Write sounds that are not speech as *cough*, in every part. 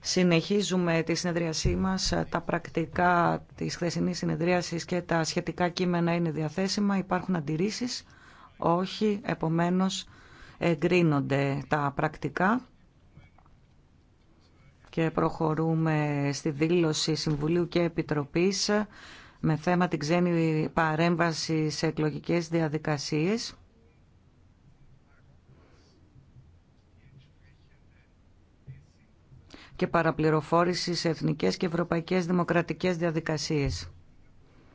Συνεχίζουμε τη συνεδρίασή μας. Τα πρακτικά της χθεσινής συνεδρίασης και τα σχετικά κείμενα είναι διαθέσιμα. Υπάρχουν αντιρρήσεις. Όχι. Επομένως, εγκρίνονται τα πρακτικά. Και προχωρούμε στη δήλωση Συμβουλίου και Επιτροπής με θέμα την ξένη παρέμβαση σε εκλογικές διαδικασίες. και παραπληροφόρηση σε εθνικές και ευρωπαϊκές δημοκρατικές διαδικασίες.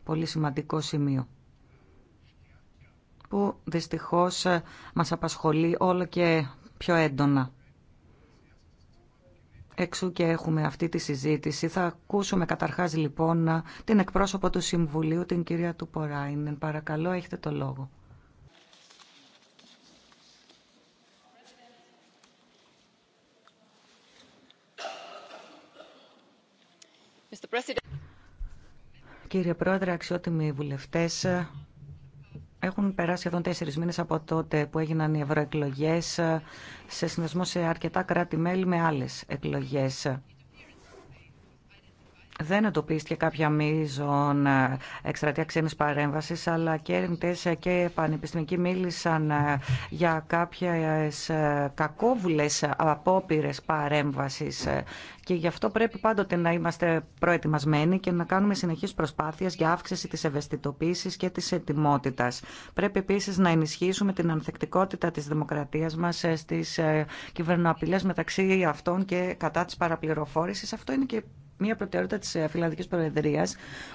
Πολύ σημαντικό σημείο που δυστυχώς ε, μας απασχολεί όλο και πιο έντονα. Εξού και έχουμε αυτή τη συζήτηση. Θα ακούσουμε καταρχάς λοιπόν την εκπρόσωπο του Συμβουλίου, την κυρία Τουποράινεν. Παρακαλώ, έχετε το λόγο. Κύριε Πρόεδρε, αξιότιμοι βουλευτές, έχουν περάσει εδώ τέσσερι μήνε από τότε που έγιναν οι ευρωεκλογέ ε, σε συνδυασμό σε αρκετά κράτη-μέλη με άλλε εκλογέ δεν εντοπίστηκε κάποια μείζων ε, εξτρατεία ξένη παρέμβαση, αλλά και έρευνε και πανεπιστημικοί μίλησαν ε, για κάποιε κακόβουλε απόπειρε παρέμβαση. Ε, και γι' αυτό πρέπει πάντοτε να είμαστε προετοιμασμένοι και να κάνουμε συνεχεί προσπάθειε για αύξηση τη ευαισθητοποίηση και τη ετοιμότητα. Πρέπει επίση να ενισχύσουμε την ανθεκτικότητα τη δημοκρατία μα στι κυβερνοαπειλέ μεταξύ αυτών και κατά τη παραπληροφόρηση. Αυτό είναι και μια προτεραιότητα τη ε, Φιλανδική Προεδρία,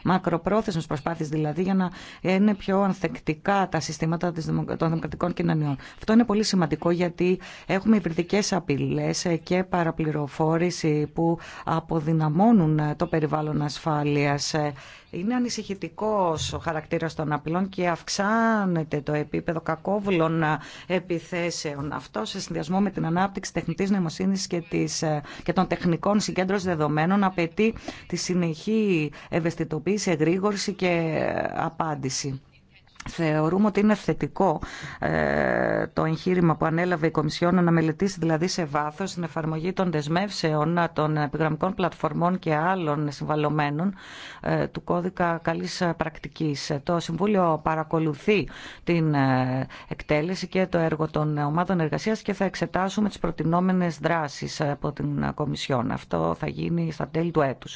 μακροπρόθεσμε προσπάθειε δηλαδή, για να είναι πιο ανθεκτικά τα συστήματα των δημοκρατικών κοινωνιών. Αυτό είναι πολύ σημαντικό γιατί έχουμε υβριδικέ απειλέ ε, και παραπληροφόρηση που αποδυναμώνουν ε, το περιβάλλον ασφάλεια είναι ανησυχητικό ο χαρακτήρα των απειλών και αυξάνεται το επίπεδο κακόβουλων επιθέσεων. Αυτό σε συνδυασμό με την ανάπτυξη τεχνητή νοημοσύνη και, ε, και των τεχνικών συγκέντρωση δεδομένων απαιτεί τη συνεχή ευαισθητοποίηση, εγρήγορση και ε, απάντηση. Θεωρούμε ότι είναι θετικό ε, το εγχείρημα που ανέλαβε η Κομισιόν να μελετήσει δηλαδή σε βάθο την εφαρμογή των δεσμεύσεων ε, των επιγραμμικών πλατφορμών και άλλων συμβαλωμένων ε, του κώδικα καλή πρακτική. Το Συμβούλιο παρακολουθεί την εκτέλεση και το έργο των ομάδων εργασία και θα εξετάσουμε τι προτινόμενε δράσει από την Κομισιόν. Αυτό θα γίνει στα τέλη του έτου.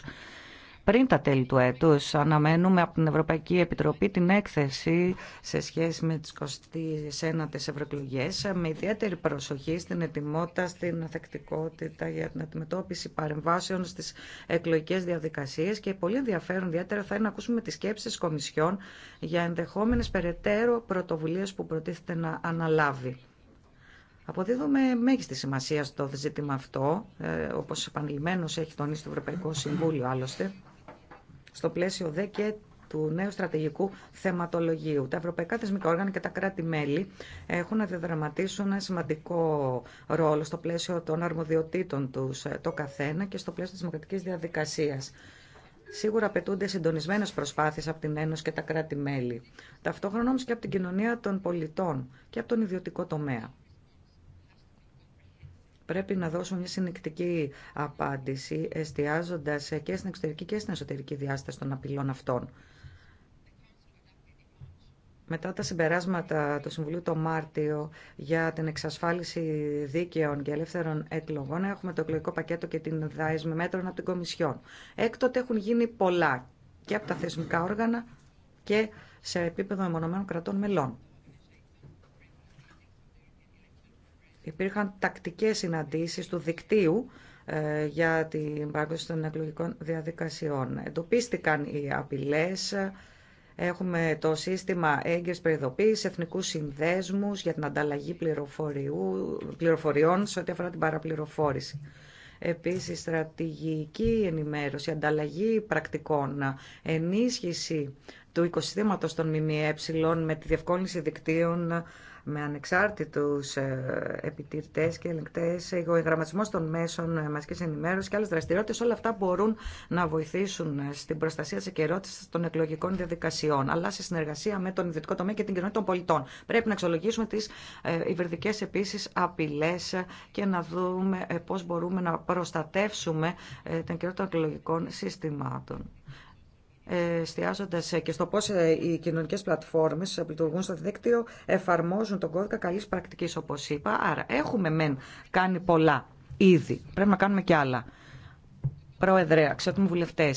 Πριν τα τέλη του έτους αναμένουμε από την Ευρωπαϊκή Επιτροπή την έκθεση σε σχέση με τις 29 ευρωεκλογέ με ιδιαίτερη προσοχή στην ετοιμότητα, στην αθεκτικότητα για την αντιμετώπιση παρεμβάσεων στις εκλογικές διαδικασίες και πολύ ενδιαφέρον ιδιαίτερα θα είναι να ακούσουμε τις σκέψεις της Κομισιόν για ενδεχόμενες περαιτέρω πρωτοβουλίες που προτίθεται να αναλάβει. Αποδίδουμε μέγιστη σημασία στο ζήτημα αυτό, ε, όπως επανειλημμένως έχει τονίσει το Ευρωπαϊκό Συμβούλιο άλλωστε, στο πλαίσιο δε και του νέου στρατηγικού θεματολογίου. Τα ευρωπαϊκά θεσμικά όργανα και τα κράτη-μέλη έχουν να διαδραματίσουν ένα σημαντικό ρόλο στο πλαίσιο των αρμοδιοτήτων τους ε, το καθένα και στο πλαίσιο τη δημοκρατική διαδικασία. Σίγουρα απαιτούνται συντονισμένε προσπάθειε από την Ένωση και τα κράτη-μέλη. Ταυτόχρονα όμω και από την κοινωνία των πολιτών και από τον ιδιωτικό τομέα πρέπει να δώσουμε μια συνεκτική απάντηση, εστιάζοντας και στην εξωτερική και στην εσωτερική διάσταση των απειλών αυτών. Μετά τα συμπεράσματα του Συμβουλίου το Μάρτιο για την εξασφάλιση δίκαιων και ελεύθερων εκλογών, έχουμε το εκλογικό πακέτο και την δάεσμη μέτρων από την Κομισιόν. Έκτοτε έχουν γίνει πολλά και από τα θεσμικά όργανα και σε επίπεδο μεμονωμένων κρατών μελών. Υπήρχαν τακτικές συναντήσεις του δικτύου ε, για την παρακολούθηση των εκλογικών διαδικασιών. Εντοπίστηκαν οι απειλές, έχουμε το σύστημα έγκαιρης προειδοποίηση, εθνικού συνδέσμους για την ανταλλαγή πληροφοριών σε ό,τι αφορά την παραπληροφόρηση. Επίσης, στρατηγική ενημέρωση, ανταλλαγή πρακτικών, ενίσχυση του οικοσυστήματος των ΜΜΕ με τη διευκόλυνση δικτύων με ανεξάρτητους ε, επιτήρητες και ελεγκτές, ε, ο εγγραμματισμός των μέσων ε, μαζικής ενημέρωσης και άλλες δραστηριότητες, όλα αυτά μπορούν να βοηθήσουν στην προστασία της εκαιρότητας των εκλογικών διαδικασιών, αλλά σε συνεργασία με τον ιδιωτικό τομέα και την κοινωνία των πολιτών. Πρέπει να αξιολογήσουμε τις υπερδικές επίσης απειλές και να δούμε πώς μπορούμε να προστατεύσουμε την κοινότητα των εκλογικών συστημάτων εστιάζοντα ε, και στο πώ ε, οι κοινωνικέ πλατφόρμε που ε, λειτουργούν στο δίκτυο εφαρμόζουν τον κώδικα καλή πρακτική, όπω είπα. Άρα, έχουμε μεν κάνει πολλά ήδη. Πρέπει να κάνουμε και άλλα. Πρόεδρε, αξιότιμοι βουλευτέ,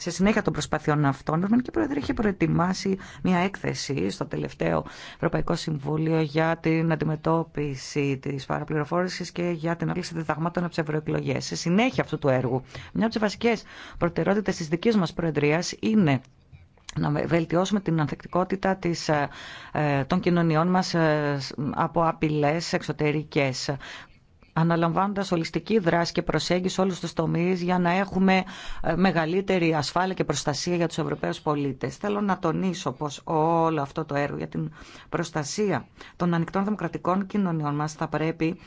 σε συνέχεια των προσπαθειών αυτών, η Ρουμανική Προεδρία είχε προετοιμάσει μια έκθεση στο τελευταίο Ευρωπαϊκό Συμβούλιο για την αντιμετώπιση τη παραπληροφόρηση και για την άρληση διδαγμάτων από τι ευρωεκλογέ. Σε συνέχεια αυτού του έργου, μια από τι βασικέ προτεραιότητε τη δική μα Προεδρία είναι να βελτιώσουμε την ανθεκτικότητα της, ε, των κοινωνιών μας ε, από απειλές εξωτερικές. Αναλαμβάνοντα ολιστική δράση και προσέγγιση όλους τους τομείς για να έχουμε ε, μεγαλύτερη ασφάλεια και προστασία για τους Ευρωπαίους πολίτες. Θέλω να τονίσω πως όλο αυτό το έργο για την προστασία των ανοιχτών δημοκρατικών κοινωνιών μας θα πρέπει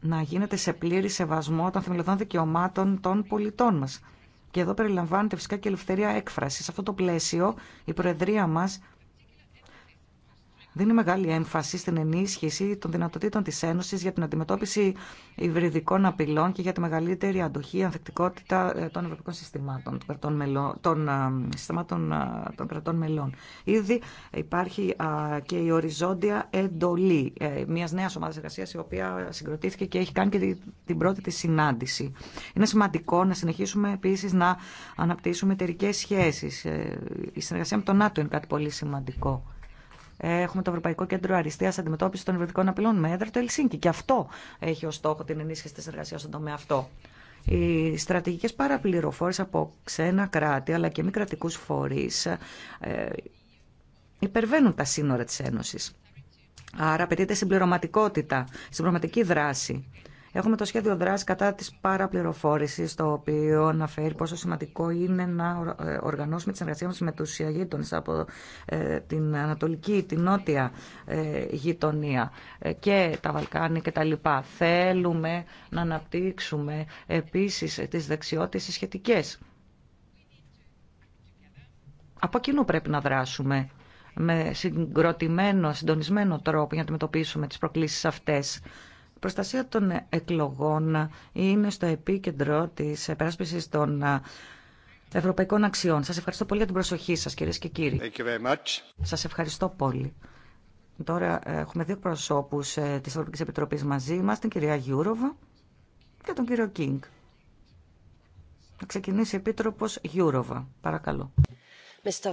να γίνεται σε πλήρη σεβασμό των θεμελιωδών δικαιωμάτων των πολιτών μα. Και εδώ περιλαμβάνεται φυσικά και ελευθερία έκφραση. Σε αυτό το πλαίσιο η Προεδρία μα δίνει μεγάλη έμφαση στην ενίσχυση των δυνατοτήτων της Ένωσης για την αντιμετώπιση υβριδικών απειλών και για τη μεγαλύτερη αντοχή, ανθεκτικότητα ε, των ευρωπαϊκών συστημάτων, των κρατών μελών. Των, ε, συστημάτων, ε, των κρατών μελών. Ήδη υπάρχει και η οριζόντια εντολή μιας νέας ομάδας εργασίας η οποία συγκροτήθηκε και έχει κάνει και την πρώτη τη συνάντηση. Είναι σημαντικό να συνεχίσουμε επίσης να αναπτύσσουμε εταιρικέ σχέσεις. Η συνεργασία με τον ΝΑΤΟ είναι κάτι πολύ σημαντικό. Έχουμε το Ευρωπαϊκό Κέντρο Αριστεία Αντιμετώπιση των Ευρωπαϊκών Απειλών με έδρα το Ελσίνκι. Και αυτό έχει ω στόχο την ενίσχυση τη εργασία στον τομέα αυτό. Οι στρατηγικέ παραπληροφόρε από ξένα κράτη αλλά και μη κρατικού φορεί ε, υπερβαίνουν τα σύνορα τη Ένωση. Άρα απαιτείται συμπληρωματικότητα, συμπληρωματική δράση Έχουμε το σχέδιο δράση κατά τη παραπληροφόρηση, το οποίο αναφέρει πόσο σημαντικό είναι να ε, οργανώσουμε τη συνεργασία μα με του γείτονε από ε, την Ανατολική, την Νότια ε, γειτονία και τα Βαλκάνια κτλ. Θέλουμε να αναπτύξουμε επίση τι δεξιότητε σχετικέ. Από κοινού πρέπει να δράσουμε με συγκροτημένο, συντονισμένο τρόπο για να αντιμετωπίσουμε τις προκλήσεις αυτές προστασία των εκλογών είναι στο επίκεντρο της επέρασπισης των ευρωπαϊκών αξιών. Σας ευχαριστώ πολύ για την προσοχή σας κυρίες και κύριοι. Thank you very much. Σας ευχαριστώ πολύ. Τώρα ε, έχουμε δύο προσώπους ε, της Ευρωπαϊκής Επιτροπής μαζί μας, την κυρία Γιούροβα και τον κύριο Κίνγκ. Θα ξεκινήσει η Επίτροπος Γιούροβα. Παρακαλώ. Mr.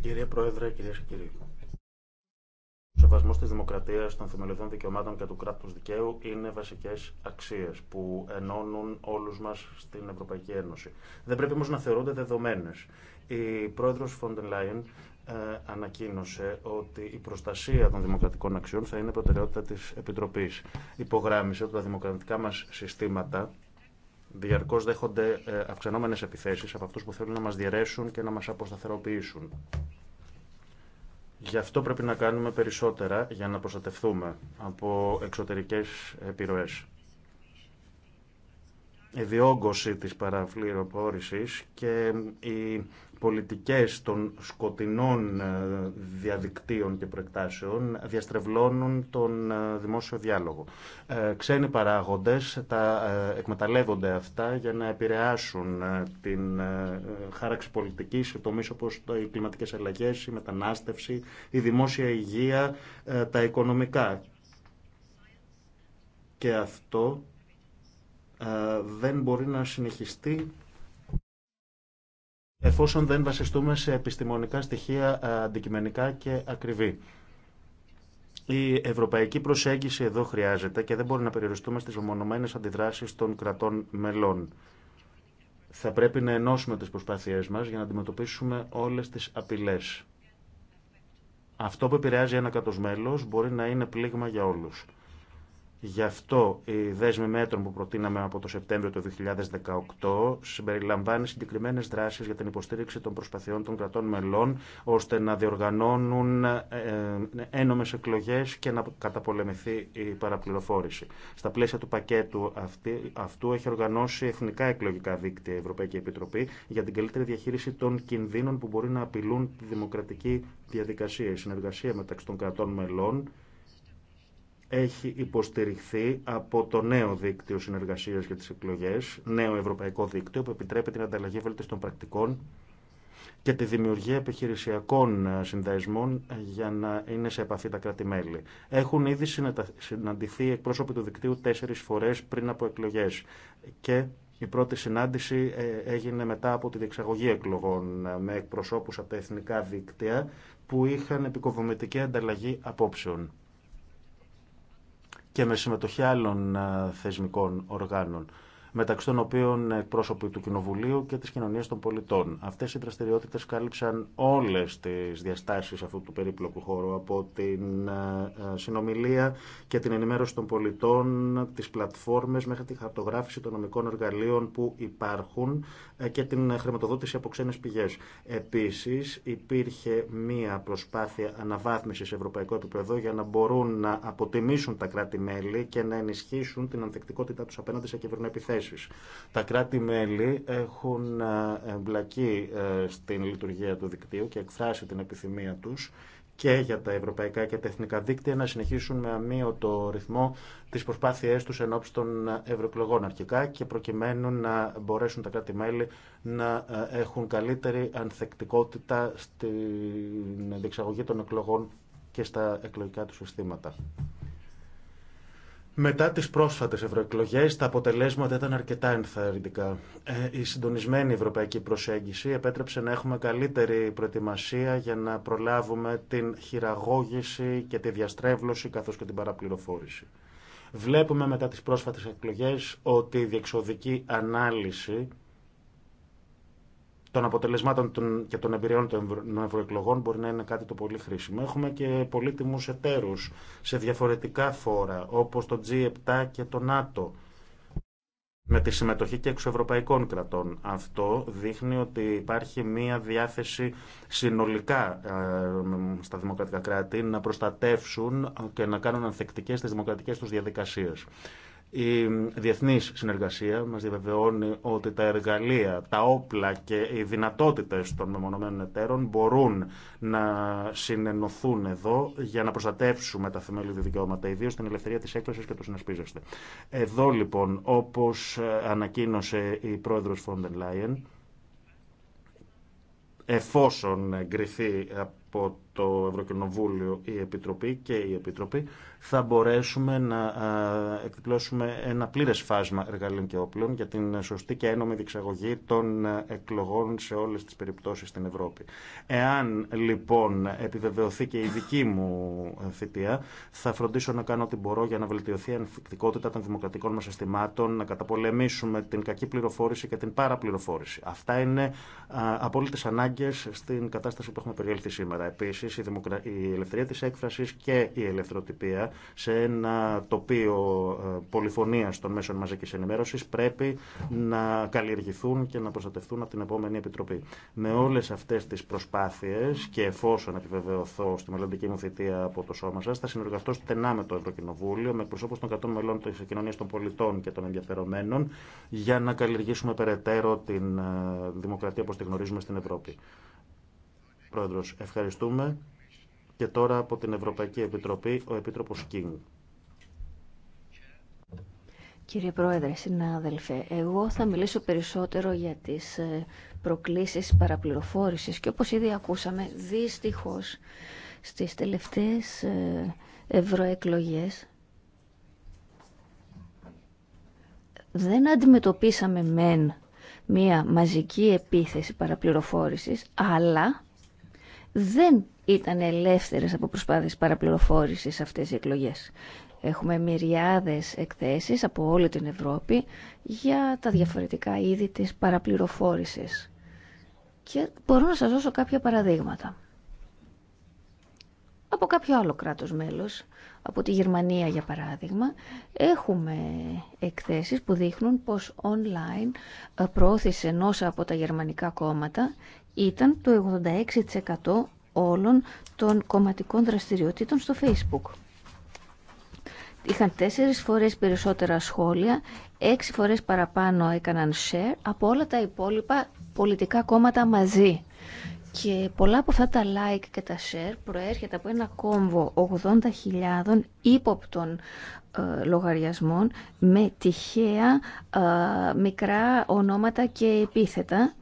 Κύριε Πρόεδρε, κυρίες και κύριοι. Ο σεβασμό τη δημοκρατία, των θεμελιωδών δικαιωμάτων και του κράτου δικαίου είναι βασικέ αξίε που ενώνουν όλου μα στην Ευρωπαϊκή Ένωση. Δεν πρέπει όμω να θεωρούνται δεδομένε. Η πρόεδρο Φόντεν Λάιεν ανακοίνωσε ότι η προστασία των δημοκρατικών αξιών θα είναι προτεραιότητα τη Επιτροπή. Υπογράμμισε ότι τα δημοκρατικά μα συστήματα διαρκώ δέχονται ε, αυξανόμενε επιθέσει από αυτού που θέλουν να μα διαιρέσουν και να μα αποσταθεροποιήσουν. Γι' αυτό πρέπει να κάνουμε περισσότερα για να προστατευτούμε από εξωτερικές επιρροές. Η διόγκωση της παραφληροπόρησης και η πολιτικές των σκοτεινών ε, διαδικτύων και προεκτάσεων διαστρεβλώνουν τον ε, δημόσιο διάλογο. Ε, ξένοι παράγοντες τα εκμεταλλεύονται αυτά για να επηρεάσουν την χάραξη πολιτικής σε τομείς όπως οι κλιματικές αλλαγές, η μετανάστευση, η δημόσια υγεία, τα οικονομικά. Και αυτό δεν μπορεί να συνεχιστεί εφόσον δεν βασιστούμε σε επιστημονικά στοιχεία ε, αντικειμενικά και ακριβή. Η ευρωπαϊκή προσέγγιση εδώ χρειάζεται και δεν μπορεί να περιοριστούμε στις ομονωμένες αντιδράσεις των κρατών μελών. Θα πρέπει να ενώσουμε τις προσπάθειές μας για να αντιμετωπίσουμε όλες τις απειλές. Αυτό που επηρεάζει ένα κατος μπορεί να είναι πλήγμα για όλους. Γι' αυτό η δέσμη μέτρων που προτείναμε από το Σεπτέμβριο του 2018 συμπεριλαμβάνει συγκεκριμένε δράσει για την υποστήριξη των προσπαθειών των κρατών μελών ώστε να διοργανώνουν ε, ένομε εκλογέ και να καταπολεμηθεί η παραπληροφόρηση. Στα πλαίσια του πακέτου αυτού έχει οργανώσει εθνικά εκλογικά δίκτυα η Ευρωπαϊκή Επιτροπή για την καλύτερη διαχείριση των κινδύνων που μπορεί να απειλούν τη δημοκρατική διαδικασία. Η συνεργασία μεταξύ των κρατών μελών έχει υποστηριχθεί από το νέο δίκτυο συνεργασία για τι εκλογές, νέο ευρωπαϊκό δίκτυο που επιτρέπει την ανταλλαγή βελτιστών πρακτικών και τη δημιουργία επιχειρησιακών ε, συνδέσμων ε, για να είναι σε επαφή τα κράτη-μέλη. Έχουν ήδη συναντηθεί εκπρόσωποι του δικτύου τέσσερις φορές πριν από εκλογές και η πρώτη συνάντηση ε, έγινε μετά από τη διεξαγωγή εκλογών με εκπροσώπους από τα εθνικά δίκτυα που είχαν επικοδομητική ανταλλαγή απόψεων και με συμμετοχή άλλων ε, θεσμικών οργάνων μεταξύ των οποίων εκπρόσωποι του Κοινοβουλίου και τη κοινωνία των πολιτών. Αυτέ οι δραστηριότητε κάλυψαν όλε τι διαστάσει αυτού του περίπλοκου χώρου, από την ε, συνομιλία και την ενημέρωση των πολιτών, τι πλατφόρμες μέχρι τη χαρτογράφηση των νομικών εργαλείων που υπάρχουν ε, και την χρηματοδότηση από ξένες πηγέ. Επίση, υπήρχε μία προσπάθεια αναβάθμιση σε ευρωπαϊκό επίπεδο για να μπορούν να αποτιμήσουν τα κράτη-μέλη και να ενισχύσουν την ανθεκτικότητά του απέναντι σε κυβερνοεπιθέσει. Τα κράτη-μέλη έχουν ε, εμπλακεί ε, στην λειτουργία του δικτύου και εκφράσει την επιθυμία τους και για τα ευρωπαϊκά και τα εθνικά δίκτυα να συνεχίσουν με αμύωτο ρυθμό τι προσπάθειέ του εν των ευρωεκλογών αρχικά και προκειμένου να μπορέσουν τα κράτη-μέλη να ε, έχουν καλύτερη ανθεκτικότητα στην διεξαγωγή των εκλογών και στα εκλογικά του συστήματα. Μετά τις πρόσφατες ευρωεκλογέ, τα αποτελέσματα ήταν αρκετά ενθαρρυντικά. Ε, η συντονισμένη ευρωπαϊκή προσέγγιση επέτρεψε να έχουμε καλύτερη προετοιμασία για να προλάβουμε την χειραγώγηση και τη διαστρέβλωση καθώς και την παραπληροφόρηση. Βλέπουμε μετά τις πρόσφατες εκλογές ότι η διεξοδική ανάλυση των αποτελεσμάτων και των εμπειριών των ευρωεκλογών μπορεί να είναι κάτι το πολύ χρήσιμο. Έχουμε και πολύτιμού εταίρου σε διαφορετικά φόρα, όπως το G7 και το ΝΑΤΟ, με τη συμμετοχή και εξωευρωπαϊκών κρατών. Αυτό δείχνει ότι υπάρχει μία διάθεση συνολικά ε, στα δημοκρατικά κράτη να προστατεύσουν και να κάνουν ανθεκτικές τις δημοκρατικές τους διαδικασίες. Η διεθνής συνεργασία μας διαβεβαιώνει ότι τα εργαλεία, τα όπλα και οι δυνατότητε των μεμονωμένων εταίρων μπορούν να συνενωθούν εδώ για να προστατεύσουμε τα θεμέλια δικαιώματα, ιδίως την ελευθερία της έκφραση και του συνασπίζεστε. Εδώ λοιπόν, όπως ανακοίνωσε η πρόεδρος Φόντεν Λάιεν, εφόσον εγκριθεί από το Ευρωκοινοβούλιο, η Επιτροπή και η Επιτροπή, θα μπορέσουμε να εκδιπλώσουμε ένα πλήρες φάσμα εργαλείων και όπλων για την σωστή και ένομη διεξαγωγή των εκλογών σε όλες τις περιπτώσεις στην Ευρώπη. Εάν λοιπόν επιβεβαιωθεί και η δική μου θητεία, θα φροντίσω να κάνω ό,τι μπορώ για να βελτιωθεί η ανθεκτικότητα των δημοκρατικών μας συστημάτων, να καταπολεμήσουμε την κακή πληροφόρηση και την παραπληροφόρηση. Αυτά είναι απόλυτες ανάγκες στην κατάσταση που έχουμε περιέλθει σήμερα σήμερα. Επίσης, η, δημοκρα... ελευθερία της έκφρασης και η ελευθεροτυπία σε ένα τοπίο ε, πολυφωνίας των μέσων μαζικής ενημέρωσης πρέπει να καλλιεργηθούν και να προστατευτούν από την επόμενη Επιτροπή. Με όλες αυτές τις προσπάθειες και εφόσον επιβεβαιωθώ στη μελλοντική μου θητεία από το σώμα θα συνεργαστώ στενά με το Ευρωκοινοβούλιο, με προσώπους των 100 μελών της κοινωνίας των πολιτών και των ενδιαφερομένων για να καλλιεργήσουμε περαιτέρω την ε, δημοκρατία όπως τη γνωρίζουμε στην Ευρώπη. Πρόεδρος, ευχαριστούμε. Και τώρα από την Ευρωπαϊκή Επιτροπή, ο Επίτροπος Κίνγκ. Κύριε Πρόεδρε, συνάδελφε, εγώ θα μιλήσω περισσότερο για τις ε, προκλήσεις παραπληροφόρησης και όπως ήδη ακούσαμε, δυστυχώς στις τελευταίες ε, ευρωεκλογές δεν αντιμετωπίσαμε μεν μία μαζική επίθεση παραπληροφόρησης, αλλά δεν ήταν ελεύθερες από προσπάθειες παραπληροφόρησης αυτές οι εκλογές. Έχουμε μυριάδες εκθέσεις από όλη την Ευρώπη για τα διαφορετικά είδη της παραπληροφόρησης. Και μπορώ να σας δώσω κάποια παραδείγματα. Από κάποιο άλλο κράτος μέλος, από τη Γερμανία για παράδειγμα, έχουμε εκθέσεις που δείχνουν πως online προώθησε ενός από τα γερμανικά κόμματα ήταν το 86% όλων των κομματικών δραστηριοτήτων στο Facebook. Είχαν τέσσερις φορές περισσότερα σχόλια, έξι φορές παραπάνω έκαναν share από όλα τα υπόλοιπα πολιτικά κόμματα μαζί. Και πολλά από αυτά τα like και τα share προέρχεται από ένα κόμβο 80.000 ύποπτων ε, λογαριασμών με τυχαία ε, μικρά ονόματα και επίθετα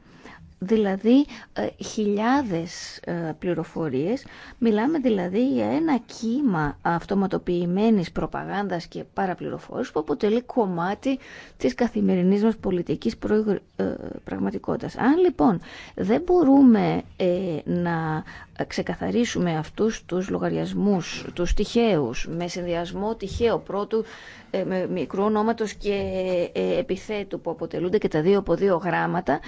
δηλαδή ε, χιλιάδες ε, πληροφορίες. Μιλάμε δηλαδή για ένα κύμα αυτοματοποιημένης προπαγάνδας και παραπληροφόρησης που αποτελεί κομμάτι της καθημερινής μας πολιτικής ε, πραγματικότητας. Αν λοιπόν δεν μπορούμε να ξεκαθαρίσουμε αυτούς τους λογαριασμούς, τους τυχαίους, με συνδυασμό τυχαίο πρώτου με μικρού ονόματος και επιθέτου που αποτελούνται και τα δύο από δύο γράμματα,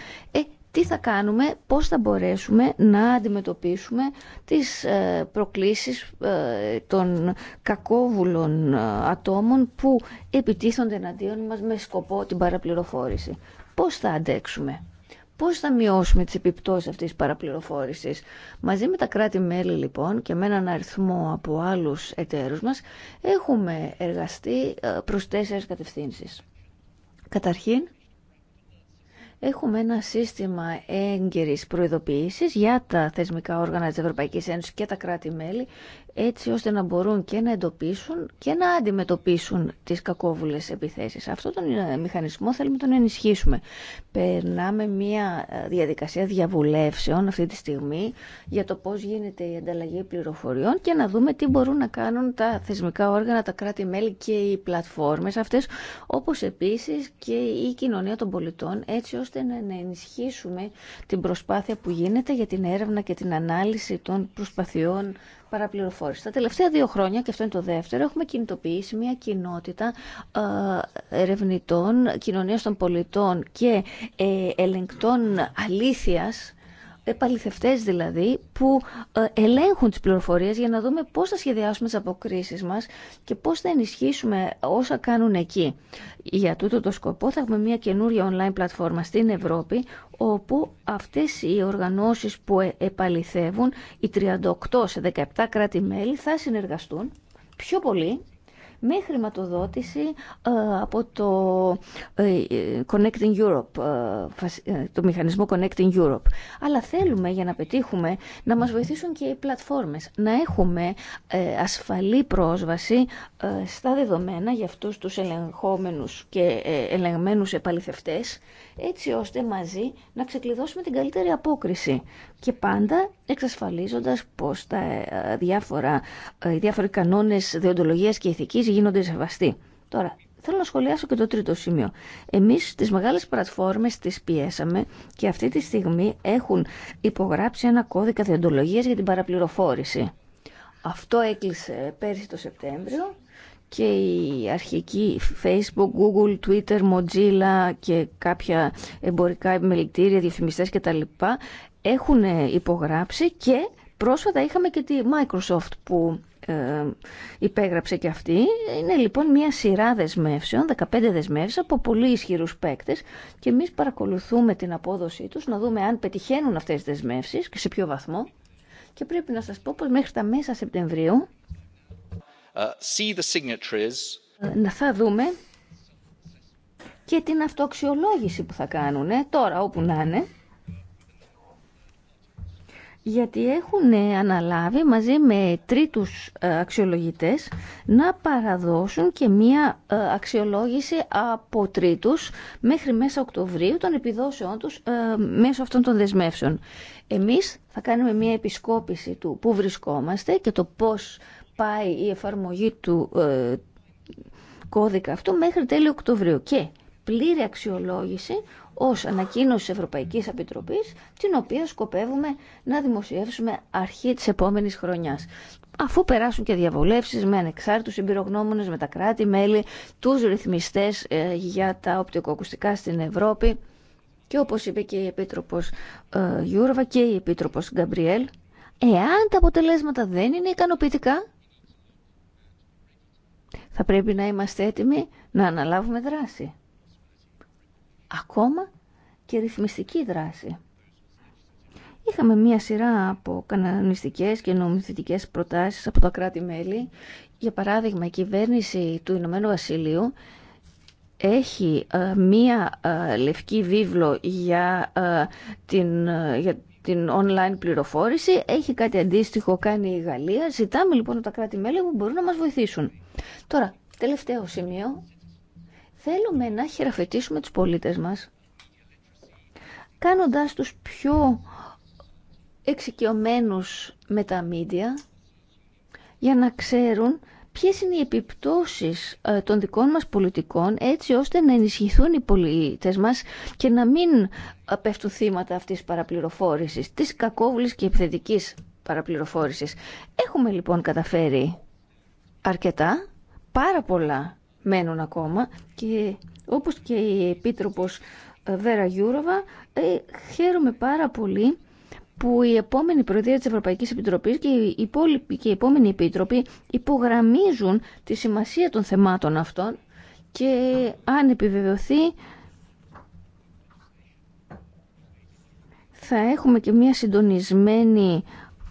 τι θα κάνουμε, πώς θα μπορέσουμε να αντιμετωπίσουμε τις ε, προκλήσεις ε, των κακόβουλων ε, ατόμων που επιτίθονται εναντίον μας με σκοπό την παραπληροφόρηση. Πώς θα αντέξουμε. Πώς θα μειώσουμε τις επιπτώσεις αυτής της παραπληροφόρησης. Μαζί με τα κράτη-μέλη λοιπόν και με έναν αριθμό από άλλους εταίρους μας έχουμε εργαστεί προς τέσσερις κατευθύνσεις. Καταρχήν, έχουμε ένα σύστημα έγκαιρης προειδοποίησης για τα θεσμικά όργανα της Ευρωπαϊκής Ένωσης και τα κράτη-μέλη έτσι ώστε να μπορούν και να εντοπίσουν και να αντιμετωπίσουν τις κακόβουλες επιθέσεις. Αυτό τον ε, μηχανισμό θέλουμε τον ενισχύσουμε. Περνάμε μια ε, διαδικασία διαβουλεύσεων αυτή τη στιγμή για το πώς γίνεται η ανταλλαγή πληροφοριών και να δούμε τι μπορούν να κάνουν τα θεσμικά όργανα, τα κράτη-μέλη και οι πλατφόρμες αυτές, όπως επίσης και η κοινωνία των πολιτών, έτσι ώστε να ενισχύσουμε την προσπάθεια που γίνεται για την έρευνα και την ανάλυση των προσπαθειών παραπληροφόρηση. Τα τελευταία δύο χρόνια, και αυτό είναι το δεύτερο, έχουμε κινητοποιήσει μια κοινότητα ε, ερευνητών, Κοινωνία των πολιτών και ε, ελεγκτών αλήθειας επαληθευτές δηλαδή, που ε, ελέγχουν τις πληροφορίες για να δούμε πώς θα σχεδιάσουμε τις αποκρίσεις μας και πώς θα ενισχύσουμε όσα κάνουν εκεί. Για τούτο το σκοπό θα έχουμε μια καινούρια online πλατφόρμα στην Ευρώπη, όπου αυτές οι οργανώσεις που ε, επαληθεύουν, οι 38 σε 17 κράτη-μέλη, θα συνεργαστούν πιο πολύ με χρηματοδότηση ε, από το ε, Connecting Europe, ε, το μηχανισμό Connecting Europe. Αλλά θέλουμε για να πετύχουμε να μας βοηθήσουν και οι πλατφόρμες, να έχουμε ασφαλή πρόσβαση στα δεδομένα για αυτούς τους ελεγχόμενους και ελεγμένους επαληθευτές έτσι ώστε μαζί να ξεκλειδώσουμε την καλύτερη απόκριση και πάντα εξασφαλίζοντας πως τα ε, διάφορα, ε, οι διάφοροι κανόνες διοντολογίας και ηθικής γίνονται σεβαστοί. Τώρα, Θέλω να σχολιάσω και το τρίτο σημείο. Εμείς τις μεγάλες πλατφόρμες τις πιέσαμε και αυτή τη στιγμή έχουν υπογράψει ένα κώδικα διοντολογίας για την παραπληροφόρηση. Αυτό έκλεισε πέρσι το Σεπτέμβριο και η αρχική Facebook, Google, Twitter, Mozilla και κάποια εμπορικά επιμελητήρια, διαφημιστές κτλ. έχουν ε, υπογράψει και πρόσφατα είχαμε και τη Microsoft που ε, υπέγραψε και αυτή. Είναι λοιπόν μια σειρά δεσμεύσεων, 15 δεσμεύσεις από πολύ ισχυρού παίκτες και εμείς παρακολουθούμε την απόδοσή τους να δούμε αν πετυχαίνουν αυτές τις δεσμεύσεις και σε ποιο βαθμό. Και πρέπει να σας πω πως μέχρι τα μέσα Σεπτεμβρίου ε, ε, να Θα δούμε και την αυτοαξιολόγηση που θα κάνουν τώρα όπου να είναι γιατί έχουν αναλάβει μαζί με τρίτους ε, αξιολογητές να παραδώσουν και μία αξιολόγηση από τρίτους μέχρι μέσα Οκτωβρίου των επιδόσεών τους μέσω αυτών των δεσμεύσεων. Εμείς θα κάνουμε μία επισκόπηση του πού βρισκόμαστε και το πώς πάει η εφαρμογή του ε, κώδικα αυτού μέχρι τέλη Οκτωβρίου και πλήρη αξιολόγηση ως ανακοίνωση Ευρωπαϊκής Επιτροπής, την οποία σκοπεύουμε να δημοσιεύσουμε αρχή της επόμενης χρονιάς. Αφού περάσουν και διαβολεύσεις με ανεξάρτητους εμπειρογνώμονες, με τα κράτη-μέλη, τους ρυθμιστές ε, για τα οπτικοακουστικά στην Ευρώπη και όπως είπε και η Επίτροπος ε, Γιούρβα και η Επίτροπος Γκαμπριέλ, εάν τα αποτελέσματα δεν είναι ικανοποιητικά, θα πρέπει να είμαστε έτοιμοι να αναλάβουμε δράση. Ακόμα και ρυθμιστική δράση. Είχαμε μία σειρά από κανονιστικές και νομοθετικές προτάσεις από τα κράτη-μέλη. Για παράδειγμα, η κυβέρνηση του Ηνωμένου Βασιλείου έχει ε, μία ε, λευκή βίβλο για, ε, την, την online πληροφόρηση. Έχει κάτι αντίστοιχο κάνει η Γαλλία. Ζητάμε λοιπόν τα κράτη-μέλη που μπορούν να μας βοηθήσουν. Τώρα, τελευταίο σημείο. Θέλουμε να χειραφετήσουμε τους πολίτες μας κάνοντάς τους πιο εξοικειωμένους με τα μίντια για να ξέρουν ποιες είναι οι επιπτώσεις ε, των δικών μας πολιτικών έτσι ώστε να ενισχυθούν οι πολίτες μας και να μην ε, πέφτουν θύματα αυτής της παραπληροφόρησης, της κακόβουλης και επιθετικής παραπληροφόρησης. Έχουμε λοιπόν καταφέρει αρκετά, πάρα πολλά μένουν ακόμα και όπως και η Επίτροπος ε, Βέρα Γιούροβα, χαίρομαι πάρα πολύ που η επόμενη Προεδρία της Ευρωπαϊκής Επιτροπής και οι υπόλοιποι και οι επόμενοι επίτροποι υπογραμμίζουν τη σημασία των θεμάτων αυτών και αν επιβεβαιωθεί θα έχουμε και μια συντονισμένη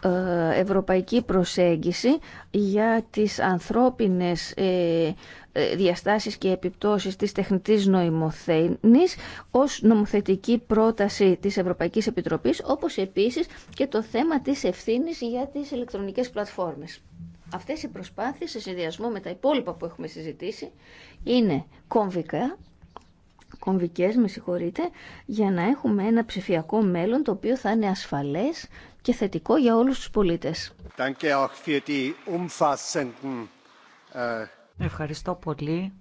ε, ευρωπαϊκή προσέγγιση για τις ανθρώπινες ε, ε, διαστάσεις και επιπτώσεις της τεχνητής νοημοθένης ως νομοθετική πρόταση της Ευρωπαϊκής Επιτροπής, όπως επίσης και το θέμα της ευθύνης για τις ηλεκτρονικές πλατφόρμες. Αυτές οι προσπάθειες, σε συνδυασμό με τα υπόλοιπα που έχουμε συζητήσει, είναι κομβικά κομβικές, με συγχωρείτε, για να έχουμε ένα ψηφιακό μέλλον το οποίο θα είναι ασφαλές και θετικό για όλους τους πολίτες. Danke auch für die äh, Ευχαριστώ πολύ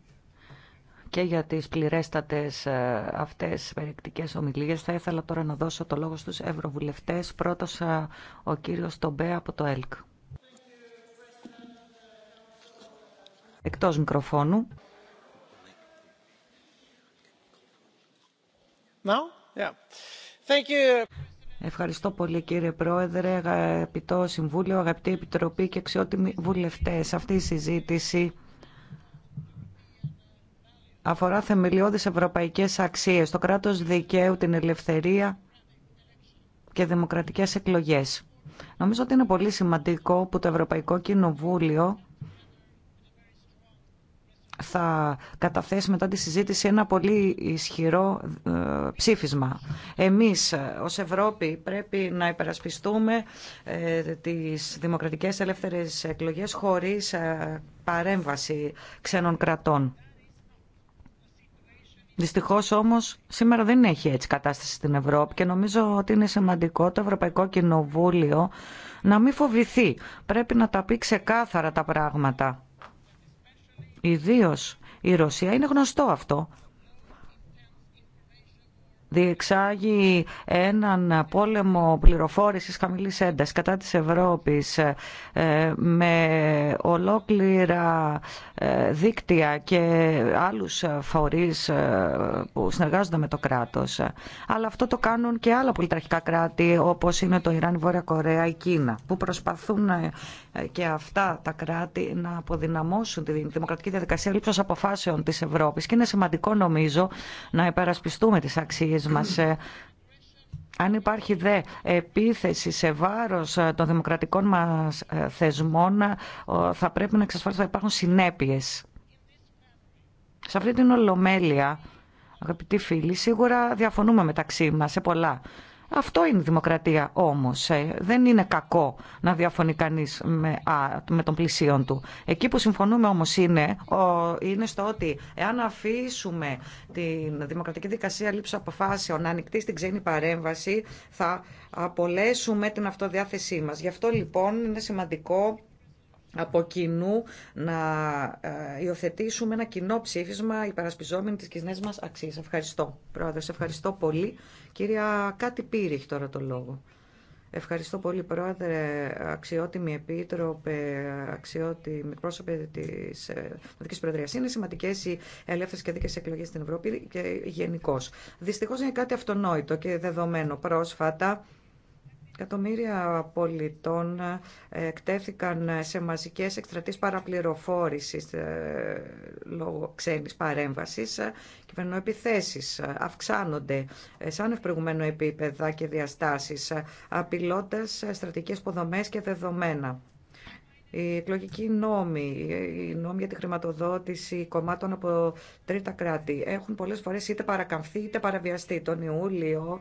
και για τις πληρέστατες ε, αυτές περιεκτικές ομιλίες. Θα ήθελα τώρα να δώσω το λόγο στους ευρωβουλευτές. Πρώτος ε, ο κύριος Τομπέ από το ΕΛΚ. Εκτός μικροφώνου. Now? Yeah. Thank you. Ευχαριστώ πολύ κύριε Πρόεδρε, αγαπητό Συμβούλιο, αγαπητή Επιτροπή και αξιότιμοι βουλευτές. Αυτή η συζήτηση αφορά θεμελιώδεις ευρωπαϊκές αξίες, το κράτος δικαίου, την ελευθερία και δημοκρατικές εκλογές. Νομίζω ότι είναι πολύ σημαντικό που το Ευρωπαϊκό Κοινοβούλιο θα καταθέσει μετά τη συζήτηση ένα πολύ ισχυρό ε, ψήφισμα. Εμείς ε, ως Ευρώπη πρέπει να υπερασπιστούμε ε, τις δημοκρατικές ελεύθερες εκλογές χωρίς παρέμβαση ξένων κρατών. Δυστυχώς όμως σήμερα δεν έχει έτσι κατάσταση στην Ευρώπη και νομίζω ότι είναι σημαντικό το Ευρωπαϊκό Κοινοβούλιο να μην φοβηθεί. Πρέπει να τα πει ξεκάθαρα τα πράγματα. Ιδίω η Ρωσία είναι γνωστό αυτό διεξάγει έναν πόλεμο πληροφόρησης χαμηλής έντασης κατά της Ευρώπης ε, με ολόκληρα ε, δίκτυα και άλλους φορείς ε, που συνεργάζονται με το κράτος. Αλλά αυτό το κάνουν και άλλα πολυτραχικά κράτη όπως είναι το Ιράν, η Βόρεια Κορέα, η Κίνα που προσπαθούν και αυτά τα κράτη να αποδυναμώσουν τη δημοκρατική διαδικασία λήψης αποφάσεων της Ευρώπης και είναι σημαντικό νομίζω να υπερασπιστούμε τις αξίες ε, αν υπάρχει δε επίθεση σε βάρος ε, των δημοκρατικών μας ε, θεσμών, θα πρέπει να εξασφαλίσουμε ότι υπάρχουν συνέπειες. Σε αυτή την ολομέλεια, αγαπητοί φίλοι, σίγουρα διαφωνούμε μεταξύ μας σε πολλά. Αυτό είναι η δημοκρατία όμως. Ε. Δεν είναι κακό να διαφωνεί κανεί με, με τον πλησίον του. Εκεί που συμφωνούμε όμως είναι, είναι στο ότι εάν αφήσουμε τη δημοκρατική δικασία λήψη αποφάσεων να ανοιχτεί στην ξένη παρέμβαση θα απολέσουμε την αυτοδιάθεσή μας. Γι' αυτό λοιπόν είναι σημαντικό από κοινού να ε, υιοθετήσουμε ένα κοινό ψήφισμα υπερασπιζόμενοι τις κοινέ μας αξίες. Ευχαριστώ, Πρόεδρε. ευχαριστώ πολύ. Κυρία Κάτι Πύρη έχει τώρα το λόγο. Ευχαριστώ πολύ, Πρόεδρε, αξιότιμη επίτροπε, αξιότιμη πρόσωπε τη ε, Δημοτική Προεδρία. Είναι σημαντικέ οι ελεύθερε και δίκαιε εκλογέ στην Ευρώπη και γενικώ. Δυστυχώ είναι κάτι αυτονόητο και δεδομένο πρόσφατα. Κατομμύρια πολιτών ε, εκτέθηκαν σε μαζικές εκστρατείες παραπληροφόρησης ε, λόγω ξένης παρέμβασης. Ε, κυβερνοεπιθέσεις αυξάνονται σαν ευπροηγουμένο επίπεδα και διαστάσεις, απειλώντας στρατικές ποδομές και δεδομένα. Οι εκλογικοί νόμοι, οι νόμοι για τη χρηματοδότηση κομμάτων από τρίτα κράτη έχουν πολλές φορές είτε παρακαμφθεί είτε παραβιαστεί. Τον Ιούλιο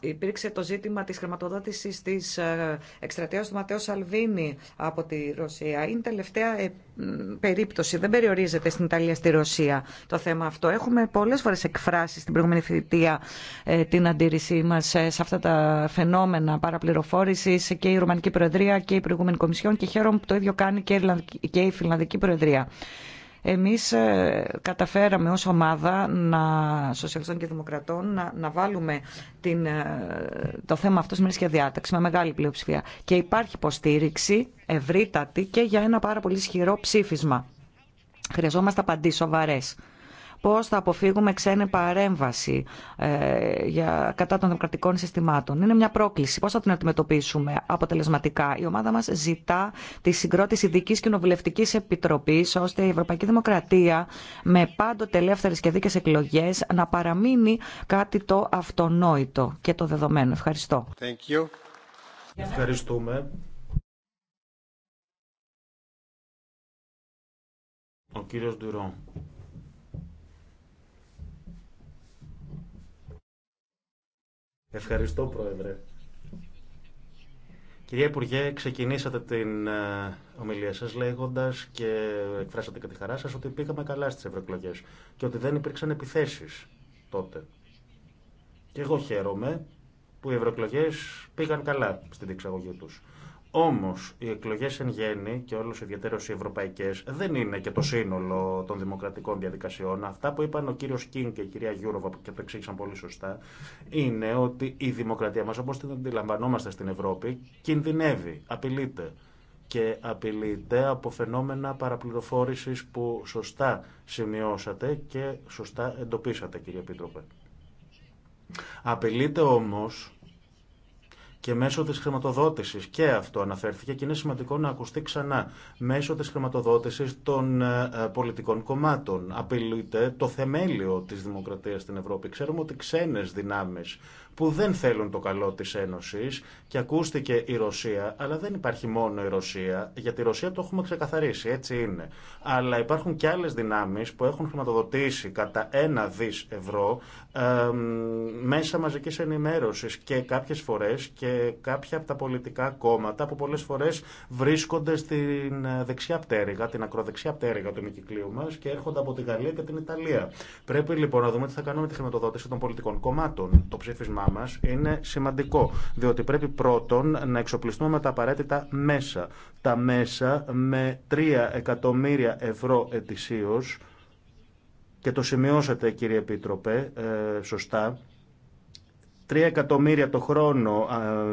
υπήρξε το ζήτημα της χρηματοδότησης της ε, εκστρατείας του Ματέου Σαλβίνη από τη Ρωσία. Είναι τελευταία ε, περίπτωση, δεν περιορίζεται στην Ιταλία, στη Ρωσία το θέμα αυτό. Έχουμε πολλές φορές εκφράσει στην προηγούμενη θητεία ε, την αντίρρησή μας σε αυτά τα φαινόμενα παραπληροφόρησης και η Ρουμανική Προεδρία και η προηγούμενη Κομισιόν και χαίρομαι που το ίδιο κάνει και η Φιλανδική Προεδρία. Εμείς ε, καταφέραμε ως ομάδα να, σοσιαλιστών και δημοκρατών να, να βάλουμε την, ε, το θέμα αυτό στην διάταξη με μεγάλη πλειοψηφία. Και υπάρχει υποστήριξη ευρύτατη και για ένα πάρα πολύ ισχυρό ψήφισμα. Χρειαζόμαστε απαντήσεις σοβαρές πώς θα αποφύγουμε ξένη παρέμβαση ε, για, κατά των δημοκρατικών συστημάτων. Είναι μια πρόκληση. Πώς θα την αντιμετωπίσουμε αποτελεσματικά. Η ομάδα μας ζητά τη συγκρότηση ειδική κοινοβουλευτική επιτροπής ώστε η Ευρωπαϊκή Δημοκρατία με πάντοτε ελεύθερες και δίκες εκλογές να παραμείνει κάτι το αυτονόητο και το δεδομένο. Ευχαριστώ. Ευχαριστούμε. Ο κύριος Ντουρόν. Ευχαριστώ, Πρόεδρε. Κυρία Υπουργέ, ξεκινήσατε την ε, ομιλία σας λέγοντας και εκφράσατε και τη χαρά σας ότι πήγαμε καλά στις ευρωεκλογέ και ότι δεν υπήρξαν επιθέσεις τότε. Και εγώ χαίρομαι που οι ευρωεκλογέ πήγαν καλά στην διεξαγωγή τους. Όμω, οι εκλογέ εν γέννη και όλος ιδιαίτερως οι ευρωπαϊκές δεν είναι και το σύνολο των δημοκρατικών διαδικασιών. Αυτά που είπαν ο κύριος Κιν και η κυρία Γιούροβα και το εξήγησαν πολύ σωστά είναι ότι η δημοκρατία μας όπως την αντιλαμβανόμαστε στην Ευρώπη κινδυνεύει, απειλείται και απειλείται από φαινόμενα παραπληροφόρηση που σωστά σημειώσατε και σωστά εντοπίσατε κύριε Επίτροπε. Απειλείται όμως και μέσω της χρηματοδότησης και αυτό αναφέρθηκε και είναι σημαντικό να ακουστεί ξανά μέσω της χρηματοδότησης των ε, πολιτικών κομμάτων απειλείται το θεμέλιο της δημοκρατίας στην Ευρώπη. Ξέρουμε ότι ξένες δυνάμεις που δεν θέλουν το καλό της Ένωσης και ακούστηκε η Ρωσία, αλλά δεν υπάρχει μόνο η Ρωσία, γιατί η Ρωσία το έχουμε ξεκαθαρίσει, έτσι είναι. Αλλά υπάρχουν και άλλες δυνάμεις που έχουν χρηματοδοτήσει κατά ένα δις ευρώ ε, μέσα μαζικής ενημέρωσης και κάποιες φορές και κάποια από τα πολιτικά κόμματα που πολλές φορές βρίσκονται στην ε, δεξιά πτέρυγα, την ακροδεξιά πτέρυγα του ημικυκλίου μας και έρχονται από τη Γαλλία και την Ιταλία. Πρέπει λοιπόν να δούμε τι θα κάνουμε τη χρηματοδότηση των πολιτικών κομμάτων. Το ψήφισμα είναι σημαντικό, διότι πρέπει πρώτον να εξοπλιστούμε με τα απαραίτητα μέσα. Τα μέσα με 3 εκατομμύρια ευρώ ετησίως, και το σημειώσατε κύριε Επίτροπε, ε, σωστά, 3 εκατομμύρια το χρόνο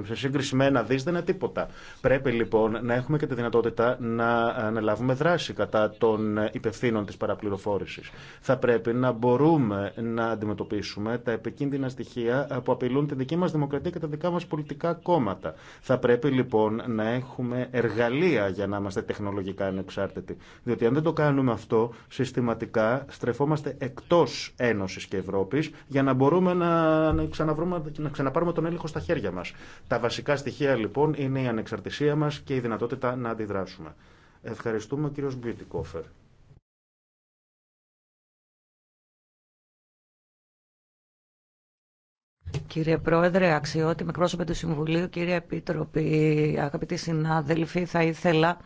σε σύγκριση με ένα δι δεν είναι τίποτα. Πρέπει λοιπόν να έχουμε και τη δυνατότητα να αναλάβουμε δράση κατά των υπευθύνων τη παραπληροφόρηση. Θα πρέπει να μπορούμε να αντιμετωπίσουμε τα επικίνδυνα στοιχεία που απειλούν τη δική μα δημοκρατία και τα δικά μα πολιτικά κόμματα. Θα πρέπει λοιπόν να έχουμε εργαλεία για να είμαστε τεχνολογικά ανεξάρτητοι. Διότι αν δεν το κάνουμε αυτό, συστηματικά στρεφόμαστε εκτό Ένωση και Ευρώπη για να μπορούμε να ξαναβρούμε να ξαναπάρουμε τον έλεγχο στα χέρια μα. Τα βασικά στοιχεία λοιπόν είναι η ανεξαρτησία μα και η δυνατότητα να αντιδράσουμε. Ευχαριστούμε κύριο κύριος Μπιουτικόφερ. Κύριε Πρόεδρε, αξιότιμη πρόσωπε του Συμβουλίου, κύριε Επίτροπη, αγαπητοί συνάδελφοι, θα ήθελα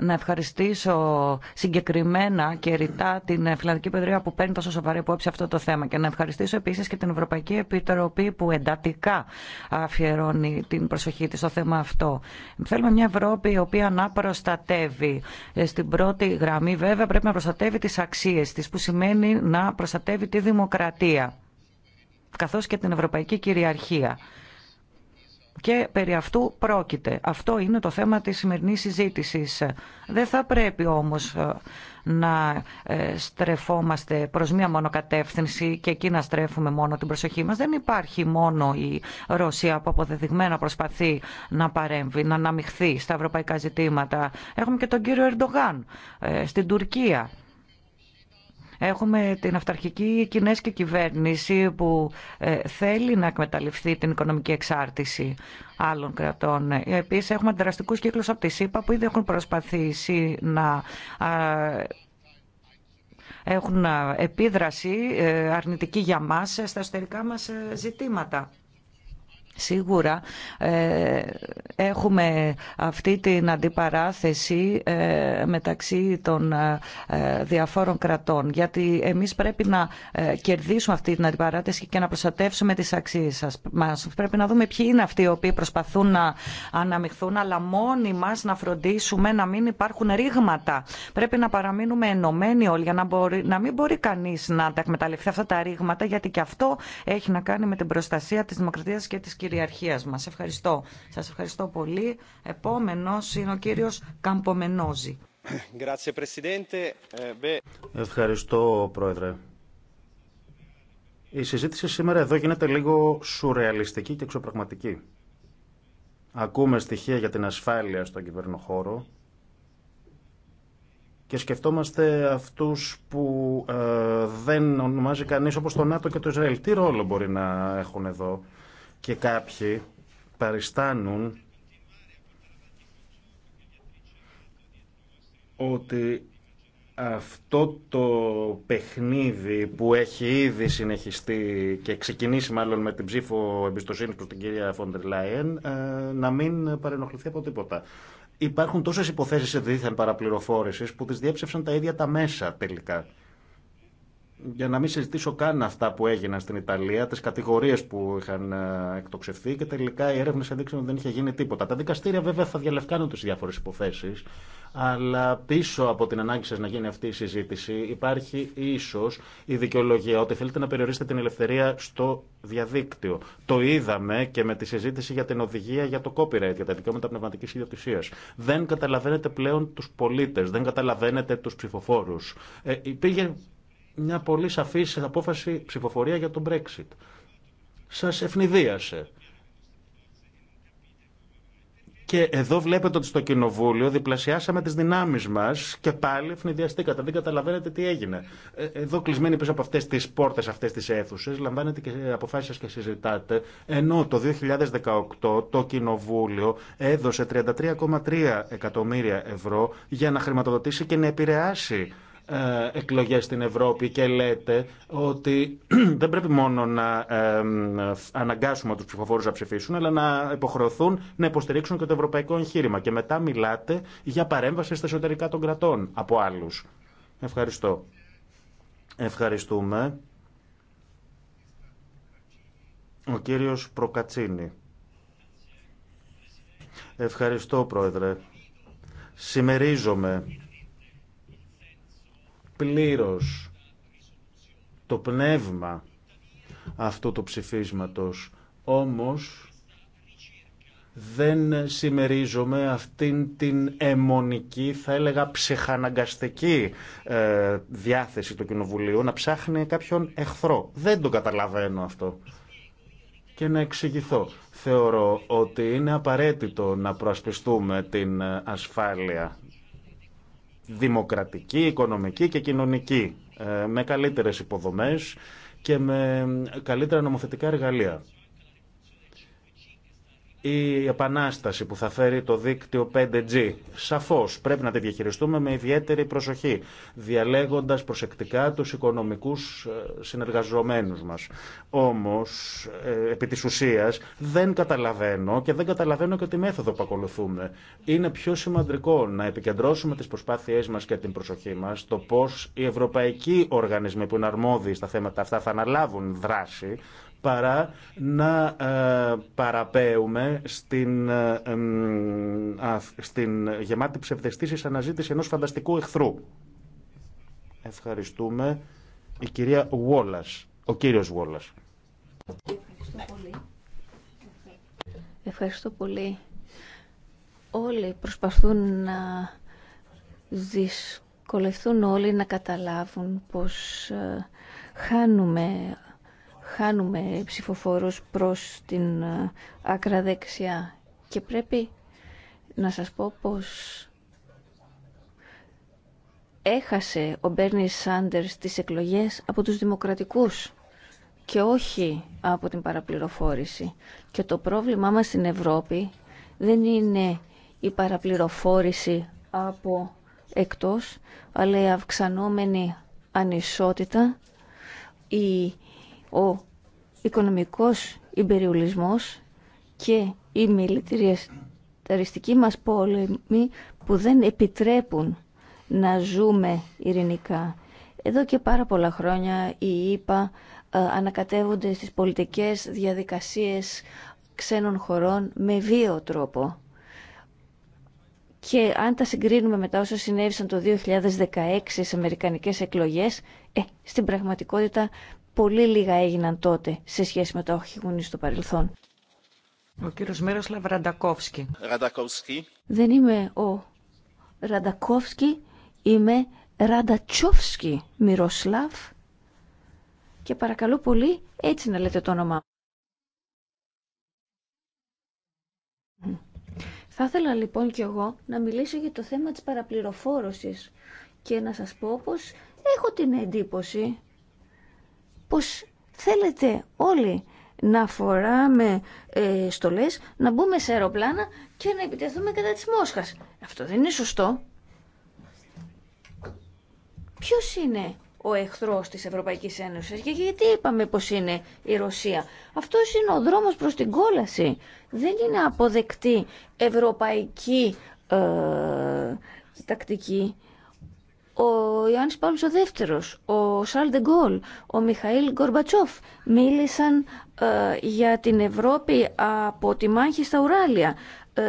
να ευχαριστήσω συγκεκριμένα και ρητά την Φιλανδική πεδρία που παίρνει τόσο σοβαρή υπόψη αυτό το θέμα και να ευχαριστήσω επίση και την Ευρωπαϊκή Επιτροπή που εντατικά αφιερώνει την προσοχή τη στο θέμα αυτό. Θέλουμε μια Ευρώπη η οποία να προστατεύει. Ε, στην πρώτη γραμμή, βέβαια, πρέπει να προστατεύει τι αξίε τη, που σημαίνει να προστατεύει τη δημοκρατία καθώς και την ευρωπαϊκή κυριαρχία. Και περί αυτού πρόκειται. Αυτό είναι το θέμα της σημερινής συζήτησης. Δεν θα πρέπει όμως ε, να ε, στρεφόμαστε προς μία μόνο κατεύθυνση και εκεί να στρέφουμε μόνο την προσοχή μας. Δεν υπάρχει μόνο η Ρωσία που αποδεδειγμένα προσπαθεί να παρέμβει, να αναμειχθεί στα ευρωπαϊκά ζητήματα. Έχουμε και τον κύριο Ερντογάν ε, στην Τουρκία Έχουμε την αυταρχική κινέζικη κυβέρνηση που ε, θέλει να εκμεταλλευτεί την οικονομική εξάρτηση άλλων κρατών. Επίσης έχουμε δραστικούς κύκλους από τη ΣΥΠΑ που ήδη έχουν προσπαθήσει να έχουν επίδραση ε, αρνητική για μας στα εσωτερικά μας ε, ζητήματα. Σίγουρα ε, έχουμε αυτή την αντιπαράθεση ε, μεταξύ των ε, διαφόρων κρατών γιατί εμείς πρέπει να κερδίσουμε αυτή την αντιπαράθεση και να προστατεύσουμε τις αξίες σας. Μας πρέπει να δούμε ποιοι είναι αυτοί οι οποίοι προσπαθούν να αναμειχθούν αλλά μόνοι μας να φροντίσουμε να μην υπάρχουν ρήγματα. Πρέπει να παραμείνουμε ενωμένοι όλοι για να, να μην μπορεί κανείς να τα αυτά τα ρήγματα γιατί και αυτό έχει να κάνει με την προστασία της δημοκρατίας και της κοινωνίας κυριαρχία μα Ευχαριστώ. Σας ευχαριστώ πολύ. Επόμενος είναι ο κύριος Καμπομενόζη. Ε, ευχαριστώ, Πρόεδρε. Η συζήτηση σήμερα εδώ γίνεται λίγο σουρεαλιστική και εξωπραγματική. Ακούμε στοιχεία για την ασφάλεια στον κυβερνοχώρο και σκεφτόμαστε αυτούς που ε, δεν ονομάζει κανείς όπως το ΝΑΤΟ και το Ισραήλ. Τι ρόλο μπορεί να έχουν εδώ και κάποιοι παριστάνουν ότι αυτό το παιχνίδι που έχει ήδη συνεχιστεί και ξεκινήσει μάλλον με την ψήφο εμπιστοσύνη προς την κυρία Φόντερ Λάιεν ε, να μην παρενοχληθεί από τίποτα. Υπάρχουν τόσες υποθέσεις δίθεν παραπληροφόρησης που τις διέψευσαν τα ίδια τα μέσα τελικά για να μην συζητήσω καν αυτά που έγιναν στην Ιταλία, τι κατηγορίε που είχαν ε, εκτοξευθεί και τελικά οι έρευνε έδειξαν ότι δεν είχε γίνει τίποτα. Τα δικαστήρια βέβαια θα διαλευκάνουν τι διάφορε υποθέσει, αλλά πίσω από την ανάγκη σα να γίνει αυτή η συζήτηση υπάρχει ίσω η δικαιολογία ότι θέλετε να περιορίσετε την ελευθερία στο διαδίκτυο. Το είδαμε και με τη συζήτηση για την οδηγία για το copyright, για τα δικαιώματα πνευματική ιδιοκτησία. Δεν καταλαβαίνετε πλέον του πολίτε, δεν καταλαβαίνετε του ψηφοφόρου. Ε, πήγε μια πολύ σαφής απόφαση ψηφοφορία για τον Brexit. Σας ευνηδίασε. Και εδώ βλέπετε ότι στο Κοινοβούλιο διπλασιάσαμε τι δυνάμει μα και πάλι ευνηδιαστήκατε. Δεν καταλαβαίνετε τι έγινε. Ε, εδώ κλεισμένοι πίσω από αυτέ τι πόρτε, αυτέ τι αίθουσε, λαμβάνετε και αποφάσει και συζητάτε. Ενώ το 2018 το Κοινοβούλιο έδωσε 33,3 εκατομμύρια ευρώ για να χρηματοδοτήσει και να επηρεάσει ε, εκλογές στην Ευρώπη και λέτε ότι *clears throat* δεν πρέπει μόνο να αναγκάσουμε τους ψηφοφόρους να ψηφίσουν αλλά να υποχρεωθούν να υποστηρίξουν και το ευρωπαϊκό εγχείρημα και μετά μιλάτε για παρέμβαση στα εσωτερικά των κρατών από άλλους. Ευχαριστώ. Ευχαριστούμε. Ο κύριος Προκατσίνη. Ευχαριστώ, Πρόεδρε. Σημερίζομαι πλήρως το πνεύμα αυτού του ψηφίσματος. Όμως δεν συμμερίζομαι αυτήν την αιμονική, θα έλεγα ψυχαναγκαστική ε, διάθεση του Κοινοβουλίου να ψάχνει κάποιον εχθρό. Δεν το καταλαβαίνω αυτό. Και να εξηγηθώ. Θεωρώ ότι είναι απαραίτητο να προασπιστούμε την ε, ασφάλεια δημοκρατική, οικονομική και κοινωνική, ε, με καλύτερες υποδομές και με καλύτερα νομοθετικά εργαλεία η επανάσταση που θα φέρει το δίκτυο 5G. Σαφώς πρέπει να τη διαχειριστούμε με ιδιαίτερη προσοχή, διαλέγοντας προσεκτικά τους οικονομικούς ε, συνεργαζομένους μας. Όμως, ε, επί της ουσίας, δεν καταλαβαίνω και δεν καταλαβαίνω και τη μέθοδο που ακολουθούμε. Είναι πιο σημαντικό να επικεντρώσουμε τις προσπάθειές μας και την προσοχή μας στο πώς οι ευρωπαϊκοί οργανισμοί που είναι αρμόδιοι στα θέματα αυτά θα αναλάβουν δράση, παρά να ε, παραπέουμε στην, ε, στην γεμάτη ψευδεστήσεις αναζήτηση ενός φανταστικού εχθρού. Ευχαριστούμε. Η κυρία Βόλας, ο κύριος Βόλας. Ευχαριστώ πολύ. Όλοι προσπαθούν να δυσκολευτούν όλοι να καταλάβουν πως ε, χάνουμε χάνουμε ψηφοφόρους προς την ακραδεξιά. Ε, και πρέπει να σας πω πως έχασε ο Μπέρνι Σάντερς τις εκλογές από τους δημοκρατικούς και όχι από την παραπληροφόρηση. Και το πρόβλημά μας στην Ευρώπη δεν είναι η παραπληροφόρηση από εκτός, αλλά η αυξανόμενη ανισότητα, η ο οικονομικός υπεριολισμός και οι μιλιταριστικοί μας πόλεμοι που δεν επιτρέπουν να ζούμε ειρηνικά. Εδώ και πάρα πολλά χρόνια οι ΙΠΑ ε, ανακατεύονται στις πολιτικές διαδικασίες ξένων χωρών με βίο τρόπο. Και αν τα συγκρίνουμε με τα όσα συνέβησαν το 2016 στις αμερικανικές εκλογές, ε, στην πραγματικότητα πολύ λίγα έγιναν τότε σε σχέση με τα οχηγούνη στο παρελθόν. Ο κύριος Μύροσλαβ Ραντακόφσκι. Ραντακόφσκι. Δεν είμαι ο Ραντακόφσκι, είμαι Ραντατσόφσκι Μυροσλάβ. Και παρακαλώ πολύ έτσι να λέτε το όνομά μου. Θα ήθελα λοιπόν κι εγώ να μιλήσω για το θέμα της παραπληροφόρωσης και να σας πω πως έχω την εντύπωση πως θέλετε όλοι να φοράμε ε, στολές, να μπούμε σε αεροπλάνα και να επιτεθούμε κατά της Μόσχας. Αυτό δεν είναι σωστό. Ποιος είναι ο εχθρός της Ευρωπαϊκής Ένωσης και γιατί είπαμε πως είναι η Ρωσία. Αυτός είναι ο δρόμος προς την κόλαση. Δεν είναι αποδεκτή ευρωπαϊκή ε, τακτική ο Ιάννης Παύλος ο Δεύτερος, ο Σαρλ Ντεγκόλ, ο Μιχαήλ Γκορμπατσόφ μίλησαν ε, για την Ευρώπη από τη μάχη στα Ουράλια, ε,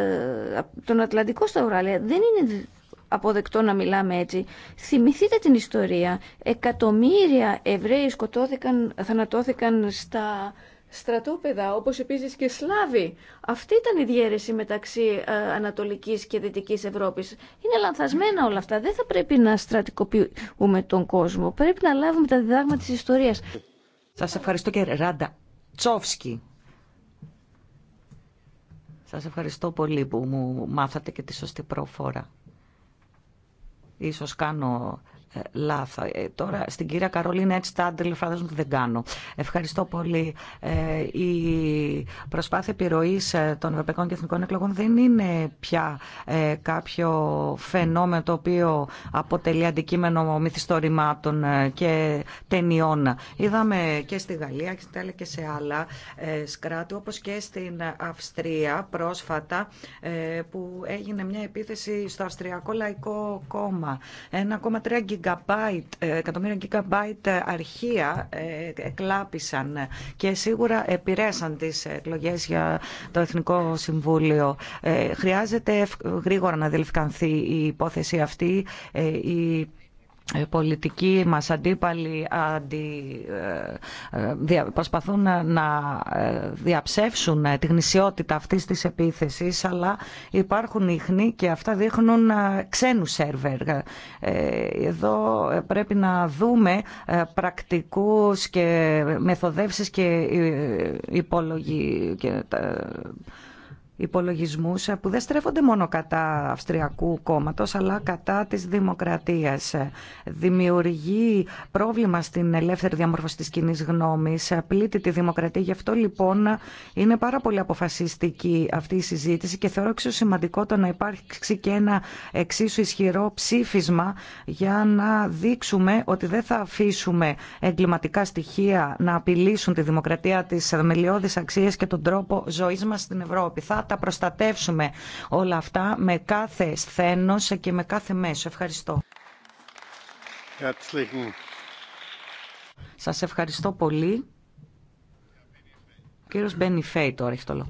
τον Ατλαντικό στα Ουράλια. Δεν είναι αποδεκτό να μιλάμε έτσι. Θυμηθείτε την ιστορία. Εκατομμύρια Εβραίοι σκοτώθηκαν, θανατώθηκαν στα στρατόπεδα, όπως επίσης και Σλάβοι. Αυτή ήταν η διαίρεση μεταξύ ε, Ανατολικής και Δυτικής Ευρώπης. Είναι λανθασμένα όλα αυτά. Δεν θα πρέπει να στρατικοποιούμε τον κόσμο. Πρέπει να λάβουμε τα διδάγματα της ιστορίας. Σας ευχαριστώ και Ράντα Τσόφσκι. Σας ευχαριστώ πολύ που μου μάθατε και τη σωστή προφόρα. Ίσως κάνω λάθα. Ε, τώρα στην κυρία Καρολίνα έτσι τα αντιληφθάζω ότι δεν κάνω. Ευχαριστώ πολύ. Ε, η προσπάθεια επιρροή ε, των Ευρωπαϊκών και Εθνικών Εκλογών δεν είναι πια κάποιο φαινόμενο το οποίο αποτελεί αντικείμενο μυθιστορημάτων και ταινιών. Είδαμε και στη Γαλλία και στην και σε άλλα σκράτη όπως και στην Αυστρία πρόσφατα που έγινε μια επίθεση στο Αυστριακό Λαϊκό Κόμμα. 1,3 gigabyte, ε, εκατομμύρια gigabyte αρχεία ε, εκλάπησαν και σίγουρα επηρέασαν τις εκλογέ για το Εθνικό Συμβούλιο. Ε, χρειάζεται γρήγορα να διελευκανθεί η υπόθεση αυτή. Ε, πολιτικοί μας αντίπαλοι αντι, ε, ε, προσπαθούν να διαψεύσουν τη γνησιότητα αυτής της επίθεσης αλλά υπάρχουν ίχνη και αυτά δείχνουν ξένους σερβερ. Εδώ πρέπει να δούμε πρακτικούς και μεθοδεύσεις και υπόλογη υπολογισμούς ε, που δεν στρέφονται μόνο κατά Αυστριακού κόμματος αλλά κατά της δημοκρατίας. Ε, δημιουργεί πρόβλημα στην ελεύθερη διαμόρφωση της κοινή γνώμης, ε, πλήττει τη δημοκρατία. Γι' αυτό λοιπόν είναι πάρα πολύ αποφασιστική αυτή η συζήτηση και θεωρώ εξίσου σημαντικό το να υπάρξει και ένα εξίσου ισχυρό ψήφισμα για να δείξουμε ότι δεν θα αφήσουμε εγκληματικά στοιχεία να απειλήσουν τη δημοκρατία, τις θεμελιώδεις αξίες και τον τρόπο ζωή μα στην Ευρώπη. Θα τα προστατεύσουμε όλα αυτά με κάθε σθένος και με κάθε μέσο. Ευχαριστώ. Σας ευχαριστώ πολύ. Κύριος τώρα έχει το λόγο.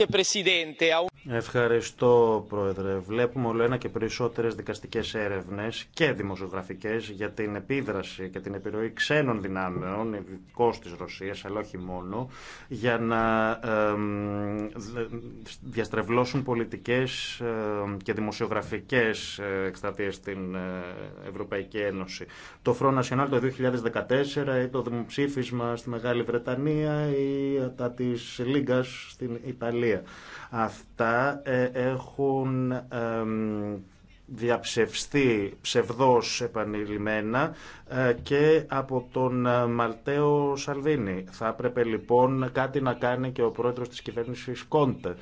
Ευχαριστώ, Πρόεδρε. Βλέπουμε όλο ένα και περισσότερες δικαστικές έρευνες και δημοσιογραφικές για την επίδραση και την επιρροή ξένων δυνάμεων, ειδικώ της Ρωσίας, αλλά όχι μόνο, για να ε, διαστρεβλώσουν πολιτικές και δημοσιογραφικές ε, εκστρατείες στην ε, Ευρωπαϊκή Ένωση. Το Front National το 2014 ή το δημοψήφισμα στη Μεγάλη Βρετανία ή τα της Λίγκα στην Ιταλία. Αυτά ε, έχουν διαψευστεί ψευδώς επανειλημμένα ε, και από τον ε, Μαλτέο Σαλβίνη. Θα έπρεπε λοιπόν κάτι να κάνει και ο πρόεδρος της κυβέρνησης Κόντε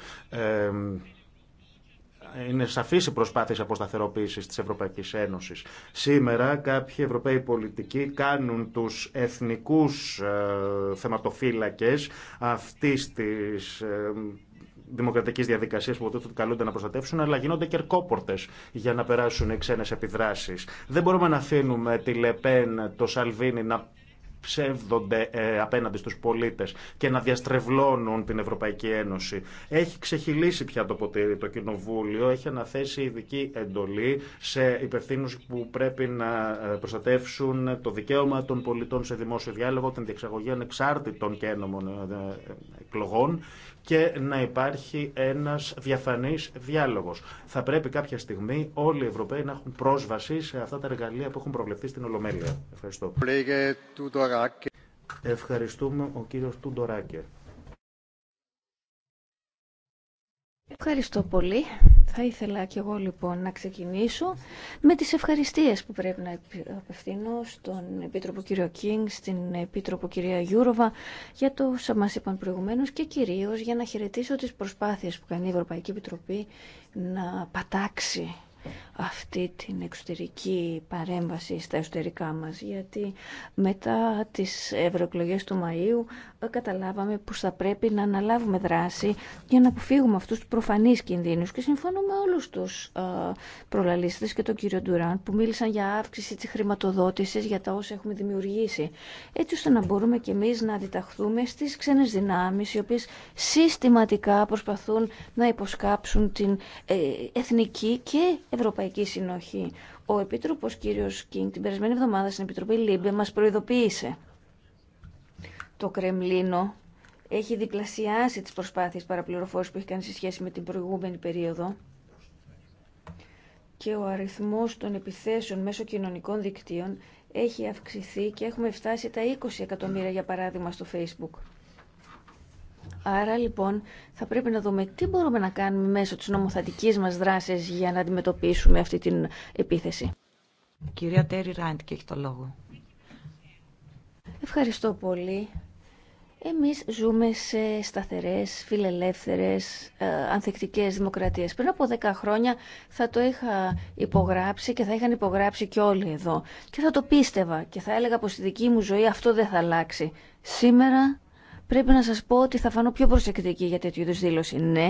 είναι σαφή η προσπάθεια αποσταθεροποίησης της Ευρωπαϊκής Ένωσης. Σήμερα κάποιοι Ευρωπαίοι πολιτικοί κάνουν τους εθνικούς ε, θεματοφύλακες αυτής της ε, δημοκρατική διαδικασία που ποτέ καλούνται να προστατεύσουν, αλλά γίνονται κερκόπορτε για να περάσουν οι ξένε επιδράσει. Δεν μπορούμε να αφήνουμε τη Λεπέν, το Σαλβίνι να ψεύδονται ε, απέναντι στους πολίτες και να διαστρεβλώνουν την Ευρωπαϊκή Ένωση. Έχει ξεχυλήσει πια το ποτήρι το Κοινοβούλιο, έχει αναθέσει ειδική εντολή σε υπευθύνους που πρέπει να ε, προστατεύσουν το δικαίωμα των πολιτών σε δημόσιο διάλογο, την διεξαγωγή ανεξάρτητων και ένωμων ε, εκλογών και να υπάρχει ένας διαφανής διάλογος. Θα πρέπει κάποια στιγμή όλοι οι Ευρωπαίοι να έχουν πρόσβαση σε αυτά τα εργαλεία που έχουν προβλεφθεί στην Ολομέλεια. Ευχαριστώ. Ευχαριστούμε ο κύριος Τουντοράκε. Ευχαριστώ πολύ. Θα ήθελα κι εγώ λοιπόν να ξεκινήσω με τις ευχαριστίες που πρέπει να απευθύνω στον Επίτροπο κύριο Κίνγκ, στην Επίτροπο κυρία Γιούροβα για το όσα μας είπαν προηγουμένως και κυρίως για να χαιρετήσω τις προσπάθειες που κάνει η Ευρωπαϊκή Επιτροπή να πατάξει αυτή την εξωτερική παρέμβαση στα εσωτερικά μας γιατί μετά τις ευρωεκλογές του Μαΐου ε, καταλάβαμε πως θα πρέπει να αναλάβουμε δράση για να αποφύγουμε αυτούς τους προφανείς κινδύνους και συμφωνώ με όλους τους ε, προλαλίστες και τον κύριο Ντουράν που μίλησαν για αύξηση της χρηματοδότησης για τα όσα έχουμε δημιουργήσει έτσι ώστε να μπορούμε και εμείς να αντιταχθούμε στις ξένες δυνάμεις οι οποίες συστηματικά προσπαθούν να υποσκάψουν την ε, εθνική και ευρωπαϊκή Ευρωπαϊκή Συνοχή. Ο Επίτροπος κύριος Κίνγκ την περασμένη εβδομάδα στην Επιτροπή Λίμπε μας προειδοποίησε. Το Κρεμλίνο έχει διπλασιάσει τις προσπάθειες παραπληροφόρησης που έχει κάνει σε σχέση με την προηγούμενη περίοδο και ο αριθμός των επιθέσεων μέσω κοινωνικών δικτύων έχει αυξηθεί και έχουμε φτάσει τα 20 εκατομμύρια για παράδειγμα στο Facebook. Άρα λοιπόν θα πρέπει να δούμε τι μπορούμε να κάνουμε μέσω της νομοθετικής μας δράσης για να αντιμετωπίσουμε αυτή την επίθεση. Κυρία Τέρι και έχει το λόγο. Ευχαριστώ πολύ. Εμείς ζούμε σε σταθερές, φιλελεύθερες, ε, ανθεκτικές δημοκρατίες. Πριν από 10 χρόνια θα το είχα υπογράψει και θα είχαν υπογράψει και όλοι εδώ. Και θα το πίστευα και θα έλεγα πως στη δική μου ζωή αυτό δεν θα αλλάξει. Σήμερα πρέπει να σας πω ότι θα φανώ πιο προσεκτική για τέτοιου είδους δήλωση. Ναι,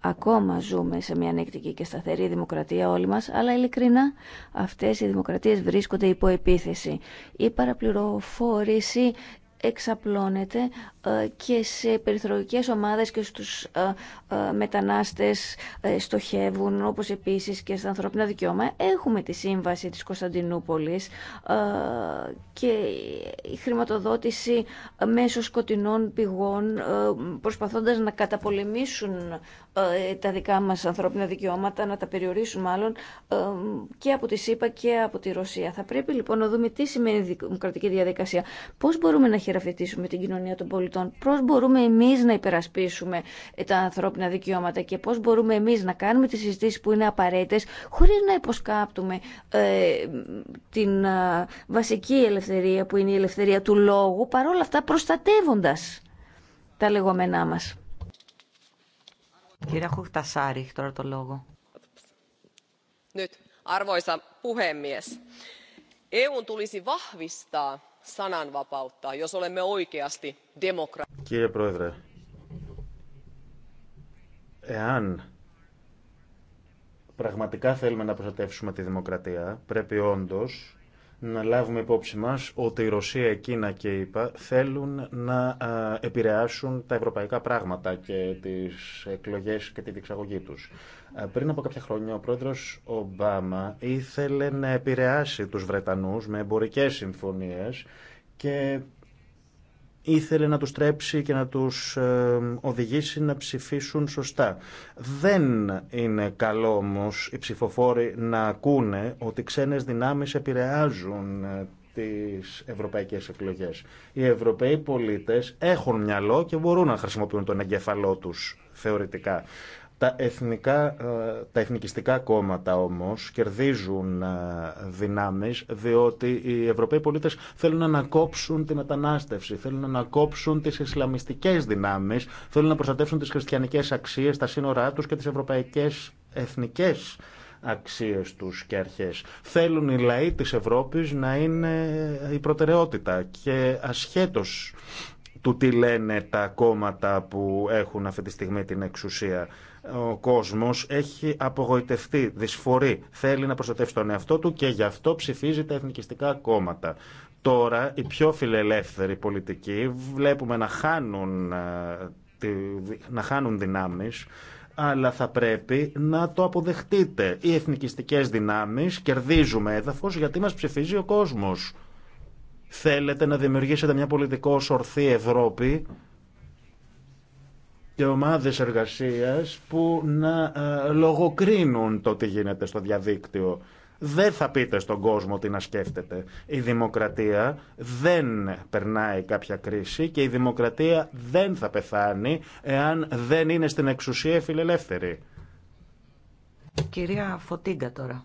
ακόμα ζούμε σε μια ανεκτική και σταθερή δημοκρατία όλοι μας, αλλά ειλικρινά αυτές οι δημοκρατίες βρίσκονται υπό επίθεση. Η παραπληροφόρηση εξαπλώνεται ε, και σε περιθωρικές ομάδες και στους ε, ε, μετανάστες στοχεύουν, όπως επίσης και στα ανθρώπινα δικαιώματα. Έχουμε τη σύμβαση της Κωνσταντινούπολης και η χρηματοδότηση μέσω σκοτεινών πηγών προσπαθώντας να καταπολεμήσουν ε, τα δικά μας ανθρώπινα δικαιώματα, να τα περιορίσουν μάλλον ε, και από τη ΣΥΠΑ και από τη Ρωσία. Θα πρέπει λοιπόν να δούμε τι σημαίνει δημοκρατική διαδικασία, πώς μπορούμε να χειραφετήσουμε την κοινωνία των πολιτών, πώς μπορούμε εμείς να υπερασπίσουμε ε, τα ανθρώπινα δικαιώματα και πώς μπορούμε εμείς να κάνουμε τις συζητήσεις που είναι απαραίτητες χωρίς να υποσκάπτουμε την βασική ελευθερία που είναι η ελευθερία του λόγου, παρόλα αυτά προστατεύοντας τα λεγόμενά μας. Κύριε Χουχτασάρη, έχει τώρα το λόγο. sananvapautta, jos olemme oikeasti Κύριε Πρόεδρε, εάν πραγματικά θέλουμε να προστατεύσουμε τη δημοκρατία, πρέπει όντως να λάβουμε υπόψη μας ότι η Ρωσία, η Κίνα και η ΕΠΑ θέλουν να επηρεάσουν τα ευρωπαϊκά πράγματα και τις εκλογές και τη διεξαγωγή τους. Πριν από κάποια χρόνια ο πρόεδρος Ομπάμα ήθελε να επηρεάσει τους Βρετανούς με εμπορικές συμφωνίες και ήθελε να τους τρέψει και να τους ε, οδηγήσει να ψηφίσουν σωστά. Δεν είναι καλό όμως οι ψηφοφόροι να ακούνε ότι ξένες δυνάμεις επηρεάζουν ε, τις ευρωπαϊκές εκλογές. Οι ευρωπαίοι πολίτες έχουν μυαλό και μπορούν να χρησιμοποιούν τον εγκέφαλό τους θεωρητικά. Τα, εθνικά, ε, τα εθνικιστικά κόμματα όμως κερδίζουν ε, δυνάμεις διότι οι Ευρωπαίοι πολίτες θέλουν να ανακόψουν τη μετανάστευση, θέλουν να ανακόψουν τις ισλαμιστικές δυνάμεις, θέλουν να προστατεύσουν τις χριστιανικές αξίες, τα σύνορά τους και τις ευρωπαϊκές εθνικές αξίες τους και αρχές. Θέλουν οι λαοί της Ευρώπης να είναι η προτεραιότητα και ασχέτως του τι λένε τα κόμματα που έχουν αυτή τη στιγμή την εξουσία. Ο κόσμο έχει απογοητευτεί, δυσφορεί. Θέλει να προστατεύσει τον εαυτό του και γι' αυτό ψηφίζει τα εθνικιστικά κόμματα. Τώρα οι πιο φιλελεύθεροι πολιτικοί βλέπουμε να χάνουν, ε, να χάνουν δυνάμεις αλλά θα πρέπει να το αποδεχτείτε. Οι εθνικιστικές δυνάμεις κερδίζουμε έδαφος γιατί μας ψηφίζει ο κόσμος. Θέλετε να δημιουργήσετε μια πολιτικό ορθή Ευρώπη και ομάδες εργασίας που να ε, λογοκρίνουν το τι γίνεται στο διαδίκτυο. Δεν θα πείτε στον κόσμο τι να σκέφτεται. Η δημοκρατία δεν περνάει κάποια κρίση και η δημοκρατία δεν θα πεθάνει εάν δεν είναι στην εξουσία φιλελεύθερη. Κυρία Φωτίγκα τώρα.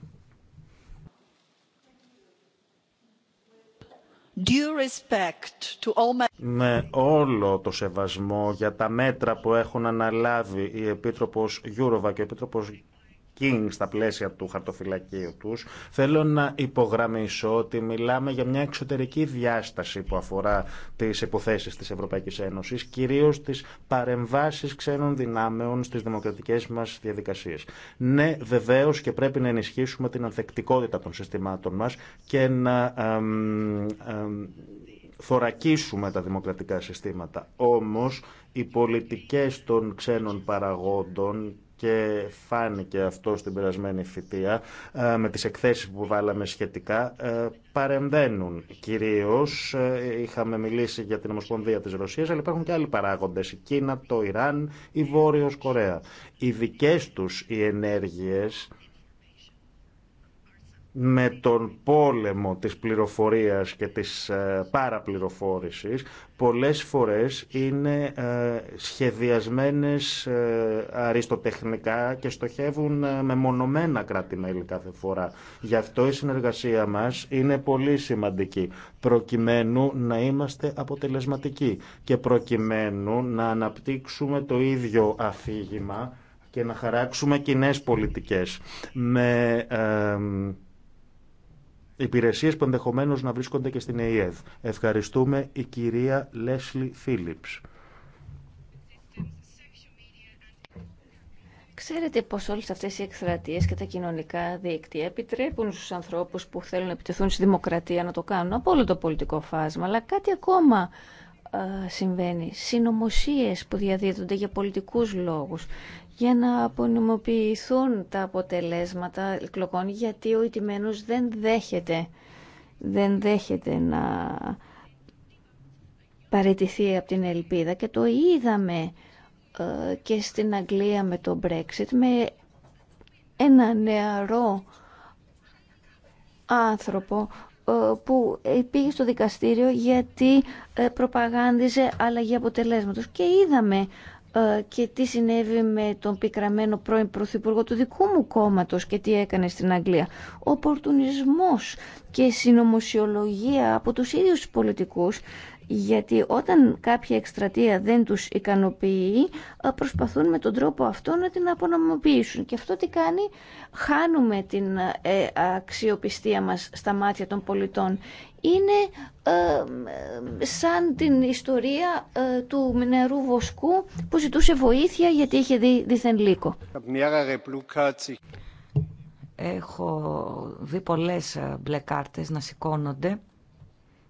Με όλο το σεβασμό για τα μέτρα που έχουν αναλάβει η Επίτροπος Γιούροβα και ο Επίτροπος King στα πλαίσια του χαρτοφυλακίου τους, θέλω να υπογραμμίσω ότι μιλάμε για μια εξωτερική διάσταση που αφορά τις υποθέσεις της Ευρωπαϊκής Ένωσης, κυρίως τις παρεμβάσεις ξένων δυνάμεων στις δημοκρατικές μας διαδικασίες. Ναι, βεβαίως και πρέπει να ενισχύσουμε την ανθεκτικότητα των συστημάτων μας και να εμ, θωρακίσουμε τα δημοκρατικά συστήματα. Όμως οι πολιτικές των ξένων παραγόντων και φάνηκε αυτό στην περασμένη φοιτεία ε, με τις εκθέσεις που βάλαμε σχετικά ε, παρεμβαίνουν κυρίως ε, είχαμε μιλήσει για την Ομοσπονδία της Ρωσίας αλλά υπάρχουν και άλλοι παράγοντες η Κίνα, το Ιράν, η Βόρειος Κορέα οι δικές τους οι ενέργειες με τον πόλεμο της πληροφορίας και της ε, παραπληροφόρησης πολλές φορές είναι ε, σχεδιασμένες ε, αριστοτεχνικά και στοχεύουν με μονομένα κράτη-μέλη κάθε φορά. Γι' αυτό η συνεργασία μας είναι πολύ σημαντική προκειμένου να είμαστε αποτελεσματικοί και προκειμένου να αναπτύξουμε το ίδιο αφήγημα και να χαράξουμε κοινέ πολιτικές με υπηρεσίες που ενδεχομένως να βρίσκονται και στην ΕΕΔ. Ευχαριστούμε η κυρία Λέσλι Φίλιπς. Ξέρετε πως όλες αυτές οι εκστρατείες και τα κοινωνικά δίκτυα επιτρέπουν στους ανθρώπους που θέλουν να επιτεθούν στη δημοκρατία να το κάνουν από όλο το πολιτικό φάσμα, αλλά κάτι ακόμα συμβαίνει. Συνομωσίες που διαδίδονται για πολιτικούς λόγους, για να απονομοποιηθούν τα αποτελέσματα εκλογών γιατί ο ιτημένος δεν δέχεται, δεν δέχεται να παραιτηθεί από την ελπίδα και το είδαμε ε, και στην Αγγλία με το Brexit με ένα νεαρό άνθρωπο ε, που ε, πήγε στο δικαστήριο γιατί προπαγάνδιζε αλλαγή αποτελέσματος και είδαμε ε, και τι συνέβη με τον πικραμένο πρώην πρωθυπουργό του δικού μου κόμματος και τι έκανε στην Αγγλία. Οπορτουνισμός και συνωμοσιολογία από τους ίδιους τους πολιτικούς γιατί όταν κάποια εκστρατεία δεν τους ικανοποιεί ε, προσπαθούν με τον τρόπο αυτό να την απονομοποιήσουν και αυτό τι κάνει χάνουμε την ε, αξιοπιστία μας στα μάτια των πολιτών είναι σαν την ιστορία ε, του νερού βοσκού που ζητούσε βοήθεια γιατί είχε δει δίθεν λύκο. Έχω δει πολλές ε, μπλε κάρτες να σηκώνονται.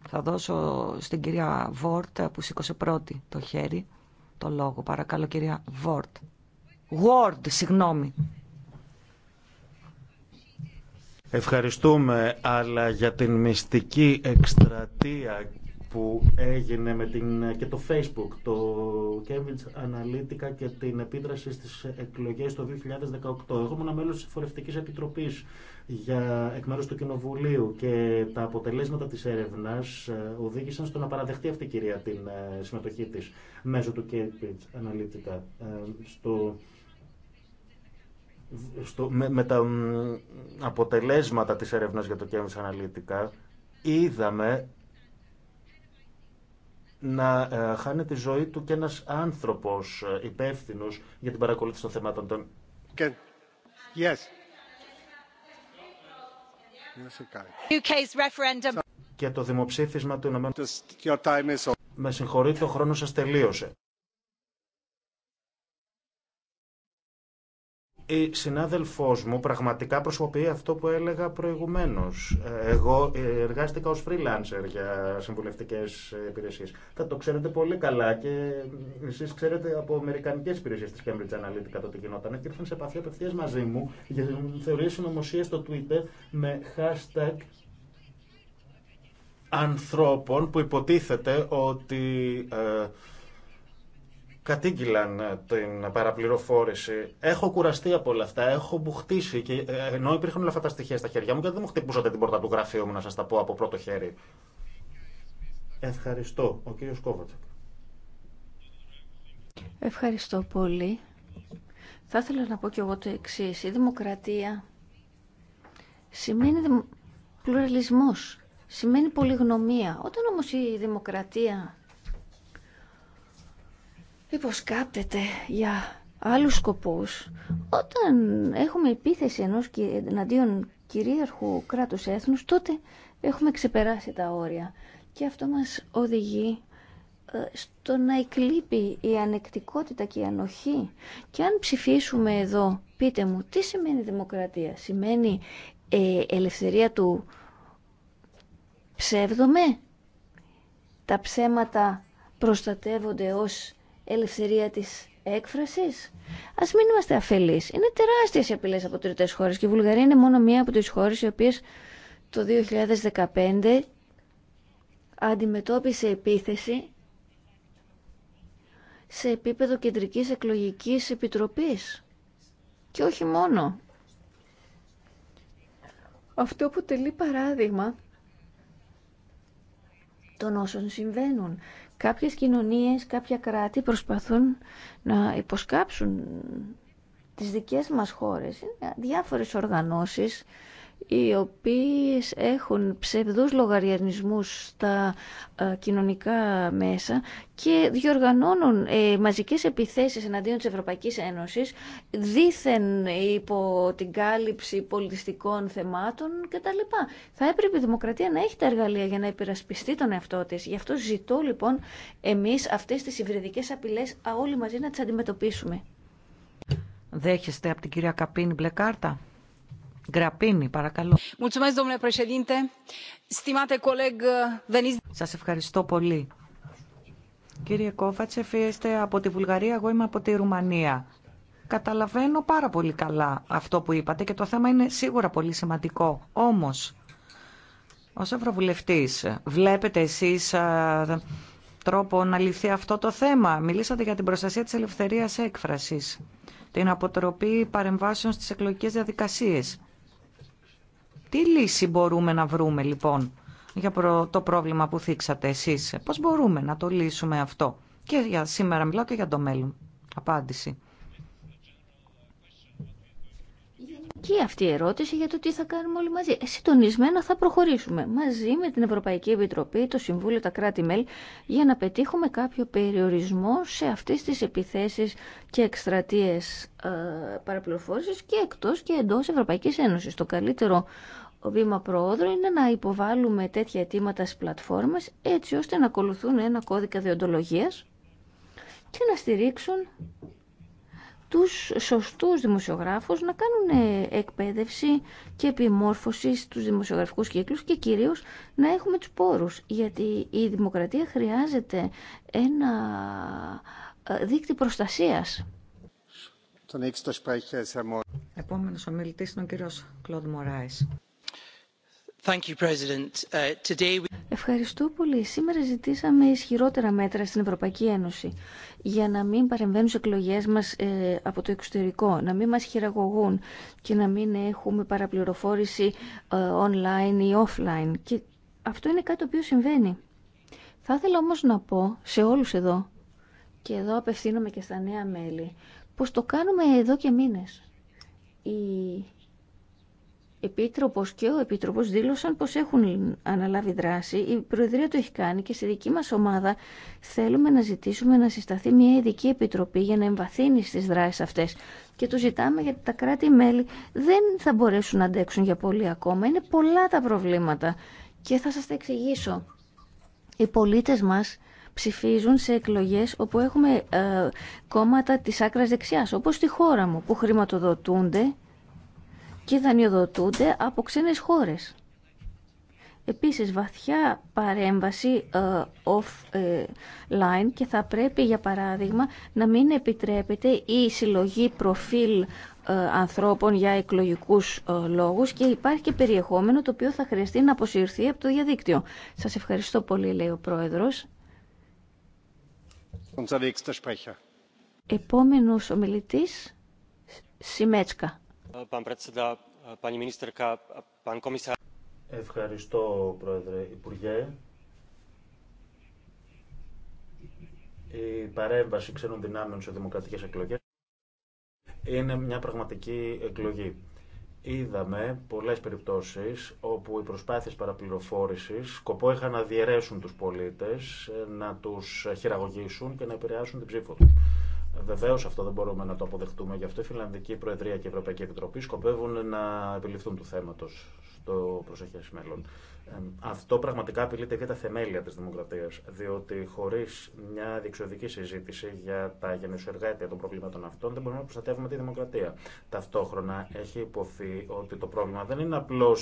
Θα δώσω στην κυρία Βόρτ ε, που σήκωσε πρώτη το χέρι το λόγο. Παρακαλώ κυρία Βόρτ. Word, συγγνώμη. Ευχαριστούμε, αλλά για την μυστική εκστρατεία που έγινε με την, και το Facebook, το Cambridge Analytica και την επίδραση στις εκλογές το 2018. Εγώ ήμουν μέλος της Φορευτικής Επιτροπής για εκ μέρους του Κοινοβουλίου και τα αποτελέσματα της έρευνας ε, οδήγησαν στο να παραδεχτεί αυτή η κυρία την ε, συμμετοχή της μέσω του Cambridge Analytica ε, στο στο, με, με, τα αποτελέσματα της έρευνας για το κέντρο αναλυτικά, είδαμε να ε, χάνει τη ζωή του και ένας άνθρωπος ε, υπεύθυνος για την παρακολούθηση των θεμάτων των... Yes. Και το δημοψήφισμα του Ηνωμένου... Με συγχωρείτε, ο χρόνος σας τελείωσε. η συνάδελφός μου πραγματικά προσωποποιεί αυτό που έλεγα προηγουμένως. Ε, εγώ ε, εργάστηκα ως freelancer για συμβουλευτικές υπηρεσίες. Θα το ξέρετε πολύ καλά και εσείς ξέρετε από αμερικανικές υπηρεσίες της Cambridge Analytica το τι γινόταν και ήρθαν σε επαφή απευθείας μαζί μου για θεωρίες συνωμοσίες στο Twitter με hashtag ανθρώπων που υποτίθεται ότι... Ε, κατήγγυλαν ε, την παραπληροφόρηση. Έχω κουραστεί από όλα αυτά, έχω μπουχτίσει και ε, ενώ υπήρχαν όλα αυτά τα στοιχεία στα χέρια μου και δεν μου χτυπούσατε την πόρτα του γραφείου μου να σας τα πω από πρώτο χέρι. Ευχαριστώ. Ο κύριος Κόβατ. Ευχαριστώ πολύ. Θα ήθελα να πω και εγώ το εξή. Η δημοκρατία σημαίνει πλουραλισμός, σημαίνει πολυγνωμία. Όταν όμως η δημοκρατία υποσκάπτεται για άλλους σκοπούς. Όταν έχουμε επίθεση ενός εναντίον κυρίαρχου κράτους έθνους, τότε έχουμε ξεπεράσει τα όρια. Και αυτό μας οδηγεί ε, στο να εκλείπει η ανεκτικότητα και η ανοχή. Και αν ψηφίσουμε εδώ, πείτε μου, τι σημαίνει δημοκρατία. Σημαίνει ε, ελευθερία του ψεύδομαι. Τα ψέματα προστατεύονται ως ελευθερία της έκφρασης. Ας μην είμαστε αφελείς. Είναι τεράστιες οι απειλές από τρίτες χώρες και η Βουλγαρία είναι μόνο μία από τις χώρες οι οποίες το 2015 αντιμετώπισε επίθεση σε επίπεδο κεντρικής εκλογικής επιτροπής. Και όχι μόνο. Αυτό αποτελεί παράδειγμα των όσων συμβαίνουν. Κάποιες κοινωνίες, κάποια κράτη προσπαθούν να υποσκάψουν τις δικές μας χώρες. διάφορες οργανώσεις οι οποίες έχουν ψευδούς λογαριασμούς στα ε, κοινωνικά μέσα και διοργανώνουν ε, μαζικές επιθέσεις εναντίον της Ευρωπαϊκής Ένωσης δήθεν υπό την κάλυψη πολιτιστικών θεμάτων κτλ. Θα έπρεπε η δημοκρατία να έχει τα εργαλεία για να υπερασπιστεί τον εαυτό της. Γι' αυτό ζητώ λοιπόν εμείς αυτές τις υβριδικές απειλές όλοι μαζί να τις αντιμετωπίσουμε. Δέχεστε από την κυρία Καπίνη μπλε veniți... παρακαλώ. Σας ευχαριστώ πολύ. Κύριε Κόβατσεφ, είστε από τη Βουλγαρία, εγώ είμαι από τη Ρουμανία. Καταλαβαίνω πάρα πολύ καλά αυτό που είπατε και το θέμα είναι σίγουρα πολύ σημαντικό. Όμως, ως Ευρωβουλευτής, βλέπετε εσείς α, τρόπο να λυθεί αυτό το θέμα. Μιλήσατε για την προστασία της ελευθερίας έκφρασης, την αποτροπή παρεμβάσεων στις εκλογικές διαδικασίες. Τι λύση μπορούμε να βρούμε λοιπόν για το πρόβλημα που θίξατε εσείς. Πώς μπορούμε να το λύσουμε αυτό. Και για σήμερα μιλάω και για το μέλλον. Απάντηση. Και αυτή η ερώτηση για το τι θα κάνουμε όλοι μαζί. Ε, συντονισμένα θα προχωρήσουμε μαζί με την Ευρωπαϊκή Επιτροπή, το Συμβούλιο, τα κράτη-μέλη για να πετύχουμε κάποιο περιορισμό σε αυτές τις επιθέσεις και εκστρατείες ε, παραπληροφόρησης και εκτός και εντός Ευρωπαϊκής Ένωσης. Το καλύτερο βήμα προόδου είναι να υποβάλουμε τέτοια αιτήματα στις πλατφόρμες έτσι ώστε να ακολουθούν ένα κώδικα διοντολογίας και να στηρίξουν τους σωστούς δημοσιογράφους να κάνουν ε, εκπαίδευση και επιμόρφωση στους δημοσιογραφικούς κύκλους και κυρίως να έχουμε τους πόρους. Γιατί η δημοκρατία χρειάζεται ένα ε, δίκτυ προστασίας. Επόμενος ομιλητής είναι ο κύριος Κλοντ Μωράης. Thank you, President. Uh, Ευχαριστώ πολύ. Σήμερα ζητήσαμε ισχυρότερα μέτρα στην Ευρωπαϊκή Ένωση για να μην παρεμβαίνουν σε εκλογές μας ε, από το εξωτερικό, να μην μας χειραγωγούν και να μην έχουμε παραπληροφόρηση ε, online ή offline. Και αυτό είναι κάτι το οποίο συμβαίνει. Θα ήθελα όμως να πω σε όλους εδώ, και εδώ απευθύνομαι και στα νέα μέλη, πώ το κάνουμε εδώ και μήνε. Η Επίτροπος και ο Επίτροπος δήλωσαν πως έχουν αναλάβει δράση. Η Προεδρία το έχει κάνει και στη δική μας ομάδα θέλουμε να ζητήσουμε να συσταθεί μια ειδική επιτροπή για να εμβαθύνει στις δράσεις αυτές. Και το ζητάμε γιατί τα κράτη-μέλη δεν θα μπορέσουν να αντέξουν για πολύ ακόμα. Είναι πολλά τα προβλήματα και θα σας τα εξηγήσω. Οι πολίτες μας ψηφίζουν σε εκλογές όπου έχουμε ε, κόμματα της άκρας δεξιάς, όπως στη χώρα μου, που χρηματοδοτούνται και δανειοδοτούνται από ξένες χώρες. Επίσης βαθιά παρέμβαση ε, offline και θα πρέπει για παράδειγμα να μην επιτρέπεται η συλλογή προφίλ ε, ανθρώπων για εκλογικούς ε, λόγους και υπάρχει και περιεχόμενο το οποίο θα χρειαστεί να αποσυρθεί από το διαδίκτυο. Σας ευχαριστώ πολύ λέει ο Πρόεδρος. Επόμενος ομιλητής Σιμέτσκα. Ευχαριστώ, Πρόεδρε Υπουργέ. Η παρέμβαση ξένων δυνάμεων σε δημοκρατικές εκλογές είναι μια πραγματική εκλογή. Είδαμε πολλές περιπτώσεις όπου οι προσπάθειες παραπληροφόρησης σκοπό είχαν να διαιρέσουν τους πολίτες, να τους χειραγωγήσουν και να επηρεάσουν την ψήφο τους. Βεβαίω αυτό δεν μπορούμε να το αποδεχτούμε. Γι' αυτό η Φιλανδική Προεδρία και η Ευρωπαϊκή Επιτροπή σκοπεύουν να επιληφθούν του θέματο στο προσεχέ μέλλον. αυτό πραγματικά απειλείται για τα θεμέλια τη δημοκρατία. Διότι χωρί μια διεξοδική συζήτηση για τα γενεσιουργά αίτια των προβλήματων αυτών δεν μπορούμε να προστατεύουμε τη δημοκρατία. Ταυτόχρονα έχει υποθεί ότι το πρόβλημα δεν είναι απλώ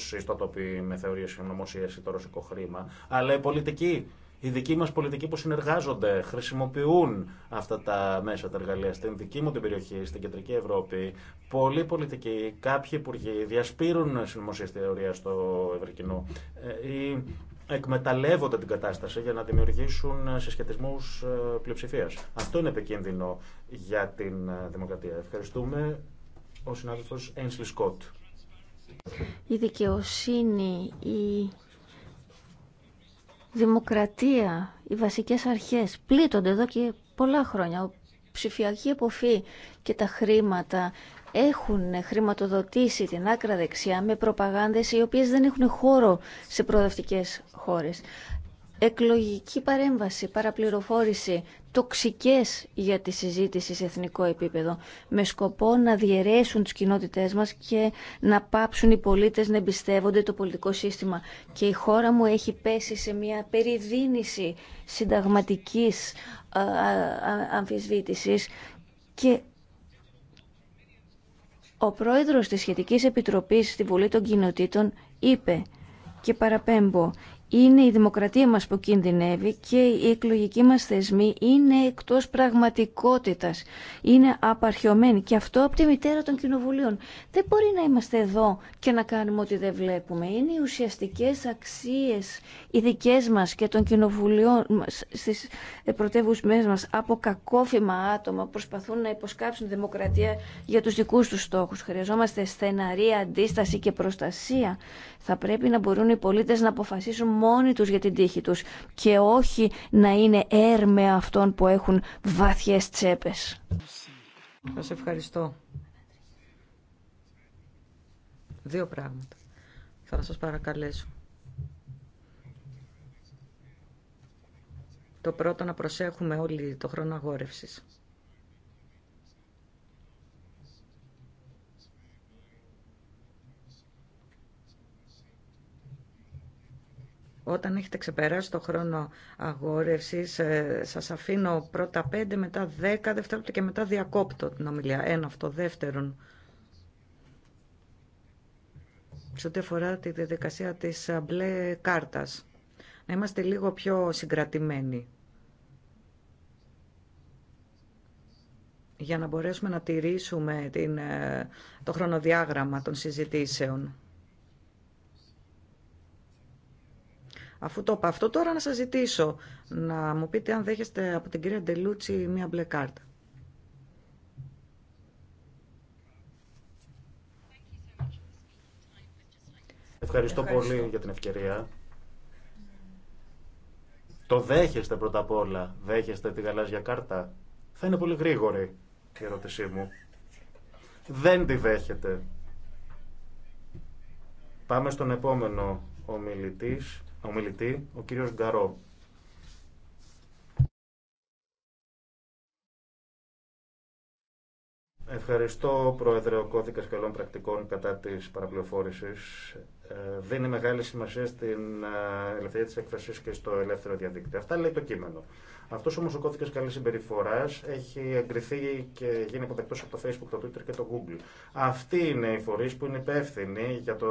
οι με θεωρίε συνωμοσία ή το ρωσικό χρήμα, αλλά η πολιτική οι δικοί μα πολιτικοί που συνεργάζονται χρησιμοποιούν αυτά τα μέσα, τα εργαλεία. Στην δική μου την περιοχή, στην κεντρική Ευρώπη, πολλοί πολιτικοί, κάποιοι υπουργοί διασπείρουν συνωμοσίε θεωρία στο ευρωκοινό. Ε, ή εκμεταλλεύονται την κατάσταση για να δημιουργήσουν ε, συσχετισμού ε, πλειοψηφία. Αυτό είναι επικίνδυνο για την δημοκρατία. Ευχαριστούμε. Ο συνάδελφο Ένσλι Σκότ. Η δικαιοσύνη, η δημοκρατία, οι βασικές αρχές πλήττονται εδώ και πολλά χρόνια. Ο Ψηφιακή εποφή και τα χρήματα έχουν χρηματοδοτήσει την άκρα δεξιά με προπαγάνδες οι οποίες δεν έχουν χώρο σε προοδευτικές χώρες εκλογική παρέμβαση, παραπληροφόρηση, τοξικές για τη συζήτηση σε εθνικό επίπεδο, με σκοπό να διαιρέσουν τις κοινότητές μας και να πάψουν οι πολίτες να εμπιστεύονται το πολιτικό σύστημα. Και η χώρα μου έχει πέσει σε μια περιδίνηση συνταγματικής αμφισβήτησης και ο πρόεδρος της σχετικής επιτροπής στη Βουλή των Κοινοτήτων είπε και παραπέμπω είναι η δημοκρατία μας που κινδυνεύει και οι εκλογικοί μας θεσμοί είναι εκτός πραγματικότητας. Είναι απαρχιωμένοι και αυτό από τη μητέρα των κοινοβουλίων. Δεν μπορεί να είμαστε εδώ και να κάνουμε ό,τι δεν βλέπουμε. Είναι οι ουσιαστικές αξίες οι δικές μας και των κοινοβουλίων μας, στις πρωτεύουσμές μας από κακόφημα άτομα που προσπαθούν να υποσκάψουν δημοκρατία για τους δικούς τους στόχους. Χρειαζόμαστε στεναρία, αντίσταση και προστασία. Θα πρέπει να μπορούν οι πολίτες να αποφασίσουν μόνοι τους για την τύχη τους και όχι να είναι έρμεα αυτών που έχουν βαθιές τσέπες. Σας ευχαριστώ. Δύο πράγματα. Θα σας παρακαλέσω. Το πρώτο να προσέχουμε όλοι το χρόνο αγόρευσης. Όταν έχετε ξεπεράσει το χρόνο αγόρευσης, ε, σας αφήνω πρώτα πέντε, μετά δέκα, δευτερόλεπτα και μετά διακόπτω την ομιλία. Ένα αυτό. Δεύτερον, σε ό,τι αφορά τη διαδικασία της μπλε κάρτας, να είμαστε λίγο πιο συγκρατημένοι. για να μπορέσουμε να τηρήσουμε την, ε, το χρονοδιάγραμμα των συζητήσεων. Αφού το είπα αυτό, τώρα να σας ζητήσω να μου πείτε αν δέχεστε από την κυρία Ντελούτσι μία μπλε κάρτα. Ευχαριστώ, πολύ για την ευκαιρία. Το δέχεστε πρώτα απ' όλα. Δέχεστε τη γαλάζια κάρτα. Θα είναι πολύ γρήγορη η ερώτησή μου. Δεν τη δέχεται. Πάμε στον επόμενο ομιλητής ομιλητή, ο κύριος Γκαρό. Ευχαριστώ, Πρόεδρε, ο κώδικας καλών πρακτικών κατά της παραπληροφόρησης ε, δίνει μεγάλη σημασία στην ε, ελευθερία τη έκφραση και στο ελεύθερο διαδίκτυο. Αυτά λέει το κείμενο. Αυτό όμω ο κώδικα καλή συμπεριφορά έχει εγκριθεί και γίνει αποδεκτό από το Facebook, το Twitter και το Google. Αυτοί είναι οι φορεί που είναι υπεύθυνοι για το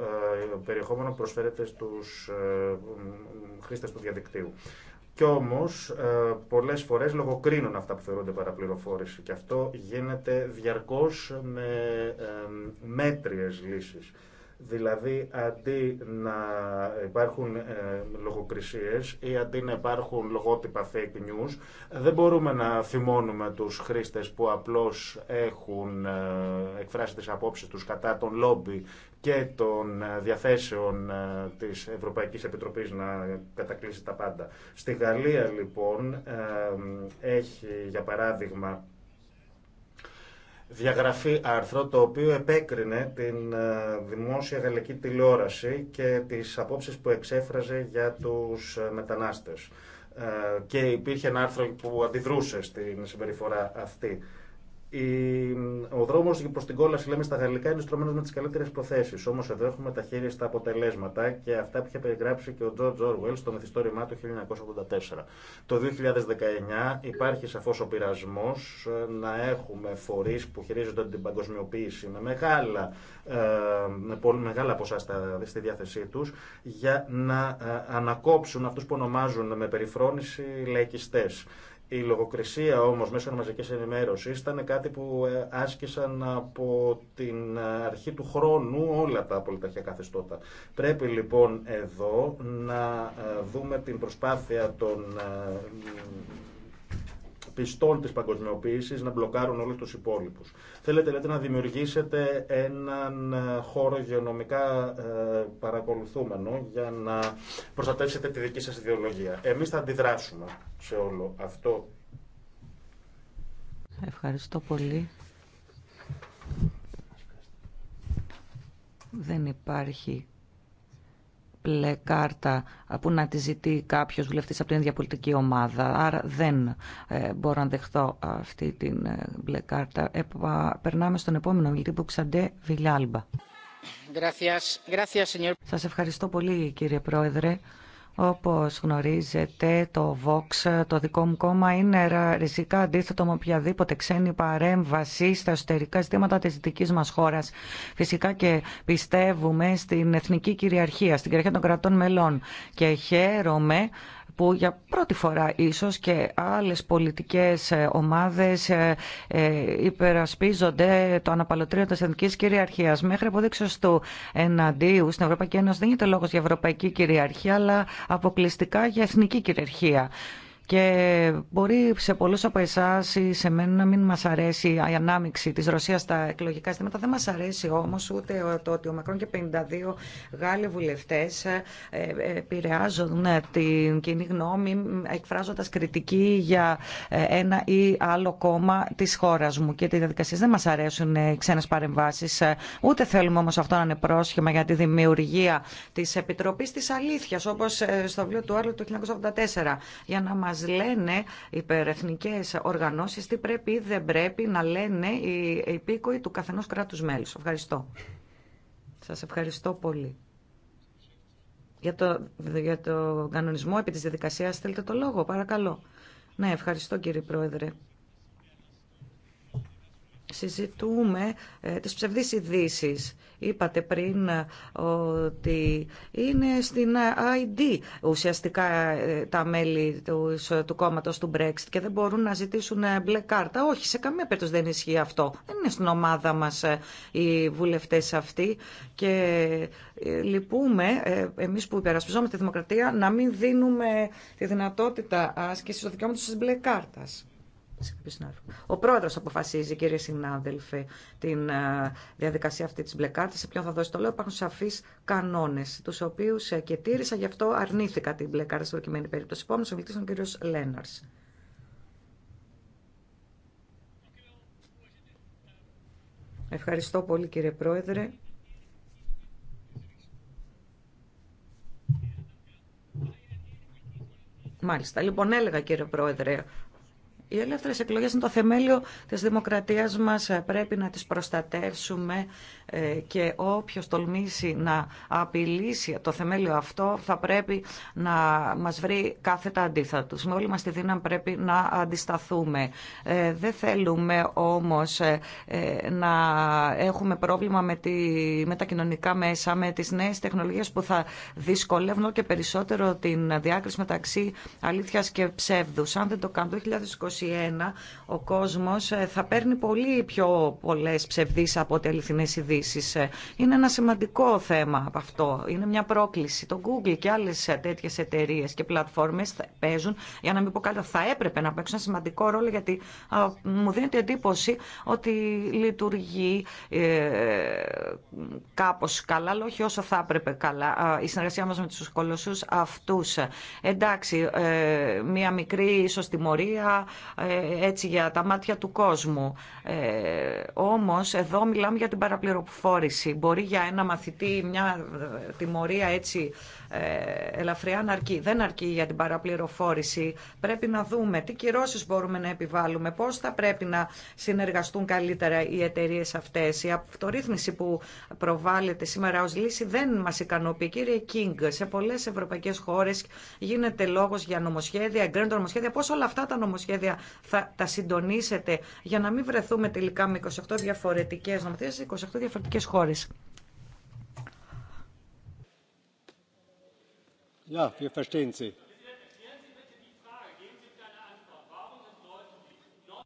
ε, περιεχόμενο που προσφέρεται στου χρήστε του διαδικτύου. Κι όμω, πολλέ φορέ λογοκρίνουν αυτά που θεωρούνται παραπληροφόρηση. Και αυτό γίνεται διαρκώ με μέτριε λύσει. Δηλαδή, αντί να υπάρχουν ε, λογοκρισίες ή αντί να υπάρχουν λογότυπα fake news, δεν μπορούμε να θυμώνουμε τους χρήστες που απλώς έχουν ε, εκφράσει τις απόψεις τους κατά τον λόμπι και των ε, διαθέσεων ε, της Ευρωπαϊκής Επιτροπής να κατακλείσει τα πάντα. Στη Γαλλία, λοιπόν, ε, έχει, για παράδειγμα, διαγραφή άρθρο το οποίο επέκρινε την ε, δημόσια γαλλική τηλεόραση και τις απόψεις που εξέφραζε για τους ε, μετανάστες. Ε, και υπήρχε ένα άρθρο που αντιδρούσε στην συμπεριφορά αυτή ο δρόμο προ την κόλαση, λέμε στα γαλλικά, είναι στρωμένο με τι καλύτερε προθέσει. Όμω εδώ έχουμε τα χέρια στα αποτελέσματα και αυτά που είχε περιγράψει και ο Τζορτζ Όρουελ στο μυθιστόρημά του 1984. Το 2019 υπάρχει σαφώ ο πειρασμό ε, να έχουμε φορεί που χειρίζονται την παγκοσμιοποίηση με μεγάλα, ε, ποσά στα, στη διάθεσή του για να ε, ανακόψουν αυτού που ονομάζουν με περιφρόνηση λαϊκιστέ. Η λογοκρισία όμως μέσω μαζικής ενημέρωσης ήταν κάτι που ε, άσκησαν από την ε, αρχή του χρόνου όλα τα πολιταρχικά καθεστώτα. Πρέπει λοιπόν εδώ να ε, δούμε την προσπάθεια των πιστών τη παγκοσμιοποίηση να μπλοκάρουν όλου του υπόλοιπου. Θέλετε, λέτε, να δημιουργήσετε έναν ε, χώρο υγειονομικά ε, παρακολουθούμενο για να προστατεύσετε τη δική σα ιδεολογία. Εμεί θα αντιδράσουμε σε όλο αυτό. Ευχαριστώ πολύ. Δεν υπάρχει μπλε κάρτα που να τη ζητεί κάποιο βουλευτή από την ίδια πολιτική ομάδα. Άρα δεν ε, μπορώ να δεχθώ αυτή την ε, μπλε κάρτα. περνάμε στον επόμενο μιλητή που ξαντέ Βιλιάλμπα. Σα ευχαριστώ πολύ κύριε Πρόεδρε. Όπως γνωρίζετε, το Vox, το δικό μου κόμμα, είναι ριζικά αντίθετο με οποιαδήποτε ξένη παρέμβαση στα εσωτερικά ζητήματα της δικής μας χώρας. Φυσικά και πιστεύουμε στην εθνική κυριαρχία, στην κυριαρχία των κρατών μελών. Και χαίρομαι που για πρώτη φορά ίσως και άλλες πολιτικές ε, ομάδες ε, ε, υπερασπίζονται το αναπαλωτρίο της εθνικής κυριαρχίας. Μέχρι αποδείξεως του εναντίου στην Ευρωπαϊκή Ένωση δεν είναι λόγος για ευρωπαϊκή κυριαρχία αλλά αποκλειστικά για εθνική κυριαρχία. Και μπορεί σε πολλούς από εσά ή σε μένα να μην μας αρέσει η ανάμειξη της Ρωσίας στα εκλογικά στήματα. Δεν μας αρέσει όμως ούτε το ότι ο Μακρόν και 52 Γάλλοι βουλευτές ε, ε, επηρεάζουν ε, την κοινή γνώμη εκφράζοντας κριτική για ένα ή άλλο κόμμα της χώρας μου. Και τη διαδικασία δεν μας αρέσουν οι ξένες παρεμβάσεις. Ούτε θέλουμε όμως αυτό να είναι πρόσχημα για τη δημιουργία της Επιτροπής της Αλήθειας όπως στο βιβλίο του Άρλου του 1984 για να μας μας λένε υπερεθνικές οργανώσεις τι πρέπει ή δεν πρέπει να λένε οι υπήκοοι του καθενός κράτους μέλους. Ευχαριστώ. Σας ευχαριστώ πολύ. Για το, για το κανονισμό επί της διαδικασίας θέλετε το λόγο, παρακαλώ. Ναι, ευχαριστώ κύριε Πρόεδρε συζητούμε ε, τις ψευδείς ειδήσει. Είπατε πριν ε, ότι είναι στην ID ε, ουσιαστικά τα μέλη του, του κόμματος του Brexit και δεν μπορούν να ζητήσουν μπλε κάρτα. Όχι, σε καμία περίπτωση δεν ισχύει αυτό. Δεν είναι στην ομάδα μας οι βουλευτές αυτοί και λυπούμε εμείς που υπερασπιζόμαστε τη δημοκρατία να μην δίνουμε τη δυνατότητα άσκησης του δικαιώματος της μπλε κάρτας. Ο πρόεδρος αποφασίζει, κύριε συνάδελφε, την ε, διαδικασία αυτή της μπλε σε ποιον θα δώσει το λόγο. Υπάρχουν σαφεί κανόνες, τους οποίους ε, και τήρησα, γι' αυτό αρνήθηκα την μπλε κάρτα στην προκειμένη περίπτωση. επόμενο ο κύριος Λέναρς. Ευχαριστώ πολύ κύριε Πρόεδρε. Μάλιστα. Λοιπόν, έλεγα κύριε Πρόεδρε οι ελεύθερε εκλογέ είναι το θεμέλιο τη δημοκρατία μα. Πρέπει να τι προστατεύσουμε ε, και όποιο τολμήσει να απειλήσει το θεμέλιο αυτό θα πρέπει να μα βρει κάθετα αντίθετου. Με όλη μα τη δύναμη πρέπει να αντισταθούμε. Ε, δεν θέλουμε όμω ε, να έχουμε πρόβλημα με, τη, με τα κοινωνικά μέσα, με τι νέε τεχνολογίε που θα δυσκολεύουν και περισσότερο την διάκριση μεταξύ αλήθεια και ψεύδου. Αν δεν το κάνουμε το 2021 ο κόσμος ε, θα παίρνει πολύ πιο πολλές ψευδείς από ό,τι ειδήσει. Ε, είναι ένα σημαντικό θέμα αυτό. Είναι μια πρόκληση. Το Google και άλλες ε, τέτοιε εταιρείε και πλατφόρμες παίζουν, για να μην πω κάτι, θα έπρεπε να παίξουν ένα σημαντικό ρόλο γιατί α, μου δίνεται εντύπωση ότι λειτουργεί ε, κάπως καλά, αλλά όχι όσο θα έπρεπε καλά. Η συνεργασία μας με τους κολοσσούς αυτούς. Εντάξει, ε, μια μικρή ίσως τιμωρία, ε, έτσι για τα μάτια του κόσμου. Ε, όμως εδώ μιλάμε για την παραπληροφόρηση. Μπορεί για ένα μαθητή μια ε, τιμωρία έτσι ε, ελαφριά να αρκεί. Δεν αρκεί για την παραπληροφόρηση. Πρέπει να δούμε τι κυρώσεις μπορούμε να επιβάλλουμε, πώς θα πρέπει να συνεργαστούν καλύτερα οι εταιρείε αυτές. Η αυτορύθμιση που προβάλλεται σήμερα ως λύση δεν μας ικανοποιεί. Κύριε Κίνγκ, σε πολλές ευρωπαϊκές χώρες γίνεται λόγος για νομοσχέδια, εγκρίνονται νομοσχέδια. Πώς όλα αυτά τα νομοσχέδια θα τα συντονίσετε για να μην βρεθούμε τελικά με 28 διαφορετικές νομοθέσεις, 28 διαφορετικές χώρες. Ja, wir verstehen Sie.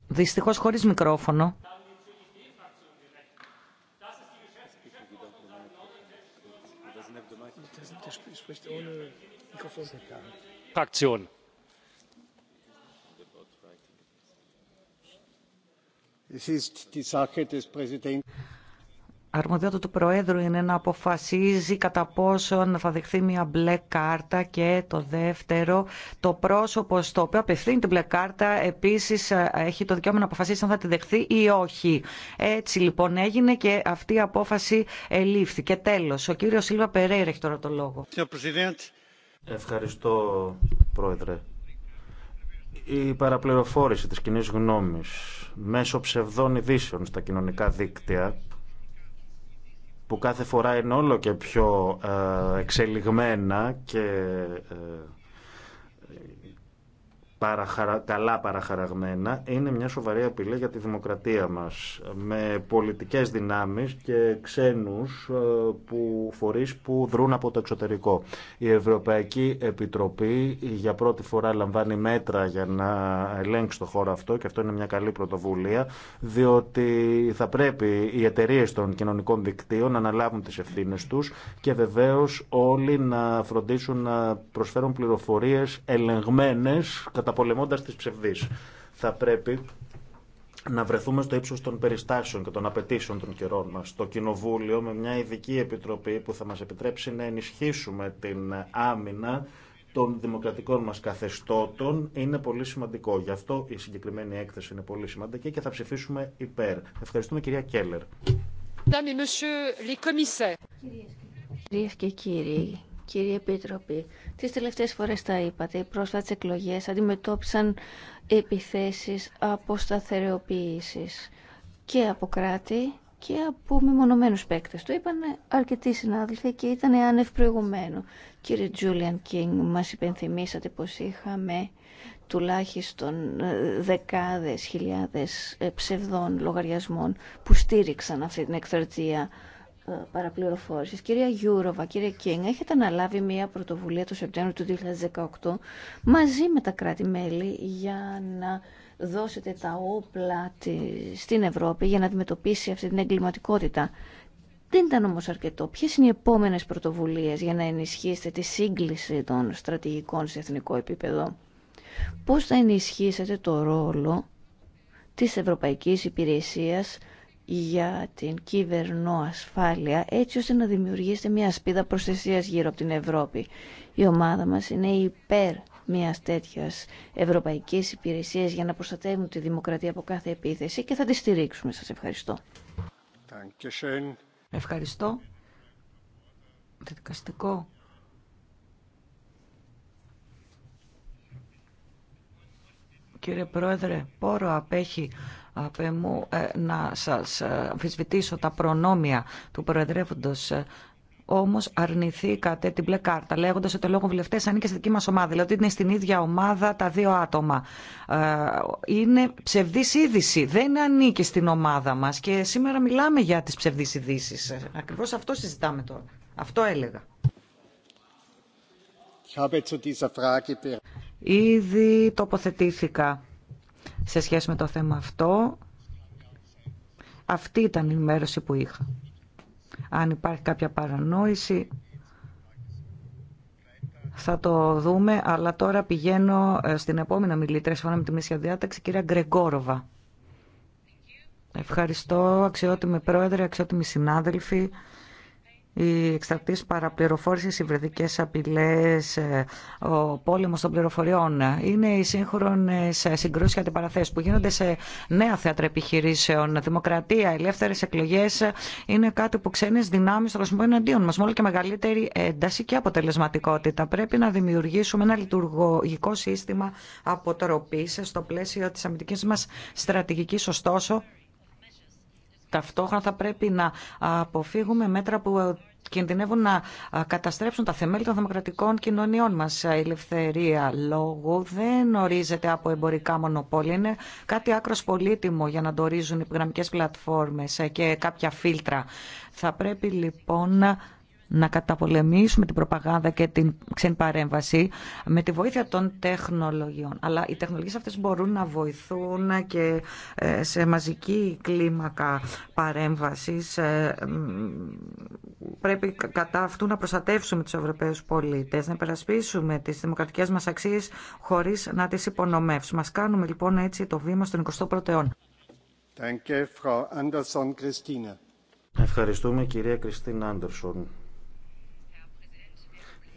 Δυστυχώς χωρίς μικρόφωνο. Fraktion. Es ist die Sache αρμοδιότητα του Προέδρου είναι να αποφασίζει κατά πόσον θα δεχθεί μια μπλε κάρτα και το δεύτερο, το πρόσωπο στο οποίο απευθύνει την μπλε κάρτα επίσης ε, έχει το δικαίωμα να αποφασίσει αν θα τη δεχθεί ή όχι. Έτσι λοιπόν έγινε και αυτή η απόφαση ελήφθη. Και τέλος, ο κύριος Σίλβα Περέιρα έχει τώρα το λόγο. Ευχαριστώ Πρόεδρε. Η παραπληροφόρηση της κοινή γνώμης μέσω ψευδών ειδήσεων στα κοινωνικά δίκτυα που κάθε φορά είναι όλο και πιο ε, εξελιγμένα και ε, παραχαρα... καλά παραχαραγμένα είναι μια σοβαρή απειλή για τη δημοκρατία μας με πολιτικές δυνάμεις και ξένους ε, που, φορείς που δρούν από το εξωτερικό. Η Ευρωπαϊκή Επιτροπή για πρώτη φορά λαμβάνει μέτρα για να ελέγξει το χώρο αυτό και αυτό είναι μια καλή πρωτοβουλία διότι θα πρέπει οι εταιρείε των κοινωνικών δικτύων να αναλάβουν τις ευθύνε τους και βεβαίως όλοι να φροντίσουν να προσφέρουν πληροφορίες ελεγμένες κατά καταπολεμώντα τις ψευδείς. Θα πρέπει να βρεθούμε στο ύψο των περιστάσεων και των απαιτήσεων των καιρών μα. Το Κοινοβούλιο με μια ειδική επιτροπή που θα μα επιτρέψει να ενισχύσουμε την άμυνα των δημοκρατικών μας καθεστώτων είναι πολύ σημαντικό. Γι' αυτό η συγκεκριμένη έκθεση είναι πολύ σημαντική και θα ψηφίσουμε υπέρ. Ευχαριστούμε κυρία Κέλλερ. Κυρίες και κύριοι, Κύριε Επίτροπη, τις τελευταίες φορές τα είπατε, οι πρόσφατες εκλογές αντιμετώπισαν επιθέσεις από σταθεροποίησεις και από κράτη και από μεμονωμένους παίκτες. Το είπαν αρκετοί συνάδελφοι και ήταν άνευ προηγουμένου. Κύριε Τζούλιαν Κίνγκ, μας υπενθυμίσατε πως είχαμε τουλάχιστον ε, δεκάδες χιλιάδες ε, ψευδών λογαριασμών που στήριξαν αυτή την ε, Παραπληροφόρηση. Κυρία Γιούροβα, κύριε Κίνγκ, έχετε αναλάβει μια πρωτοβουλία το Σεπτέμβριο του 2018 μαζί με τα κράτη-μέλη για να δώσετε τα όπλα στην Ευρώπη για να αντιμετωπίσει αυτή την εγκληματικότητα. Δεν ήταν όμως αρκετό. Ποιες είναι οι επόμενες πρωτοβουλίες για να ενισχύσετε τη σύγκληση των στρατηγικών σε εθνικό επίπεδο. Πώς θα ενισχύσετε το ρόλο της Ευρωπαϊκής Υπηρεσίας για την ασφάλεια έτσι ώστε να δημιουργήσετε μια σπίδα προστασίας γύρω από την Ευρώπη. Η ομάδα μας είναι υπέρ μιας τέτοιας ευρωπαϊκής υπηρεσίας για να προστατεύουν τη δημοκρατία από κάθε επίθεση και θα τη στηρίξουμε. Σας ευχαριστώ. Ευχαριστώ. Διδικαστικό. Κύριε Πρόεδρε, πόρο απέχει απ' ε, να σας ε, αμφισβητήσω τα προνόμια του προεδρεύοντος ε, Όμω αρνηθήκατε την μπλε κάρτα, λέγοντα ότι ο λόγο βουλευτέ ανήκει στη δική μα ομάδα, δηλαδή είναι στην ίδια ομάδα τα δύο άτομα. Είναι ψευδή είδηση, δεν ανήκει στην ομάδα μα και σήμερα μιλάμε για τι ψευδεί ειδήσει. Ακριβώ αυτό συζητάμε τώρα. Αυτό έλεγα. Ήδη τοποθετήθηκα σε σχέση με το θέμα αυτό. Αυτή ήταν η ενημέρωση που είχα. Αν υπάρχει κάποια παρανόηση θα το δούμε, αλλά τώρα πηγαίνω ε, στην επόμενη μιλήτρια σύμφωνα με τη μίσια διάταξη, κυρία Γκρεγκόροβα. Ευχαριστώ, αξιότιμη πρόεδρε, αξιότιμοι συνάδελφοι οι εκστρατείες παραπληροφόρησης, οι βρεδικές απειλές, ε, ο πόλεμος των πληροφοριών. Είναι οι σύγχρονες συγκρούσεις και αντιπαραθέσεις που γίνονται σε νέα θέατρα επιχειρήσεων. Δημοκρατία, ελεύθερες εκλογές είναι κάτι που ξένες δυνάμεις το εναντίον μας. Μόνο και μεγαλύτερη ένταση και αποτελεσματικότητα. Πρέπει να δημιουργήσουμε ένα λειτουργικό σύστημα αποτροπή στο πλαίσιο της αμυντικής μας στρατηγικής. Ωστόσο, Ταυτόχρονα θα πρέπει να αποφύγουμε μέτρα που κινδυνεύουν να καταστρέψουν τα θεμέλια των δημοκρατικών κοινωνιών μας. Η ελευθερία λόγου δεν ορίζεται από εμπορικά μονοπόλια. Είναι κάτι άκρο πολύτιμο για να το ορίζουν οι πλατφόρμες ε, και κάποια φίλτρα. Θα πρέπει λοιπόν να να καταπολεμήσουμε την προπαγάνδα και την ξένη παρέμβαση με τη βοήθεια των τεχνολογιών. Αλλά οι τεχνολογίες αυτές μπορούν να βοηθούν και ε, σε μαζική κλίμακα παρέμβασης. Ε, πρέπει κατά αυτού να προστατεύσουμε τους Ευρωπαίους πολίτες, να υπερασπίσουμε τις δημοκρατικές μας αξίες χωρίς να τις υπονομεύσουμε. Μας κάνουμε λοιπόν έτσι το βήμα στον 21ο αιώνα. Ευχαριστούμε κυρία Κριστίνα Άντερσον.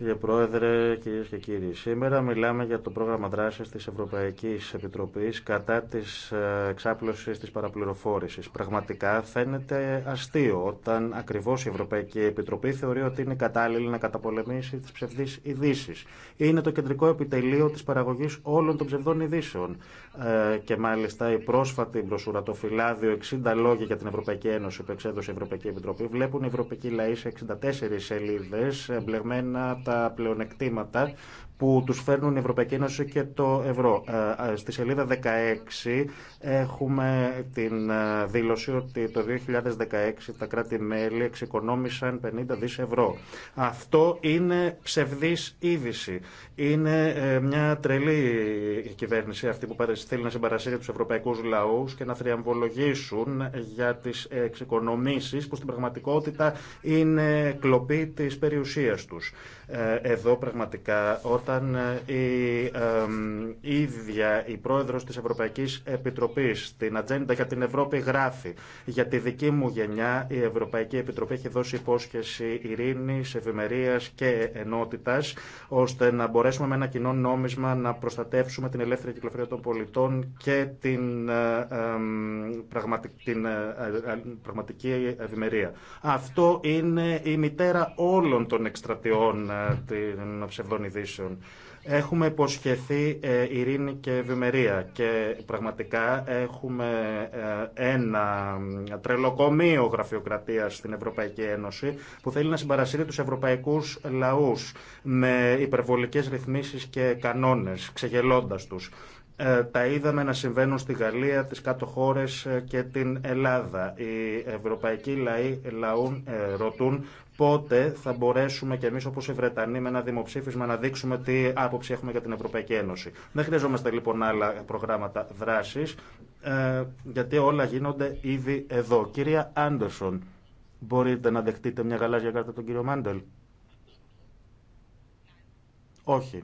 Κύριε Πρόεδρε, κυρίε και κύριοι, σήμερα μιλάμε για το πρόγραμμα δράσης της Ευρωπαϊκής Επιτροπής κατά της ε, εξάπλωσης της παραπληροφόρησης. Πραγματικά φαίνεται αστείο όταν ακριβώς η Ευρωπαϊκή Επιτροπή θεωρεί ότι είναι κατάλληλη να καταπολεμήσει τις ψευδείς ειδήσει. Είναι το κεντρικό επιτελείο της παραγωγής όλων των ψευδών ειδήσεων. Ε, και μάλιστα η πρόσφατη μπροσούρα, το φυλάδιο 60 λόγια για την Ευρωπαϊκή Ένωση που εξέδωσε η Ευρωπαϊκή Επιτροπή, βλέπουν οι ευρωπαϊκοί λαοί σε 64 μπλεγμένα τα τα πλεονεκτήματα που τους φέρνουν η Ευρωπαϊκή Ένωση και το ευρώ. Ε, ε, στη σελίδα 16 έχουμε την ε, δήλωση ότι το 2016 τα κράτη-μέλη εξοικονόμησαν 50 δις ευρώ. Αυτό είναι ψευδής είδηση. Είναι μια τρελή κυβέρνηση αυτή που θέλει να συμπαρασύρει τους ευρωπαϊκούς λαούς και να θριαμβολογήσουν για τις εξοικονομήσεις που στην πραγματικότητα είναι κλοπή της περιουσίας τους. Ε, εδώ πραγματικά όταν ε, η ίδια η πρόεδρος της Ευρωπαϊκής Επιτροπής στην ατζέντα για την Ευρώπη γράφει για τη δική μου γενιά η Ευρωπαϊκή Επιτροπή έχει δώσει υπόσχεση ειρήνης, ευημερίας και ενότητας ώστε να μπορέσουμε με ένα κοινό νόμισμα να προστατεύσουμε την ελεύθερη κυκλοφορία των πολιτών και την, ε, την πραγματική ευημερία. Αυτό είναι η μητέρα όλων των εκστρατιών των ψευδών ειδήσεων. Έχουμε υποσχεθεί ε, ειρήνη και ευημερία και πραγματικά έχουμε ε, ένα τρελοκομείο γραφειοκρατίας στην Ευρωπαϊκή Ένωση που θέλει να συμπαρασύρει τους ευρωπαϊκούς λαούς με υπερβολικές ρυθμίσεις και κανόνες, ξεγελώντας τους ε, τα είδαμε να συμβαίνουν στη Γαλλία, τις κάτω χώρες και την Ελλάδα. Οι ευρωπαϊκοί λαοί ρωτούν πότε θα μπορέσουμε κι εμεί όπω οι Βρετανοί με ένα δημοψήφισμα να δείξουμε τι άποψη έχουμε για την Ευρωπαϊκή Ένωση. Δεν χρειαζόμαστε λοιπόν άλλα προγράμματα δράση, ε, γιατί όλα γίνονται ήδη εδώ. Κυρία Άντερσον, μπορείτε να δεχτείτε μια γαλάζια κάρτα τον κύριο Μάντελ. Όχι.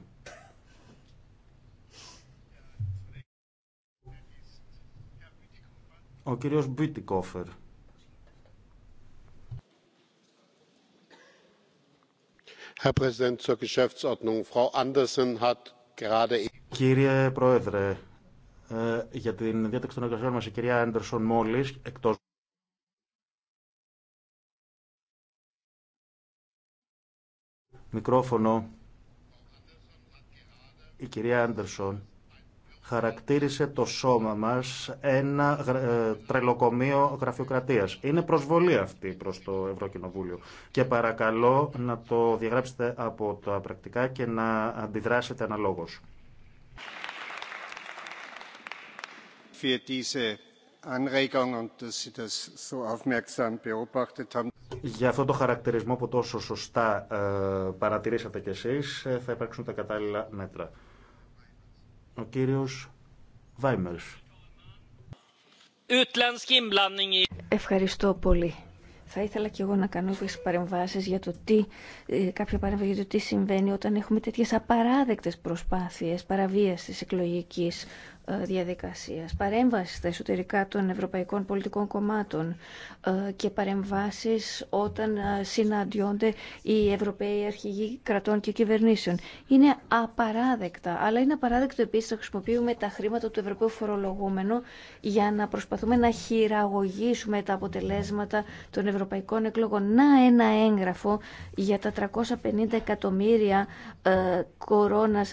Ο κύριος Μπίτικοφερ. Κύριε Πρόεδρε, ε, για την διάταξη των εργασιών μας η κυρία Άντερσον μόλις, εκτός μικρόφωνο, η κυρία Άντερσον χαρακτήρισε το σώμα μας ένα ε, τρελοκομείο γραφειοκρατίας. Είναι προσβολή αυτή προς το Ευρωκοινοβούλιο και παρακαλώ να το διαγράψετε από τα πρακτικά και να αντιδράσετε αναλόγως. Για αυτό το χαρακτηρισμό που τόσο σωστά ε, παρατηρήσατε κι εσείς ε, θα υπάρξουν τα κατάλληλα μέτρα. Ο κύριος Βάιμερς. Ευχαριστώ πολύ. Θα ήθελα και εγώ να κάνω κάποιε παρεμβάσει για το τι, ε, κάποια παρέμβαση για το τι συμβαίνει όταν έχουμε τέτοιε απαράδεκτε προσπάθειε παραβίαση εκλογική ε, διαδικασίας, παρέμβαση στα εσωτερικά των ευρωπαϊκών πολιτικών κομμάτων ε, και παρεμβάσεις όταν ε, συναντιόνται οι Ευρωπαίοι αρχηγοί κρατών και κυβερνήσεων. Είναι απαράδεκτα, αλλά είναι απαράδεκτο επίσης να χρησιμοποιούμε τα χρήματα του Ευρωπαίου φορολογούμενου για να προσπαθούμε να χειραγωγήσουμε τα αποτελέσματα των ευρωπαϊκών εκλογών. Να ένα έγγραφο για τα 350 εκατομμύρια κορώνα,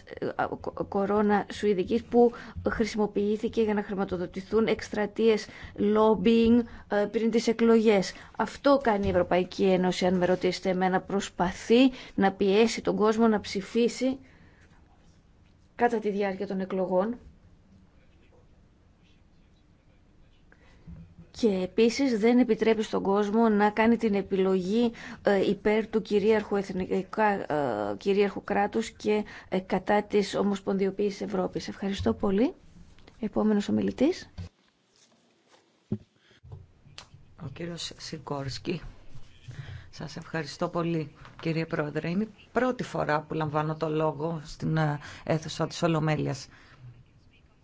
κορώνα σουηδικής που χρησιμοποιούμε χρησιμοποιήθηκε για να χρηματοδοτηθούν εκστρατείες lobbying ε, πριν τις εκλογές. Αυτό κάνει η Ευρωπαϊκή Ένωση, αν με ρωτήσετε εμένα, προσπαθεί να πιέσει τον κόσμο να ψηφίσει κατά τη διάρκεια των εκλογών. Και επίσης δεν επιτρέπει στον κόσμο να κάνει την επιλογή ε, υπέρ του κυρίαρχου, εθνικά, ε, κυρίαρχου κράτους και κατά της Ομοσπονδιοποίησης Ευρώπης. Ευχαριστώ πολύ. Επόμενος ομιλητής. Ο κύριος Σικόρσκι. Σας ευχαριστώ πολύ κύριε Πρόεδρε. Είναι η πρώτη φορά που λαμβάνω το λόγο στην ε, αίθουσα της Ολομέλειας.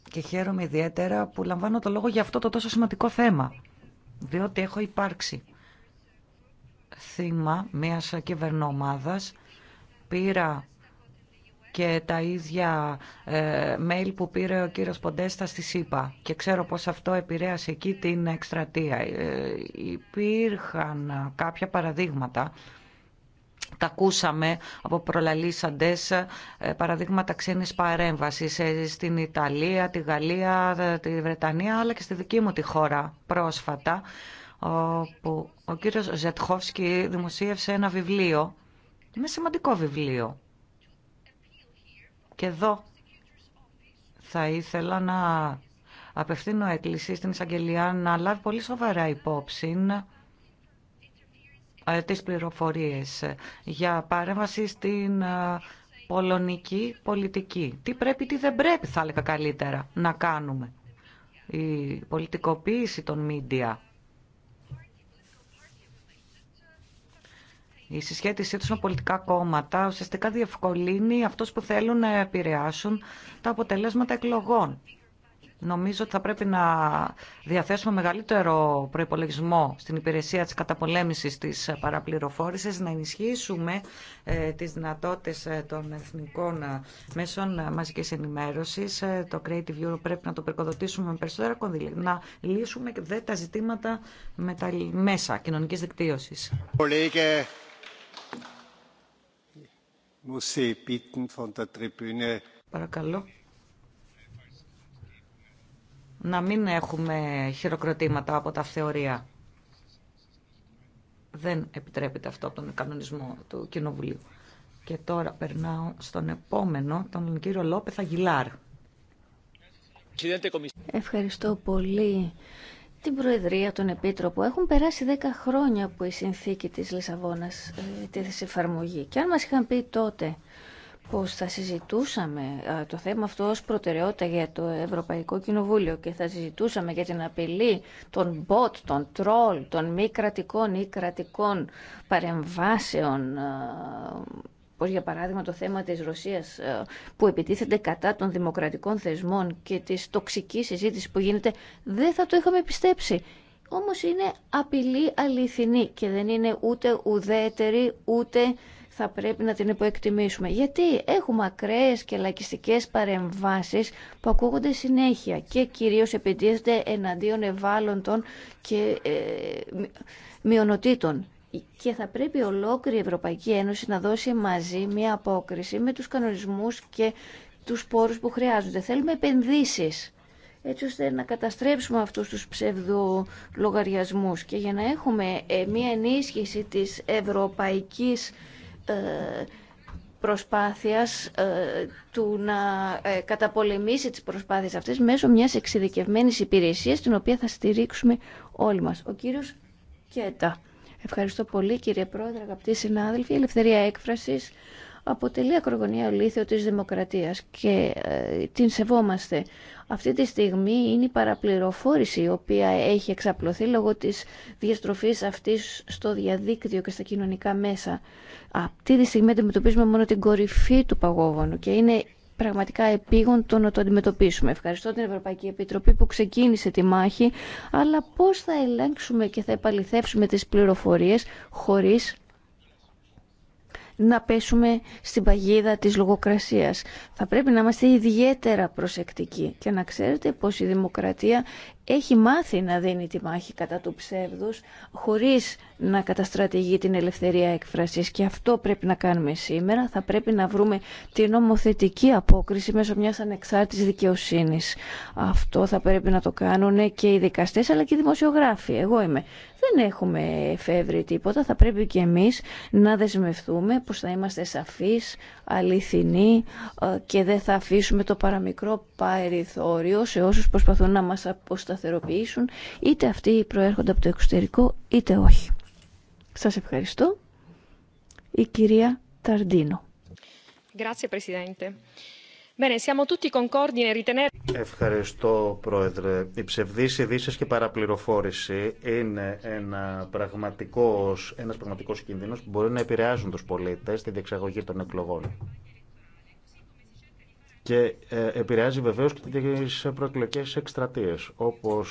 Και χαίρομαι ιδιαίτερα που λαμβάνω το λόγο για αυτό το τόσο σημαντικό θέμα. Διότι έχω υπάρξει θύμα μιας κυβερνομάδας. Πήρα και τα ίδια ε, mail που πήρε ο κύριος Ποντέστα στη ΣΥΠΑ και ξέρω πως αυτό επηρέασε εκεί την εκστρατεία. Ε, υπήρχαν κάποια παραδείγματα τα ακούσαμε από προλαλήσαντες ε, παραδείγματα ξένης παρέμβασης στην Ιταλία, τη Γαλλία, τη Βρετανία αλλά και στη δική μου τη χώρα πρόσφατα όπου ο κύριος Ζετχόφσκι δημοσίευσε ένα βιβλίο, ένα σημαντικό βιβλίο και εδώ θα ήθελα να απευθύνω έκκληση στην εισαγγελία να λάβει πολύ σοβαρά υπόψη ε, τις πληροφορίες για παρέμβαση στην ε, πολωνική πολιτική. Τι πρέπει, τι δεν πρέπει, θα έλεγα καλύτερα, να κάνουμε. Η πολιτικοποίηση των μίντια η συσχέτισή τους με πολιτικά κόμματα ουσιαστικά διευκολύνει αυτούς που θέλουν να επηρεάσουν τα αποτελέσματα εκλογών. Νομίζω ότι θα πρέπει να διαθέσουμε μεγαλύτερο προϋπολογισμό στην υπηρεσία της καταπολέμησης της παραπληροφόρησης, να ενισχύσουμε ε, τις δυνατότητες ε, των εθνικών ε, μέσων μαζικής ενημέρωσης. Το Creative Europe πρέπει να το περικοδοτήσουμε με περισσότερα κονδύλια, να λύσουμε δε τα ζητήματα με τα μέσα κοινωνικής δικτύωσης. Παρακαλώ. Να μην έχουμε χειροκροτήματα από τα θεωρία. Δεν επιτρέπεται αυτό από τον κανονισμό του Κοινοβουλίου. Και τώρα περνάω στον επόμενο, τον κύριο Λόπεθα Γιλάρ Ευχαριστώ πολύ την Προεδρία, τον Επίτροπο. Έχουν περάσει 10 χρόνια που η συνθήκη της Λισαβόνας ε, τέθησε εφαρμογή. Και αν μας είχαν πει τότε πως θα συζητούσαμε το θέμα αυτό ως προτεραιότητα για το Ευρωπαϊκό Κοινοβούλιο και θα συζητούσαμε για την απειλή των bot, των troll, των μη κρατικών ή κρατικών παρεμβάσεων όπως για παράδειγμα το θέμα της Ρωσίας ε, που επιτίθεται κατά των δημοκρατικών θεσμών και της τοξικής συζήτησης που γίνεται, δεν θα το είχαμε πιστέψει. Όμως είναι απειλή αληθινή και δεν είναι ούτε ουδέτερη, ούτε θα πρέπει να την υποεκτιμήσουμε. Γιατί έχουμε ακραίες και λακιστικές παρεμβάσεις που ακούγονται συνέχεια και κυρίως επιτίθεται εναντίον ευάλωτων και ε, μειονοτήτων και θα πρέπει ολόκληρη η Ευρωπαϊκή Ένωση να δώσει μαζί μια απόκριση με τους κανονισμούς και τους πόρους που χρειάζονται. Θέλουμε επενδύσεις έτσι ώστε να καταστρέψουμε αυτούς τους ψευδολογαριασμούς και για να έχουμε ε, μια ενίσχυση της ευρωπαϊκής ε, προσπάθειας ε, του να καταπολεμήσει τις προσπάθειες αυτές μέσω μιας εξειδικευμένης υπηρεσίας την οποία θα στηρίξουμε όλοι μας. Ο κύριος Κέτα. Ευχαριστώ πολύ κύριε Πρόεδρε, αγαπητοί συνάδελφοι. Η ελευθερία έκφρασης αποτελεί ακρογωνία ολίθιο της δημοκρατίας και ε, την σεβόμαστε. Αυτή τη στιγμή είναι η παραπληροφόρηση η οποία έχει εξαπλωθεί λόγω της διαστροφής αυτής στο διαδίκτυο και στα κοινωνικά μέσα. Αυτή τη στιγμή αντιμετωπίζουμε μόνο την κορυφή του παγόβωνου και είναι πραγματικά επίγον το να το αντιμετωπίσουμε. Ευχαριστώ την Ευρωπαϊκή Επιτροπή που ξεκίνησε τη μάχη, αλλά πώς θα ελέγξουμε και θα επαληθεύσουμε τις πληροφορίες χωρίς να πέσουμε στην παγίδα της λογοκρασίας. Θα πρέπει να είμαστε ιδιαίτερα προσεκτικοί και να ξέρετε πως η δημοκρατία έχει μάθει να δίνει τη μάχη κατά του ψεύδους χωρίς να καταστρατηγεί την ελευθερία έκφρασης και αυτό πρέπει να κάνουμε σήμερα. Θα πρέπει να βρούμε την νομοθετική απόκριση μέσω μιας ανεξάρτητης δικαιοσύνης. Αυτό θα πρέπει να το κάνουν και οι δικαστές αλλά και οι δημοσιογράφοι. Εγώ είμαι. Δεν έχουμε εφεύρει τίποτα. Θα πρέπει και εμείς να δεσμευτούμε πως θα είμαστε σαφείς, αληθινοί ε, και δεν θα αφήσουμε το παραμικρό παρεθόριο σε όσους προσπαθούν να μας αποστασιοποιήσουν σταθεροποιήσουν, είτε αυτοί προέρχονται από το εξωτερικό, είτε όχι. Σας ευχαριστώ. Η κυρία Ταρντίνο. Ευχαριστώ, Πρόεδρε. Η ψευδή ειδήσει και παραπληροφόρηση είναι ένα πραγματικός, ένας πραγματικός κίνδυνος που μπορεί να επηρεάζουν τους πολίτες στη διεξαγωγή των εκλογών και ε, επηρεάζει βεβαίω και τι προεκλογικέ εκστρατείε. Όπω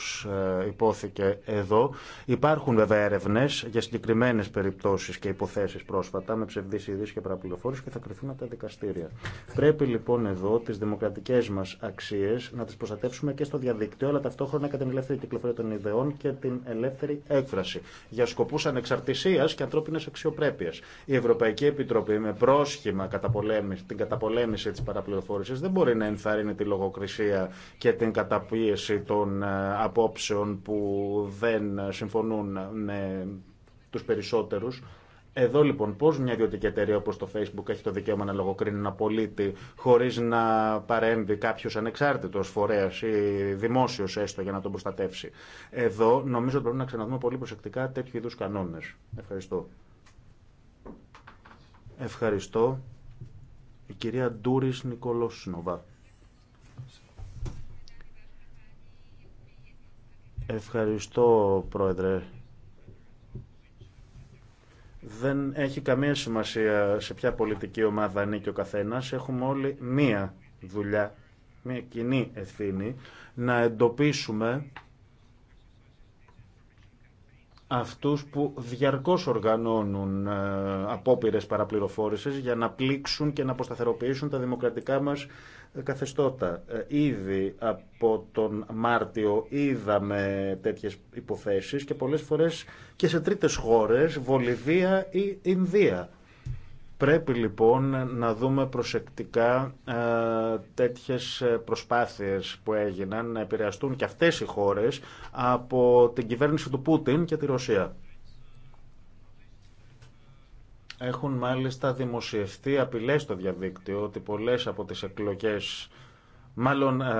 ε, υπόθηκε εδώ, υπάρχουν βέβαια έρευνε για συγκεκριμένε περιπτώσει και υποθέσει πρόσφατα με ψευδεί ειδήσει και παραπληροφόρηση και θα κρυθούν από τα δικαστήρια. Πρέπει λοιπόν εδώ τι δημοκρατικέ μα αξίε να τι προστατεύσουμε και στο διαδίκτυο, αλλά ταυτόχρονα και την ελεύθερη κυκλοφορία των ιδεών και την ελεύθερη έκφραση για σκοπού ανεξαρτησία και ανθρώπινε αξιοπρέπεια. Η Ευρωπαϊκή Επιτροπή με πρόσχημα την καταπολέμηση τη παραπληροφόρηση δεν μπορεί να ενθαρρύνει τη λογοκρισία και την καταπίεση των ε, απόψεων που δεν συμφωνούν με τους περισσότερους. Εδώ λοιπόν πώς μια ιδιωτική εταιρεία όπως το Facebook έχει το δικαίωμα να λογοκρίνει ένα πολίτη χωρίς να παρέμβει κάποιος ανεξάρτητος φορέας ή δημόσιος έστω για να τον προστατεύσει. Εδώ νομίζω ότι πρέπει να ξαναδούμε πολύ προσεκτικά τέτοιου είδους κανόνες. Ευχαριστώ. Ευχαριστώ. Η κυρία Ντούρις Νικολόσνοβα. Ευχαριστώ, Πρόεδρε. Δεν έχει καμία σημασία σε ποια πολιτική ομάδα ανήκει ο καθένας. Έχουμε όλοι μία δουλειά, μία κοινή ευθύνη να εντοπίσουμε αυτούς που διαρκώς οργανώνουν ε, απόπειρες παραπληροφόρησης για να πλήξουν και να αποσταθεροποιήσουν τα δημοκρατικά μας ε, καθεστώτα. Ε, ήδη από τον Μάρτιο είδαμε τέτοιες υποθέσεις και πολλές φορές και σε τρίτες χώρες, Βολιβία ή Ινδία. Πρέπει λοιπόν να δούμε προσεκτικά ε, τέτοιες προσπάθειες που έγιναν να επηρεαστούν και αυτές οι χώρες από την κυβέρνηση του Πούτιν και τη Ρωσία. Έχουν μάλιστα δημοσιευτεί απειλές στο διαδίκτυο ότι πολλές από τις εκλογές μάλλον ε,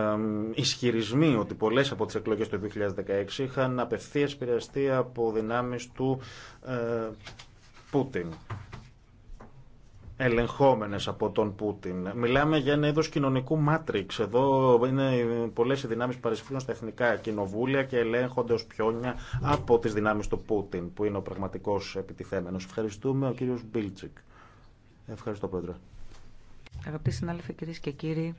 ισχυρισμοί ότι πολλές από τις εκλογές του 2016 είχαν απευθείας επηρεαστεί από δυνάμεις του ε, Πούτιν ελεγχόμενες από τον Πούτιν. Μιλάμε για ένα είδος κοινωνικού μάτριξ. Εδώ είναι πολλές οι δυνάμεις που παρεσφύγουν στα εθνικά κοινοβούλια και ελέγχονται ως πιόνια από τις δυνάμεις του Πούτιν, που είναι ο πραγματικός επιτιθέμενος. Ευχαριστούμε ο κύριος Μπίλτσικ. Ευχαριστώ, Πρόεδρε. Αγαπητοί συνάδελφοι, κυρίε και κύριοι,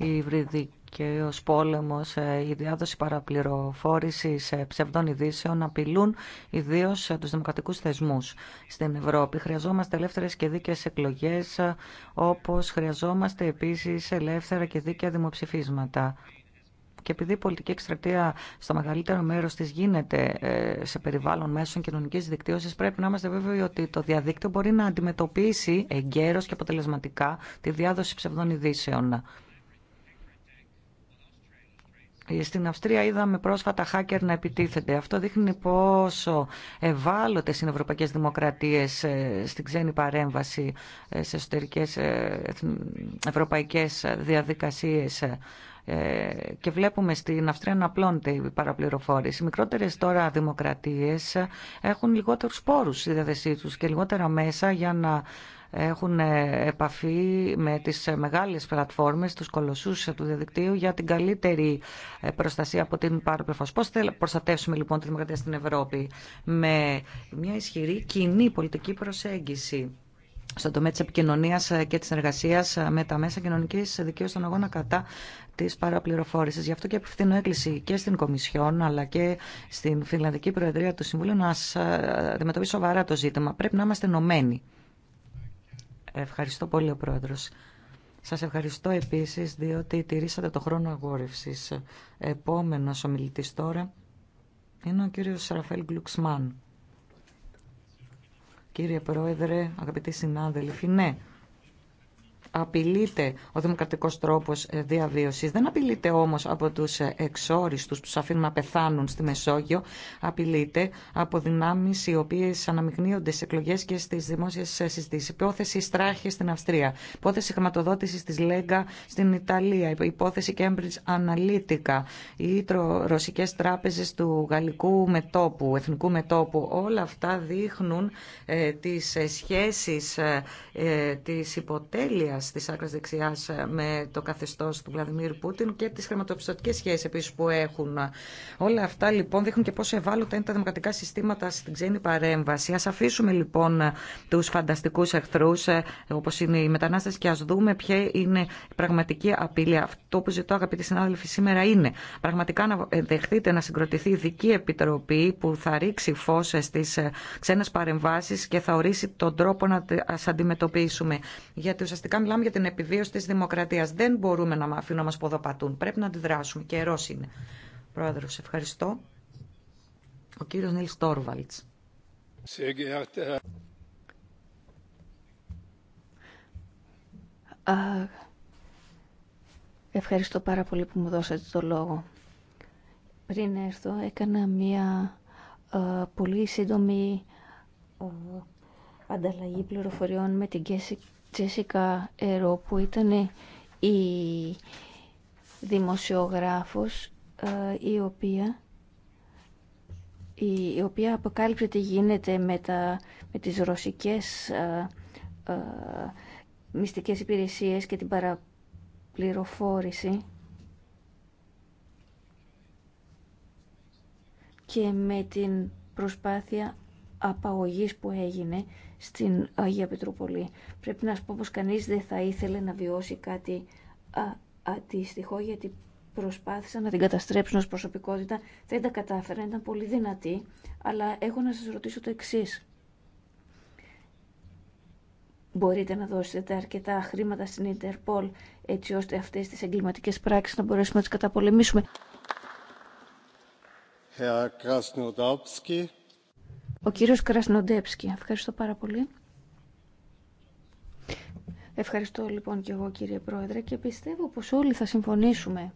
η υβριδικός πόλεμος, ε, η διάδοση παραπληροφόρησης ε, ψευδών ειδήσεων απειλούν ιδίως ε, τους δημοκρατικούς θεσμούς στην Ευρώπη. Χρειαζόμαστε ελεύθερες και δίκαιες εκλογές, όπως χρειαζόμαστε επίσης ελεύθερα και δίκαια δημοψηφίσματα. Και επειδή η πολιτική εκστρατεία στο μεγαλύτερο μέρος τη γίνεται σε περιβάλλον μέσων κοινωνικής δικτύωση, πρέπει να είμαστε βέβαιοι ότι το διαδίκτυο μπορεί να αντιμετωπίσει εγκαίρω και αποτελεσματικά τη διάδοση ψευδών ειδήσεων. Στην Αυστρία είδαμε πρόσφατα hacker να επιτίθενται. Αυτό δείχνει πόσο ευάλωτε είναι οι ευρωπαϊκέ δημοκρατίε ε, στην ξένη παρέμβαση ε, σε εσωτερικέ ε, ευρωπαϊκέ διαδικασίε. Και βλέπουμε στην Αυστρία να απλώνεται η παραπληροφόρηση. Οι μικρότερε τώρα δημοκρατίε έχουν λιγότερου πόρου στη διάθεσή του και λιγότερα μέσα για να έχουν ε, επαφή με τις ε, μεγάλες πλατφόρμες, τους κολοσσούς ε, του διαδικτύου για την καλύτερη προστασία από την παραπληροφόρηση. Πώς θα προστατεύσουμε λοιπόν τη δημοκρατία στην Ευρώπη με μια ισχυρή κοινή πολιτική προσέγγιση στον τομέα της επικοινωνίας και της εργασίας με τα μέσα κοινωνικής δικαίωσης των αγώνα κατά της παραπληροφόρησης. Γι' αυτό και απευθύνω έκκληση και στην Κομισιόν αλλά και στην Φιλανδική Προεδρία του Συμβούλου να αντιμετωπίσει σοβαρά το ζήτημα. Πρέπει να είμαστε ενωμένοι. Ευχαριστώ πολύ ο Πρόεδρος. Σας ευχαριστώ επίσης διότι τηρήσατε το χρόνο αγόρευσης. Επόμενος ομιλητής τώρα είναι ο κύριος Ραφέλ Γκλουξμάν. Κύριε Πρόεδρε, αγαπητοί συνάδελφοι, ναι, απειλείται ο δημοκρατικός τρόπος ε, διαβίωσης. Δεν απειλείται όμως από τους ε, εξόριστους που τους αφήνουν να πεθάνουν στη Μεσόγειο. Απειλείται από δυνάμεις οι οποίες αναμειγνύονται σε εκλογές και στις δημόσιες ε, συζητήσεις. Υπόθεση Στράχη στην Αυστρία. Υπόθεση χρηματοδότησης της Λέγκα στην Ιταλία. Υπόθεση Cambridge Analytica. Οι ρωσικές τράπεζες του γαλλικού μετόπου, εθνικού μετόπου. Όλα αυτά δείχνουν ε, τις σχέσεις ε, της Τη τη δεξιά με το καθεστώ του Βλαδιμίρ Πούτιν και τι χρηματοπιστωτικέ σχέσει επίση που έχουν. Όλα αυτά λοιπόν δείχνουν και πόσο ευάλωτα είναι τα δημοκρατικά συστήματα στην ξένη παρέμβαση. Α αφήσουμε λοιπόν του φανταστικού εχθρού, ε, όπω είναι οι μετανάστες και α δούμε ποια είναι η πραγματική απειλή. Αυτό που ζητώ αγαπητοί συνάδελφοι σήμερα είναι πραγματικά να δεχτείτε να συγκροτηθεί ειδική επιτροπή που θα ρίξει φω ε, στι ε, ξένε παρεμβάσει και θα ορίσει τον τρόπο να τι αντιμετωπίσουμε. Γιατί ουσιαστικά όταν μιλάμε για την επιβίωση τη δημοκρατία. Δεν μπορούμε να αφήνουμε να μα ποδοπατούν. Πρέπει να αντιδράσουμε. Καιρό είναι. Πρόεδρο, ευχαριστώ. Ο κύριο Νίλ Τόρβαλτ. Ευχαριστώ πάρα πολύ που μου δώσατε το λόγο. Πριν έρθω έκανα μία πολύ σύντομη ανταλλαγή πληροφοριών με την Κέση Τζέσικα Ερό που ήταν η δημοσιογράφος ε, η οποία η, οποία αποκάλυψε τι γίνεται με, τα, με τις ρωσικές ε, ε, μυστικές υπηρεσίες και την παραπληροφόρηση και με την προσπάθεια απαγωγής που έγινε στην Αγία Πετροπολή. Πρέπει να σου πω πως κανείς δεν θα ήθελε να βιώσει κάτι α, αντίστοιχο γιατί προσπάθησαν να την καταστρέψουν ως προσωπικότητα. Δεν τα κατάφεραν, ήταν πολύ δυνατή. Αλλά έχω να σας ρωτήσω το εξή. Μπορείτε να δώσετε αρκετά χρήματα στην Ιντερπολ έτσι ώστε αυτές τις εγκληματικές πράξεις να μπορέσουμε να τις καταπολεμήσουμε. Herr ο κύριος Κρασνοντέψκη. Ευχαριστώ πάρα πολύ. Ευχαριστώ λοιπόν και εγώ κύριε Πρόεδρε και πιστεύω πως όλοι θα συμφωνήσουμε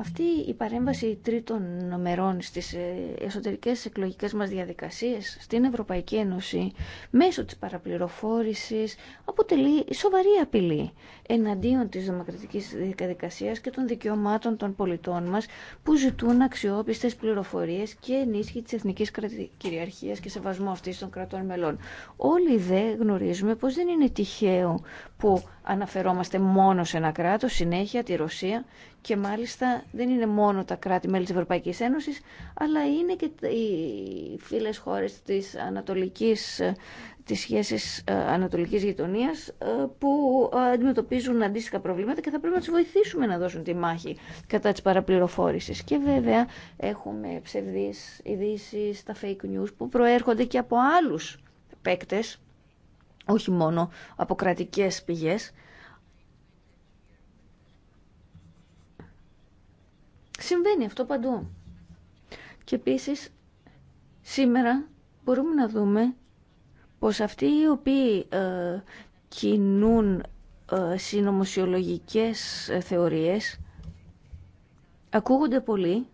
αυτή η παρέμβαση τρίτων μερών στις ε, εσωτερικές εκλογικές μας διαδικασίες στην Ευρωπαϊκή Ένωση μέσω της παραπληροφόρησης αποτελεί σοβαρή απειλή εναντίον της δημοκρατικής διαδικασίας και των δικαιωμάτων των πολιτών μας που ζητούν αξιόπιστες πληροφορίες και ενίσχυση της εθνικής κυριαρχίας και σεβασμό αυτής των κρατών μελών. Όλοι δε γνωρίζουμε πως δεν είναι τυχαίο που αναφερόμαστε μόνο σε ένα κράτος, συνέχεια τη Ρωσία και μάλιστα δεν είναι μόνο τα κράτη-μέλη της Ευρωπαϊκής Ένωσης, αλλά είναι και οι φίλες χώρες της ανατολικής της σχέσεις ε, ανατολικής γειτονίας ε, που αντιμετωπίζουν αντίστοιχα προβλήματα και θα πρέπει να τις βοηθήσουμε να δώσουν τη μάχη κατά της παραπληροφόρησης. Και βέβαια έχουμε ψευδείς ειδήσει, τα fake news που προέρχονται και από άλλους παίκτες όχι μόνο από κρατικές πηγές. Συμβαίνει αυτό παντού. Και επίσης σήμερα μπορούμε να δούμε πως αυτοί οι οποίοι ε, κινούν ε, συνωμοσιολογικές ε, θεωρίες ακούγονται πολύ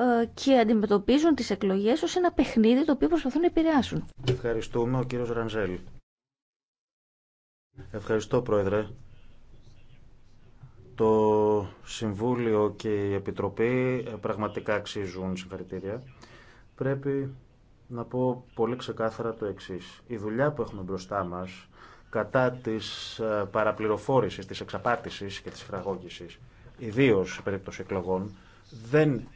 ε, και αντιμετωπίζουν τις εκλογές ως ένα παιχνίδι το οποίο προσπαθούν να επηρεάσουν. Ευχαριστούμε ο κύριος Ρανζέλ. Ευχαριστώ πρόεδρε. Το Συμβούλιο και η Επιτροπή ε, πραγματικά αξίζουν συγχαρητήρια. Πρέπει να πω πολύ ξεκάθαρα το εξής. Η δουλειά που έχουμε μπροστά μας κατά της ε, παραπληροφόρησης, της εξαπάτησης και της φραγώγησης, ιδίως σε περίπτωση εκλογών, δεν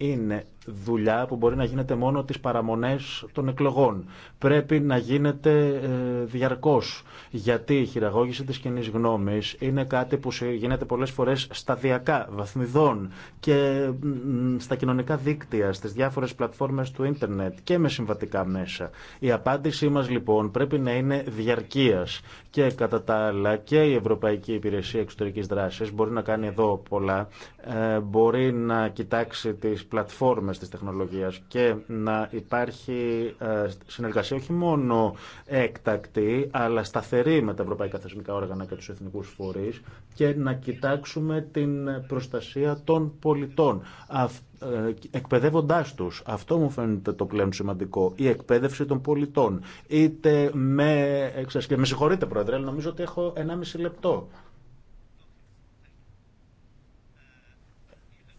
είναι δουλειά που μπορεί να γίνεται μόνο τις παραμονές των εκλογών. Πρέπει να γίνεται ε, διαρκώς, γιατί η χειραγώγηση της κοινή γνώμης είναι κάτι που γίνεται πολλές φορές σταδιακά, βαθμιδών και στα κοινωνικά δίκτυα, στις διάφορες πλατφόρμες του ίντερνετ και με συμβατικά μέσα. Η απάντησή μας λοιπόν πρέπει να είναι διαρκείας και κατά τα άλλα και η Ευρωπαϊκή Υπηρεσία Εξωτερικής Δράσης μπορεί να κάνει εδώ πολλά, ε, μπορεί να κοιτάξει τις πλατφόρμες Τη της τεχνολογίας και να υπάρχει ε, συνεργασία όχι μόνο έκτακτη αλλά σταθερή με τα ευρωπαϊκά θεσμικά όργανα και τους εθνικούς φορείς και να κοιτάξουμε την προστασία των πολιτών ε, εκπαιδεύοντάς τους. Αυτό μου φαίνεται το πλέον σημαντικό. Η εκπαίδευση των πολιτών. Είτε με... Και με συγχωρείτε πρόεδρε, αλλά νομίζω ότι έχω 1,5 λεπτό.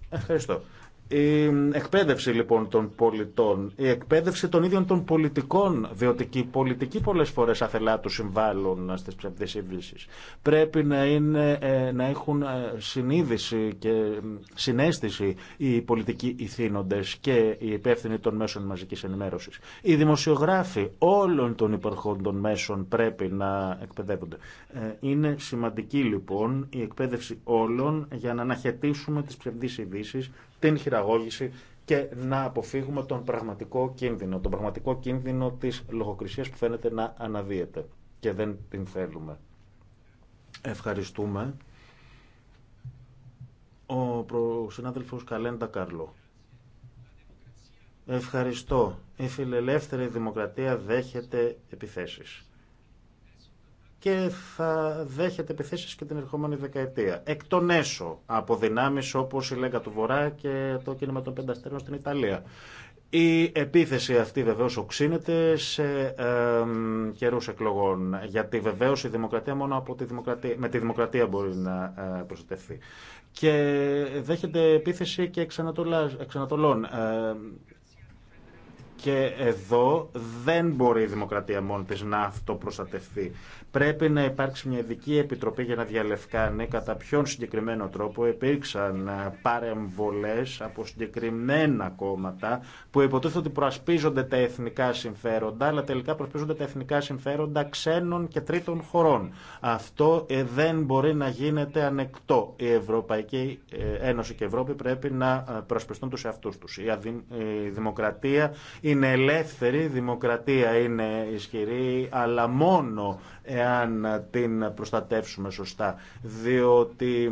Ευχαριστώ. Η εκπαίδευση λοιπόν των πολιτών, η εκπαίδευση των ίδιων των πολιτικών, διότι και οι πολιτικοί πολλές φορές αθελά του συμβάλλουν στις ψευδείς ειδήσει. Πρέπει να, είναι, ε, να έχουν ε, συνείδηση και συνέστηση οι πολιτικοί ηθήνοντες και οι υπεύθυνοι των μέσων μαζικής ενημέρωσης. Οι δημοσιογράφοι όλων των υπερχόντων μέσων πρέπει να εκπαιδεύονται. Ε, είναι σημαντική λοιπόν η εκπαίδευση όλων για να αναχαιτήσουμε τις ψευδείς ειδήσει την χειραγώγηση και να αποφύγουμε τον πραγματικό κίνδυνο, τον πραγματικό κίνδυνο της λογοκρισίας που φαίνεται να αναδύεται και δεν την θέλουμε. Ευχαριστούμε. Ο συνάδελφος Καλέντα Καρλό. Ευχαριστώ. Η φιλελεύθερη δημοκρατία δέχεται επιθέσεις και θα δέχεται επιθέσεις και την ερχόμενη δεκαετία. Εκ των έσω από δυνάμεις όπως η Λέγκα του Βορρά και το κίνημα των Πενταστέρων στην Ιταλία. Η επίθεση αυτή βεβαίως οξύνεται σε ε, καιρούς εκλογών, γιατί βεβαίως η δημοκρατία μόνο από τη δημοκρατία, με τη δημοκρατία μπορεί να ε, προστατευτεί. Και δέχεται επίθεση και εξ και εδώ δεν μπορεί η δημοκρατία μόνη της να αυτοπροστατευτεί. Πρέπει να υπάρξει μια ειδική επιτροπή για να διαλευκάνει κατά ποιον συγκεκριμένο τρόπο υπήρξαν ε, παρεμβολές από συγκεκριμένα κόμματα που υποτίθεται ότι προασπίζονται τα εθνικά συμφέροντα, αλλά τελικά προασπίζονται τα εθνικά συμφέροντα ξένων και τρίτων χωρών. Αυτό ε, δεν μπορεί να γίνεται ανεκτό. Η Ευρωπαϊκή ε, Ένωση και η Ευρώπη πρέπει να προσπιστούν τους εαυτούς τους. Η δημοκρατία, είναι ελεύθερη, δημοκρατία είναι ισχυρή, αλλά μόνο εάν την προστατεύσουμε σωστά. Διότι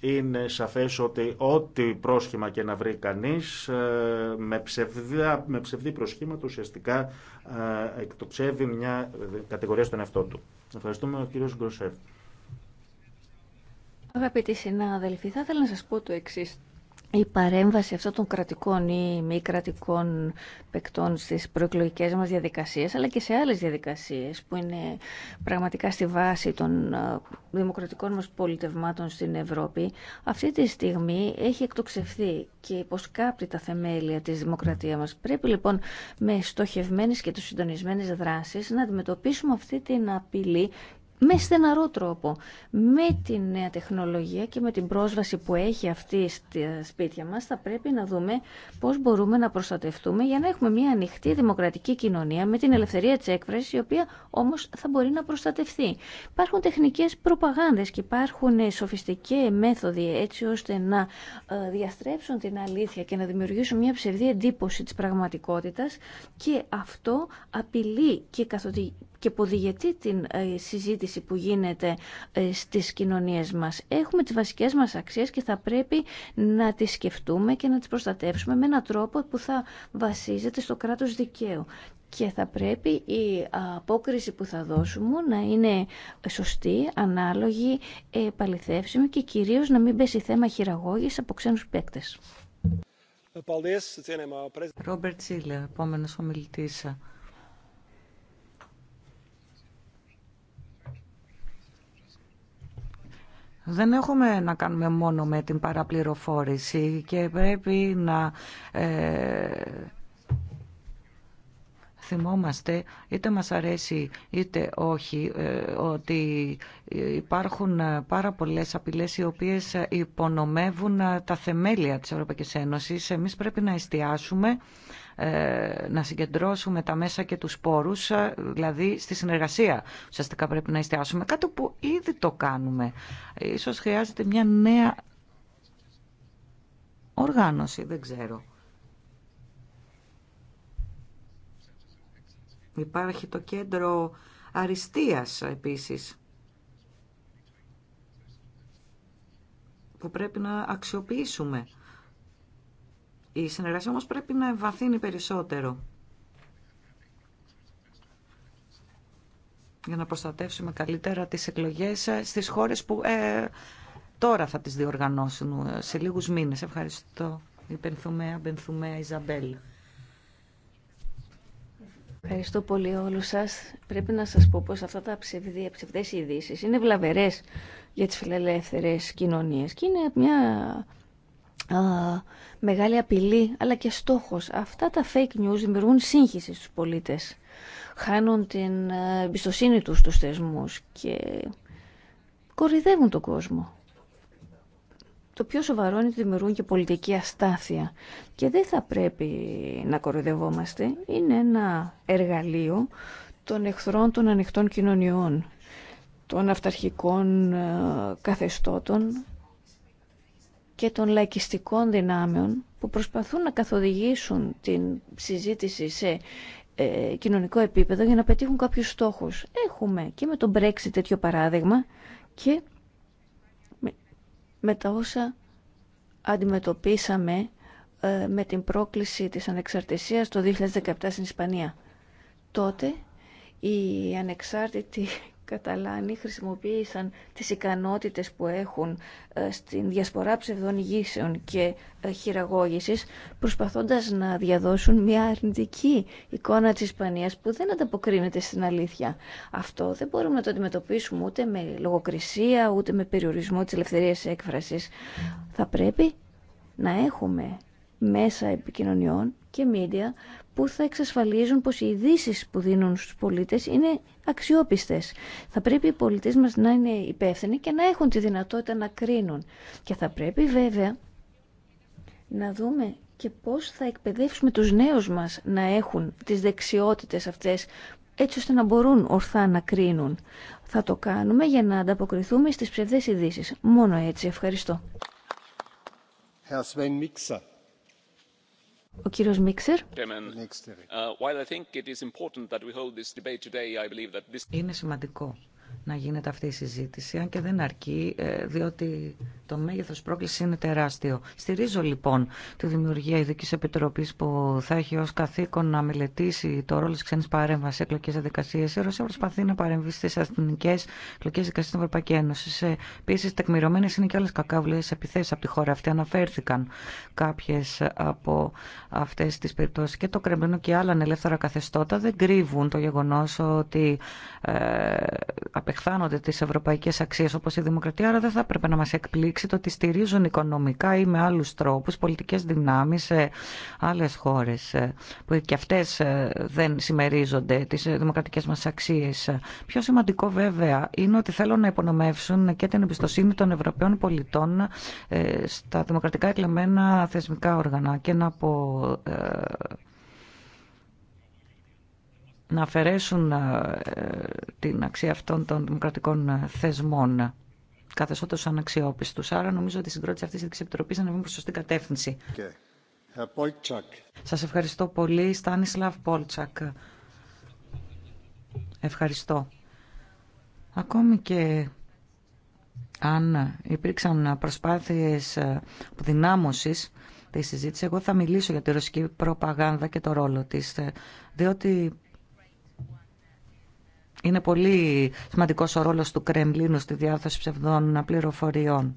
είναι σαφές ότι ό,τι πρόσχημα και να βρει κανείς ε, με, ψευδά, με ψευδή προσχήματα ουσιαστικά ε, εκτοξεύει μια κατηγορία στον εαυτό του. Ευχαριστούμε ο κύριος Γκροσέφ. Αγαπητοί συνάδελφοι, θα ήθελα να σας πω το εξής η παρέμβαση αυτών των κρατικών ή μη κρατικών παικτών στις προεκλογικές μας διαδικασίες, αλλά και σε άλλες διαδικασίες που είναι πραγματικά στη βάση των ε, δημοκρατικών μας πολιτευμάτων στην Ευρώπη, αυτή τη στιγμή έχει εκτοξευθεί και υποσκάπτει τα θεμέλια της δημοκρατίας μας. Πρέπει λοιπόν με στοχευμένες και τους συντονισμένες δράσεις να αντιμετωπίσουμε αυτή την απειλή με στεναρό τρόπο, με τη νέα τεχνολογία και με την πρόσβαση που έχει αυτή στη σπίτια μας, θα πρέπει να δούμε πώς μπορούμε να προστατευτούμε για να έχουμε μια ανοιχτή δημοκρατική κοινωνία με την ελευθερία της έκφρασης, η οποία όμως θα μπορεί να προστατευτεί. Υπάρχουν τεχνικές προπαγάνδες και υπάρχουν σοφιστικέ μέθοδοι έτσι ώστε να ε, διαστρέψουν την αλήθεια και να δημιουργήσουν μια ψευδή εντύπωση της πραγματικότητας και αυτό απειλεί και και που την ε, συζήτηση που γίνεται ε, στις κοινωνίες μας. Έχουμε τις βασικές μας αξίες και θα πρέπει να τις σκεφτούμε και να τις προστατεύσουμε με έναν τρόπο που θα βασίζεται στο κράτος δικαίου. Και θα πρέπει η απόκριση που θα δώσουμε να είναι σωστή, ανάλογη, παληθεύσιμη και κυρίως να μην πέσει θέμα χειραγώγης από ξένους παίκτες. Ρόμπερτ Σίλε, επόμενος ομιλητής. δεν έχουμε να κάνουμε μόνο με την παραπληροφόρηση και πρέπει να ε, θυμόμαστε, είτε μας αρέσει είτε όχι, ε, ότι υπάρχουν ε, πάρα πολλές απειλές οι οποίες ε, υπονομεύουν τα θεμέλια της Ευρωπαϊκής Ένωσης. Εμείς πρέπει να εστιάσουμε να συγκεντρώσουμε τα μέσα και τους πόρους, δηλαδή στη συνεργασία. Ουσιαστικά πρέπει να εστιάσουμε κάτι που ήδη το κάνουμε. Ίσως χρειάζεται μια νέα οργάνωση, δεν ξέρω. Υπάρχει το κέντρο αριστείας επίσης που πρέπει να αξιοποιήσουμε. Η συνεργασία όμως πρέπει να εμβαθύνει περισσότερο για να προστατεύσουμε καλύτερα τις εκλογές στις χώρες που ε, τώρα θα τις διοργανώσουν ε, σε λίγους μήνες. Ευχαριστώ. Η Μπενθουμέα, Ιζαμπέλ. Ευχαριστώ πολύ όλους σας. Πρέπει να σας πω πως αυτά τα ψευδί, ψευδές ειδήσει είναι βλαβερές για τις φιλελεύθερες κοινωνίες και είναι μια α, μεγάλη απειλή αλλά και στόχος. Αυτά τα fake news δημιουργούν σύγχυση στους πολίτες. Χάνουν την ε, εμπιστοσύνη τους στους θεσμούς και κορυδεύουν τον κόσμο το πιο σοβαρό είναι ότι δημιουργούν και πολιτική αστάθεια. Και δεν θα πρέπει να κοροϊδευόμαστε. Είναι ένα εργαλείο των εχθρών των ανοιχτών κοινωνιών, των αυταρχικών ε, καθεστώτων και των λαϊκιστικών δυνάμεων που προσπαθούν να καθοδηγήσουν την συζήτηση σε ε, κοινωνικό επίπεδο για να πετύχουν κάποιους στόχους. Έχουμε και με τον Brexit τέτοιο παράδειγμα και με τα όσα αντιμετωπίσαμε ε, με την πρόκληση της ανεξαρτησίας το 2017 στην Ισπανία. Τότε η ανεξάρτητη Καταλάνοι χρησιμοποίησαν τις ικανότητες που έχουν ε, στην διασπορά ψευδών υγήσεων και ε, χειραγώγησης προσπαθώντας να διαδώσουν μια αρνητική εικόνα της Ισπανίας που δεν ανταποκρίνεται στην αλήθεια. Αυτό δεν μπορούμε να το αντιμετωπίσουμε ούτε με λογοκρισία ούτε με περιορισμό της ελευθερίας έκφρασης. Θα πρέπει να έχουμε μέσα επικοινωνιών και μίντια που θα εξασφαλίζουν πως οι ειδήσει που δίνουν στους πολίτες είναι αξιόπιστες. Θα πρέπει οι πολίτες μας να είναι υπεύθυνοι και να έχουν τη δυνατότητα να κρίνουν. Και θα πρέπει βέβαια να δούμε και πώς θα εκπαιδεύσουμε τους νέους μας να έχουν τις δεξιότητες αυτές έτσι ώστε να μπορούν ορθά να κρίνουν. Θα το κάνουμε για να ανταποκριθούμε στις ψευδές ειδήσει. Μόνο έτσι. Ευχαριστώ. Ο κύριος Μίξερ. Είναι σημαντικό να γίνεται αυτή η συζήτηση, αν και δεν αρκεί, ε, διότι το μέγεθο πρόκληση είναι τεράστιο. Στηρίζω λοιπόν τη δημιουργία ειδική επιτροπή που θα έχει ω καθήκον να μελετήσει το ρόλο τη ξένη παρέμβαση σε εκλογικέ δικασίε. Η Ρωσία προσπαθεί να παρεμβεί στις εθνικέ εκλογικέ δικασίε στην Ευρωπαϊκή Ένωση. Επίση, τεκμηρωμένε είναι και άλλε κακάβλες επιθέσει από τη χώρα αυτή. Αναφέρθηκαν κάποιε από αυτέ τι περιπτώσει και το Κρεμλίνο και άλλα ανελεύθερα καθεστώτα δεν κρύβουν το γεγονό ότι ε, Χθάνονται τι ευρωπαϊκέ αξίε, όπω η δημοκρατία, άρα δεν θα έπρεπε να μα εκπλήξει το ότι στηρίζουν οικονομικά ή με άλλου τρόπου, πολιτικέ δυνάμει σε άλλε χώρε ε, που και αυτέ ε, δεν συμμερίζονται τι δημοκρατικέ μα αξίε. Πιο σημαντικό βέβαια είναι ότι θέλουν να υπονομεύσουν και την εμπιστοσύνη των Ευρωπαίων πολιτών ε, στα δημοκρατικά εκλεμμένα θεσμικά όργανα και να απο, να αφαιρέσουν ε, την αξία αυτών των δημοκρατικών ε, θεσμών καθεστώτως αναξιόπιστου. Άρα νομίζω ότι η συγκρότηση αυτή τη επιτροπή είναι βγουν προ σωστή κατεύθυνση. Okay. Σα ευχαριστώ πολύ, Στάνισλαβ Πόλτσακ. Ευχαριστώ. Ακόμη και αν υπήρξαν προσπάθειες ε, δυνάμωσης της συζήτηση, εγώ θα μιλήσω για τη ρωσική προπαγάνδα και το ρόλο της, διότι είναι πολύ σημαντικός ο ρόλος του Κρεμλίνου στη διάθεση ψευδών πληροφοριών.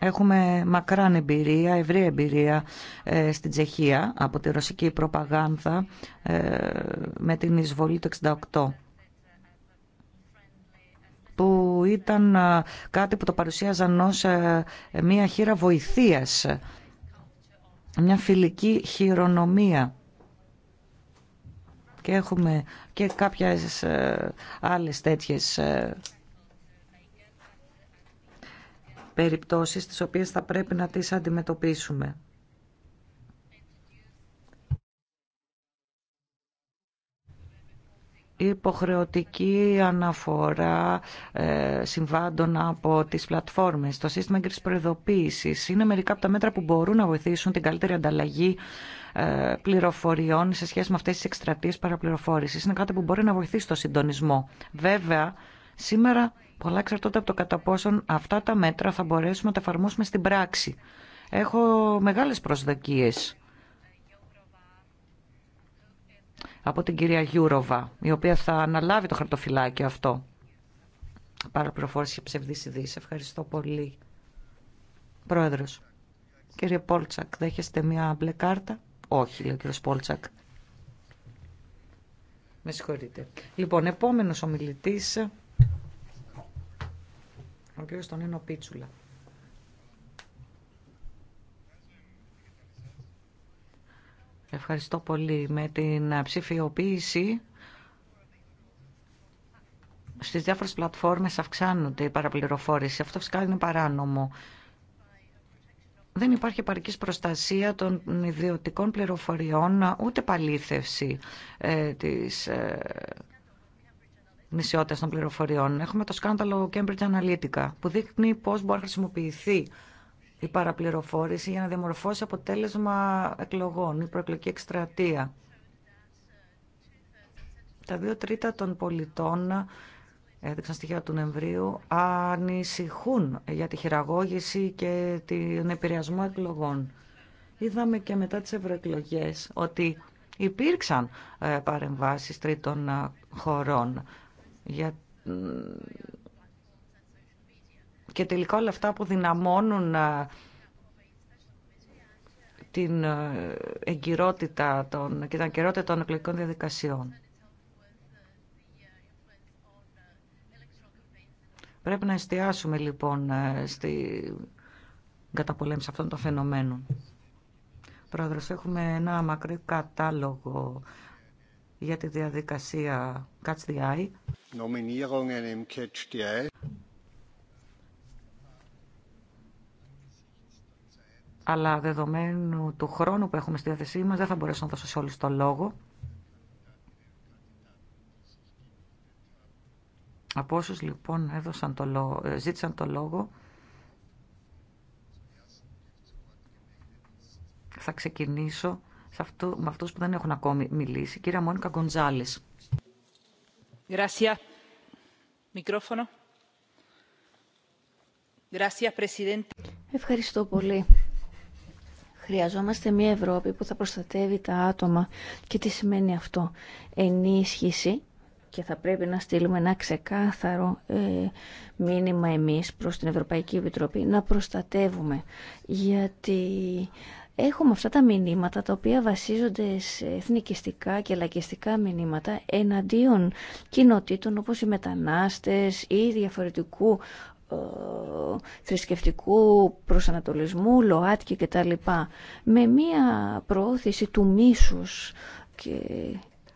Έχουμε μακράν εμπειρία, ευρή εμπειρία ε, στην Τσεχία από τη ρωσική προπαγάνδα ε, με την εισβολή του 68 που ήταν ε, κάτι που το παρουσίαζαν ως ε, μια χείρα βοηθείας, μια φιλική χειρονομία και έχουμε και κάποιες ε, άλλες τέτοιες ε, περιπτώσεις τις οποίες θα πρέπει να τις αντιμετωπίσουμε. Η υποχρεωτική αναφορά ε, συμβάντων από τις πλατφόρμες, το σύστημα εγκρισης προειδοποίησης είναι μερικά από τα μέτρα που μπορούν να βοηθήσουν την καλύτερη ανταλλαγή ε, πληροφοριών σε σχέση με αυτές τις εκστρατείες παραπληροφόρησης. Είναι κάτι που μπορεί να βοηθήσει στο συντονισμό. Βέβαια, σήμερα πολλά εξαρτώνται από το κατά πόσον αυτά τα μέτρα θα μπορέσουμε να τα εφαρμόσουμε στην πράξη. Έχω μεγάλες προσδοκίες από την κυρία Γιούροβα, η οποία θα αναλάβει το χαρτοφυλάκιο αυτό. Παραπληροφόρηση και ψευδής ειδήσεις. Ευχαριστώ πολύ. Πρόεδρος. Κύριε Πόλτσακ, δέχεστε μια μπλε κάρτα. Όχι, λέει ο κύριο Πόλτσακ. Με συγχωρείτε. Λοιπόν, επόμενος ομιλητή. ο κύριος τον Πίτσουλα. Ευχαριστώ πολύ. Με την ψηφιοποίηση στις διάφορες πλατφόρμες αυξάνονται οι παραπληροφόρηση. Αυτό φυσικά είναι παράνομο. Δεν υπάρχει επαρκής προστασία των ιδιωτικών πληροφοριών, ούτε παλήθευση ε, της ε, των πληροφοριών. Έχουμε το σκάνδαλο Cambridge Analytica, που δείχνει πώς μπορεί να χρησιμοποιηθεί η παραπληροφόρηση για να διαμορφώσει αποτέλεσμα εκλογών, η προεκλογική εκστρατεία. Τα δύο τρίτα των πολιτών έδειξαν στοιχεία του νεμβρίου, ανησυχούν για τη χειραγώγηση και την επηρεασμό εκλογών. Είδαμε και μετά τις ευρωεκλογέ ότι υπήρξαν ε, παρεμβάσεις τρίτων ε, χωρών για... και τελικά όλα αυτά που δυναμώνουν ε, την εγκυρότητα των... και την αγκαιρότητα των εκλογικών διαδικασιών. Πρέπει να εστιάσουμε λοιπόν ε, στη καταπολέμηση αυτών των φαινομένων. Πρόεδρος, έχουμε ένα μακρύ κατάλογο για τη διαδικασία Catch the Eye. Catch the Eye. Αλλά δεδομένου του χρόνου που έχουμε στη διάθεσή μας δεν θα μπορέσω να δώσω σε όλους το λόγο. Από όσου λοιπόν έδωσαν το λόγο, ε, ζήτησαν το λόγο, θα ξεκινήσω σε αυτό, με αυτούς που δεν έχουν ακόμη μιλήσει. Κυρία Μόνικα Γκοντζάλης. Μικρόφωνο. Ευχαριστώ πολύ. Χρειαζόμαστε μια Ευρώπη που θα προστατεύει τα άτομα. Και τι σημαίνει αυτό. Ενίσχυση και θα πρέπει να στείλουμε ένα ξεκάθαρο ε, μήνυμα εμείς προς την Ευρωπαϊκή Επιτροπή να προστατεύουμε γιατί έχουμε αυτά τα μηνύματα τα οποία βασίζονται σε εθνικιστικά και λακιστικά μηνύματα εναντίον κοινοτήτων όπως οι μετανάστες ή διαφορετικού ε, θρησκευτικού προσανατολισμού, ΛΟΑΤΚΙ κτλ. Με μία προώθηση του μίσους και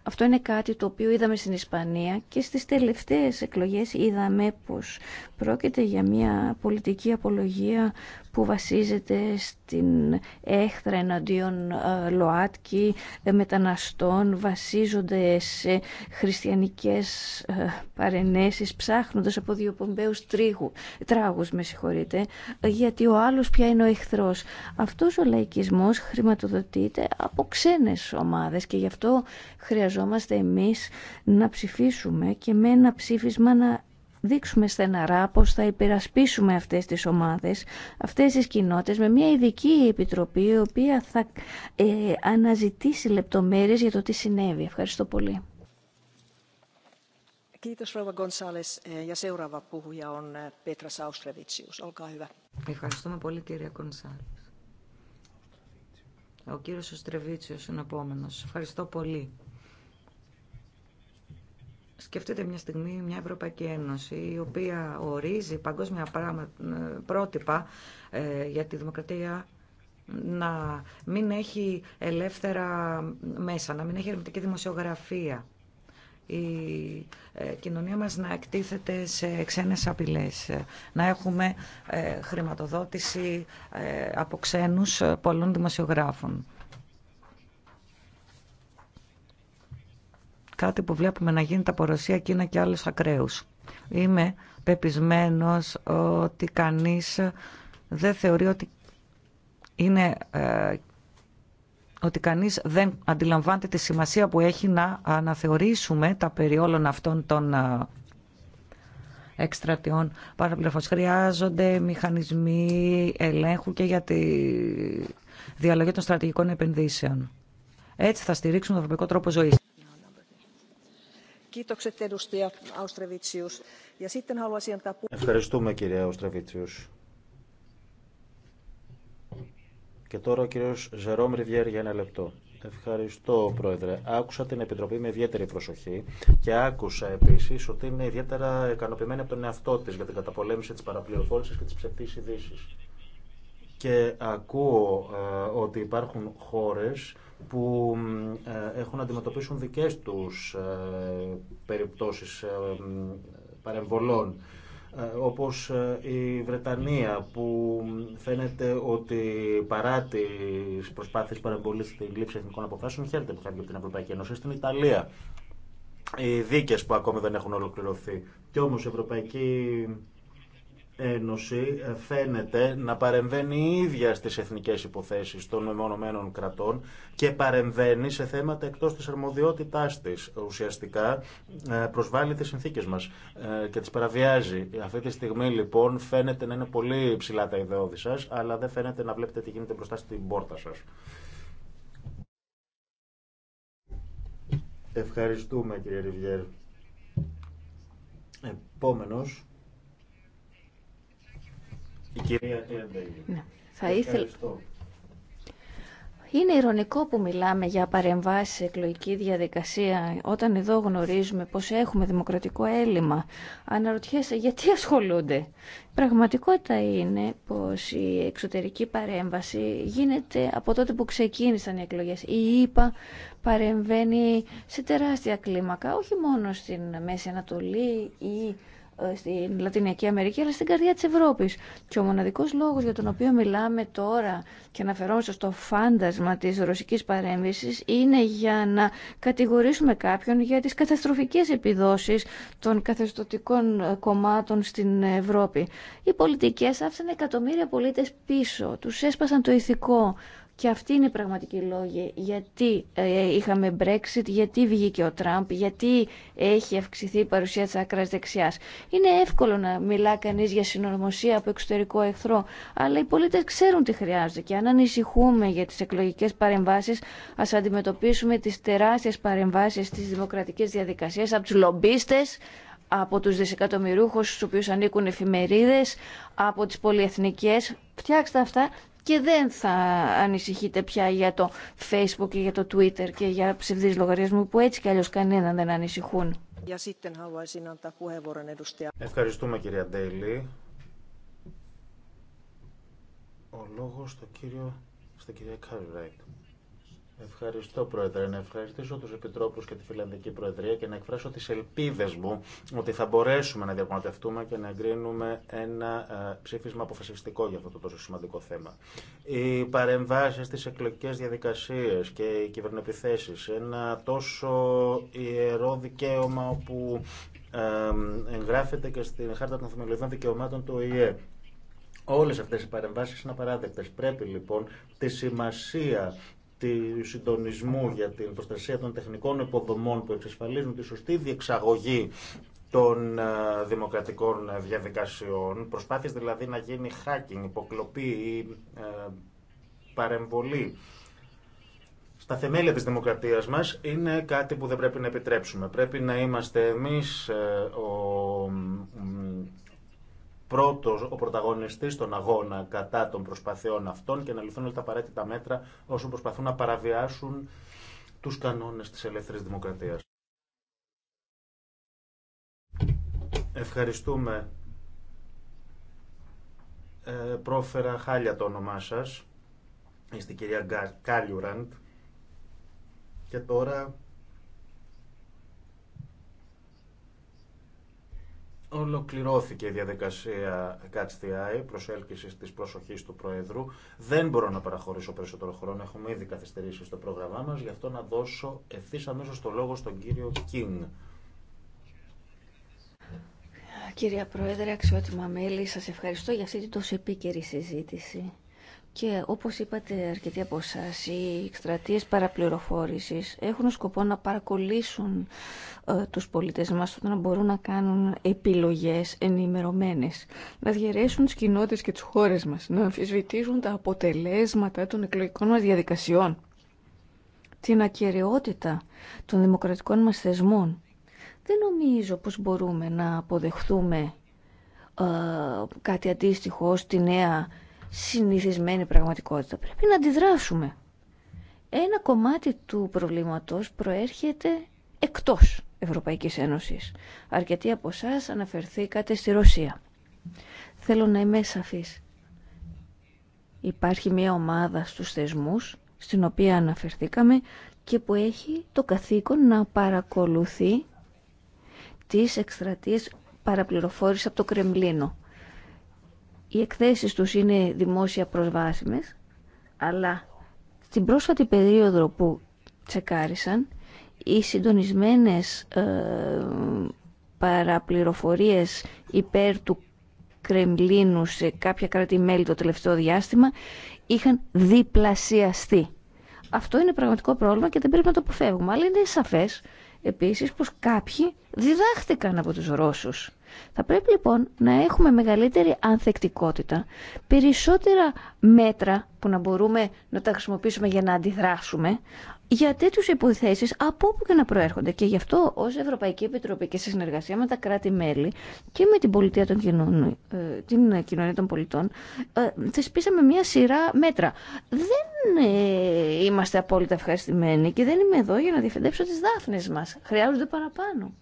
αυτό είναι κάτι το οποίο είδαμε στην Ισπανία και στις τελευταίες εκλογές είδαμε πως πρόκειται για μια πολιτική απολογία που βασίζεται στην έχθρα εναντίον ε, ΛΟΑΤΚΙ ε, μεταναστών, βασίζονται σε χριστιανικές ε, παρενέσεις, ψάχνοντας από δύο πομπέους τρίγου, τράγους, με συγχωρείτε, γιατί ο άλλος πια είναι ο εχθρός. Αυτός ο λαϊκισμός χρηματοδοτείται από ξένες ομάδες και γι' αυτό χρειαζόμαστε εμείς να ψηφίσουμε και με ένα ψήφισμα να δείξουμε στεναρά πώς θα υπερασπίσουμε αυτές τις ομάδες, αυτές τις κοινότητες με μια ειδική επιτροπή η οποία θα ε, αναζητήσει λεπτομέρειες για το τι συνέβη. Ευχαριστώ πολύ. Ε, ε, Ευχαριστούμε πολύ κύριε Κονσάλη. Ο κύριος Οστρεβίτσιος είναι επόμενος. Ευχαριστώ πολύ. Σκεφτείτε μια στιγμή μια Ευρωπαϊκή Ένωση η οποία ορίζει παγκόσμια ε, πρότυπα ε, για τη δημοκρατία να μην έχει ελεύθερα μέσα, να μην έχει ερευνητική δημοσιογραφία, η ε, κοινωνία μας να εκτίθεται σε ξένες απειλές, να έχουμε χρηματοδότηση από ξένους πολλών δημοσιογράφων. κάτι που βλέπουμε να γίνεται από Ρωσία, Κίνα και άλλους ακραίους. Είμαι πεπισμένος ότι κανείς δεν θεωρεί ότι είναι ε, ότι κανείς δεν αντιλαμβάνεται τη σημασία που έχει να αναθεωρήσουμε τα περί όλων αυτών των ε, εκστρατιών παραπληροφόρηση. Χρειάζονται μηχανισμοί ελέγχου και για τη διαλογή των στρατηγικών επενδύσεων. Έτσι θα στηρίξουμε τον ευρωπαϊκό τρόπο ζωής. Ευχαριστούμε κύριε Αουστρεβίτσιους. Και τώρα ο κύριος Ζερόμ Ριβιέρ για ένα λεπτό. Ευχαριστώ, Πρόεδρε. Άκουσα την Επιτροπή με ιδιαίτερη προσοχή και άκουσα επίση ότι είναι ιδιαίτερα ικανοποιημένη από τον εαυτό τη για την καταπολέμηση τη παραπληροφόρηση και τη ψευτής ειδήσει και ακούω ε, ότι υπάρχουν χώρες που ε, έχουν να αντιμετωπίσουν δικές τους ε, περιπτώσεις παρεμβολών όπως η Βρετανία που φαίνεται ότι παρά τις προσπάθειες παρεμβολής στην λήψη εθνικών αποφάσεων χαίρεται που φεύγει από την Ευρωπαϊκή Ένωση στην Ιταλία οι δίκες που ακόμη δεν έχουν ολοκληρωθεί και όμως η Ευρωπαϊκή Ένωση ε, φαίνεται να παρεμβαίνει η ίδια στις εθνικές υποθέσεις των μεμονωμένων κρατών και παρεμβαίνει σε θέματα εκτός της αρμοδιότητάς της. Ουσιαστικά ε, προσβάλλει τις συνθήκες μας ε, και τις παραβιάζει. Αυτή τη στιγμή λοιπόν φαίνεται να είναι πολύ ψηλά τα ιδεώδη σας, αλλά δεν φαίνεται να βλέπετε τι γίνεται μπροστά στην πόρτα σας. Ευχαριστούμε κύριε Ριβιέρ. Επόμενος. Η ναι, Θα ήθελα... Είναι ηρωνικό που μιλάμε για παρεμβάσεις σε εκλογική διαδικασία όταν εδώ γνωρίζουμε πως έχουμε δημοκρατικό έλλειμμα. Αναρωτιέσαι γιατί ασχολούνται. Η πραγματικότητα είναι πως η εξωτερική παρέμβαση γίνεται από τότε που ξεκίνησαν οι εκλογές. Η ΕΠΑ παρεμβαίνει σε τεράστια κλίμακα, όχι μόνο στην Μέση Ανατολή ε, στην Λατινιακή Αμερική αλλά στην καρδιά της Ευρώπης. Και ο μοναδικός λόγος για τον οποίο μιλάμε τώρα και αναφερόμαστε στο φάντασμα της ρωσικής παρέμβησης είναι για να κατηγορήσουμε κάποιον για τις καταστροφικές επιδόσεις των καθεστωτικών ε, κομμάτων στην Ευρώπη. Οι πολιτικές άφησαν εκατομμύρια πολίτες πίσω, τους έσπασαν το ηθικό, και αυτή είναι η πραγματική λόγοι Γιατί ε, είχαμε Brexit, γιατί βγήκε ο Τραμπ, γιατί έχει αυξηθεί η παρουσία της άκρας δεξιάς. Είναι εύκολο να μιλά κανείς για συνορμοσία από εξωτερικό εχθρό, αλλά οι πολίτες ξέρουν τι χρειάζεται. και αν ανησυχούμε για τις εκλογικές παρεμβάσεις, ας αντιμετωπίσουμε τις τεράστιες παρεμβάσεις στις δημοκρατικές διαδικασίες από τους λομπίστες, από τους δισεκατομμυρούχους στους οποίους ανήκουν εφημερίδε από τις πολυεθνικές. Φτιάξτε αυτά και δεν θα ανησυχείτε πια για το Facebook και για το Twitter και για ψευδείς λογαριασμού που έτσι κι αλλιώς κανέναν δεν ανησυχούν. Ευχαριστούμε κυρία Ντέιλι. Ο λόγος στο κύριο, στο κυρία Ευχαριστώ, Πρόεδρε. Να ευχαριστήσω του Επιτρόπου και τη Φιλανδική Προεδρία και να εκφράσω τι ελπίδε μου ότι θα μπορέσουμε να διαπραγματευτούμε και να εγκρίνουμε ένα ε, ψήφισμα αποφασιστικό για αυτό το τόσο σημαντικό θέμα. Οι παρεμβάσει στι εκλογικέ διαδικασίε και οι κυβερνοεπιθέσει, ένα τόσο ιερό δικαίωμα όπου εγγράφεται και στην Χάρτα των Θεμελιωδών Δικαιωμάτων του ΟΗΕ. Όλες αυτές οι παρεμβάσεις είναι απαράδεκτες. Πρέπει λοιπόν τη σημασία του συντονισμού για την προστασία των τεχνικών υποδομών που εξασφαλίζουν τη σωστή διεξαγωγή των ε, δημοκρατικών ε, διαδικασιών, προσπάθειες δηλαδή να γίνει hacking, υποκλοπή ή ε, παρεμβολή στα θεμέλια της δημοκρατίας μας είναι κάτι που δεν πρέπει να επιτρέψουμε. Πρέπει να είμαστε εμείς ο πρώτος ο πρωταγωνιστής στον αγώνα κατά των προσπαθειών αυτών και να λυθούν όλα τα απαραίτητα μέτρα όσο προσπαθούν να παραβιάσουν τους κανόνες της ελεύθερης δημοκρατίας. Ευχαριστούμε. Ε, πρόφερα χάλια το όνομά σας. Είστε κυρία Κάλιουραντ. Και τώρα Ολοκληρώθηκε η διαδικασία Catch the Eye, προσέλκυση τη προσοχή του Προέδρου. Δεν μπορώ να παραχωρήσω περισσότερο χρόνο, έχουμε ήδη καθυστερήσει στο πρόγραμμά μα, γι' αυτό να δώσω ευθύ αμέσω το λόγο στον κύριο Κιν. Κύριε Πρόεδρε, αξιότιμα μέλη, σας ευχαριστώ για αυτή την τόσο επίκαιρη συζήτηση. Και όπως είπατε αρκετοί από εσά, οι εκστρατείε παραπληροφόρησης έχουν σκοπό να παρακολύσουν ε, τους πολίτες μας να μπορούν να κάνουν επιλογές ενημερωμένες, να διαιρέσουν τις κοινότητες και τις χώρες μας, να αμφισβητήσουν τα αποτελέσματα των εκλογικών μας διαδικασιών, την ακαιρεότητα των δημοκρατικών μας θεσμών. Δεν νομίζω πως μπορούμε να αποδεχθούμε ε, κάτι αντίστοιχο στη νέα συνηθισμένη πραγματικότητα. Πρέπει να αντιδράσουμε. Ένα κομμάτι του προβλήματος προέρχεται εκτός Ευρωπαϊκής Ένωσης. Αρκετοί από εσά αναφερθήκατε στη Ρωσία. Θέλω να είμαι σαφής. Υπάρχει μια ομάδα στους θεσμούς, στην οποία αναφερθήκαμε, και που έχει το καθήκον να παρακολουθεί τις εκστρατείες παραπληροφόρηση από το Κρεμλίνο. Οι εκθέσεις τους είναι δημόσια προσβάσιμες, αλλά στην πρόσφατη περίοδο που τσεκάρισαν, οι συντονισμένες ε, παραπληροφορίες υπέρ του Κρεμλίνου σε κάποια κράτη-μέλη το τελευταίο διάστημα είχαν διπλασιαστεί. Αυτό είναι πραγματικό πρόβλημα και δεν πρέπει να το αποφεύγουμε. Αλλά είναι σαφές επίσης πως κάποιοι διδάχτηκαν από τους Ρώσους θα πρέπει λοιπόν να έχουμε μεγαλύτερη ανθεκτικότητα, περισσότερα μέτρα που να μπορούμε να τα χρησιμοποιήσουμε για να αντιδράσουμε για τέτοιου υποθέσεις από όπου και να προέρχονται. Και γι' αυτό ω Ευρωπαϊκή Επιτροπή και σε συνεργασία με τα κράτη-μέλη και με την, πολιτεία των κοινων, ε, την κοινωνία των πολιτών ε, θεσπίσαμε μια σειρά μέτρα. Δεν ε, είμαστε απόλυτα ευχαριστημένοι και δεν είμαι εδώ για να διαφεντέψω τι δάφνε μα. Χρειάζονται παραπάνω.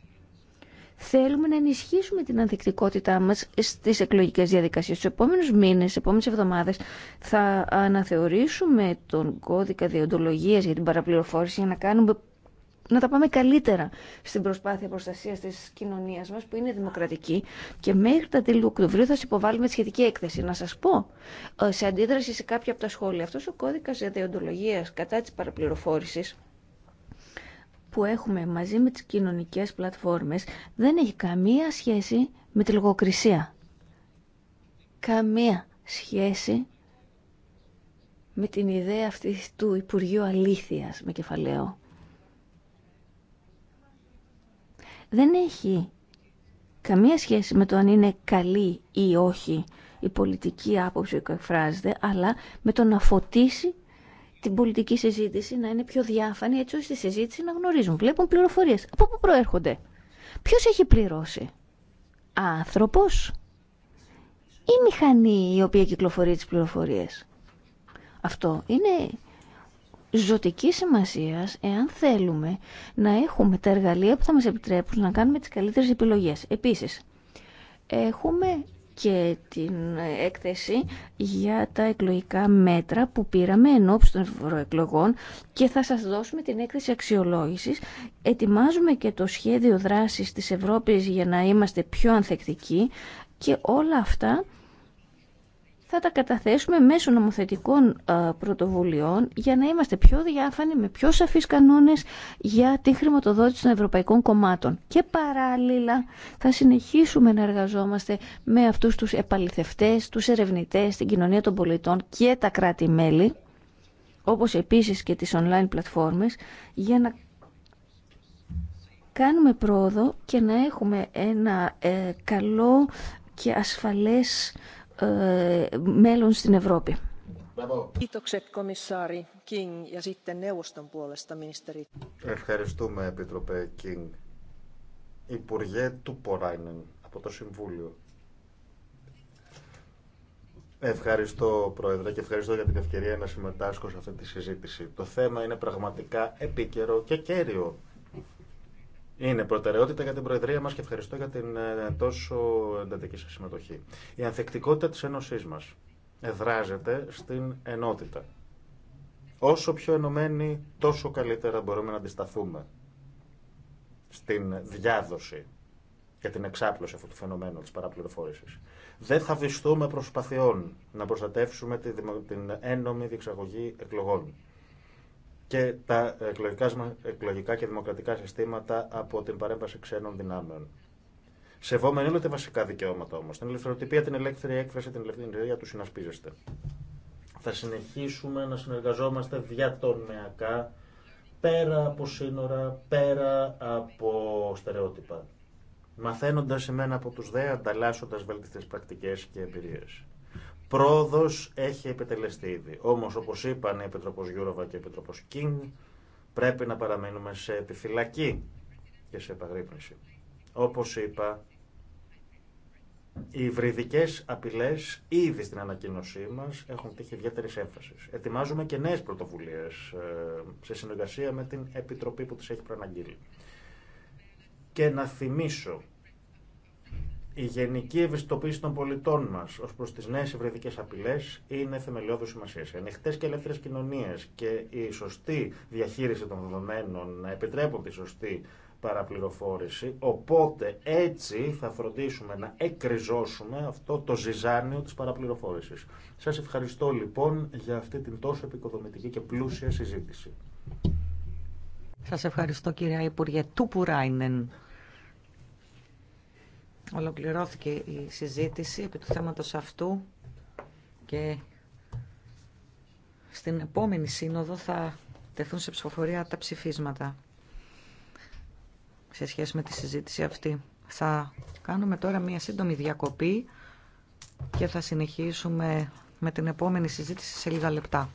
Θέλουμε να ενισχύσουμε την ανθεκτικότητά μας στις εκλογικές διαδικασίες. Στους επόμενους μήνες, στις επόμενες εβδομάδες θα αναθεωρήσουμε τον κώδικα διοντολογίας για την παραπληροφόρηση για να κάνουμε να τα πάμε καλύτερα στην προσπάθεια προστασίας της κοινωνίας μας που είναι δημοκρατική και μέχρι τα τέλη του Οκτωβρίου θα σα υποβάλουμε τη σχετική έκθεση. Να σας πω, ε, σε αντίδραση σε κάποια από τα σχόλια, αυτός ο κώδικας διοντολογίας κατά της παραπληροφόρησης που έχουμε μαζί με τις κοινωνικές πλατφόρμες δεν έχει καμία σχέση με τη λογοκρισία. Καμία σχέση με την ιδέα αυτή του Υπουργείου Αλήθειας με κεφαλαίο. Δεν έχει καμία σχέση με το αν είναι καλή ή όχι η πολιτική άποψη που εκφράζεται, αλλά με το να φωτίσει την πολιτική συζήτηση να είναι πιο διάφανη έτσι ώστε στη συζήτηση να γνωρίζουν. Βλέπουν πληροφορίες. Από πού προέρχονται. Ποιος έχει πληρώσει. Άνθρωπος ή μηχανή η οποία κυκλοφορεί τις πληροφορίες. Αυτό είναι ζωτική σημασία εάν θέλουμε να έχουμε τα εργαλεία που θα μας επιτρέπουν να κάνουμε τις καλύτερες επιλογές. Επίσης, έχουμε και την έκθεση για τα εκλογικά μέτρα που πήραμε εν των ευρωεκλογών και θα σας δώσουμε την έκθεση αξιολόγησης. Ετοιμάζουμε και το σχέδιο δράσης της Ευρώπης για να είμαστε πιο ανθεκτικοί και όλα αυτά θα τα καταθέσουμε μέσω νομοθετικών ε, πρωτοβουλειών για να είμαστε πιο διάφανοι με πιο σαφείς κανόνες για τη χρηματοδότηση των ευρωπαϊκών κομμάτων. Και παράλληλα θα συνεχίσουμε να εργαζόμαστε με αυτούς τους επαληθευτές, τους ερευνητές, την κοινωνία των πολιτών και τα κράτη-μέλη, όπως επίσης και τις online πλατφόρμες, για να κάνουμε πρόοδο και να έχουμε ένα ε, καλό και ασφαλές ε, μέλλον στην Ευρώπη. Ευχαριστούμε, Επίτροπε Κίνγκ. Υπουργέ του Ποράινεν από το Συμβούλιο. Ευχαριστώ, Πρόεδρε, και ευχαριστώ για την ευκαιρία να συμμετάσχω σε αυτή τη συζήτηση. Το θέμα είναι πραγματικά επίκαιρο και κέριο είναι προτεραιότητα για την Προεδρία μα και ευχαριστώ για την ε, τόσο εντατική σα συμμετοχή. Η ανθεκτικότητα τη Ένωσή μα εδράζεται στην ενότητα. Όσο πιο ενωμένοι, τόσο καλύτερα μπορούμε να αντισταθούμε στην διάδοση και την εξάπλωση αυτού του φαινομένου της παραπληροφόρησης. Δεν θα βυστούμε προσπαθειών να προστατεύσουμε την έννομη διεξαγωγή εκλογών και τα εκλογικά και δημοκρατικά συστήματα από την παρέμβαση ξένων δυνάμεων. Σεβόμενοι όλα τα βασικά δικαιώματα όμω, την ελευθεροτυπία, την ελεύθερη έκφραση, την ελευθερία του συνασπίζεστε. Θα συνεχίσουμε να συνεργαζόμαστε διατομιακά, πέρα από σύνορα, πέρα από στερεότυπα. Μαθαίνοντα εμένα από του ΔΕ, ανταλλάσσοντα βέλτιστε πρακτικέ και εμπειρίε. Πρόοδο έχει επιτελεστεί ήδη. Όμω, όπω είπαν η Επιτροπό Γιούροβα και η Επιτροπό Κίνγκ, πρέπει να παραμείνουμε σε επιφυλακή και σε επαγρύπνηση. Όπω είπα, οι υβριδικέ απειλέ ήδη στην ανακοίνωσή μα έχουν τύχει ιδιαίτερη έμφαση. Ετοιμάζουμε και νέε πρωτοβουλίε ε, σε συνεργασία με την Επιτροπή που τι έχει προαναγγείλει. Και να θυμίσω η γενική ευαισθητοποίηση των πολιτών μα ω προ τι νέε ευρετικέ απειλέ είναι θεμελιώδου σημασία. Οι ανοιχτέ και ελεύθερε κοινωνίε και η σωστή διαχείριση των δεδομένων να επιτρέπουν τη σωστή παραπληροφόρηση. Οπότε έτσι θα φροντίσουμε να εκκριζώσουμε αυτό το ζυζάνιο τη παραπληροφόρηση. Σα ευχαριστώ λοιπόν για αυτή την τόσο επικοδομητική και πλούσια συζήτηση. Σας ευχαριστώ κυρία Υπουργέ Τουπουράινεν. Ολοκληρώθηκε η συζήτηση επί του θέματος αυτού και στην επόμενη σύνοδο θα τεθούν σε ψηφοφορία τα ψηφίσματα σε σχέση με τη συζήτηση αυτή. Θα κάνουμε τώρα μία σύντομη διακοπή και θα συνεχίσουμε με την επόμενη συζήτηση σε λίγα λεπτά.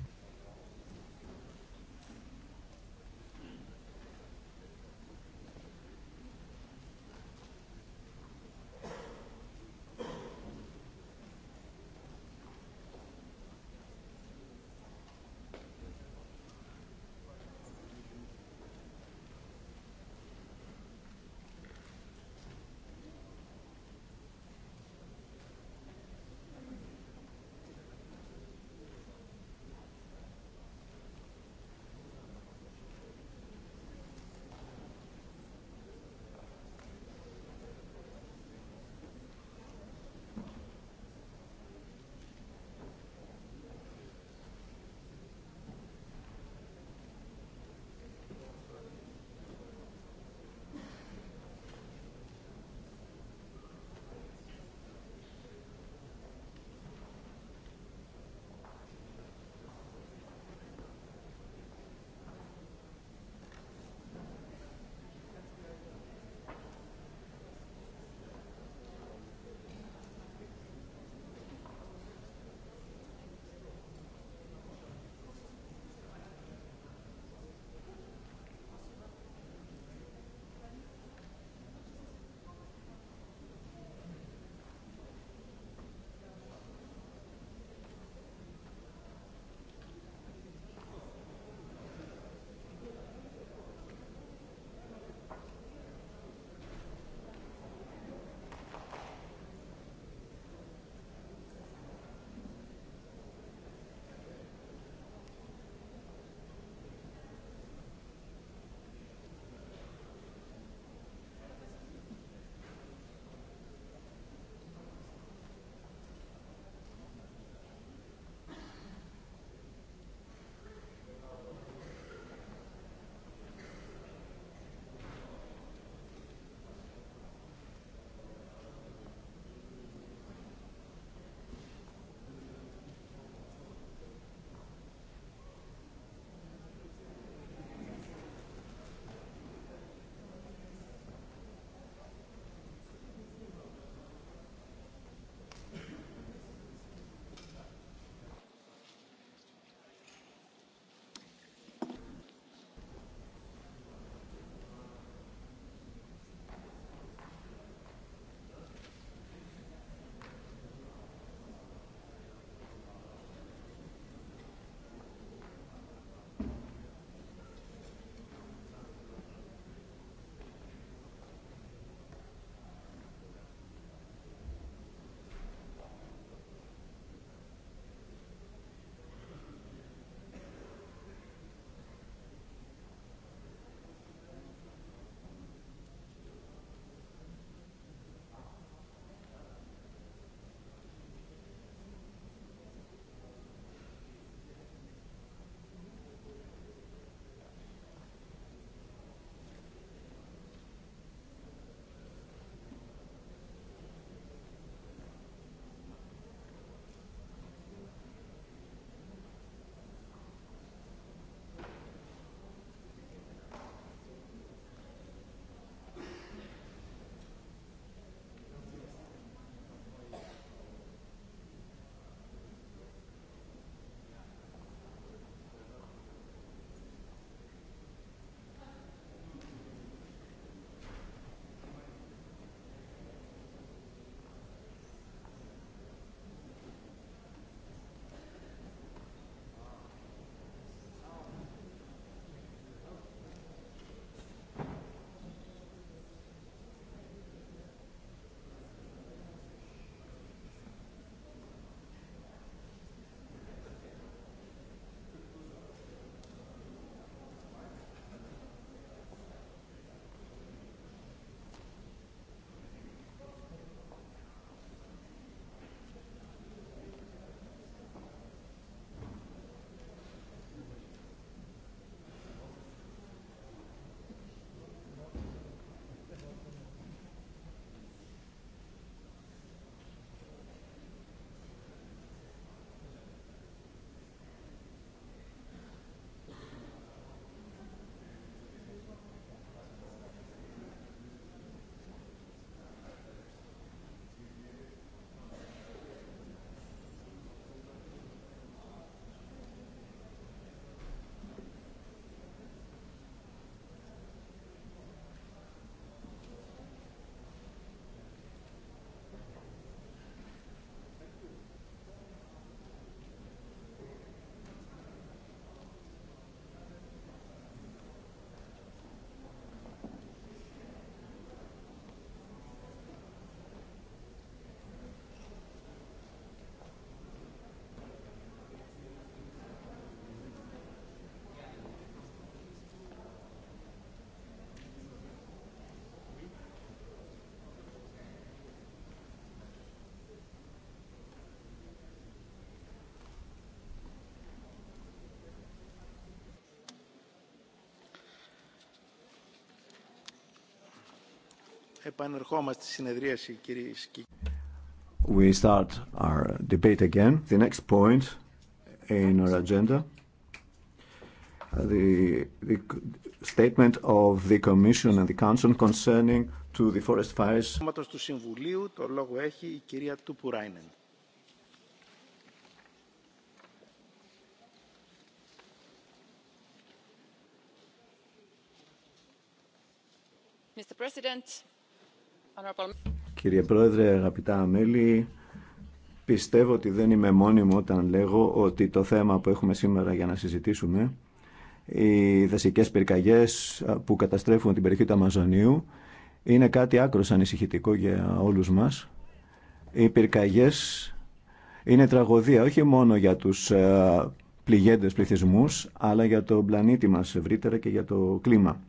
Επανερχόμαστε στη συνεδρίαση, κυρίες και We start our debate again. The next point in our agenda, the, the statement of the Commission and the Council concerning to the forest fires. του Συμβουλίου, το λόγο έχει η κυρία Τουπουράινεν. Κύριε Πρόεδρε, αγαπητά μέλη, πιστεύω ότι δεν είμαι μόνιμο όταν λέγω ότι το θέμα που έχουμε σήμερα για να συζητήσουμε, οι δασικές πυρκαγιές που καταστρέφουν την περιοχή του Αμαζονίου, είναι κάτι άκρος ανησυχητικό για όλους μας. Οι πυρκαγιές είναι τραγωδία όχι μόνο για τους ε, πληγέντες πληθυσμούς, αλλά για τον πλανήτη μας ευρύτερα και για το κλίμα.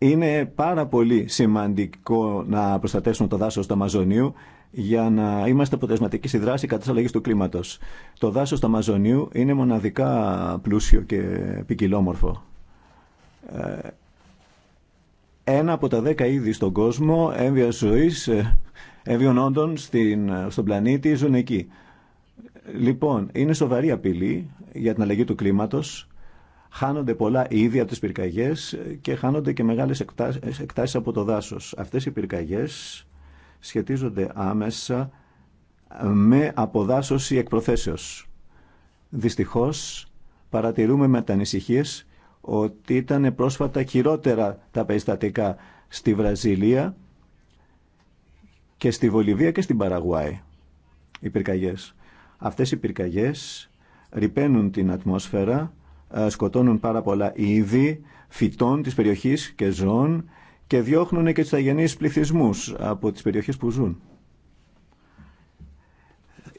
Είναι πάρα πολύ σημαντικό να προστατεύσουμε το δάσος του Αμαζονίου για να είμαστε αποτελεσματικοί στη δράση κατά της αλλαγής του κλίματος. Το δάσος του Αμαζονίου είναι μοναδικά πλούσιο και ποικιλόμορφο. Ε, ένα από τα δέκα είδη στον κόσμο έμβια ζωή ε, έμβιων όντων στην, στον πλανήτη ζουν εκεί. Λοιπόν, είναι σοβαρή απειλή για την αλλαγή του κλίματος χάνονται πολλά ήδη από τις πυρκαγιές και χάνονται και μεγάλες εκτάσεις από το δάσος. Αυτές οι πυρκαγιές σχετίζονται άμεσα με αποδάσωση εκπροθέσεως. Δυστυχώς παρατηρούμε με τα ότι ήταν πρόσφατα χειρότερα τα περιστατικά στη Βραζιλία και στη Βολιβία και στην Παραγουάη οι πυρκαγιές. Αυτές οι πυρκαγιές ρηπαίνουν την ατμόσφαιρα ε, σκοτώνουν πάρα πολλά είδη φυτών της περιοχής και ζώων και διώχνουν και τους αγενείς πληθυσμούς από τις περιοχές που ζουν.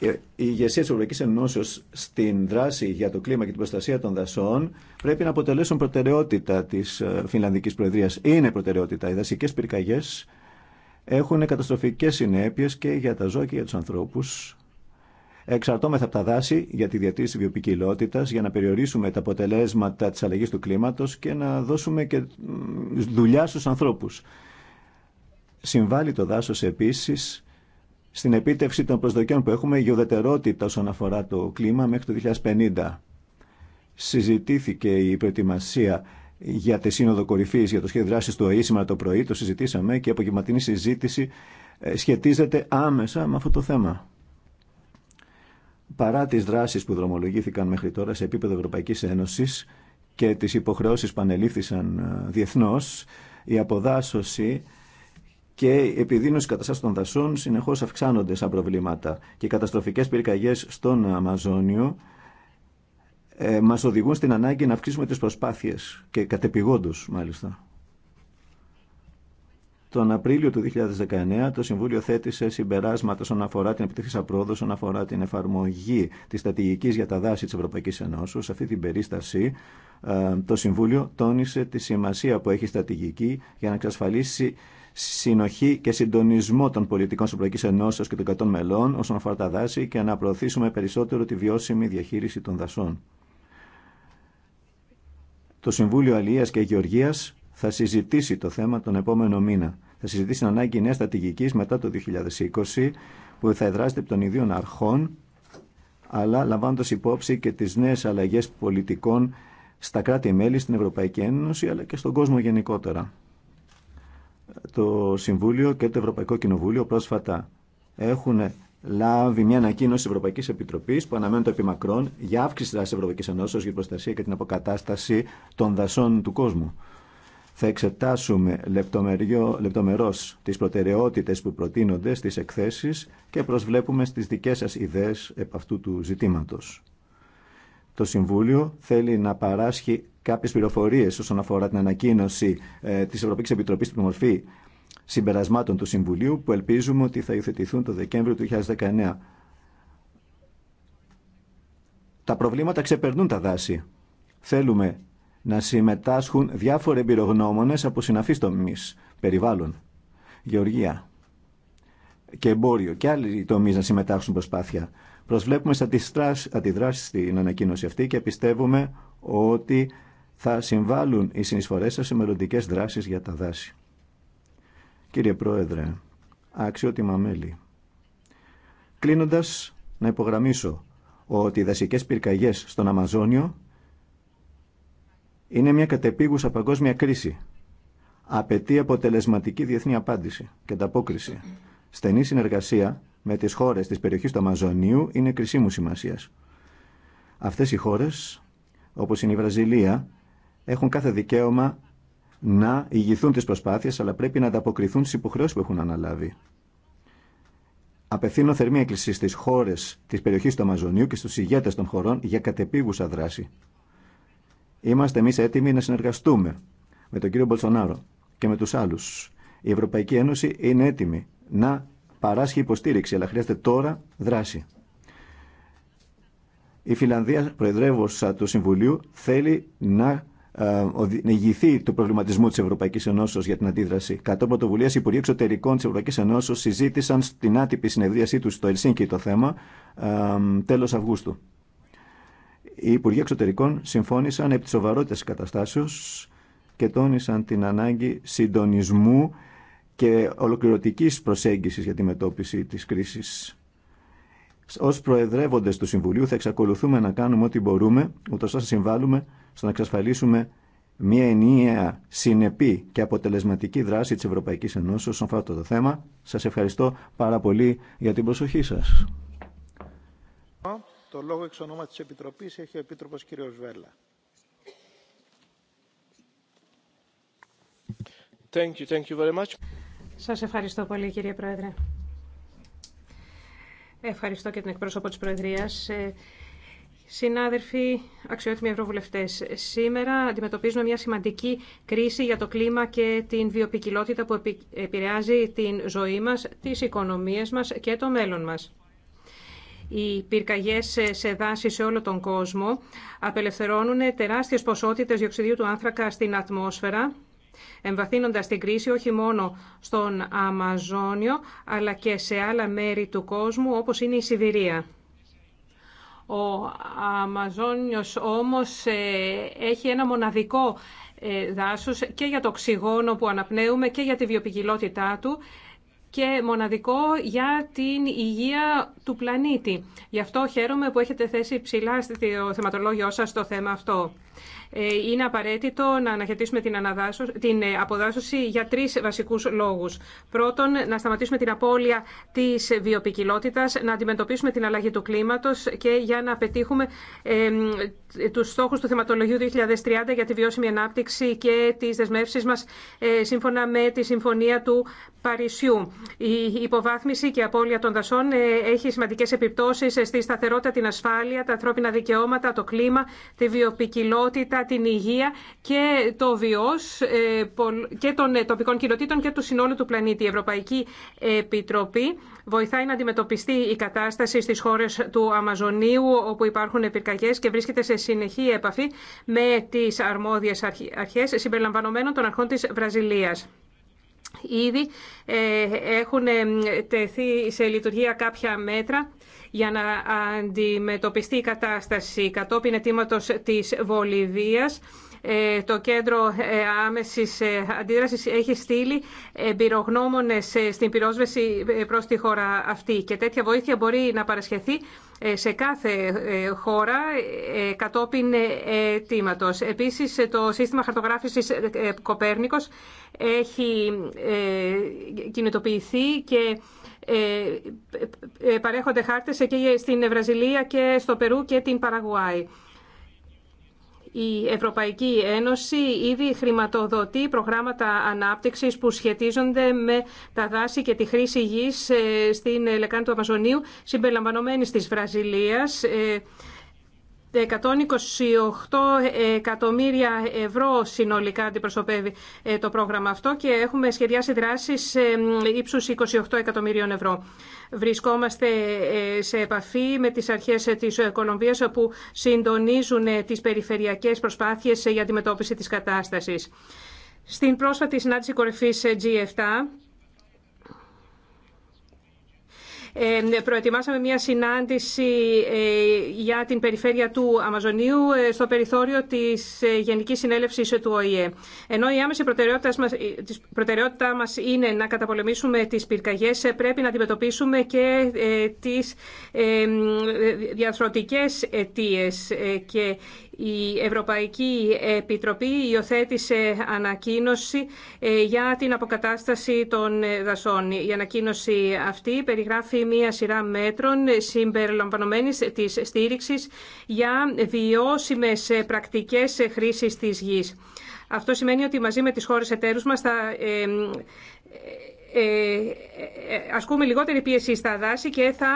Ε, η ηγεσία της Ευρωπαϊκής Ενώσεως στην δράση για το κλίμα και την προστασία των δασών πρέπει να αποτελέσουν προτεραιότητα της ε, Φινλανδικής Προεδρίας. Είναι προτεραιότητα. Οι δασικές πυρκαγιές έχουν καταστροφικές συνέπειες και για τα ζώα και για τους ανθρώπους Εξαρτώμεθα από τα δάση για τη διατήρηση της για να περιορίσουμε τα αποτελέσματα της αλλαγής του κλίματος και να δώσουμε και δουλειά στου ανθρώπους. Συμβάλλει το δάσο επίσης στην επίτευξη των προσδοκιών που έχουμε για ουδετερότητα όσον αφορά το κλίμα μέχρι το 2050. Συζητήθηκε η προετοιμασία για τη Σύνοδο Κορυφή για το σχέδιο δράση του ΟΗ σήμερα το πρωί, το συζητήσαμε και η απογευματινή συζήτηση ε, σχετίζεται άμεσα με αυτό το θέμα. Παρά τις δράσεις που δρομολογήθηκαν μέχρι τώρα σε επίπεδο Ευρωπαϊκής Ένωσης και τις υποχρεώσεις που ανελήφθησαν ε, διεθνώς, η αποδάσωση και η επιδείνωση καταστάσεων των δασών συνεχώς αυξάνονται σαν προβλήματα και οι καταστροφικές πυρκαγιές στον Αμαζόνιο ε, μας οδηγούν στην ανάγκη να αυξήσουμε τις προσπάθειες και κατεπηγόντως μάλιστα. Τον Απρίλιο του 2019 το Συμβούλιο θέτησε συμπεράσματα όσον αφορά την επιτυχία πρόοδο, όσον αφορά την εφαρμογή τη στρατηγική για τα δάση τη Ευρωπαϊκή Ενώσεω. Σε αυτή την περίσταση, ε, το Συμβούλιο τόνισε τη σημασία που έχει η στρατηγική για να εξασφαλίσει συνοχή και συντονισμό των πολιτικών τη Ευρωπαϊκή Ενώσεω και των 100 μελών όσον αφορά τα δάση και να προωθήσουμε περισσότερο τη βιώσιμη διαχείριση των δασών. Το Συμβούλιο Αλία και Γεωργία θα συζητήσει το θέμα τον επόμενο μήνα. Θα συζητήσει την ανάγκη νέα στρατηγική μετά το 2020 που θα εδράζεται από των ιδίων αρχών αλλά λαμβάνοντα υπόψη και τι νέε αλλαγέ πολιτικών στα κράτη-μέλη, στην Ευρωπαϊκή Ένωση αλλά και στον κόσμο γενικότερα. Το Συμβούλιο και το Ευρωπαϊκό Κοινοβούλιο πρόσφατα έχουν λάβει μια ανακοίνωση τη Ευρωπαϊκή Επιτροπή που αναμένει το επιμακρόν για αύξηση τη δράση Ευρωπαϊκή Ενώσεω για την προστασία και την αποκατάσταση των δασών του κόσμου. Θα εξετάσουμε λεπτομερώς τις προτεραιότητες που προτείνονται στις εκθέσεις και προσβλέπουμε στις δικές σας ιδέες επ' αυτού του ζητήματος. Το Συμβούλιο θέλει να παράσχει κάποιες πληροφορίες όσον αφορά την ανακοίνωση ε, της Ευρωπαϊκής Επιτροπής στην μορφή συμπερασμάτων του Συμβουλίου που ελπίζουμε ότι θα υιοθετηθούν το Δεκέμβριο του 2019. Τα προβλήματα ξεπερνούν τα δάση. Θέλουμε να συμμετάσχουν διάφοροι εμπειρογνώμονε από συναφεί τομεί, περιβάλλον, γεωργία και εμπόριο και άλλοι τομεί να συμμετάσχουν προσπάθεια. Προσβλέπουμε στα δράση στην ανακοίνωση αυτή και πιστεύουμε ότι θα συμβάλλουν οι συνεισφορέ σα σε μελλοντικέ δράσεις για τα δάση. Κύριε Πρόεδρε, αξιότιμα μέλη, Κλείνοντα να υπογραμμίσω ότι οι δασικές πυρκαγιέ στον Αμαζόνιο είναι μια κατεπίγουσα παγκόσμια κρίση. Απαιτεί αποτελεσματική διεθνή απάντηση και ανταπόκριση. Στενή συνεργασία με τι χώρε τη περιοχή του Αμαζονίου είναι κρισίμου σημασία. Αυτέ οι χώρε, όπω είναι η Βραζιλία, έχουν κάθε δικαίωμα να ηγηθούν τι προσπάθειε, αλλά πρέπει να ανταποκριθούν στι υποχρεώσει που έχουν αναλάβει. Απευθύνω θερμή έκκληση στι χώρε τη περιοχή του Αμαζονίου και στου ηγέτε των χωρών για κατεπίγουσα δράση Είμαστε εμεί έτοιμοι να συνεργαστούμε με τον κύριο Μπολσονάρο και με του άλλου. Η Ευρωπαϊκή Ένωση είναι έτοιμη να παράσχει υποστήριξη, αλλά χρειάζεται τώρα δράση. Η Φιλανδία, προεδρεύουσα του Συμβουλίου, θέλει να ε, ηγηθεί του προβληματισμού τη Ευρωπαϊκή Ενώσεω για την αντίδραση. Κατόπιν Βουλία, οι Υπουργοί Εξωτερικών τη Ευρωπαϊκή Ενώσεω συζήτησαν στην άτυπη συνεδρίασή του στο Ελσίνκι το θέμα ε, τέλο Αυγούστου. Οι Υπουργοί Εξωτερικών συμφώνησαν επί της σοβαρότητας καταστάσεως και τόνισαν την ανάγκη συντονισμού και ολοκληρωτικής προσέγγισης για τη μετώπιση της κρίσης. Ως προεδρεύοντες του Συμβουλίου θα εξακολουθούμε να κάνουμε ό,τι μπορούμε, ούτως να συμβάλλουμε στο να εξασφαλίσουμε μια ενιαία, συνεπή και αποτελεσματική δράση της Ευρωπαϊκής Ενώσης όσον αφορά το θέμα. Σας ευχαριστώ πάρα πολύ για την προσοχή σας. Το λόγο εξ ονόματι της Επιτροπής έχει ο Επίτροπος κ. Βέλλα. Thank you, thank you very much. Σας ευχαριστώ πολύ κύριε Πρόεδρε. Ευχαριστώ και την εκπρόσωπο της Προεδρίας. Ε, συνάδελφοι, αξιότιμοι ευρωβουλευτέ, σήμερα αντιμετωπίζουμε μια σημαντική κρίση για το κλίμα και την βιοπικιλότητα που επηρεάζει την ζωή μας, τις οικονομίε μα και το μέλλον μα. Οι πυρκαγιές σε δάση σε όλο τον κόσμο απελευθερώνουν τεράστιες ποσότητες διοξιδίου του άνθρακα στην ατμόσφαιρα, εμβαθύνοντας την κρίση όχι μόνο στον Αμαζόνιο, αλλά και σε άλλα μέρη του κόσμου, όπως είναι η Σιβηρία. Ο Αμαζόνιος όμως ε, έχει ένα μοναδικό ε, δάσος και για το οξυγόνο που αναπνέουμε και για τη βιοπικιλότητά του και μοναδικό για την υγεία του πλανήτη. Γι' αυτό χαίρομαι που έχετε θέσει ψηλά στο θεματολόγιο σας το θέμα αυτό. Ε, είναι απαραίτητο να αναχαιτήσουμε την, την ε, αποδάσωση για τρει βασικού λόγου. Πρώτον, να σταματήσουμε την απώλεια τη βιοπικιλότητας, να αντιμετωπίσουμε την αλλαγή του κλίματο και για να πετύχουμε ε, τους στόχους του θεματολογίου 2030 για τη βιώσιμη ανάπτυξη και τι δεσμεύσει μα ε, σύμφωνα με τη Συμφωνία του Παρισιού. Η υποβάθμιση και η απώλεια των δασών έχει σημαντικέ επιπτώσει στη σταθερότητα, την ασφάλεια, τα ανθρώπινα δικαιώματα, το κλίμα, τη βιοπικιλότητα την υγεία και το βιός ε, και των ε, τοπικών κοινοτήτων και του συνόλου του πλανήτη. Η Ευρωπαϊκή Επιτροπή βοηθάει να αντιμετωπιστεί η κατάσταση στις χώρες του Αμαζονίου όπου υπάρχουν επικαγές και βρίσκεται σε συνεχή επαφή με τις αρμόδιες αρχές συμπεριλαμβανομένων των αρχών της Βραζιλίας. Ήδη ε, έχουν τεθεί σε λειτουργία κάποια μέτρα για να αντιμετωπιστεί η κατάσταση κατόπιν αιτήματος της Βολιβίας. Ε, το Κέντρο ε, Άμεσης ε, Αντίδρασης έχει στείλει εμπειρογνώμονες στην πυρόσβεση προς τη χώρα αυτή και τέτοια βοήθεια μπορεί να παρασχεθεί σε κάθε χώρα κατόπιν αιτήματος. Επίσης, το σύστημα χαρτογράφησης Κοπέρνικος έχει κινητοποιηθεί και ε, ε, ε, παρέχονται χάρτες και στην Βραζιλία και στο Περού και την Παραγουάη. Η Ευρωπαϊκή Ένωση ήδη χρηματοδοτεί προγράμματα ανάπτυξης που σχετίζονται με τα δάση και τη χρήση γης στην Λεκάνη του Αμαζονίου, συμπεριλαμβανομένης της Βραζιλίας, 128 εκατομμύρια ευρώ συνολικά αντιπροσωπεύει ε, το πρόγραμμα αυτό και έχουμε σχεδιάσει δράσεις ε, ύψους 28 εκατομμυρίων ευρώ. Βρισκόμαστε ε, σε επαφή με τις αρχές της Κολομβίας που συντονίζουν τις περιφερειακές προσπάθειες για αντιμετώπιση της κατάστασης. Στην πρόσφατη συνάντηση κορυφής G7 ε, προετοιμάσαμε μια συνάντηση ε, για την περιφέρεια του Αμαζονίου ε, στο περιθώριο της Γενικής Συνέλευσης του ΟΗΕ. Ενώ η άμεση προτεραιότητά μας είναι να καταπολεμήσουμε τις πυρκαγιές, πρέπει να αντιμετωπίσουμε και τις διαθροτικές αιτίες και η Ευρωπαϊκή Επιτροπή υιοθέτησε ανακοίνωση για την αποκατάσταση των δασών. Η ανακοίνωση αυτή περιγράφει μία σειρά μέτρων συμπεριλαμβανομένης της στήριξη για βιώσιμε πρακτικές χρήσης της γης. Αυτό σημαίνει ότι μαζί με τις χώρες εταίρους μας θα ε, ε, ε, ε, ασκούμε λιγότερη πίεση στα δάση και θα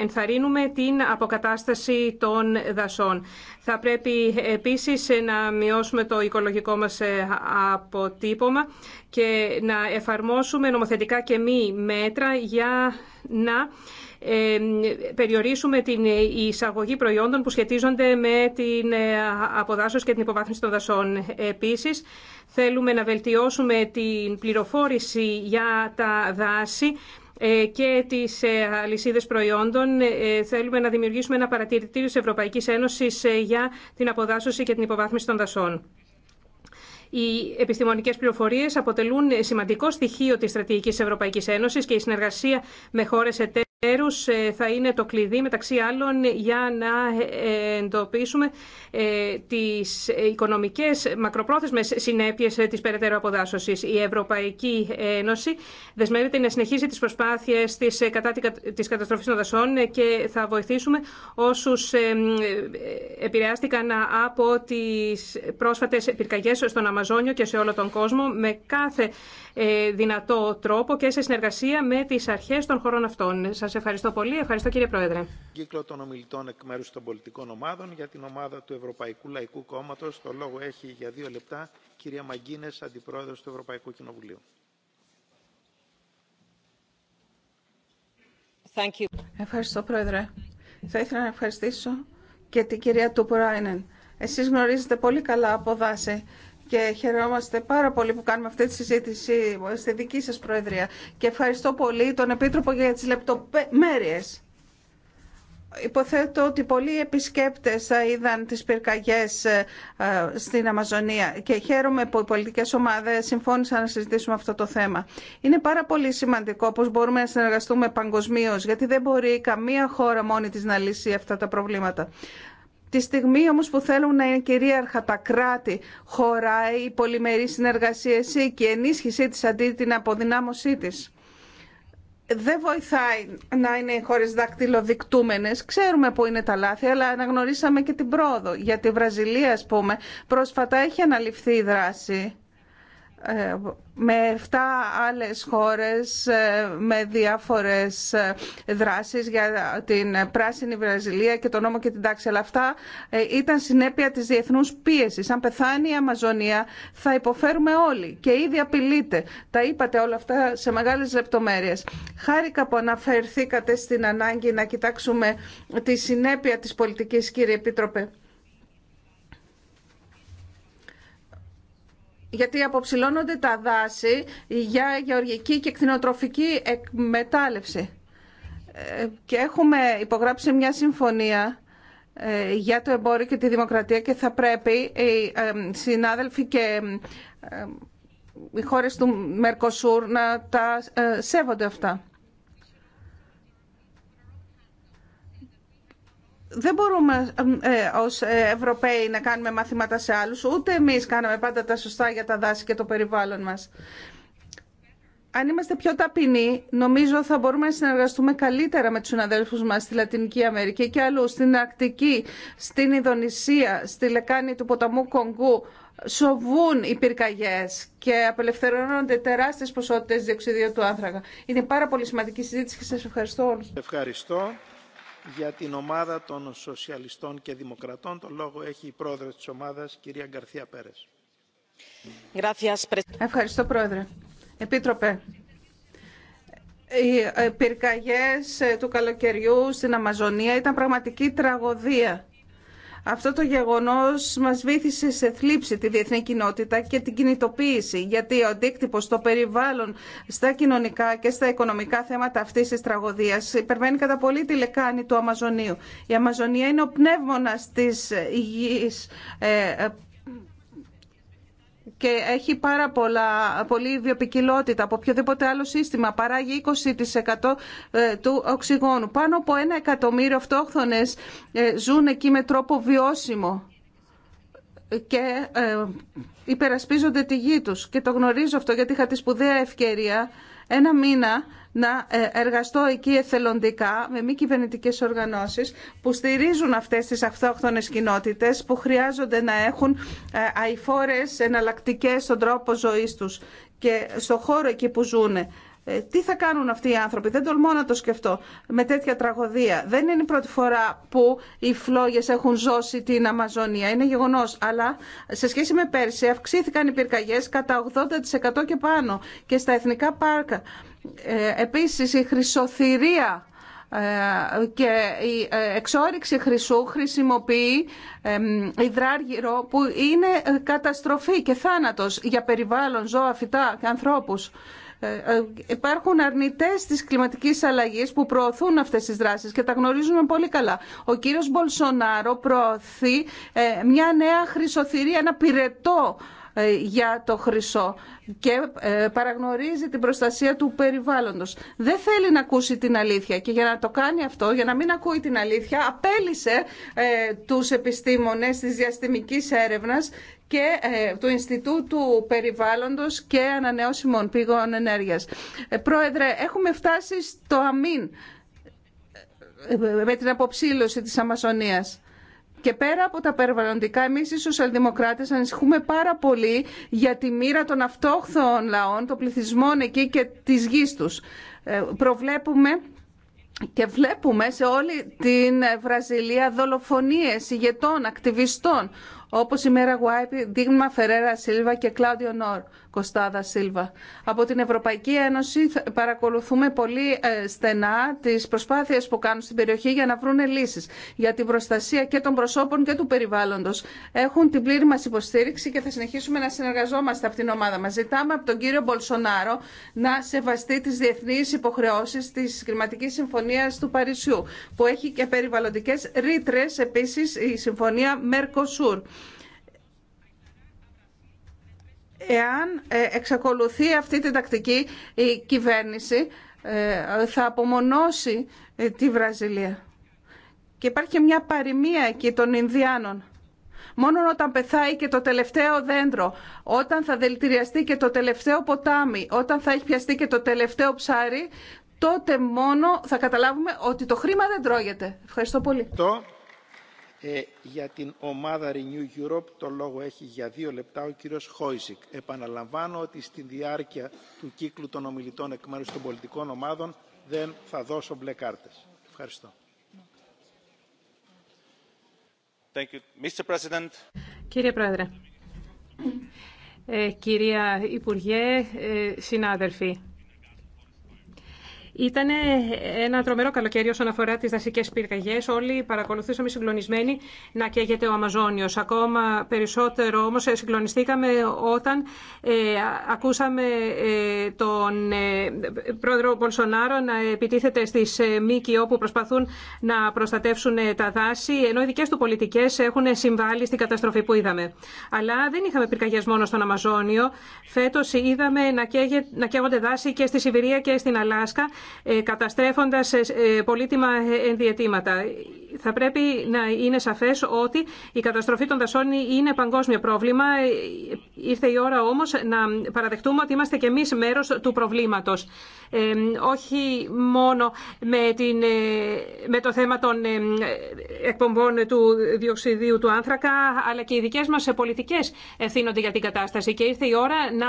ενθαρρύνουμε την αποκατάσταση των δασών. Θα πρέπει επίσης να μειώσουμε το οικολογικό μας αποτύπωμα και να εφαρμόσουμε νομοθετικά και μη μέτρα για να περιορίσουμε την εισαγωγή προϊόντων που σχετίζονται με την αποδάσωση και την υποβάθμιση των δασών. Επίσης, θέλουμε να βελτιώσουμε την πληροφόρηση για τα δάση ε, και τις ε, αλυσίδες προϊόντων. Ε, θέλουμε να δημιουργήσουμε ένα παρατηρητήριο της Ευρωπαϊκής Ένωσης για την αποδάσωση και την υποβάθμιση των δασών. Οι επιστημονικέ πληροφορίε αποτελούν σημαντικό στοιχείο τη στρατηγική Ευρωπαϊκή Ένωση και η συνεργασία με χώρε εταίρε ε, θα είναι το κλειδί μεταξύ άλλων για να ε, εντοπίσουμε ε, τις οικονομικές μακροπρόθεσμες συνέπειες της περαιτέρω αποδάσωσης. Η Ευρωπαϊκή Ένωση δεσμεύεται να συνεχίσει τις προσπάθειες τη κατά της καταστροφής των δασών και θα βοηθήσουμε όσους επηρεάστηκαν από τις πρόσφατες πυρκαγιές στον Αμαζόνιο και σε όλο τον κόσμο με κάθε δυνατό τρόπο και σε συνεργασία με τις αρχές των χωρών αυτών ευχαριστώ πολύ. Ευχαριστώ κύριε Πρόεδρε. Κύκλο των ομιλητών εκ μέρους των πολιτικών ομάδων για την ομάδα του Ευρωπαϊκού Λαϊκού Κόμματος. Το λόγο έχει για δύο λεπτά κυρία Μαγκίνες, Αντιπρόεδρος του Ευρωπαϊκού Κοινοβουλίου. Thank you. Ευχαριστώ Πρόεδρε. Θα ήθελα να ευχαριστήσω και την κυρία Τουπουράινεν. Εσείς γνωρίζετε πολύ καλά από δάση και χαιρόμαστε πάρα πολύ που κάνουμε αυτή τη συζήτηση στη δική σας Προεδρία και ευχαριστώ πολύ τον Επίτροπο για τις λεπτομέρειες. Υποθέτω ότι πολλοί επισκέπτες θα είδαν τις πυρκαγιές ε, στην Αμαζονία και χαίρομαι που οι πολιτικές ομάδες συμφώνησαν να συζητήσουμε αυτό το θέμα. Είναι πάρα πολύ σημαντικό πώς μπορούμε να συνεργαστούμε παγκοσμίω, γιατί δεν μπορεί καμία χώρα μόνη της να λύσει αυτά τα προβλήματα. Τη στιγμή όμως που θέλουν να είναι κυρίαρχα τα κράτη, χωράει η πολυμερή συνεργασία και η ενίσχυσή της αντί την αποδυνάμωσή της. Δεν βοηθάει να είναι οι χώρε δακτυλοδεικτούμενε. Ξέρουμε που είναι τα λάθη, αλλά αναγνωρίσαμε και την πρόοδο. Για τη Βραζιλία, α πούμε, πρόσφατα έχει αναλυφθεί η δράση ε, με 7 άλλες χώρες ε, με διάφορες ε, δράσεις για την πράσινη Βραζιλία και τον νόμο και την τάξη. Αλλά αυτά ήταν συνέπεια της διεθνούς πίεσης. Αν πεθάνει η Αμαζονία θα υποφέρουμε όλοι και ήδη απειλείται. Τα είπατε όλα αυτά σε μεγάλες λεπτομέρειες. Χάρηκα που αναφερθήκατε στην ανάγκη να κοιτάξουμε τη συνέπεια της πολιτικής κύριε Επίτροπε. γιατί αποψηλώνονται τα δάση για γεωργική και κτηνοτροφική εκμετάλλευση. Ε, και έχουμε υπογράψει μια συμφωνία ε, για το εμπόριο και τη δημοκρατία και θα πρέπει οι ε, συνάδελφοι και οι χώρες του Μερκοσούρ να τα σέβονται αυτά. δεν μπορούμε ε, ως Ευρωπαίοι να κάνουμε μαθήματα σε άλλους, ούτε εμείς κάναμε πάντα τα σωστά για τα δάση και το περιβάλλον μας. Αν είμαστε πιο ταπεινοί, νομίζω θα μπορούμε να συνεργαστούμε καλύτερα με τους συναδέλφους μας στη Λατινική Αμερική και αλλού, στην Αρκτική, στην Ιδονησία, στη λεκάνη του ποταμού Κονγκού, σοβούν οι πυρκαγιές και απελευθερώνονται τεράστιες ποσότητες διοξιδίου του άνθρακα. Είναι πάρα πολύ σημαντική συζήτηση και σα ευχαριστώ όλους. Ευχαριστώ για την ομάδα των Σοσιαλιστών και Δημοκρατών. Το λόγο έχει η πρόεδρος της ομάδας, κυρία Γκαρθία Πέρες. Ευχαριστώ, Πρόεδρε. Επίτροπε, οι ε, πυρκαγιές ε, του καλοκαιριού στην Αμαζονία ήταν πραγματική τραγωδία αυτό το γεγονός μας βήθησε σε θλίψη τη διεθνή κοινότητα και την κινητοποίηση, γιατί ο αντίκτυπο στο περιβάλλον, στα κοινωνικά και στα οικονομικά θέματα αυτής της τραγωδίας υπερβαίνει κατά πολύ τη λεκάνη του Αμαζονίου. Η Αμαζονία είναι ο πνεύμονας της υγιής ε, και έχει πάρα πολλά, πολλή βιοπικιλότητα από οποιοδήποτε άλλο σύστημα. Παράγει 20% ε, του οξυγόνου. Πάνω από ένα εκατομμύριο αυτόχθονες ε, ζουν εκεί με τρόπο βιώσιμο και ε, υπερασπίζονται τη γη τους. Και το γνωρίζω αυτό γιατί είχα τη σπουδαία ευκαιρία ένα μήνα να ε, εργαστώ εκεί εθελοντικά με μη κυβερνητικέ οργανώσεις που στηρίζουν αυτές τις αυτόχθονες κοινότητες που χρειάζονται να έχουν ε, αηφόρες εναλλακτικές στον τρόπο ζωής τους και στον χώρο εκεί που ζουν ε, τι θα κάνουν αυτοί οι άνθρωποι, δεν τολμώ να το σκεφτώ, με τέτοια τραγωδία. Δεν είναι η πρώτη φορά που οι φλόγες έχουν ζώσει την Αμαζονία, είναι γεγονός. Αλλά σε σχέση με πέρσι αυξήθηκαν οι πυρκαγιές κατά 80% και πάνω και στα εθνικά πάρκα. Ε, επίσης η χρυσοθυρία ε, και η εξόριξη χρυσού χρησιμοποιεί υδράργυρο που είναι καταστροφή και θάνατος για περιβάλλον, ζώα, φυτά και ανθρώπους. Ε, ε, υπάρχουν αρνητές τη κλιματική αλλαγή που προωθούν αυτές τις δράσεις και τα γνωρίζουμε πολύ καλά. Ο κύριος Μπολσονάρο προωθεί ε, μια νέα χρυσοθυρία, ένα πυρετό για το χρυσό και παραγνωρίζει την προστασία του περιβάλλοντος. Δεν θέλει να ακούσει την αλήθεια και για να το κάνει αυτό, για να μην ακούει την αλήθεια, απέλησε τους επιστήμονες της διαστημικής έρευνας και ε, του Ινστιτούτου Περιβάλλοντος και Ανανεώσιμων Πηγών Ενέργειας. Ε, πρόεδρε, έχουμε φτάσει στο αμήν ε, με την αποψήλωση της Αμασονίας. Και πέρα από τα περιβαλλοντικά, εμείς οι σοσιαλδημοκράτες ανησυχούμε πάρα πολύ για τη μοίρα των αυτόχθων λαών, των πληθυσμών εκεί και της γης τους. προβλέπουμε και βλέπουμε σε όλη την Βραζιλία δολοφονίες ηγετών, ακτιβιστών όπως η Μέρα Γουάιπη, Δίγμα Φερέρα Σίλβα και Κλάουδιο Νόρ. Κωστάδα Σίλβα. Από την Ευρωπαϊκή Ένωση παρακολουθούμε πολύ ε, στενά τις προσπάθειες που κάνουν στην περιοχή για να βρουν λύσεις για την προστασία και των προσώπων και του περιβάλλοντος. Έχουν την πλήρη μας υποστήριξη και θα συνεχίσουμε να συνεργαζόμαστε από την ομάδα μας. Ζητάμε από τον κύριο Μπολσονάρο να σεβαστεί τις διεθνείς υποχρεώσεις της Κλιματικής Συμφωνίας του Παρισιού που έχει και περιβαλλοντικές ρήτρες επίσης η Συμφωνία Mercosur. Εάν ε, εξακολουθεί αυτή την τακτική η κυβέρνηση ε, θα απομονώσει ε, τη Βραζιλία. Και υπάρχει και μια παροιμία εκεί των Ινδιάνων. Μόνο όταν πεθάει και το τελευταίο δέντρο, όταν θα δηλητηριαστεί και το τελευταίο ποτάμι, όταν θα έχει πιαστεί και το τελευταίο ψάρι, τότε μόνο θα καταλάβουμε ότι το χρήμα δεν τρώγεται. Ευχαριστώ πολύ. Ε, για την ομάδα Renew Europe το λόγο έχει για δύο λεπτά ο κύριος Χόιζικ. Επαναλαμβάνω ότι στη διάρκεια του κύκλου των ομιλητών εκ μέρους των πολιτικών ομάδων δεν θα δώσω μπλε κάρτες. Ευχαριστώ. Κύριε Πρόεδρε, ε, κυρία Υπουργέ, ε, συνάδελφοι, ήταν ένα τρομερό καλοκαίρι όσον αφορά τι δασικέ πυρκαγιέ. Όλοι παρακολουθήσαμε συγκλονισμένοι να καίγεται ο Αμαζόνιο. Ακόμα περισσότερο όμω ε, συγκλονιστήκαμε όταν ε, ακούσαμε ε, τον ε, πρόεδρο Μπολσονάρο να επιτίθεται στι ε, ΜΚΟ που προσπαθούν να προστατεύσουν ε, τα δάση, ενώ οι δικέ του πολιτικέ έχουν συμβάλει στην καταστροφή που είδαμε. Αλλά δεν είχαμε πυρκαγιέ μόνο στον Αμαζόνιο. Φέτο είδαμε να, καίγε, να καίγονται δάση και στη Σιβηρία και στην Αλάσκα καταστρέφοντας ε, ε, πολύτιμα ενδιατήματα θα πρέπει να είναι σαφές ότι η καταστροφή των δασών είναι παγκόσμιο πρόβλημα. Ήρθε η ώρα όμως να παραδεχτούμε ότι είμαστε και εμείς μέρος του προβλήματος. Ε, όχι μόνο με, την, ε, με το θέμα των ε, εκπομπών του διοξιδίου του άνθρακα, αλλά και οι δικές μας πολιτικές ευθύνονται για την κατάσταση. Και ήρθε η ώρα να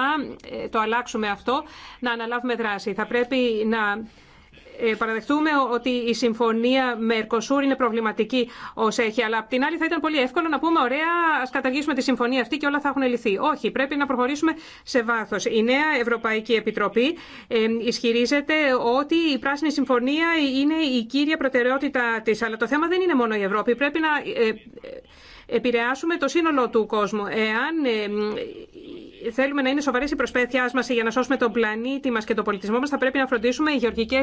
ε, το αλλάξουμε αυτό, να αναλάβουμε δράση. Θα πρέπει να ε, παραδεχτούμε ότι η συμφωνία με Ερκοσούρ είναι προβληματική ω έχει, αλλά απ' την άλλη θα ήταν πολύ εύκολο να πούμε: Ωραία, α καταργήσουμε τη συμφωνία αυτή και όλα θα έχουν λυθεί. Όχι, πρέπει να προχωρήσουμε σε βάθο. Η νέα Ευρωπαϊκή Επιτροπή ε, ισχυρίζεται ότι η Πράσινη Συμφωνία είναι η κύρια προτεραιότητά τη. Αλλά το θέμα δεν είναι μόνο η Ευρώπη. Πρέπει να ε, επηρεάσουμε το σύνολο του κόσμου. Εάν θέλουμε να είναι σοβαρέ οι προσπάθειά μα για να σώσουμε τον πλανήτη μα και τον πολιτισμό μα, θα πρέπει να φροντίσουμε οι γεωργικέ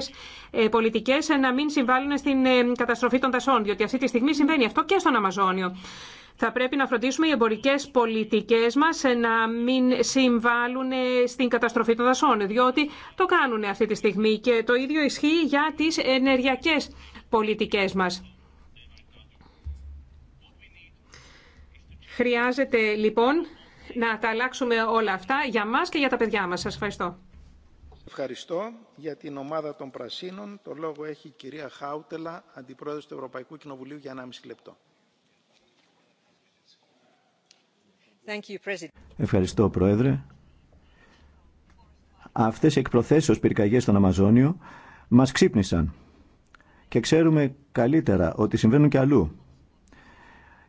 ε, πολιτικέ ε, να μην συμβάλλουν στην ε, καταστροφή των δασών. Διότι αυτή τη στιγμή συμβαίνει αυτό και στον Αμαζόνιο. Θα πρέπει να φροντίσουμε οι εμπορικέ πολιτικέ μα να μην συμβάλλουν στην καταστροφή των δασών, διότι το κάνουν αυτή τη στιγμή και το ίδιο ισχύει για τι ενεργειακέ πολιτικέ μα. Χρειάζεται λοιπόν να τα αλλάξουμε όλα αυτά για μας και για τα παιδιά μας. Σας ευχαριστώ. Ευχαριστώ για την ομάδα των Πρασίνων. Το λόγο έχει η κυρία Χάουτελα, Αντιπρόεδρος του Ευρωπαϊκού Κοινοβουλίου, για 1,5 λεπτό. Ευχαριστώ, Πρόεδρε. Αυτές οι εκπροθέσεις πυρκαγιές στον Αμαζόνιο μας ξύπνησαν και ξέρουμε καλύτερα ότι συμβαίνουν και αλλού.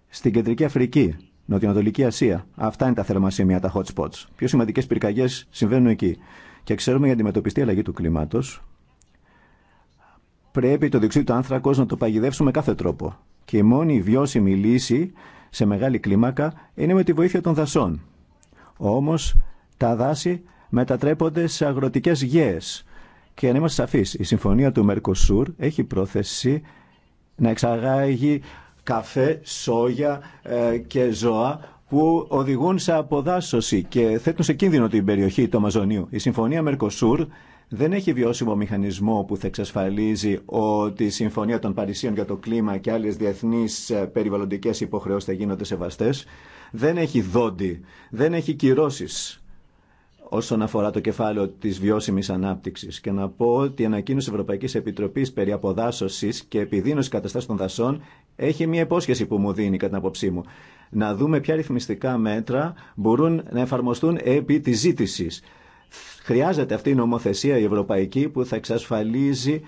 Στην Κεντρική Αφρική, Νοτιοανατολική Ασία. Αυτά είναι τα θερμασίμια, τα hot spots. Πιο σημαντικέ πυρκαγιέ συμβαίνουν εκεί. Και ξέρουμε για αντιμετωπιστή αλλαγή του κλίματο. Πρέπει το διοξείδιο του άνθρακο να το παγιδεύσουμε κάθε τρόπο. Και η μόνη βιώσιμη λύση σε μεγάλη κλίμακα είναι με τη βοήθεια των δασών. Όμω τα δάση μετατρέπονται σε αγροτικέ γέε. Και να είμαστε σαφεί, η συμφωνία του Μερκοσούρ έχει πρόθεση να εξαγάγει καφέ, σόγια ε, και ζώα που οδηγούν σε αποδάσωση και θέτουν σε κίνδυνο την περιοχή του Αμαζονίου. Η Συμφωνία Μερκοσούρ δεν έχει βιώσιμο μηχανισμό που θα εξασφαλίζει ότι η Συμφωνία των Παρισίων για το κλίμα και άλλες διεθνεί ε, περιβαλλοντικές υποχρεώσεις θα γίνονται σεβαστέ, Δεν έχει δόντι, δεν έχει κυρώσει όσον αφορά το κεφάλαιο τη βιώσιμη ανάπτυξη και να πω ότι η ανακοίνωση Ευρωπαϊκή Επιτροπή περί αποδάσωσης και επιδείνωση καταστάσεων των δασών έχει μια υπόσχεση που μου δίνει κατά την απόψή μου. Να δούμε ποια ρυθμιστικά μέτρα μπορούν να εφαρμοστούν επί τη ζήτηση. Χρειάζεται αυτή η νομοθεσία η ευρωπαϊκή που θα εξασφαλίζει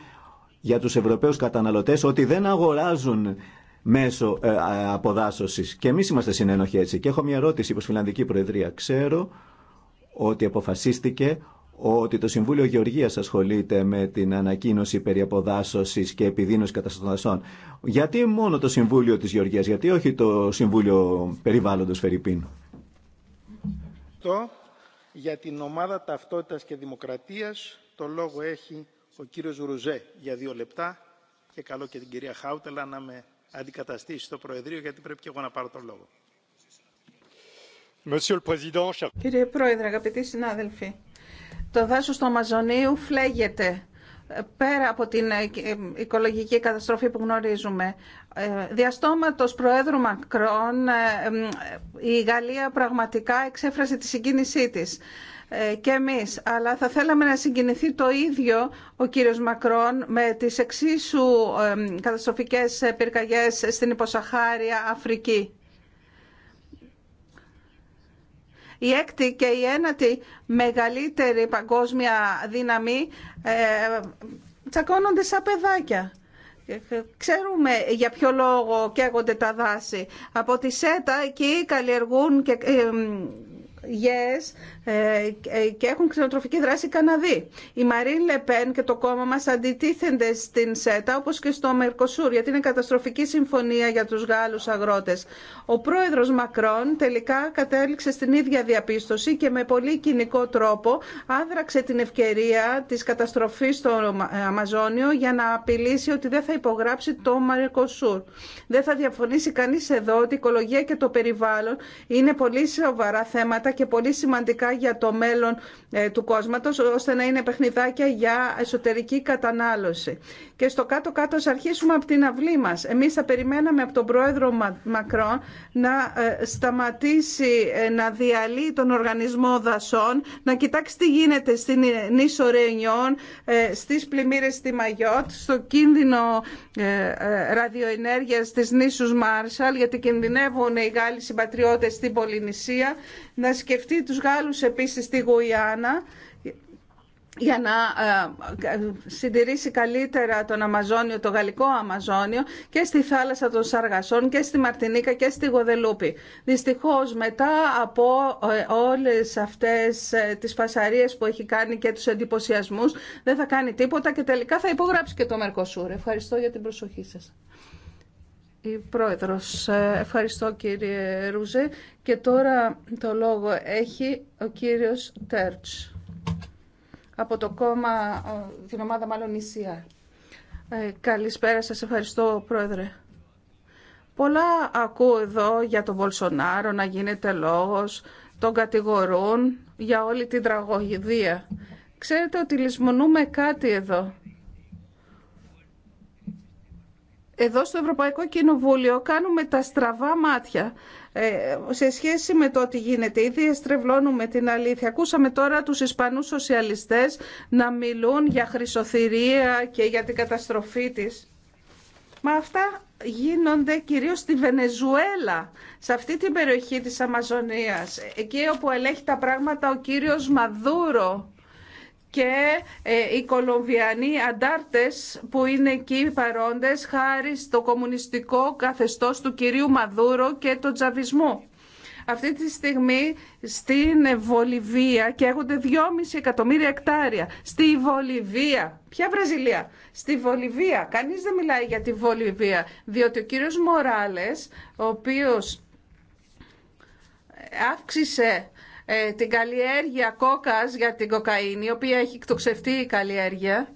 για τους Ευρωπαίους καταναλωτές ότι δεν αγοράζουν μέσω ε, αποδάσωσης. Και εμεί είμαστε συνένοχοι έτσι. Και έχω μια ερώτηση προς Φιλανδική Προεδρία. Ξέρω ότι αποφασίστηκε ότι το Συμβούλιο Γεωργίας ασχολείται με την ανακοίνωση περί και επιδείνωση καταστασών. Γιατί μόνο το Συμβούλιο της Γεωργίας, γιατί όχι το Συμβούλιο Περιβάλλοντος Το Για την ομάδα ταυτότητας και δημοκρατίας το λόγο έχει ο κύριος Ρουζέ για δύο λεπτά και καλό και την κυρία Χάουτελα να με αντικαταστήσει στο Προεδρείο γιατί πρέπει και εγώ να πάρω το λόγο. Κύριε Πρόεδρε, αγαπητοί συνάδελφοι, το δάσος του Αμαζονίου φλέγεται πέρα από την ε, ε, οικολογική καταστροφή που γνωρίζουμε. Ε, διαστόματος Προέδρου Μακρόν, η Γαλλία πραγματικά εξέφρασε τη συγκίνησή της και εμείς. Αλλά θα θέλαμε να συγκινηθεί το ίδιο ο κύριος Μακρόν με τις εξίσου καταστροφικές πυρκαγιές στην υποσαχάρια Αφρική. η έκτη και η ένατη μεγαλύτερη παγκόσμια δύναμη ε, τσακώνονται σαν παιδάκια. Ξέρουμε για ποιο λόγο καίγονται τα δάση. Από τη ΣΕΤΑ εκεί καλλιεργούν και γεές ε, ε, και έχουν ξενοτροφική δράση Καναδοί. Η Μαρίν Λεπέν και το κόμμα μα αντιτίθενται στην ΣΕΤΑ όπω και στο Μερκοσούρ γιατί είναι καταστροφική συμφωνία για του Γάλλου αγρότε. Ο πρόεδρο Μακρόν τελικά κατέληξε στην ίδια διαπίστωση και με πολύ κοινικό τρόπο άδραξε την ευκαιρία τη καταστροφή στο Αμαζόνιο για να απειλήσει ότι δεν θα υπογράψει το Μερκοσούρ. Δεν θα διαφωνήσει κανεί εδώ ότι η οικολογία και το περιβάλλον είναι πολύ σοβαρά θέματα και πολύ σημαντικά για το μέλλον ε, του κόσματος, ώστε να είναι παιχνιδάκια για εσωτερική κατανάλωση. Και στο κάτω-κάτω ας αρχίσουμε από την αυλή μας. Εμείς θα περιμέναμε από τον πρόεδρο Μακρόν να ε, σταματήσει ε, να διαλύει τον οργανισμό δασών, να κοιτάξει τι γίνεται στην νήσο Ρένιον στις πλημμύρες στη Μαγιότ, στο κίνδυνο ραδιοενέργειας της νήσους Μάρσαλ, γιατί κινδυνεύουν οι Γάλλοι συμπατριώτες στην Πολυνησία, να σκεφτεί τους Γάλλους επίσης στη Γουιάννα για να ε, συντηρήσει καλύτερα τον Αμαζόνιο, το γαλλικό Αμαζόνιο και στη θάλασσα των Σαργασών και στη Μαρτινίκα και στη Γοδελούπη. Δυστυχώς μετά από ε, όλες αυτές ε, τις φασαρίες που έχει κάνει και τους εντυπωσιασμούς δεν θα κάνει τίποτα και τελικά θα υπογράψει και το Μερκοσούρ. Ευχαριστώ για την προσοχή σας η Πρόεδρος. Ε, ευχαριστώ κύριε Ρούζε. Και τώρα το λόγο έχει ο κύριος Τέρτς από το κόμμα, την ομάδα μάλλον ECR. Ε, καλησπέρα σας, ευχαριστώ Πρόεδρε. Πολλά ακούω εδώ για τον Βολσονάρο να γίνεται λόγος, τον κατηγορούν για όλη την τραγωδία. Ξέρετε ότι λησμονούμε κάτι εδώ. εδώ στο Ευρωπαϊκό Κοινοβούλιο κάνουμε τα στραβά μάτια ε, σε σχέση με το ότι γίνεται. Ήδη εστρεβλώνουμε την αλήθεια. Ακούσαμε τώρα τους Ισπανούς σοσιαλιστές να μιλούν για χρυσοθυρία και για την καταστροφή της. Μα αυτά γίνονται κυρίως στη Βενεζουέλα, σε αυτή την περιοχή της Αμαζονίας, εκεί όπου ελέγχει τα πράγματα ο κύριος Μαδούρο και ε, οι Κολομβιανοί αντάρτες που είναι εκεί παρόντες χάρη στο κομμουνιστικό καθεστώς του κυρίου Μαδούρο και τον τζαβισμό. Αυτή τη στιγμή στην Βολιβία και έχονται 2,5 εκατομμύρια εκτάρια. Στη Βολιβία. Ποια Βραζιλία. Στη Βολιβία. Κανείς δεν μιλάει για τη Βολιβία. Διότι ο κύριος Μοράλες, ο οποίος ε, αύξησε ε, την καλλιέργεια κόκας για την κοκαίνη, η οποία έχει εκτοξευτεί η καλλιέργεια,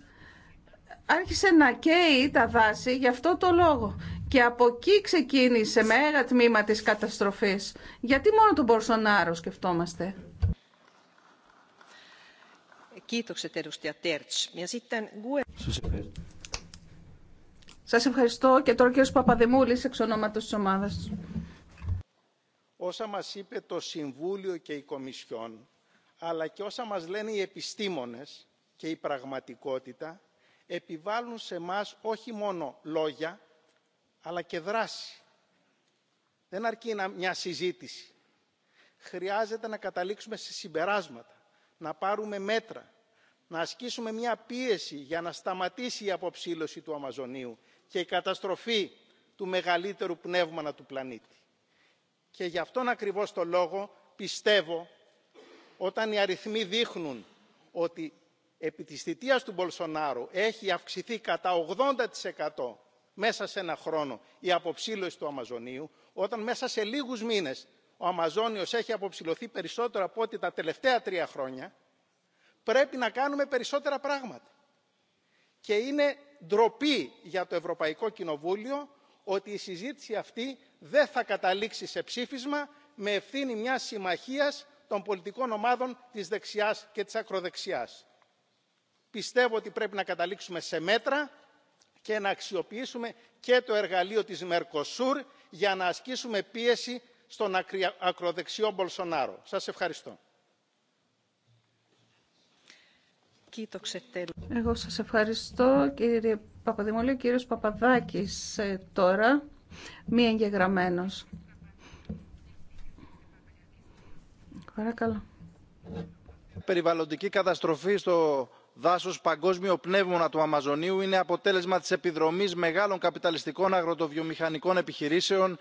άρχισε να καίει τα δάση γι' αυτό το λόγο. Και από εκεί ξεκίνησε μέγα τμήμα της καταστροφής. Γιατί μόνο τον Μπορσονάρο σκεφτόμαστε. Σας ευχαριστώ και τώρα ο κ. Παπαδημούλης εξ ονόματος της ομάδας του όσα μας είπε το Συμβούλιο και η Κομισιόν, αλλά και όσα μας λένε οι επιστήμονες και η πραγματικότητα, επιβάλλουν σε μας όχι μόνο λόγια, αλλά και δράση. Δεν αρκεί μια συζήτηση. Χρειάζεται να καταλήξουμε σε συμπεράσματα, να πάρουμε μέτρα, να ασκήσουμε μια πίεση για να σταματήσει η αποψήλωση του Αμαζονίου και η καταστροφή του μεγαλύτερου πνεύμανα του πλανήτη και γι' αυτόν ακριβώς τον λόγο πιστεύω όταν οι αριθμοί δείχνουν ότι επί της θητείας του μπολσονάρου έχει αυξηθεί κατά 80% μέσα σε ένα χρόνο η αποψήλωση του αμαζονίου όταν μέσα σε λίγους μήνες ο αμαζόνιος έχει αποψηλωθεί περισσότερο από ό,τι τα τελευταία τρία χρόνια πρέπει να κάνουμε περισσότερα πράγματα. Και είναι ντροπή για το Ευρωπαϊκό Κοινοβούλιο ότι η συζήτηση αυτή δεν θα καταλήξει σε ψήφισμα με ευθύνη μιας συμμαχίας των πολιτικών ομάδων της δεξιάς και της ακροδεξιάς. πιστεύω ότι πρέπει να καταλήξουμε σε μέτρα και να αξιοποιήσουμε και το εργαλείο της μερκοσούρ για να ασκήσουμε πίεση στον ακροδεξιό μπολσονάρο. σας ευχαριστώ. Παπαδημολίου, ο κύριος Παπαδάκης ε, τώρα, μη εγγεγραμμένος. Παρακαλώ. Περιβαλλοντική καταστροφή στο δάσος παγκόσμιο πνεύμονα του Αμαζονίου είναι αποτέλεσμα της επιδρομής μεγάλων καπιταλιστικών αγροτοβιομηχανικών επιχειρήσεων,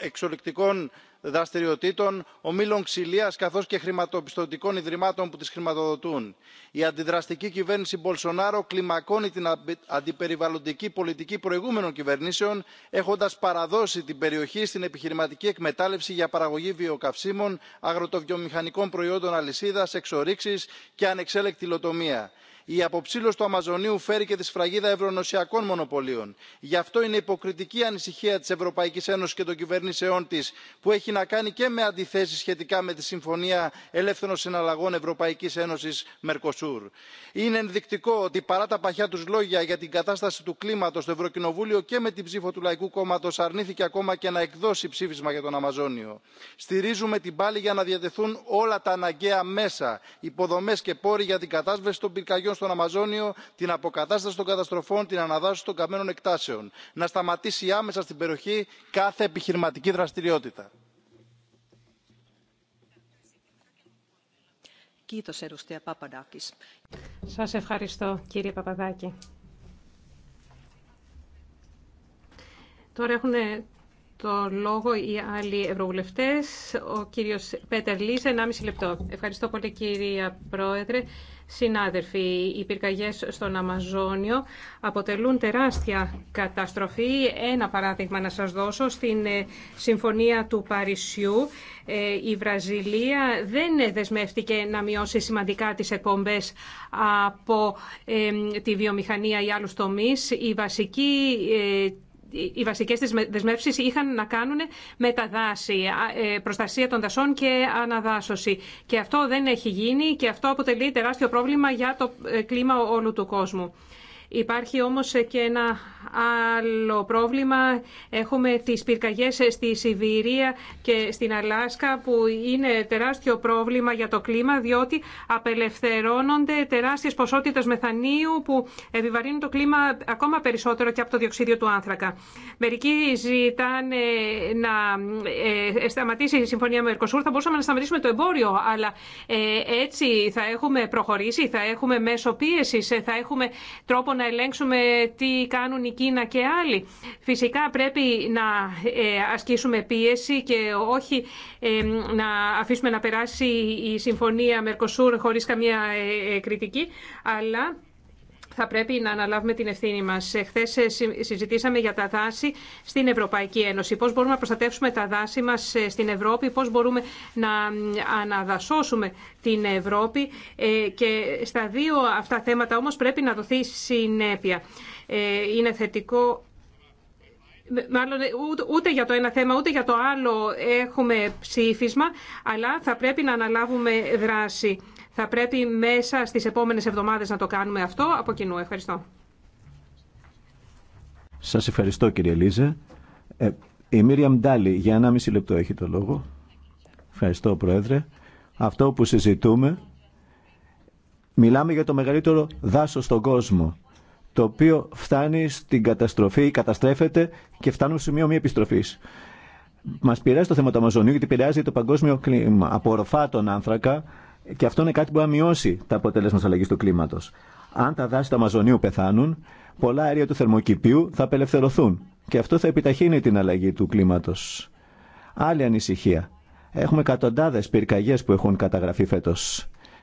εξορυκτικών δραστηριοτήτων ομίλων ξυλίας καθώς και χρηματοπιστωτικών ιδρυμάτων που τις χρηματοδοτούν. η αντιδραστική κυβέρνηση μπολσονάρο κλιμακώνει την αντιπεριβαλλοντική πολιτική προηγούμενων κυβερνήσεων έχοντας παραδώσει την περιοχή στην επιχειρηματική εκμετάλλευση για παραγωγή βιοκαυσίμων αγροτοβιομηχανικών προϊόντων αλυσίδας εξορίξεις και ανεξέλεκτη λοτομία η αποψήλωση του αμαζονίου φέρει και τη σφραγίδα ευρωνοσιακών μονοπωλίων. γι' αυτό είναι υποκριτική ανησυχία τη ευρωπαϊκή ένωση και των κυβερνήσεών τη που έχει να κάνει και με αντιθέσει σχετικά με τη συμφωνία ελεύθερων συναλλαγών ευρωπαϊκή ένωση μερκοσουρ. είναι ενδεικτικό ότι παρά τα παχιά του λόγια για την κατάσταση του κλίματο το ευρωκοινοβούλιο και με την ψήφο του λαϊκού κόμματο αρνήθηκε ακόμα και να εκδώσει ψήφισμα για τον αμαζόνιο. στηρίζουμε την πάλη για να διατεθούν όλα τα αναγκαία μέσα υποδομέ και πόροι για την κατάσβεση των πυρκαγιών στον αμαζόνιο την αποκατάσταση των καταστροφών την αναδάση των καμένων εκτάσεων. να σταματήσει άμεσα στην περιοχή κάθε επιχειρηματική δραστηριότητα. Σας ευχαριστώ κύριε Παπαδάκη. Τώρα έχουν το λόγο οι άλλοι ευρωβουλευτές. Ο κύριος Πέτερ Λίζα, 1,5 λεπτό. Ευχαριστώ πολύ κύριε Πρόεδρε. Συνάδελφοι, οι πυρκαγιές στον Αμαζόνιο αποτελούν τεράστια καταστροφή. Ένα παράδειγμα να σας δώσω στην ε, Συμφωνία του Παρισιού. Ε, η Βραζιλία δεν δεσμεύτηκε να μειώσει σημαντικά τις εκπομπές από ε, τη βιομηχανία ή άλλους τομείς. Η βασική οι βασικέ της δεσμεύσεις είχαν να κάνουν με τα δάση, ε, προστασία των δασών και αναδάσωση. Και αυτό δεν έχει γίνει και αυτό αποτελεί τεράστιο πρόβλημα για το ε, κλίμα όλου του κόσμου. Υπάρχει όμως και ένα άλλο πρόβλημα. Έχουμε τις πυρκαγιές στη Σιβηρία και στην Αλάσκα που είναι τεράστιο πρόβλημα για το κλίμα διότι απελευθερώνονται τεράστιες ποσότητες μεθανίου που επιβαρύνουν το κλίμα ακόμα περισσότερο και από το διοξίδιο του άνθρακα. Μερικοί ζητάνε να ε, ε, σταματήσει η συμφωνία με Ερκοσούρ. Θα μπορούσαμε να σταματήσουμε το εμπόριο, αλλά ε, έτσι θα έχουμε προχωρήσει, θα έχουμε μέσο πίεση, θα έχουμε τρόπο να ελέγξουμε τι κάνουν οι Κίνα και άλλοι. Φυσικά πρέπει να ε, ασκήσουμε πίεση και όχι ε, να αφήσουμε να περάσει η συμφωνία Μερκοσούρ χωρίς καμία ε, κριτική, αλλά θα πρέπει να αναλάβουμε την ευθύνη μα. Χθε συζητήσαμε για τα δάση στην Ευρωπαϊκή Ένωση. Πώ μπορούμε να προστατεύσουμε τα δάση μα στην Ευρώπη, πώ μπορούμε να αναδασώσουμε την Ευρώπη. Και στα δύο αυτά θέματα όμω πρέπει να δοθεί συνέπεια. Ε, είναι θετικό. Μάλλον ούτε για το ένα θέμα ούτε για το άλλο έχουμε ψήφισμα, αλλά θα πρέπει να αναλάβουμε δράση. Θα πρέπει μέσα στις επόμενες εβδομάδες να το κάνουμε αυτό από κοινού. Ευχαριστώ. Σας ευχαριστώ κύριε Λίζε. Ε, η Μίρια Μντάλη για 1,5 λεπτό έχει το λόγο. Ευχαριστώ Πρόεδρε. Αυτό που συζητούμε, μιλάμε για το μεγαλύτερο δάσος στον κόσμο το οποίο φτάνει στην καταστροφή, καταστρέφεται και φτάνουμε στο σημείο μη επιστροφή. Μα πειράζει το θέμα του Αμαζονίου γιατί πειράζει το παγκόσμιο κλίμα. Απορροφά τον άνθρακα και αυτό είναι κάτι που μπορεί μειώσει τα αποτέλεσμα τη αλλαγή του κλίματο. Αν τα δάση του Αμαζονίου πεθάνουν, πολλά αέρια του θερμοκηπίου θα απελευθερωθούν και αυτό θα επιταχύνει την αλλαγή του κλίματο. Άλλη ανησυχία. Έχουμε εκατοντάδε πυρκαγιέ που έχουν καταγραφεί φέτο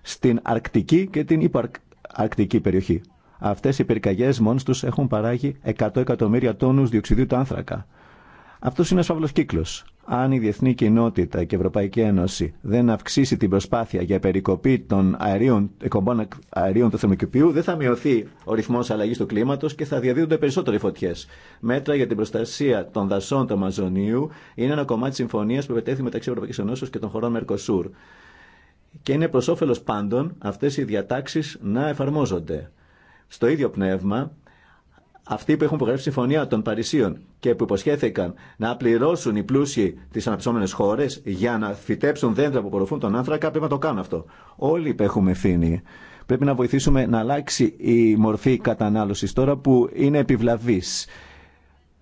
στην Αρκτική και την Υπαρκτική περιοχή. Αυτέ οι πυρκαγιέ μόνο του έχουν παράγει 100 εκατομμύρια τόνου διοξιδίου του άνθρακα. Αυτό είναι ένα φαύλο κύκλο. Αν η διεθνή κοινότητα και η Ευρωπαϊκή Ένωση δεν αυξήσει την προσπάθεια για περικοπή των αερίων, εκπομπών αερίων του θερμοκηπίου, δεν θα μειωθεί ο ρυθμό αλλαγή του κλίματο και θα διαδίδονται περισσότεροι φωτιέ. Μέτρα για την προστασία των δασών του Αμαζονίου είναι ένα κομμάτι τη συμφωνία που επετέθη μεταξύ Ευρωπαϊκή Ένωση και των χωρών Μερκοσούρ. Και είναι προ όφελο πάντων αυτέ οι διατάξει να εφαρμόζονται. Στο ίδιο πνεύμα, αυτοί που έχουν προγράψει Συμφωνία των Παρισίων και που υποσχέθηκαν να πληρώσουν οι πλούσιοι τι αναπτυσσόμενε χώρε για να φυτέψουν δέντρα που απορροφούν τον άνθρακα, πρέπει να το κάνουν αυτό. Όλοι που έχουμε ευθύνη. Πρέπει να βοηθήσουμε να αλλάξει η μορφή κατανάλωση τώρα που είναι επιβλαβή.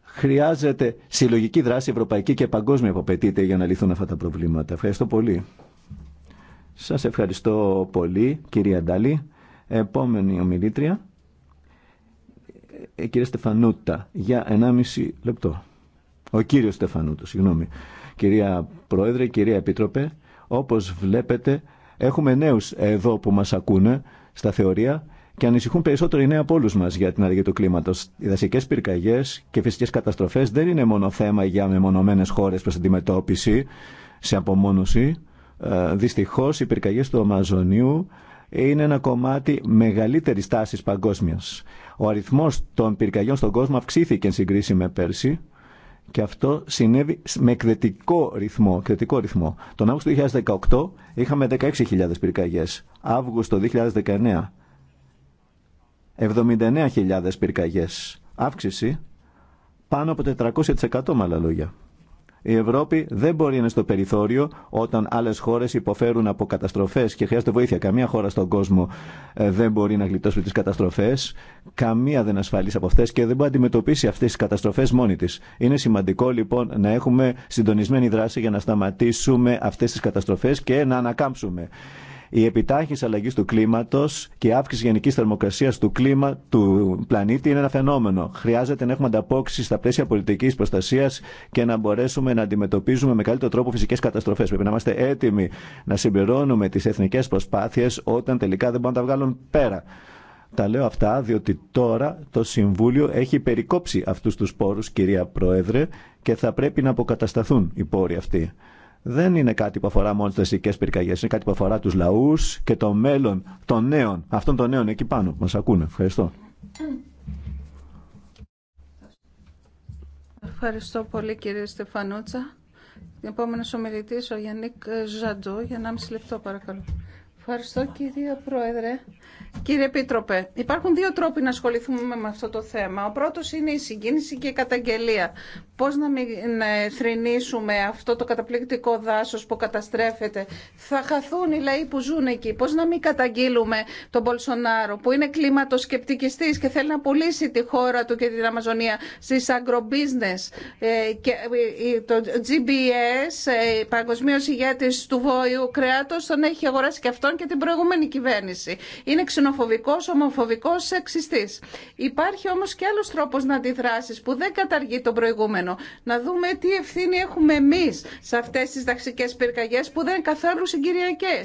Χρειάζεται συλλογική δράση ευρωπαϊκή και παγκόσμια που απαιτείται για να λυθούν αυτά τα προβλήματα. Ευχαριστώ πολύ. Σα ευχαριστώ πολύ, κυρία Ντάλη. Επόμενη ομιλήτρια. Ε, κύριε Στεφανούτα για 1,5 λεπτό. Ο κύριος Στεφανούτα συγγνώμη. Κυρία Πρόεδρε, κυρία Επίτροπε, όπως βλέπετε έχουμε νέους εδώ που μας ακούνε στα θεωρία και ανησυχούν περισσότερο οι νέοι από όλου μα για την αλλαγή του κλίματο. Οι δασικέ πυρκαγιέ και φυσικέ καταστροφέ δεν είναι μόνο θέμα για μεμονωμένε χώρε προ αντιμετώπιση σε απομόνωση. Ε, Δυστυχώ οι πυρκαγιέ του Αμαζονίου είναι ένα κομμάτι μεγαλύτερη τάση παγκόσμια. Ο αριθμός των πυρκαγιών στον κόσμο αυξήθηκε εν συγκρίση με πέρσι και αυτό συνέβη με εκδετικό ρυθμό. ρυθμό. Τον Αύγουστο 2018 είχαμε 16.000 πυρκαγιές. Αύγουστο 2019 79.000 πυρκαγιές. Αύξηση πάνω από 400% με άλλα λόγια. Η Ευρώπη δεν μπορεί να είναι στο περιθώριο όταν άλλε χώρε υποφέρουν από καταστροφέ και χρειάζεται βοήθεια. Καμία χώρα στον κόσμο ε, δεν μπορεί να γλιτώσει τι καταστροφέ. Καμία δεν ασφαλεί από αυτέ και δεν μπορεί να αντιμετωπίσει αυτέ τι καταστροφέ μόνη τη. Είναι σημαντικό λοιπόν να έχουμε συντονισμένη δράση για να σταματήσουμε αυτέ τι καταστροφέ και να ανακάμψουμε. Η επιτάχυνση αλλαγή του κλίματο και η αύξηση γενική θερμοκρασία του κλίμα του πλανήτη είναι ένα φαινόμενο. Χρειάζεται να έχουμε ανταπόκριση στα πλαίσια πολιτική προστασία και να μπορέσουμε να αντιμετωπίζουμε με καλύτερο τρόπο φυσικέ καταστροφέ. Πρέπει να είμαστε έτοιμοι να συμπληρώνουμε τι εθνικέ προσπάθειε όταν τελικά δεν μπορούν να τα βγάλουν πέρα. Τα λέω αυτά διότι τώρα το Συμβούλιο έχει περικόψει αυτούς τους πόρους, κυρία Πρόεδρε, και θα πρέπει να αποκατασταθούν οι πόροι αυτοί δεν είναι κάτι που αφορά μόνο τι δασικέ πυρκαγιέ. Είναι κάτι που αφορά του λαού και το μέλλον των νέων, αυτών των νέων εκεί πάνω μα ακούνε. Ευχαριστώ. Ευχαριστώ πολύ κύριε Στεφανούτσα. Επόμενος ομιλητής ο Γιάννη Ζαντζό για να 1,5 λεπτό παρακαλώ. Ευχαριστώ κύριε Πρόεδρε. Κύριε Επίτροπε, υπάρχουν δύο τρόποι να ασχοληθούμε με αυτό το θέμα. Ο πρώτος είναι η συγκίνηση και η καταγγελία. Πώς να μην ε, θρυνήσουμε αυτό το καταπληκτικό δάσος που καταστρέφεται. Θα χαθούν οι λαοί που ζουν εκεί. Πώς να μην καταγγείλουμε τον Πολσονάρο που είναι κλίματοσκεπτικιστής και θέλει να πουλήσει τη χώρα του και την Αμαζονία στις agro-business. Ε, και ε, το GPS, παγκοσμίω ηγέτης του Βόλου Κρέατος, τον έχει αγοράσει και αυτόν και την προηγούμενη κυβέρνηση. Είναι ξενοφοβικό, ομοφοβικός, σεξιστής. Υπάρχει όμω και άλλο τρόπο να αντιδράσει που δεν καταργεί τον προηγούμενο. Να δούμε τι ευθύνη έχουμε εμεί σε αυτέ τι δαξικέ πυρκαγιέ που δεν είναι καθόλου συγκυριακέ.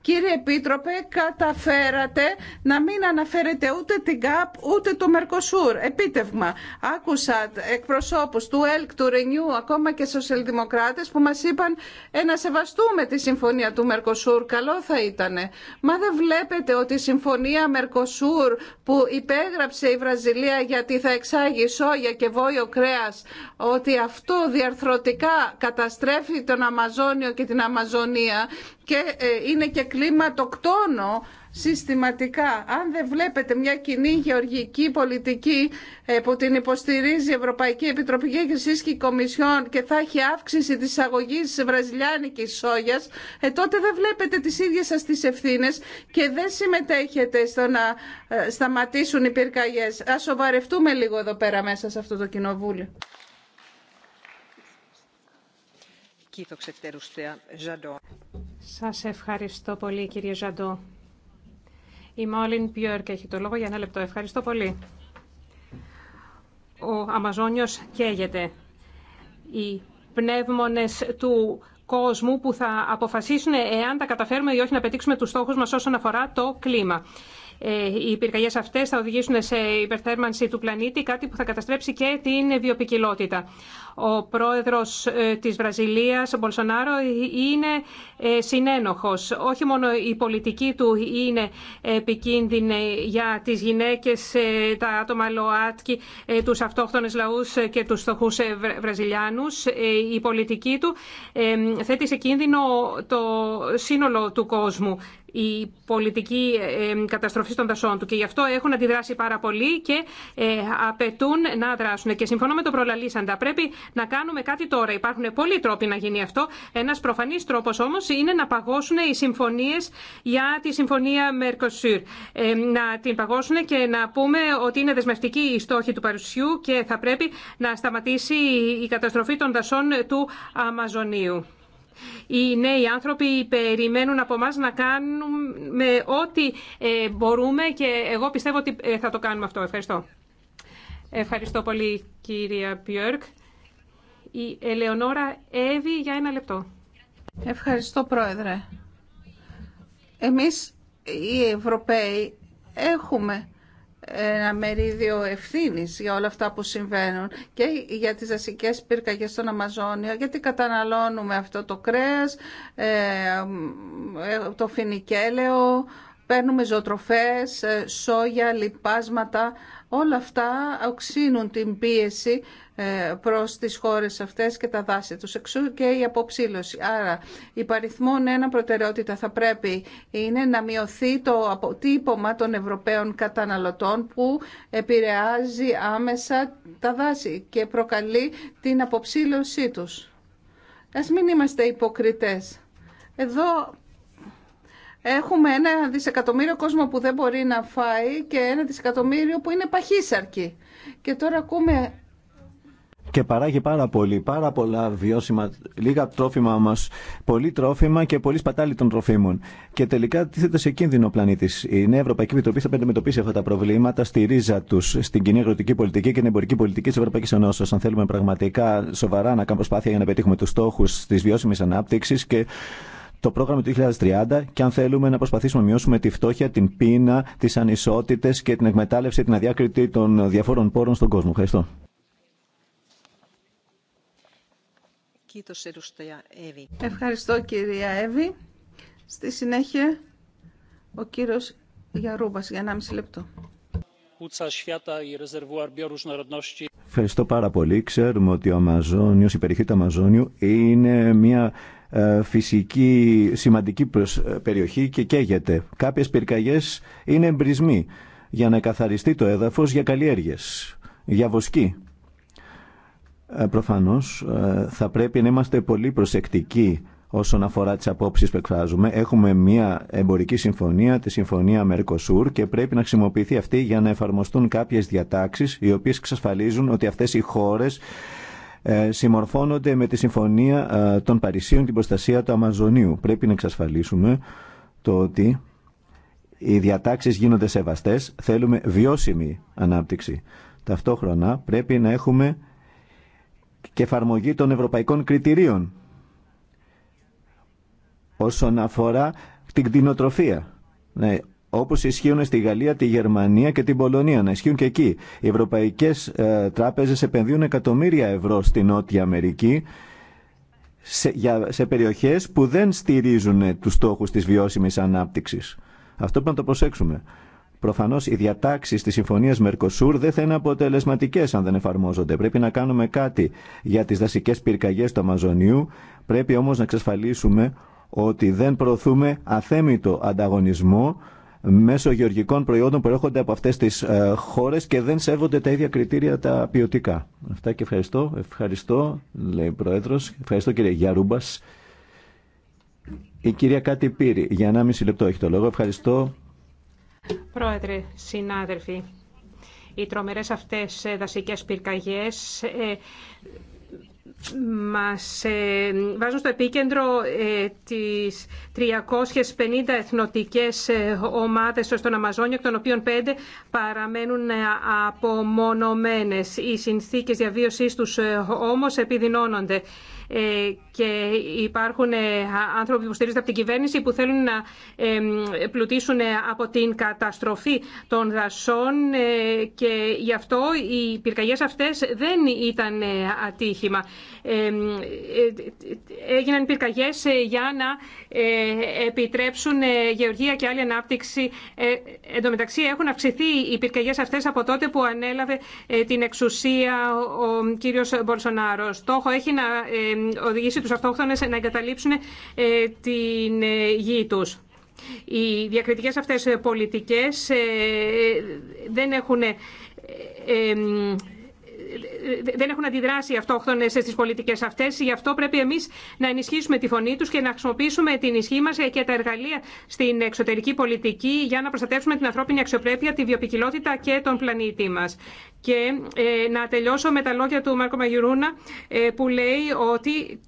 Κύριε Επίτροπε, καταφέρατε να μην αναφέρετε ούτε την ΚΑΠ ούτε το Μερκοσούρ. Επίτευγμα. Άκουσα εκπροσώπου του ΕΛΚ, του ΡΕΝΙΟΥ, ακόμα και σοσιαλδημοκράτε που μα είπαν ε, να σεβαστούμε τη συμφωνία του Μερκοσούρ. Καλό θα ήταν. Μα δεν βλέπετε ότι η συμφωνία συμφωνία Μερκοσούρ που υπέγραψε η Βραζιλία γιατί θα εξάγει σόγια και βόλιο κρέας, ότι αυτό διαρθρωτικά καταστρέφει τον Αμαζόνιο και την Αμαζονία και ε, είναι και κλίμα τοκτόνο συστηματικά. Αν δεν βλέπετε μια κοινή γεωργική πολιτική ε, που την υποστηρίζει η Ευρωπαϊκή Επιτροπή και η και Κομισιόν και θα έχει αύξηση της αγωγής βραζιλιάνικης σόγιας, ε, τότε δεν βλέπετε τις ίδιες σας τις ευθύνες και δεν συμμετέχετε στο να ε, σταματήσουν οι πυρκαγιές. Ας σοβαρευτούμε λίγο εδώ πέρα μέσα σε αυτό το κοινοβούλιο. Σας ευχαριστώ πολύ κύριε Ζαντό. Η Μόλιν Πιόρκ έχει το λόγο για ένα λεπτό. Ευχαριστώ πολύ. Ο Αμαζόνιος καίγεται. Οι πνεύμονες του κόσμου που θα αποφασίσουν εάν τα καταφέρουμε ή όχι να πετύξουμε τους στόχους μας όσον αφορά το κλίμα. Ε, οι πυρκαγιέ αυτέ θα οδηγήσουν σε υπερθέρμανση του πλανήτη, κάτι που θα καταστρέψει και την βιοπικιλότητα. Ο πρόεδρος ε, της Βραζιλίας, ο Μπολσονάρο, ε, είναι συνένοχος. Όχι μόνο η πολιτική του είναι επικίνδυνη για τις γυναίκες, τα άτομα ΛΟΑΤΚΙ, τους αυτόχθονες λαούς και τους στοχούς Βραζιλιάνους. Η πολιτική του θέτει σε κίνδυνο το σύνολο του κόσμου η πολιτική ε, ε, καταστροφή των δασών του. Και γι' αυτό έχουν αντιδράσει πάρα πολύ και ε, απαιτούν να δράσουν. Και συμφωνώ με τον προλαλήσαντα. Πρέπει να κάνουμε κάτι τώρα. Υπάρχουν πολλοί τρόποι να γίνει αυτό. Ένα προφανή τρόπο όμω είναι να παγώσουν οι συμφωνίε για τη συμφωνία Mercosur. Να την παγώσουν και να πούμε ότι είναι δεσμευτική η στόχη του παρουσιού και θα πρέπει να σταματήσει η καταστροφή των δασών του Αμαζονίου. Οι νέοι άνθρωποι περιμένουν από εμά να κάνουμε ό,τι ε, μπορούμε και εγώ πιστεύω ότι ε, θα το κάνουμε αυτό. Ευχαριστώ. Ευχαριστώ πολύ κυρία Πιόρκ. Η Ελεονόρα Εύη για ένα λεπτό. Ευχαριστώ πρόεδρε. Εμείς οι Ευρωπαίοι έχουμε ένα μερίδιο ευθύνη για όλα αυτά που συμβαίνουν και για τις δασικές πυρκαγιές στον Αμαζόνιο γιατί καταναλώνουμε αυτό το κρέας, ε, ε, το φινικέλαιο, παίρνουμε ζωοτροφές, ε, σόγια, λιπάσματα Όλα αυτά οξύνουν την πίεση ε, προς τις χώρες αυτές και τα δάση τους. Εξού και η αποψήλωση. Άρα η παριθμόν ένα προτεραιότητα θα πρέπει είναι να μειωθεί το αποτύπωμα των Ευρωπαίων καταναλωτών που επηρεάζει άμεσα τα δάση και προκαλεί την αποψήλωσή τους. Ας μην είμαστε υποκριτές. Εδώ Έχουμε ένα δισεκατομμύριο κόσμο που δεν μπορεί να φάει και ένα δισεκατομμύριο που είναι παχύσαρκοι. Και τώρα ακούμε και παράγει πάρα πολύ, πάρα πολλά βιώσιμα, λίγα τρόφιμα μα, πολύ τρόφιμα και πολύ σπατάλη των τροφίμων. Και τελικά τίθεται σε κίνδυνο ο πλανήτη. Η Νέα Ευρωπαϊκή Επιτροπή θα αντιμετωπίσει αυτά τα προβλήματα στη ρίζα του, στην κοινή αγροτική πολιτική και την εμπορική πολιτική τη Ευρωπαϊκή Ενώσεω. Αν θέλουμε πραγματικά σοβαρά να κάνουμε προσπάθεια για να πετύχουμε του στόχου τη βιώσιμη ανάπτυξη και το πρόγραμμα του 2030 και αν θέλουμε να προσπαθήσουμε να μειώσουμε τη φτώχεια, την πείνα, τι ανισότητε και την εκμετάλλευση, την αδιάκριτη των διαφόρων πόρων στον κόσμο. Ευχαριστώ. Ευχαριστώ κυρία Εύη. Στη συνέχεια ο κύριος Γιαρούμπας για 1,5 λεπτό. Ευχαριστώ πάρα πολύ. Ξέρουμε ότι ο Αμαζόνιος, η περιοχή του Αμαζόνιου είναι μια ε, φυσική σημαντική ε, περιοχή και καίγεται. Κάποιες πυρκαγιές είναι εμπρισμοί για να καθαριστεί το έδαφος για καλλιέργειες, για βοσκή. Ε, προφανώς θα πρέπει να είμαστε πολύ προσεκτικοί όσον αφορά τις απόψεις που εκφράζουμε. Έχουμε μια εμπορική συμφωνία, τη συμφωνία Μερκοσούρ και πρέπει να χρησιμοποιηθεί αυτή για να εφαρμοστούν κάποιες διατάξεις οι οποίες εξασφαλίζουν ότι αυτές οι χώρες ε, συμμορφώνονται με τη Συμφωνία ε, των Παρισίων την προστασία του Αμαζονίου. Πρέπει να εξασφαλίσουμε το ότι οι διατάξεις γίνονται σεβαστές. Θέλουμε βιώσιμη ανάπτυξη. Ταυτόχρονα πρέπει να έχουμε και εφαρμογή των ευρωπαϊκών κριτηρίων όσον αφορά την κτηνοτροφία. Ναι, όπως ισχύουν στη Γαλλία, τη Γερμανία και την Πολωνία, να ισχύουν και εκεί. Οι ευρωπαϊκές ε, τράπεζες επενδύουν εκατομμύρια ευρώ στη Νότια Αμερική σε, για, σε περιοχές που δεν στηρίζουν τους στόχους της βιώσιμης ανάπτυξης. Αυτό πρέπει να το προσέξουμε. Προφανώ οι διατάξει τη συμφωνία Μερκοσούρ δεν θα είναι αποτελεσματικέ αν δεν εφαρμόζονται. Πρέπει να κάνουμε κάτι για τι δασικέ πυρκαγιέ του Αμαζονίου. Πρέπει όμω να εξασφαλίσουμε ότι δεν προωθούμε αθέμητο ανταγωνισμό μέσω γεωργικών προϊόντων που έρχονται από αυτές τις ε, χώρες και δεν σέβονται τα ίδια κριτήρια τα ποιοτικά. Αυτά και ευχαριστώ. Ευχαριστώ, λέει ο Πρόεδρος. Ευχαριστώ κύριε Γιαρούμπας. Η κυρία Κάτι Πύρη, για 1,5 λεπτό έχει το λόγο. Ευχαριστώ. Πρόεδρε, συνάδελφοι, οι τρομερές αυτές ε, δασικές πυρκαγιές ε, μας ε, βάζουν στο επίκεντρο ε, τις 350 εθνοτικές ε, ομάδες στον Αμαζόνιο, εκ των οποίων πέντε παραμένουν απομονωμένες. Οι συνθήκες διαβίωσής τους όμως επιδεινώνονται. Ε, και υπάρχουν ε, άνθρωποι που στηρίζονται από την κυβέρνηση που θέλουν να ε, πλουτίσουν από την καταστροφή των δασών και γι' αυτό οι πυρκαγιές αυτές δεν ήταν ατύχημα. Ε, έγιναν πυρκαγιές ε, για να ε, επιτρέψουν γεωργία και άλλη ανάπτυξη. Εν τω μεταξύ έχουν αυξηθεί οι πυρκαγιές αυτές από τότε που ανέλαβε την εξουσία ο κύριος Μπολσονάρο. Στόχο έχει να οδηγήσει τους αυτόχθονε να εγκαταλείψουν την γη τους. Οι διακριτικές αυτές πολιτικές δεν έχουν δεν έχουν αντιδράσει αυτόχθονε στι πολιτικέ αυτέ. Γι' αυτό πρέπει εμεί να ενισχύσουμε τη φωνή του και να χρησιμοποιήσουμε την ισχύ μα και τα εργαλεία στην εξωτερική πολιτική για να προστατεύσουμε την ανθρώπινη αξιοπρέπεια, τη βιοπικιλότητα και τον πλανήτη μα. Και ε, να τελειώσω με τα λόγια του Μάρκο Μαγιουρούνα ε, που λέει ότι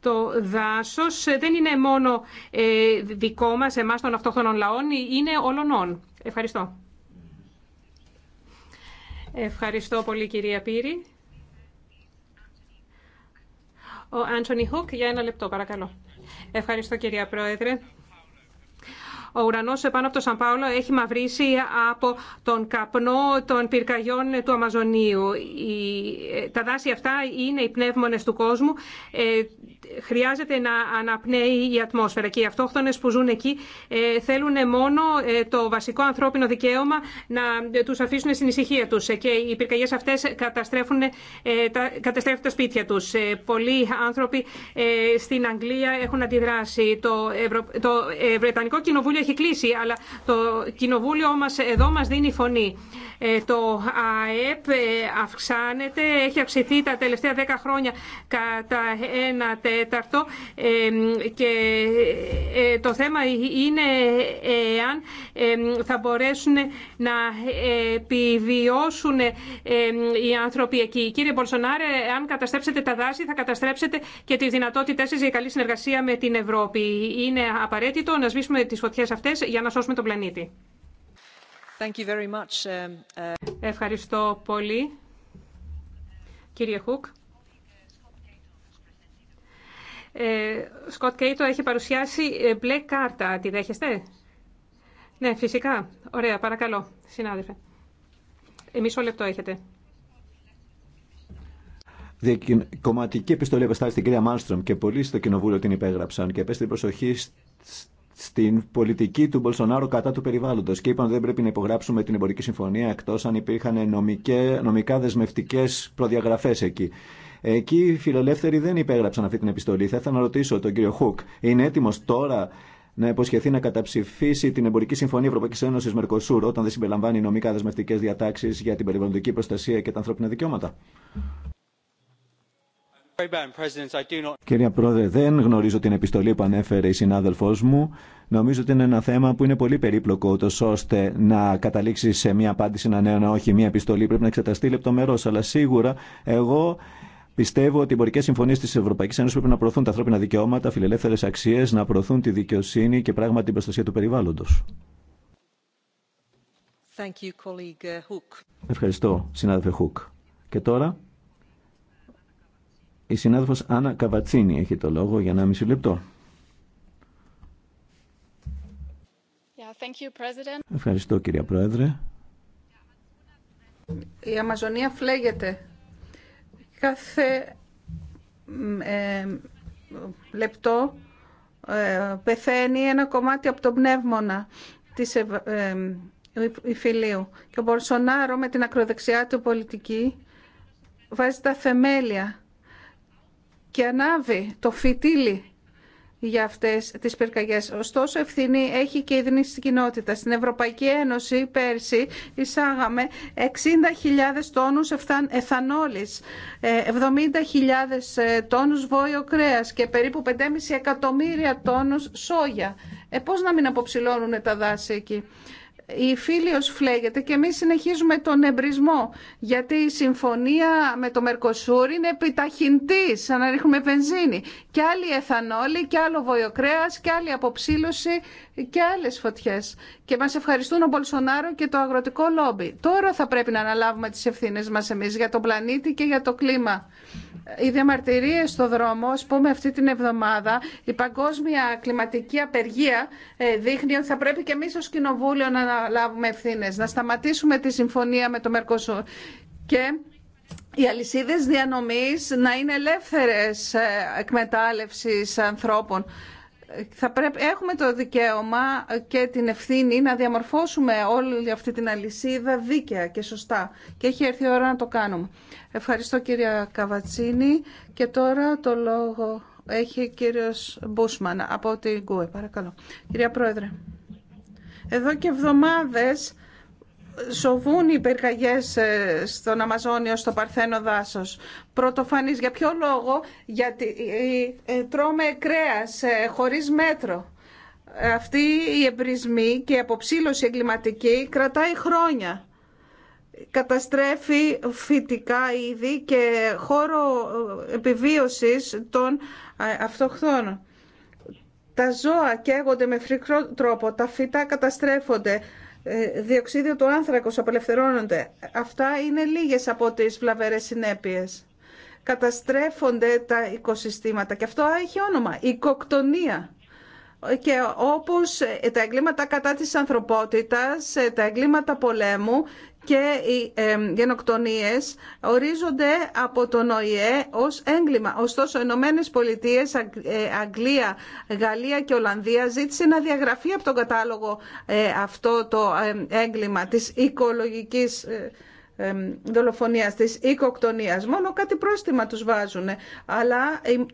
το δάσος δεν είναι μόνο ε, δικό μας, εμάς των αυτόχθονων λαών, είναι όλων. Ευχαριστώ. Ευχαριστώ πολύ κυρία Πύρη. Ο Αντσονι Χουκ για ένα λεπτό παρακαλώ. Ευχαριστώ κυρία Πρόεδρε. Ο ουρανό επάνω από το Σαν Πάολο έχει μαυρίσει από τον καπνό των πυρκαγιών του Αμαζονίου. Τα δάση αυτά είναι οι πνεύμονε του κόσμου ε, χρειάζεται να αναπνέει η ατμόσφαιρα και οι αυτόχθονες που ζουν εκεί ε, θέλουν μόνο ε, το βασικό ανθρώπινο δικαίωμα να ε, τους αφήσουν στην ησυχία τους και οι πυρκαγιές αυτές καταστρέφουν τα, καταστρέφουν τα σπίτια τους. Πολλοί άνθρωποι στην Αγγλία έχουν αντιδράσει. Το, Ευρω... το Βρετανικό Κοινοβούλιο έχει κλείσει, αλλά το Κοινοβούλιο μα εδώ μας δίνει φωνή. Το ΑΕΠ αυξάνεται, έχει αυξηθεί τα τελευταία 10 χρόνια κατά ένα τέταρτο και ε, το θέμα είναι αν θα μπορέσουν να επιβιώσουν οι άνθρωποι εκεί. Κύριε Μπολσονάρε, αν καταστρέψετε τα δάση θα καταστρέψετε και τις δυνατότητές σας για καλή συνεργασία με την Ευρώπη. Είναι απαραίτητο να σβήσουμε τις φωτιές αυτές για να σώσουμε τον πλανήτη. Thank you very much. Ε, ε. Ευχαριστώ πολύ. Κύριε Χουκ. Σκοτ ε, Κέιτο έχει παρουσιάσει ε, μπλε κάρτα. Τη δέχεστε? Ναι, φυσικά. Ωραία, παρακαλώ, συνάδελφε. Ε, μισό λεπτό έχετε. Κομματική επιστολή επεστάλει στην κυρία Μάλστρομ και πολλοί στο κοινοβούλιο την υπέγραψαν και την προσοχή στην πολιτική του Μπολσονάρου κατά του περιβάλλοντο και είπαν ότι δεν πρέπει να υπογράψουμε την εμπορική συμφωνία εκτό αν υπήρχαν νομικές, νομικά δεσμευτικέ προδιαγραφέ εκεί. Εκεί οι φιλελεύθεροι δεν υπέγραψαν αυτή την επιστολή. Θα ήθελα να ρωτήσω τον κύριο Χουκ, είναι έτοιμο τώρα να υποσχεθεί να καταψηφίσει την εμπορική συμφωνία Ευρωπαϊκή Ένωση Μερκοσούρ όταν δεν συμπεριλαμβάνει νομικά δεσμευτικέ διατάξει για την περιβαλλοντική προστασία και τα ανθρώπινα δικαιώματα. Κυρία Πρόεδρε, δεν γνωρίζω την επιστολή που ανέφερε η συνάδελφό μου. Νομίζω ότι είναι ένα θέμα που είναι πολύ περίπλοκο, ούτω ώστε να καταλήξει σε μια απάντηση να ναι, όχι, μια επιστολή. Πρέπει να εξεταστεί λεπτομερώ. Αλλά σίγουρα εγώ Πιστεύω ότι οι εμπορικέ συμφωνίε τη Ευρωπαϊκή Ένωση πρέπει να προωθούν τα ανθρώπινα δικαιώματα, φιλελεύθερε αξίε, να προωθούν τη δικαιοσύνη και πράγματι την προστασία του περιβάλλοντο. Uh, Ευχαριστώ, συνάδελφε Χουκ. Και τώρα, η συνάδελφο Άννα Καβατσίνη έχει το λόγο για ένα μισή λεπτό. Ευχαριστώ, κυρία Πρόεδρε. Η Αμαζονία φλέγεται Κάθε ε, λεπτό ε, πεθαίνει ένα κομμάτι από τον πνεύμονα της ε, Υφηλίου. Και ο Μπορσονάρο με την ακροδεξιά του πολιτική βάζει τα θεμέλια και ανάβει το φυτίλι για αυτές τις πυρκαγιές. Ωστόσο, ευθύνη έχει και η τη κοινότητα. Στην Ευρωπαϊκή Ένωση πέρσι εισάγαμε 60.000 τόνους εθανόλης, 70.000 ε, ε, τόνους βόλιο κρέας και περίπου 5,5 εκατομμύρια τόνους σόγια. Ε, να μην αποψηλώνουν τα δάση εκεί η Φίλιος φλέγεται και εμείς συνεχίζουμε τον εμπρισμό γιατί η συμφωνία με το Μερκοσούρ είναι επιταχυντής σαν να ρίχνουμε βενζίνη και άλλη εθανόλη και άλλο βοιοκρέας, και άλλη αποψήλωση και άλλες φωτιές και μας ευχαριστούν ο Μπολσονάρο και το αγροτικό λόμπι. Τώρα θα πρέπει να αναλάβουμε τις ευθύνες μας εμείς για τον πλανήτη και για το κλίμα. Οι διαμαρτυρίες στο δρόμο, α πούμε αυτή την εβδομάδα, η παγκόσμια κλιματική απεργία ε, δείχνει ότι θα πρέπει και εμείς ως Κοινοβούλιο να αναλάβουμε ευθύνες, να σταματήσουμε τη συμφωνία με το Μερκοσούρ και οι αλυσίδες διανομής να είναι ελεύθερες ε, εκμετάλλευσης ανθρώπων θα πρέπει, έχουμε το δικαίωμα και την ευθύνη να διαμορφώσουμε όλη αυτή την αλυσίδα δίκαια και σωστά. Και έχει έρθει η ώρα να το κάνουμε. Ευχαριστώ κυρία Καβατσίνη. Και τώρα το λόγο έχει κύριος Μπούσμαν από την ΚΟΕ. Παρακαλώ. Κυρία Πρόεδρε, εδώ και εβδομάδες σοβούν οι πυρκαγιές ε, στον Αμαζόνιο, στο Παρθένο δάσος. Πρωτοφανής, για ποιο λόγο, γιατί ε, ε, τρώμε κρέας χωρίς μέτρο. Αυτή η εμπρισμή και η αποψήλωση εγκληματική κρατάει χρόνια. Καταστρέφει φυτικά είδη και χώρο επιβίωσης των αυτοχθών. Τα ζώα καίγονται με φρικρό τρόπο, τα φυτά καταστρέφονται ε, διοξίδιο του άνθρακος απελευθερώνονται. Αυτά είναι λίγες από τις βλαβερές συνέπειες. Καταστρέφονται τα οικοσυστήματα και αυτό έχει όνομα, οικοκτονία. Και όπως τα εγκλήματα κατά της ανθρωπότητας, ε, τα εγκλήματα πολέμου και οι γενοκτονίες ορίζονται από τον ΟΗΕ ως έγκλημα. Ωστόσο, οι Ηνωμένε Πολιτείε, ε, Αγγλία, Γαλλία και Ολλανδία ζήτησε να διαγραφεί από τον κατάλογο ε, αυτό το ε, έγκλημα της οικολογικής δολοφονίας, της οικοκτονίας. Μόνο κάτι πρόστιμα τους βάζουν. Αλλά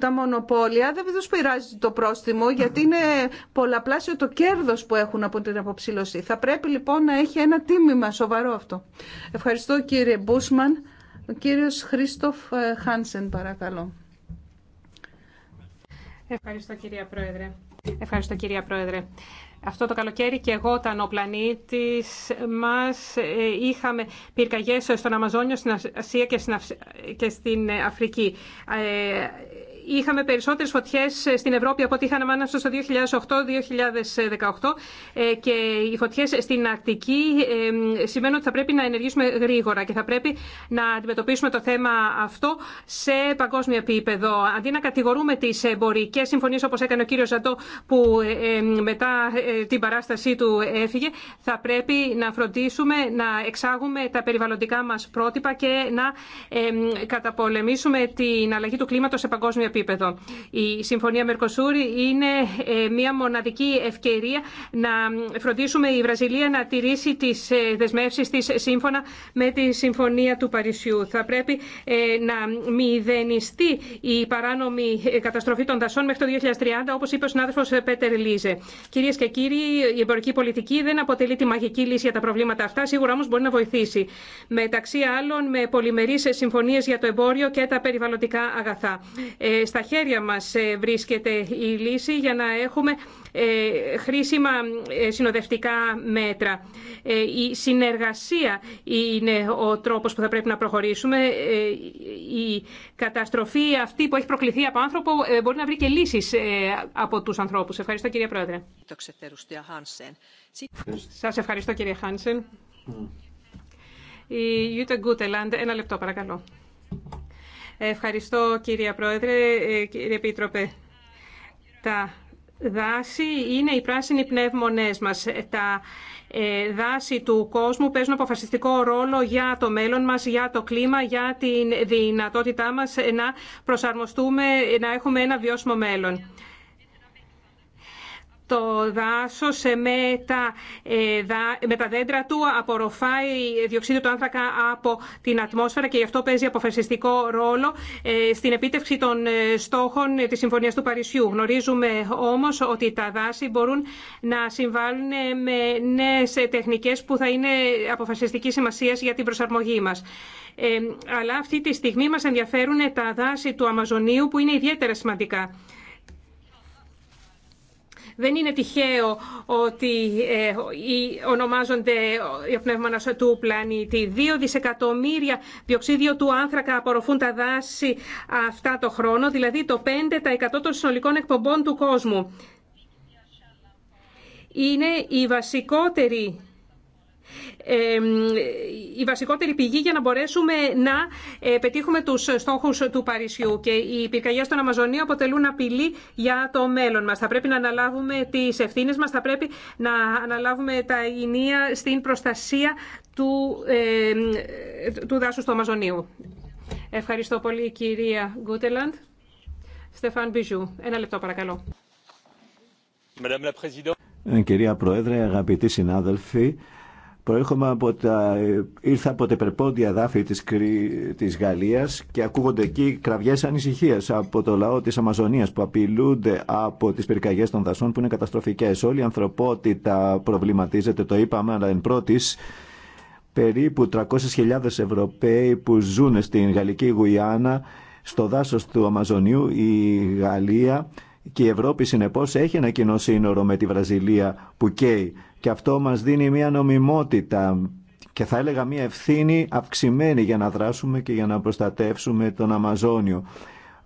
τα μονοπόλια δεν τους πειράζει το πρόστιμο γιατί είναι πολλαπλάσιο το κέρδος που έχουν από την αποψήλωση. Θα πρέπει λοιπόν να έχει ένα τίμημα σοβαρό αυτό. Ευχαριστώ κύριε Μπούσμαν. Ο κύριος Χρήστοφ ε, Χάνσεν παρακαλώ. Ευχαριστώ κυρία Πρόεδρε. Ευχαριστώ κυρία Πρόεδρε. Αυτό το καλοκαίρι και εγώ ήταν ο πλανήτη μας. Ε, είχαμε πυρκαγιέ στον Αμαζόνιο, στην Ασία και στην Αφρική. Ε, είχαμε περισσότερες φωτιές ε, στην Ευρώπη από ό,τι είχαν ανάμεσα στο 2008-2018 ε, και οι φωτιές στην Αρκτική σημαίνουν ότι θα πρέπει να ενεργήσουμε γρήγορα και θα πρέπει να αντιμετωπίσουμε το θέμα αυτό σε παγκόσμιο επίπεδο. Αντί να κατηγορούμε τις εμπορικέ συμφωνίες όπως έκανε ο κύριος Ζαντό που ε, μετά την παράστασή του έφυγε, θα πρέπει να φροντίσουμε να εξάγουμε τα περιβαλλοντικά μας πρότυπα και να καταπολεμήσουμε την αλλαγή του κλίματος σε παγκόσμιο επίπεδο επίπεδο. Η Συμφωνία Μερκοσούρη είναι ε, μια μοναδική ευκαιρία να φροντίσουμε η Βραζιλία να τηρήσει τις ε, δεσμεύσεις της σύμφωνα με τη Συμφωνία του Παρισιού. Θα πρέπει ε, να μηδενιστεί η παράνομη καταστροφή των δασών μέχρι το 2030, όπως είπε ο συνάδελφος Πέτερ Λίζε. Κυρίες και κύριοι, η εμπορική πολιτική δεν αποτελεί τη μαγική λύση για τα προβλήματα αυτά, σίγουρα όμως μπορεί να βοηθήσει. Μεταξύ άλλων με πολυμερεί συμφωνίε για το εμπόριο και τα περιβαλλοντικά αγαθά στα χέρια μας ε, βρίσκεται η λύση για να έχουμε ε, χρήσιμα ε, συνοδευτικά μέτρα. Η συνεργασία είναι ο τρόπος που θα πρέπει να προχωρήσουμε. Η καταστροφή αυτή που έχει προκληθεί από άνθρωπο μπορεί να βρει και λύσεις από τους ανθρώπους. Ευχαριστώ κύριε Πρόεδρε. Σας ευχαριστώ κύριε Χάνσεν. Mm. Η Ιούτα Γκούτελαντ, ένα λεπτό παρακαλώ. Ευχαριστώ κύριε Πρόεδρε, ε, κύριε Επίτροπε. Τα δάση είναι οι πράσινοι πνεύμονές μας. Τα ε, δάση του κόσμου παίζουν αποφασιστικό ρόλο για το μέλλον μας, για το κλίμα, για τη δυνατότητά μας να προσαρμοστούμε, να έχουμε ένα βιώσιμο μέλλον το δάσος ε, με τα, δέντρα του απορροφάει διοξείδιο του άνθρακα από την ατμόσφαιρα και γι' αυτό παίζει αποφασιστικό ρόλο ε, στην επίτευξη των ε, στόχων της Συμφωνίας του Παρισιού. Γνωρίζουμε όμως ότι τα δάση μπορούν να συμβάλλουν με νέες τεχνικές που θα είναι αποφασιστική σημασία για την προσαρμογή μας. αλλά αυτή τη στιγμή μας ενδιαφέρουν τα δάση του Αμαζονίου που είναι ιδιαίτερα σημαντικά. Δεν είναι τυχαίο ότι ε, ονομάζονται οι ε, πνεύμονα του πλανήτη. Δύο δισεκατομμύρια διοξίδιο του άνθρακα απορροφούν τα δάση αυτά το χρόνο, δηλαδή το 5% των συνολικών εκπομπών του κόσμου. Είναι η βασικότερη η βασικότερη πηγή για να μπορέσουμε να ε, πετύχουμε τους στόχους του Παρισιού και οι πυρκαγιές στον Αμαζονίο αποτελούν απειλή για το μέλλον μας. Θα πρέπει να αναλάβουμε τις ευθύνες μας, θα πρέπει να αναλάβουμε τα ηνία στην προστασία του, ε, του δάσους του Αμαζονίου. Ευχαριστώ πολύ κυρία Γκούτελαντ. Στεφάν Μπιζού, ένα λεπτό παρακαλώ. Ε, κυρία Πρόεδρε, αγαπητοί συνάδελφοι, Προέρχομαι από τα, ήρθα από την δάφη της, της Γαλλίας και ακούγονται εκεί κραυγές ανησυχίας από το λαό της Αμαζονίας που απειλούνται από τις πυρκαγιές των δασών που είναι καταστροφικές. Όλη η ανθρωπότητα προβληματίζεται, το είπαμε, αλλά εν πρώτης περίπου 300.000 Ευρωπαίοι που ζουν στην Γαλλική Γουιάννα στο δάσος του Αμαζονιού η Γαλλία και η Ευρώπη συνεπώς έχει ένα κοινό σύνορο με τη Βραζιλία που καίει και αυτό μας δίνει μια νομιμότητα και θα έλεγα μια ευθύνη αυξημένη για να δράσουμε και για να προστατεύσουμε τον Αμαζόνιο.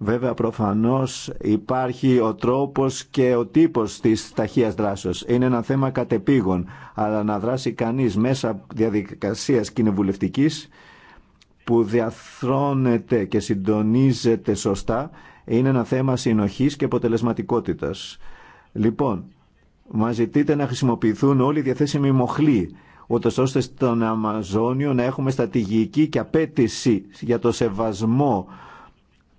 Βέβαια προφανώς υπάρχει ο τρόπος και ο τύπος της ταχείας δράσεως. Είναι ένα θέμα κατεπήγων, αλλά να δράσει κανείς μέσα διαδικασίας κοινοβουλευτικής που διαθρώνεται και συντονίζεται σωστά είναι ένα θέμα συνοχής και αποτελεσματικότητας. Λοιπόν, Μα ζητείτε να χρησιμοποιηθούν όλοι οι διαθέσιμοι μοχλοί, ώστε στον Αμαζόνιο να έχουμε στατηγική και απέτηση για το σεβασμό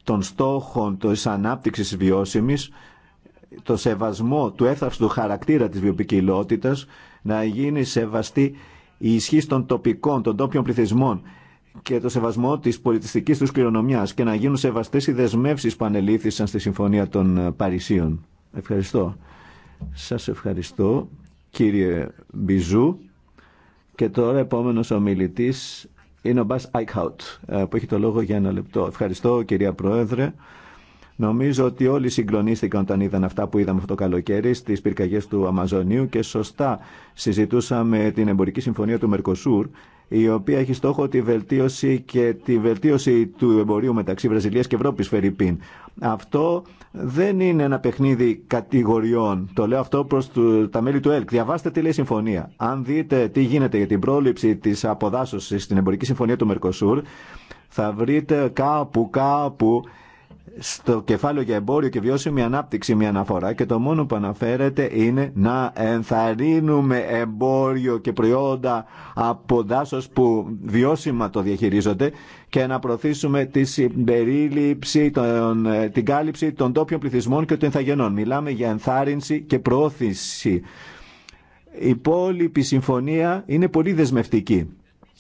των στόχων της ανάπτυξη βιώσιμη, το σεβασμό του έφταυστου χαρακτήρα τη βιοπικιλότητας, να γίνει σεβαστή η ισχύ των τοπικών, των τόπιων πληθυσμών και το σεβασμό τη πολιτιστική του κληρονομία και να γίνουν σεβαστέ οι δεσμεύσει που ανελήθησαν στη Συμφωνία των Παρισίων. Ευχαριστώ. Σας ευχαριστώ κύριε Μπιζού και τώρα επόμενος ομιλητής είναι ο Μπάς Άικχαουτ ε, που έχει το λόγο για ένα λεπτό. Ευχαριστώ κυρία Πρόεδρε. Νομίζω ότι όλοι συγκλονίστηκαν όταν είδαν αυτά που είδαμε αυτό το καλοκαίρι στι πυρκαγιέ του Αμαζονίου και σωστά συζητούσαμε την εμπορική συμφωνία του Μερκοσούρ, η οποία έχει στόχο τη βελτίωση και τη βελτίωση του εμπορίου μεταξύ Βραζιλία και Ευρώπη, Φερρυπίν. Αυτό δεν είναι ένα παιχνίδι κατηγοριών. Το λέω αυτό προ τα μέλη του ΕΛΚ. Διαβάστε τι λέει η συμφωνία. Αν δείτε τι γίνεται για την πρόληψη τη αποδάσωση στην εμπορική συμφωνία του Μερκοσούρ, θα βρείτε κάπου, κάπου στο κεφάλαιο για εμπόριο και βιώσιμη ανάπτυξη μια αναφορά και το μόνο που αναφέρεται είναι να ενθαρρύνουμε εμπόριο και προϊόντα από δάσος που βιώσιμα το διαχειρίζονται και να προωθήσουμε τη συμπερίληψη, τον, ε, την κάλυψη των τόπιων πληθυσμών και των ενθαγενών. Μιλάμε για ενθάρρυνση και προώθηση. Η υπόλοιπη συμφωνία είναι πολύ δεσμευτική.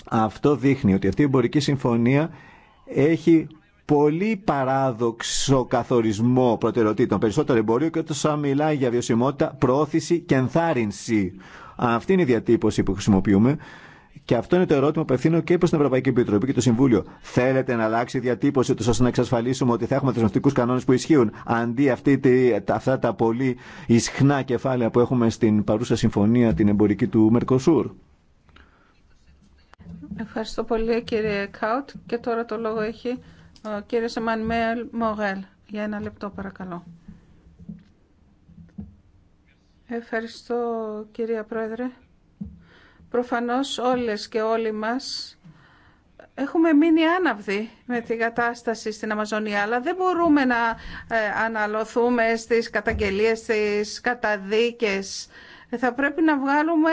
Αυτό δείχνει ότι αυτή η εμπορική συμφωνία έχει πολύ παράδοξο καθορισμό προτεραιοτήτων. Περισσότερο εμπορίο και όταν μιλάει για βιωσιμότητα, προώθηση και ενθάρρυνση. Αυτή είναι η διατύπωση που χρησιμοποιούμε. Και αυτό είναι το ερώτημα που ευθύνω και προ την Ευρωπαϊκή Επιτροπή και το Συμβούλιο. Θέλετε να αλλάξει η διατύπωση του ώστε να εξασφαλίσουμε ότι θα έχουμε θεσμευτικού κανόνε που ισχύουν αντί αυτή, αυτά τα πολύ ισχνά κεφάλαια που έχουμε στην παρούσα συμφωνία την εμπορική του Μερκοσούρ. Ευχαριστώ πολύ κύριε Κάουτ και τώρα το λόγο έχει ο κύριο Εμμανουέλ Μογέλ. Για ένα λεπτό παρακαλώ. Ευχαριστώ κυρία Πρόεδρε. Προφανώς όλες και όλοι μας έχουμε μείνει άναυδοι με την κατάσταση στην Αμαζονία, αλλά δεν μπορούμε να ε, αναλωθούμε στις καταγγελίες, στις καταδίκες. Θα πρέπει να βγάλουμε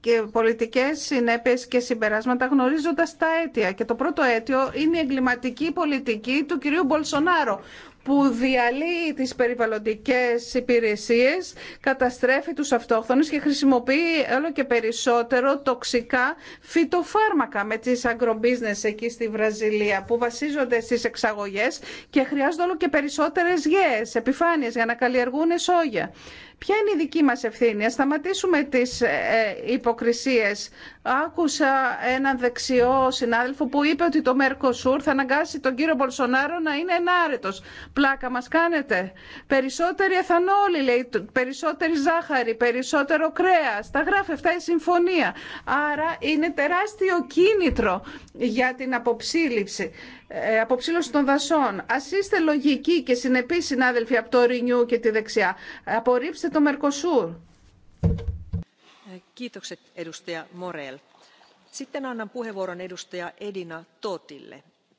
και πολιτικές συνέπειες και συμπεράσματα γνωρίζοντας τα αίτια. Και το πρώτο αίτιο είναι η εγκληματική πολιτική του κυρίου Μπολσονάρο που διαλύει τις περιβαλλοντικές υπηρεσίες, καταστρέφει τους αυτόχθονες και χρησιμοποιεί όλο και περισσότερο τοξικά φυτοφάρμακα με τις agro εκεί στη Βραζιλία που βασίζονται στις εξαγωγές και χρειάζονται όλο και περισσότερες γέες, επιφάνειες για να καλλιεργούν σόγια. Ποια είναι η δική μας ευθύνη, ας σταματήσουμε τις ε, ε, υποκρισίες. Άκουσα έναν δεξιό συνάδελφο που είπε ότι το μέρκοσουρ θα αναγκάσει τον κύριο Μπολσονάρο να είναι ενάρετος. Πλάκα μας κάνετε. Περισσότερη εθανόλη, περισσότερη ζάχαρη, περισσότερο κρέας. Τα γράφει αυτά η συμφωνία. Άρα είναι τεράστιο κίνητρο για την αποψήλυψη. Ε, αποψήλωση των δασών. Α είστε λογικοί και συνεπεί συνάδελφοι από το Ρινιού και τη δεξιά. Απορρίψτε το Μερκοσούρ.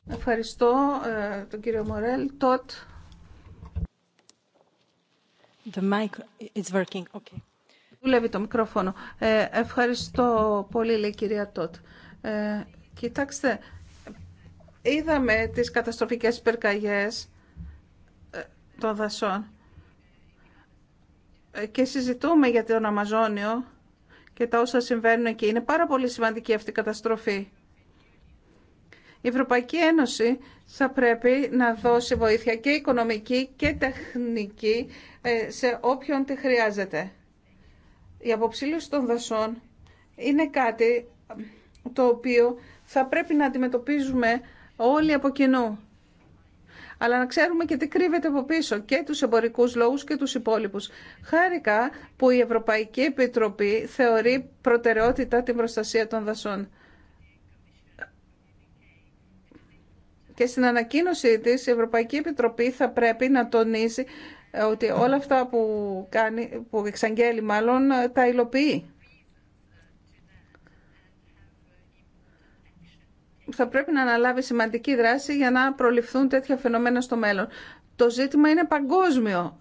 Ευχαριστώ τον κύριο Μορέλ. Τότ. The mic is working. Okay. Δουλεύει το μικρόφωνο. Ε, ευχαριστώ πολύ, λέει κυρία Τότ. Ε, κοιτάξτε, είδαμε τις καταστροφικές περκαγιές ε, των δασών ε, και συζητούμε για τον Αμαζόνιο και τα όσα συμβαίνουν εκεί. Είναι πάρα πολύ σημαντική αυτή η καταστροφή. Η Ευρωπαϊκή Ένωση θα πρέπει να δώσει βοήθεια και οικονομική και τεχνική ε, σε όποιον τη χρειάζεται. Η αποψήλωση των δασών είναι κάτι το οποίο θα πρέπει να αντιμετωπίζουμε όλοι από κοινού. Αλλά να ξέρουμε και τι κρύβεται από πίσω και τους εμπορικούς λόγους και τους υπόλοιπους. Χάρηκα που η Ευρωπαϊκή Επιτροπή θεωρεί προτεραιότητα την προστασία των δασών. Και στην ανακοίνωσή της η Ευρωπαϊκή Επιτροπή θα πρέπει να τονίσει ότι όλα αυτά που, κάνει, που εξαγγέλει μάλλον τα υλοποιεί. θα πρέπει να αναλάβει σημαντική δράση για να προληφθούν τέτοια φαινομένα στο μέλλον. Το ζήτημα είναι παγκόσμιο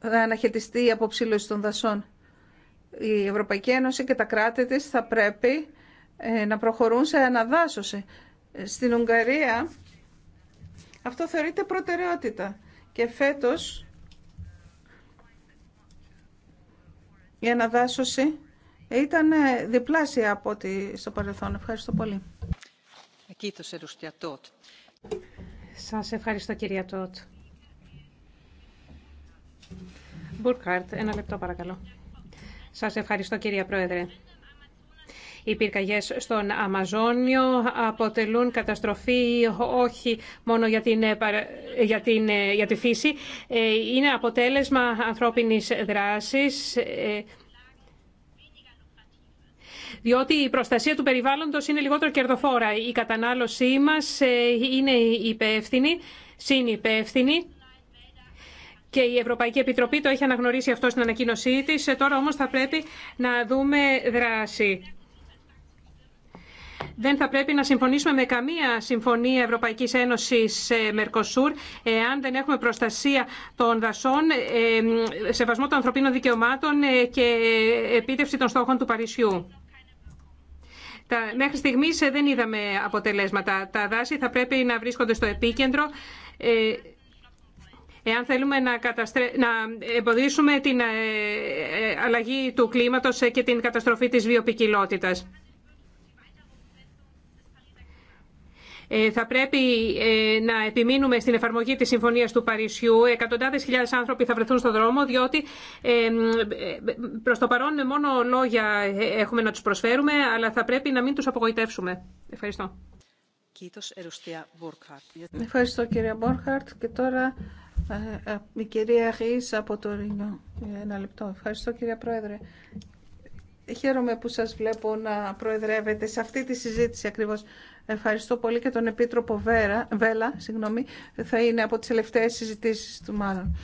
να αναχαιτιστεί η αποψήλωση των δασών. Η Ευρωπαϊκή Ένωση και τα κράτη της θα πρέπει ε, να προχωρούν σε αναδάσωση. Στην Ουγγαρία αυτό θεωρείται προτεραιότητα και φέτος η αναδάσωση ήταν ε, διπλάσια από ό,τι στο παρελθόν. Ευχαριστώ πολύ. Σας ευχαριστώ κυρία Τότ. Μπουρκάρτ, ένα λεπτό παρακαλώ. Σας ευχαριστώ κυρία Πρόεδρε. Οι πυρκαγιές στον Αμαζόνιο αποτελούν καταστροφή όχι μόνο για, για τη φύση, ε, είναι αποτέλεσμα ανθρώπινης δράσης, ε, διότι η προστασία του περιβάλλοντος είναι λιγότερο κερδοφόρα. Η κατανάλωσή μας ε, είναι υπεύθυνη, συνυπεύθυνη και η Ευρωπαϊκή Επιτροπή το έχει αναγνωρίσει αυτό στην ανακοίνωσή τη. Ε, τώρα όμως θα πρέπει να δούμε δράση. Δεν θα πρέπει να συμφωνήσουμε με καμία συμφωνία Ευρωπαϊκής Ένωσης ε, Μερκοσούρ εάν δεν έχουμε προστασία των δασών, σεβασμό των ανθρωπίνων δικαιωμάτων και επίτευξη των στόχων του Παρισιού. Τα, μέχρι στιγμής ε, δεν είδαμε αποτελέσματα. Τα δάση θα πρέπει να βρίσκονται στο επίκεντρο ε, εάν θέλουμε να, να εμποδίσουμε την ε, αλλαγή του κλίματος και την καταστροφή της βιοπικιλότητας. Ε, θα πρέπει ε, να επιμείνουμε στην εφαρμογή της Συμφωνίας του Παρισιού. Εκατοντάδες χιλιάδες άνθρωποι θα βρεθούν στον δρόμο, διότι ε, προς το παρόν μόνο λόγια έχουμε να τους προσφέρουμε, αλλά θα πρέπει να μην τους απογοητεύσουμε. Ευχαριστώ. Ευχαριστώ κύριε Μπόρχαρτ και τώρα η κυρία από το Ρήνιο. Ένα λεπτό. Ευχαριστώ κύριε Πρόεδρε. Χαίρομαι που σας βλέπω να προεδρεύετε σε αυτή τη συζήτηση ακριβώς. Ευχαριστώ πολύ και τον Επίτροπο Βέρα, Βέλα, συγγνώμη, θα είναι από τις τελευταίες συζητήσεις του μάλλον.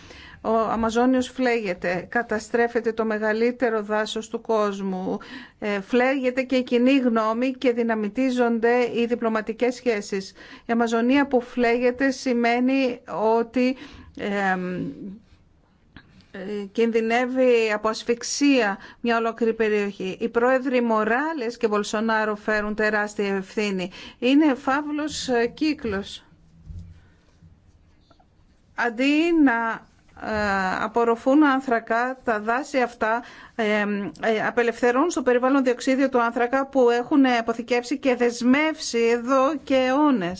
Ο Αμαζόνιος φλέγεται, καταστρέφεται το μεγαλύτερο δάσος του κόσμου, ε, φλέγεται και η κοινή γνώμη και δυναμητίζονται οι διπλωματικές σχέσεις. Η Αμαζονία που φλέγεται σημαίνει ότι ε, ε, κινδυνεύει από ασφυξία μια ολόκληρη περιοχή. Οι πρόεδροι Μοράλες και Βολσονάρο φέρουν τεράστια ευθύνη. Είναι φαύλος ε, κύκλος. Αντί να απορροφούν άνθρακα, τα δάση αυτά ε, ε, απελευθερώνουν στο περιβάλλον διοξίδιο του άνθρακα που έχουν αποθηκεύσει και δεσμεύσει εδώ και αιώνε.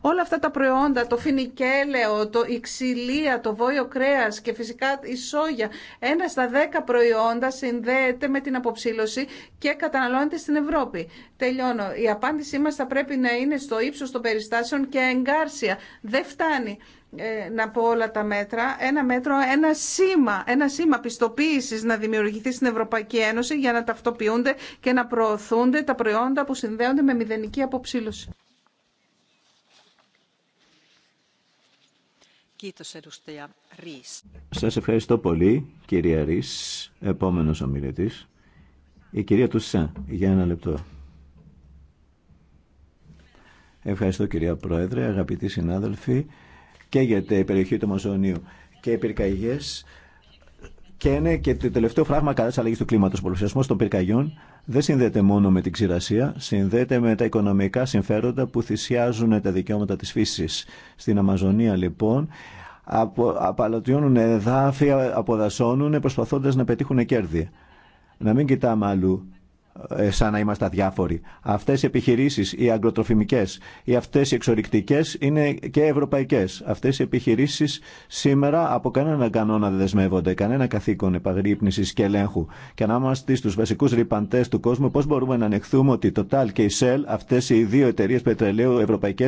Όλα αυτά τα προϊόντα, το φινικέλαιο, το, η ξυλία, το βόιο κρέα και φυσικά η σόγια, ένα στα δέκα προϊόντα συνδέεται με την αποψήλωση και καταναλώνεται στην Ευρώπη. Τελειώνω. Η απάντησή μα θα πρέπει να είναι στο ύψο των περιστάσεων και εγκάρσια. Δεν φτάνει ε, να πω όλα τα μέτρα, ένα μέτρο, ένα σήμα, ένα σήμα πιστοποίησης να δημιουργηθεί στην Ευρωπαϊκή Ένωση για να ταυτοποιούνται και να προωθούνται τα προϊόντα που συνδέονται με μηδενική αποψήλωση. Σας ευχαριστώ πολύ, κυρία Ρίς. Επόμενος ομιλητής, η κυρία Τουσά, για ένα λεπτό. Ευχαριστώ, κυρία Πρόεδρε, αγαπητοί συνάδελφοι καίγεται η περιοχή του Αμαζονίου και οι πυρκαγιέ και είναι και το τελευταίο φράγμα κατά τη αλλαγή του κλίματο. Ο πολλαπλασιασμό των πυρκαγιών δεν συνδέεται μόνο με την ξηρασία, συνδέεται με τα οικονομικά συμφέροντα που θυσιάζουν τα δικαιώματα τη φύση. Στην Αμαζονία, λοιπόν, απο, απαλωτιώνουν εδάφη, αποδασώνουν, προσπαθώντα να πετύχουν κέρδη. Να μην κοιτάμε αλλού. Ε, σαν να είμαστε αδιάφοροι. Αυτέ οι επιχειρήσει, οι αγροτροφημικέ ή αυτέ οι εξορυκτικές είναι και ευρωπαϊκέ. Αυτέ οι επιχειρήσει σήμερα από κανέναν κανόνα δεν δεσμεύονται, κανένα καθήκον επαγρύπνηση και ελέγχου. Και ανάμαστε στου βασικού ρηπαντέ του κόσμου, πώ μπορούμε να ανεχθούμε ότι το ΤΑΛ και η ΣΕΛ αυτέ οι δύο εταιρείε πετρελαίου ευρωπαϊκέ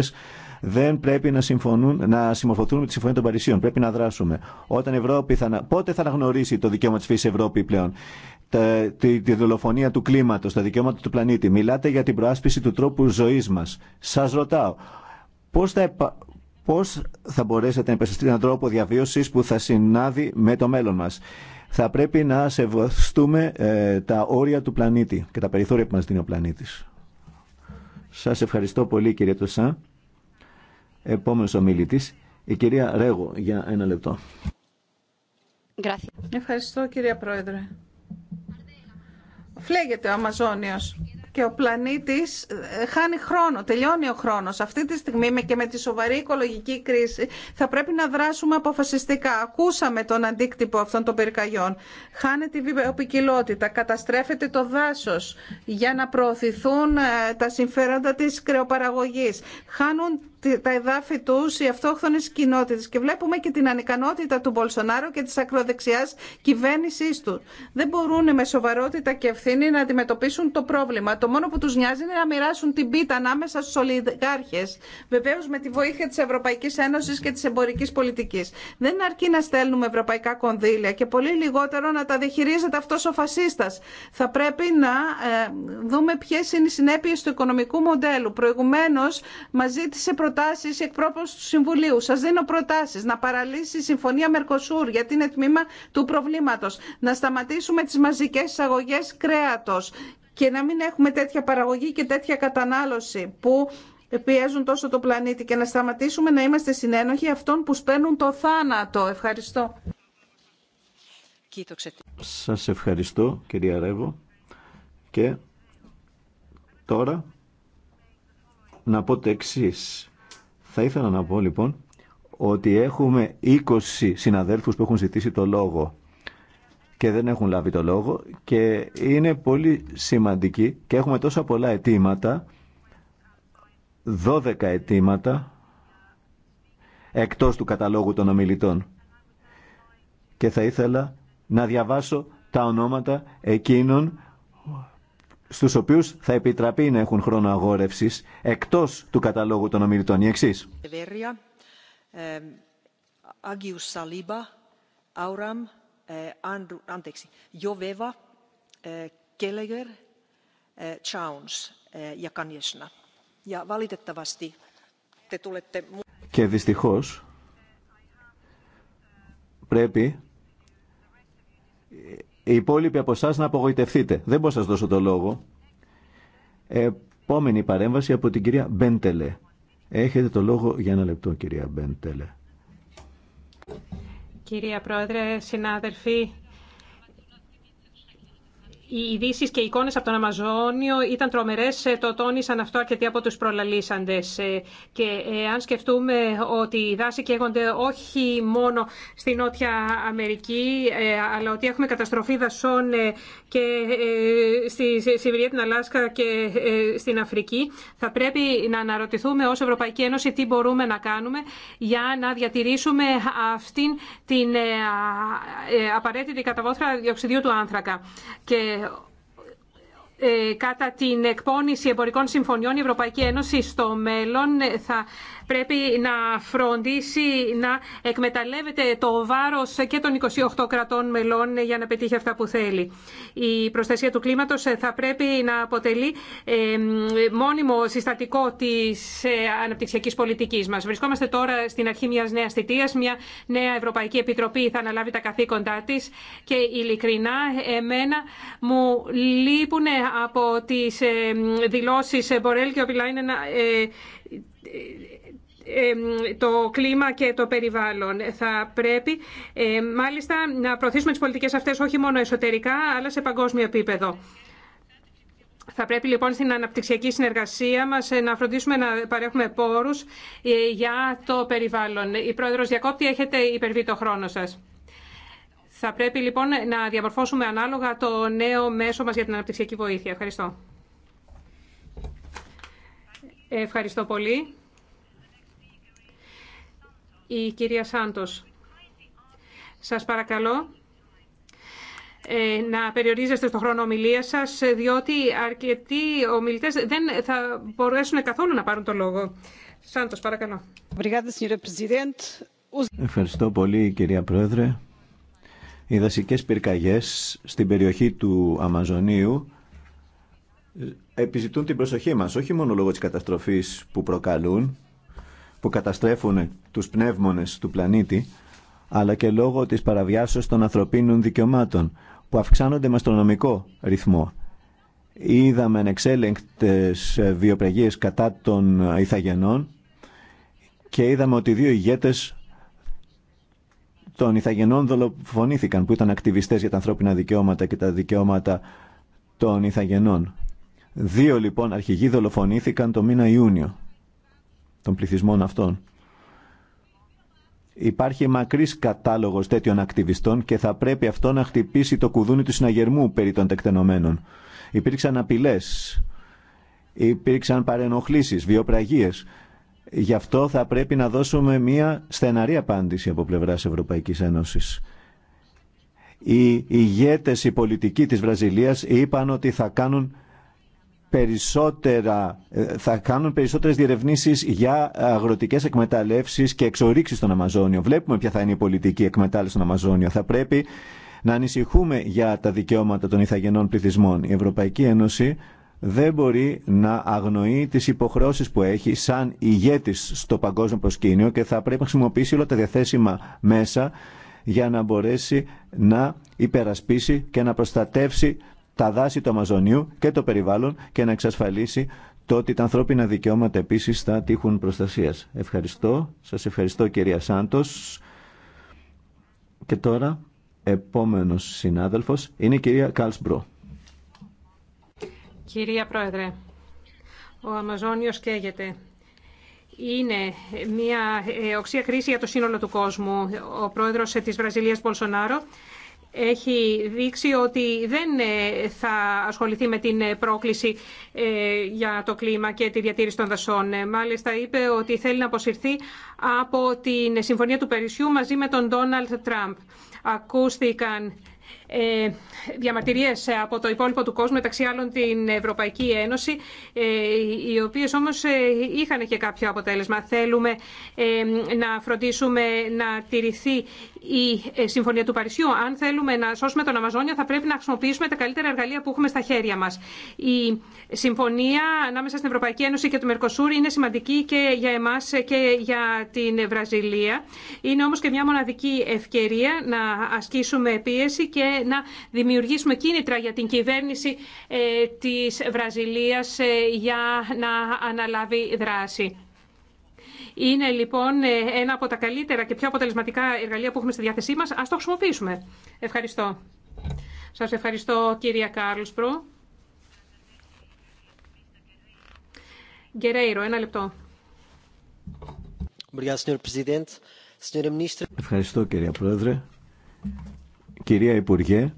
δεν πρέπει να, συμφωνούν, να συμμορφωθούν με τη Συμφωνία των Παρισίων. Πρέπει να δράσουμε. Όταν Ευρώπη θα, πότε θα αναγνωρίσει το δικαίωμα τη φύση Ευρώπη πλέον τη, τη δολοφονία του κλίματος, τα δικαιώματα του πλανήτη. Μιλάτε για την προάσπιση του τρόπου ζωής μας. Σας ρωτάω, πώς θα, μπορέσετε να επεσταστείτε έναν τρόπο διαβίωσης που θα συνάδει με το μέλλον μας. Θα πρέπει να σεβαστούμε ε, τα όρια του πλανήτη και τα περιθώρια που μας δίνει ο πλανήτης. Σας ευχαριστώ πολύ κύριε Τωσά. Επόμενος ομιλητής, η κυρία Ρέγο για ένα λεπτό. Ευχαριστώ κυρία Πρόεδρε φλέγεται ο Αμαζόνιος και ο πλανήτης ε, χάνει χρόνο, τελειώνει ο χρόνος. Αυτή τη στιγμή με και με τη σοβαρή οικολογική κρίση θα πρέπει να δράσουμε αποφασιστικά. Ακούσαμε τον αντίκτυπο αυτών των περικαγιών. Χάνεται η βιοποικιλότητα, καταστρέφεται το δάσος για να προωθηθούν ε, τα συμφέροντα της κρεοπαραγωγής. Χάνουν τα εδάφη του οι αυτόχθονε κοινότητε και βλέπουμε και την ανικανότητα του Μπολσονάρο και τη ακροδεξιά κυβέρνησή του. Δεν μπορούν με σοβαρότητα και ευθύνη να αντιμετωπίσουν το πρόβλημα. Το μόνο που του νοιάζει είναι να μοιράσουν την πίτα ανάμεσα στου ολιγάρχε. βεβαίω με τη βοήθεια τη Ευρωπαϊκή Ένωση και τη εμπορική πολιτική. Δεν αρκεί να στέλνουμε ευρωπαϊκά κονδύλια και πολύ λιγότερο να τα διαχειρίζεται αυτό ο φασίστα. Θα πρέπει να ε, δούμε ποιε είναι οι συνέπειε του οικονομικού μοντέλου. Προηγουμένω ζήτησε προτάσει εκπρόπως του Συμβουλίου. Σα δίνω προτάσει. Να παραλύσει η Συμφωνία Μερκοσούρ, γιατί είναι τμήμα του προβλήματο. Να σταματήσουμε τι μαζικέ εισαγωγέ κρέατο και να μην έχουμε τέτοια παραγωγή και τέτοια κατανάλωση που πιέζουν τόσο το πλανήτη και να σταματήσουμε να είμαστε συνένοχοι αυτών που σπαίνουν το θάνατο. Ευχαριστώ. Σας ευχαριστώ κυρία Ρεύο και τώρα να πω το εξής. Θα ήθελα να πω λοιπόν ότι έχουμε 20 συναδέλφους που έχουν ζητήσει το λόγο και δεν έχουν λάβει το λόγο και είναι πολύ σημαντική και έχουμε τόσα πολλά αιτήματα, 12 αιτήματα εκτός του καταλόγου των ομιλητών. Και θα ήθελα να διαβάσω τα ονόματα εκείνων στους οποίους θα επιτραπεί να έχουν χρόνο αγόρευσης εκτός του καταλόγου των ομιλητών. Η εξής. Agius Saliba, Auram, anteeksi, Joveva, Keleger, Chowns ja Kanjesna. Ja valitettavasti te tulette... Και δυστυχώς πρέπει οι υπόλοιποι από εσά να απογοητευτείτε. Δεν μπορώ να σα δώσω το λόγο. Επόμενη παρέμβαση από την κυρία Μπέντελε. Έχετε το λόγο για ένα λεπτό, κυρία Μπέντελε. Κυρία Πρόεδρε, συνάδελφοι, οι ειδήσει και οι εικόνε από τον Αμαζόνιο ήταν τρομερέ. Ε, το τόνισαν αυτό αρκετοί από του προλαλήσαντες. Ε, και ε, αν σκεφτούμε ότι οι δάση καίγονται όχι μόνο στη Νότια Αμερική, αλλά ότι έχουμε καταστροφή δασών και στη Σιβηρία, την Αλάσκα και στην Αφρική, θα πρέπει να αναρωτηθούμε ω Ευρωπαϊκή Ένωση τι μπορούμε να κάνουμε για να διατηρήσουμε αυτήν την απαραίτητη καταβόθρα διοξιδίου του άνθρακα. Και ε, ε, ε, κατά την εκπόνηση εμπορικών συμφωνιών η Ευρωπαϊκή Ένωση στο μέλλον θα πρέπει να φροντίσει να εκμεταλλεύεται το βάρος και των 28 κρατών μελών για να πετύχει αυτά που θέλει. Η προστασία του κλίματος θα πρέπει να αποτελεί μόνιμο συστατικό της ε, αναπτυξιακής πολιτικής μας. Βρισκόμαστε τώρα στην αρχή μιας νέας θητείας, μια νέα Ευρωπαϊκή Επιτροπή θα αναλάβει τα καθήκοντά της και ειλικρινά εμένα μου λείπουν από τις δηλώσεις ε, Μπορέλ και ε, ε το κλίμα και το περιβάλλον. Θα πρέπει μάλιστα να προωθήσουμε τις πολιτικές αυτές όχι μόνο εσωτερικά αλλά σε παγκόσμιο επίπεδο. Θα πρέπει λοιπόν στην αναπτυξιακή συνεργασία μας ε, να φροντίσουμε να παρέχουμε πόρους ε, για το περιβάλλον. Η Πρόεδρος Διακόπτη έχετε υπερβεί το χρόνο σας. Θα πρέπει λοιπόν να διαμορφώσουμε ανάλογα το νέο μέσο μας για την αναπτυξιακή βοήθεια. Ευχαριστώ. Ευχαριστώ πολύ η κυρία Σάντος. Σας παρακαλώ ε, να περιορίζεστε στο χρόνο ομιλία σας, ε, διότι αρκετοί ομιλητές δεν θα μπορέσουν καθόλου να πάρουν το λόγο. Σάντος, παρακαλώ. Ευχαριστώ πολύ, κυρία Πρόεδρε. Οι δασικές πυρκαγιές στην περιοχή του Αμαζονίου ε, επιζητούν την προσοχή μας, όχι μόνο λόγω της καταστροφής που προκαλούν, που καταστρέφουν τους πνεύμονες του πλανήτη, αλλά και λόγω της παραβιάσεως των ανθρωπίνων δικαιωμάτων, που αυξάνονται με αστρονομικό ρυθμό. Είδαμε ανεξέλεγκτες βιοπραγίες κατά των Ιθαγενών και είδαμε ότι δύο ηγέτες των Ιθαγενών δολοφονήθηκαν, που ήταν ακτιβιστές για τα ανθρώπινα δικαιώματα και τα δικαιώματα των Ιθαγενών. Δύο λοιπόν αρχηγοί δολοφονήθηκαν το μήνα Ιούνιο των πληθυσμών αυτών. Υπάρχει μακρύ κατάλογο τέτοιων ακτιβιστών και θα πρέπει αυτό να χτυπήσει το κουδούνι του συναγερμού περί των τεκτενομένων. Υπήρξαν απειλέ, υπήρξαν παρενοχλήσει, βιοπραγίε. Γι' αυτό θα πρέπει να δώσουμε μια στεναρή απάντηση από πλευρά Ευρωπαϊκή Ένωση. Οι ηγέτες, οι πολιτικοί τη Βραζιλία είπαν ότι θα κάνουν περισσότερα, ε, θα κάνουν περισσότερες διερευνήσεις για αγροτικές εκμεταλλεύσεις και εξορίξεις στον Αμαζόνιο. Βλέπουμε ποια θα είναι η πολιτική εκμετάλλευση στον Αμαζόνιο. Θα πρέπει να ανησυχούμε για τα δικαιώματα των ηθαγενών πληθυσμών. Η Ευρωπαϊκή Ένωση δεν μπορεί να αγνοεί τις υποχρεώσεις που έχει σαν ηγέτης στο παγκόσμιο προσκήνιο και θα πρέπει να χρησιμοποιήσει όλα τα διαθέσιμα μέσα για να μπορέσει να υπερασπίσει και να προστατεύσει τα δάση του Αμαζονίου και το περιβάλλον και να εξασφαλίσει το ότι τα ανθρώπινα δικαιώματα επίσης θα τύχουν προστασίας. Ευχαριστώ. Σας ευχαριστώ κυρία Σάντος. Και τώρα, επόμενος συνάδελφος είναι η κυρία Κάλσμπρο. Κυρία Πρόεδρε, ο Αμαζόνιος καίγεται. Είναι μια ε, οξία κρίση για το σύνολο του κόσμου. Ο πρόεδρος της Βραζιλίας Μπολσονάρο έχει δείξει ότι δεν ε, θα ασχοληθεί με την ε, πρόκληση ε, για το κλίμα και τη διατήρηση των δασών. Μάλιστα είπε ότι θέλει να αποσυρθεί από την Συμφωνία του Περισιού μαζί με τον Ντόναλτ Τραμπ. Ακούστηκαν ε, διαμαρτυρίε ε, από το υπόλοιπο του κόσμου, μεταξύ άλλων την Ευρωπαϊκή Ένωση, ε, οι οποίες όμως είχαν και κάποιο αποτέλεσμα. Θέλουμε να φροντίσουμε να τηρηθεί η Συμφωνία του Παρισιού. Αν θέλουμε να σώσουμε τον Αμαζόνιο θα πρέπει να χρησιμοποιήσουμε τα καλύτερα εργαλεία που έχουμε στα χέρια μα. Η Συμφωνία ανάμεσα στην Ευρωπαϊκή Ένωση και το Μερκοσούρ είναι σημαντική και για εμά και για την Βραζιλία. Είναι όμω και μια μοναδική ευκαιρία να ασκήσουμε πίεση και να δημιουργήσουμε κίνητρα για την κυβέρνηση ε, της Βραζιλίας ε, για να αναλάβει δράση. Είναι λοιπόν ε, ένα από τα καλύτερα και πιο αποτελεσματικά εργαλεία που έχουμε στη διάθεσή μας. Ας το χρησιμοποιήσουμε. Ευχαριστώ. Σας ευχαριστώ κυρία Κάρλσπρο. Γκερέιρο, ένα λεπτό. Ευχαριστώ κύρια Πρόεδρε. Κυρία Υπουργέ,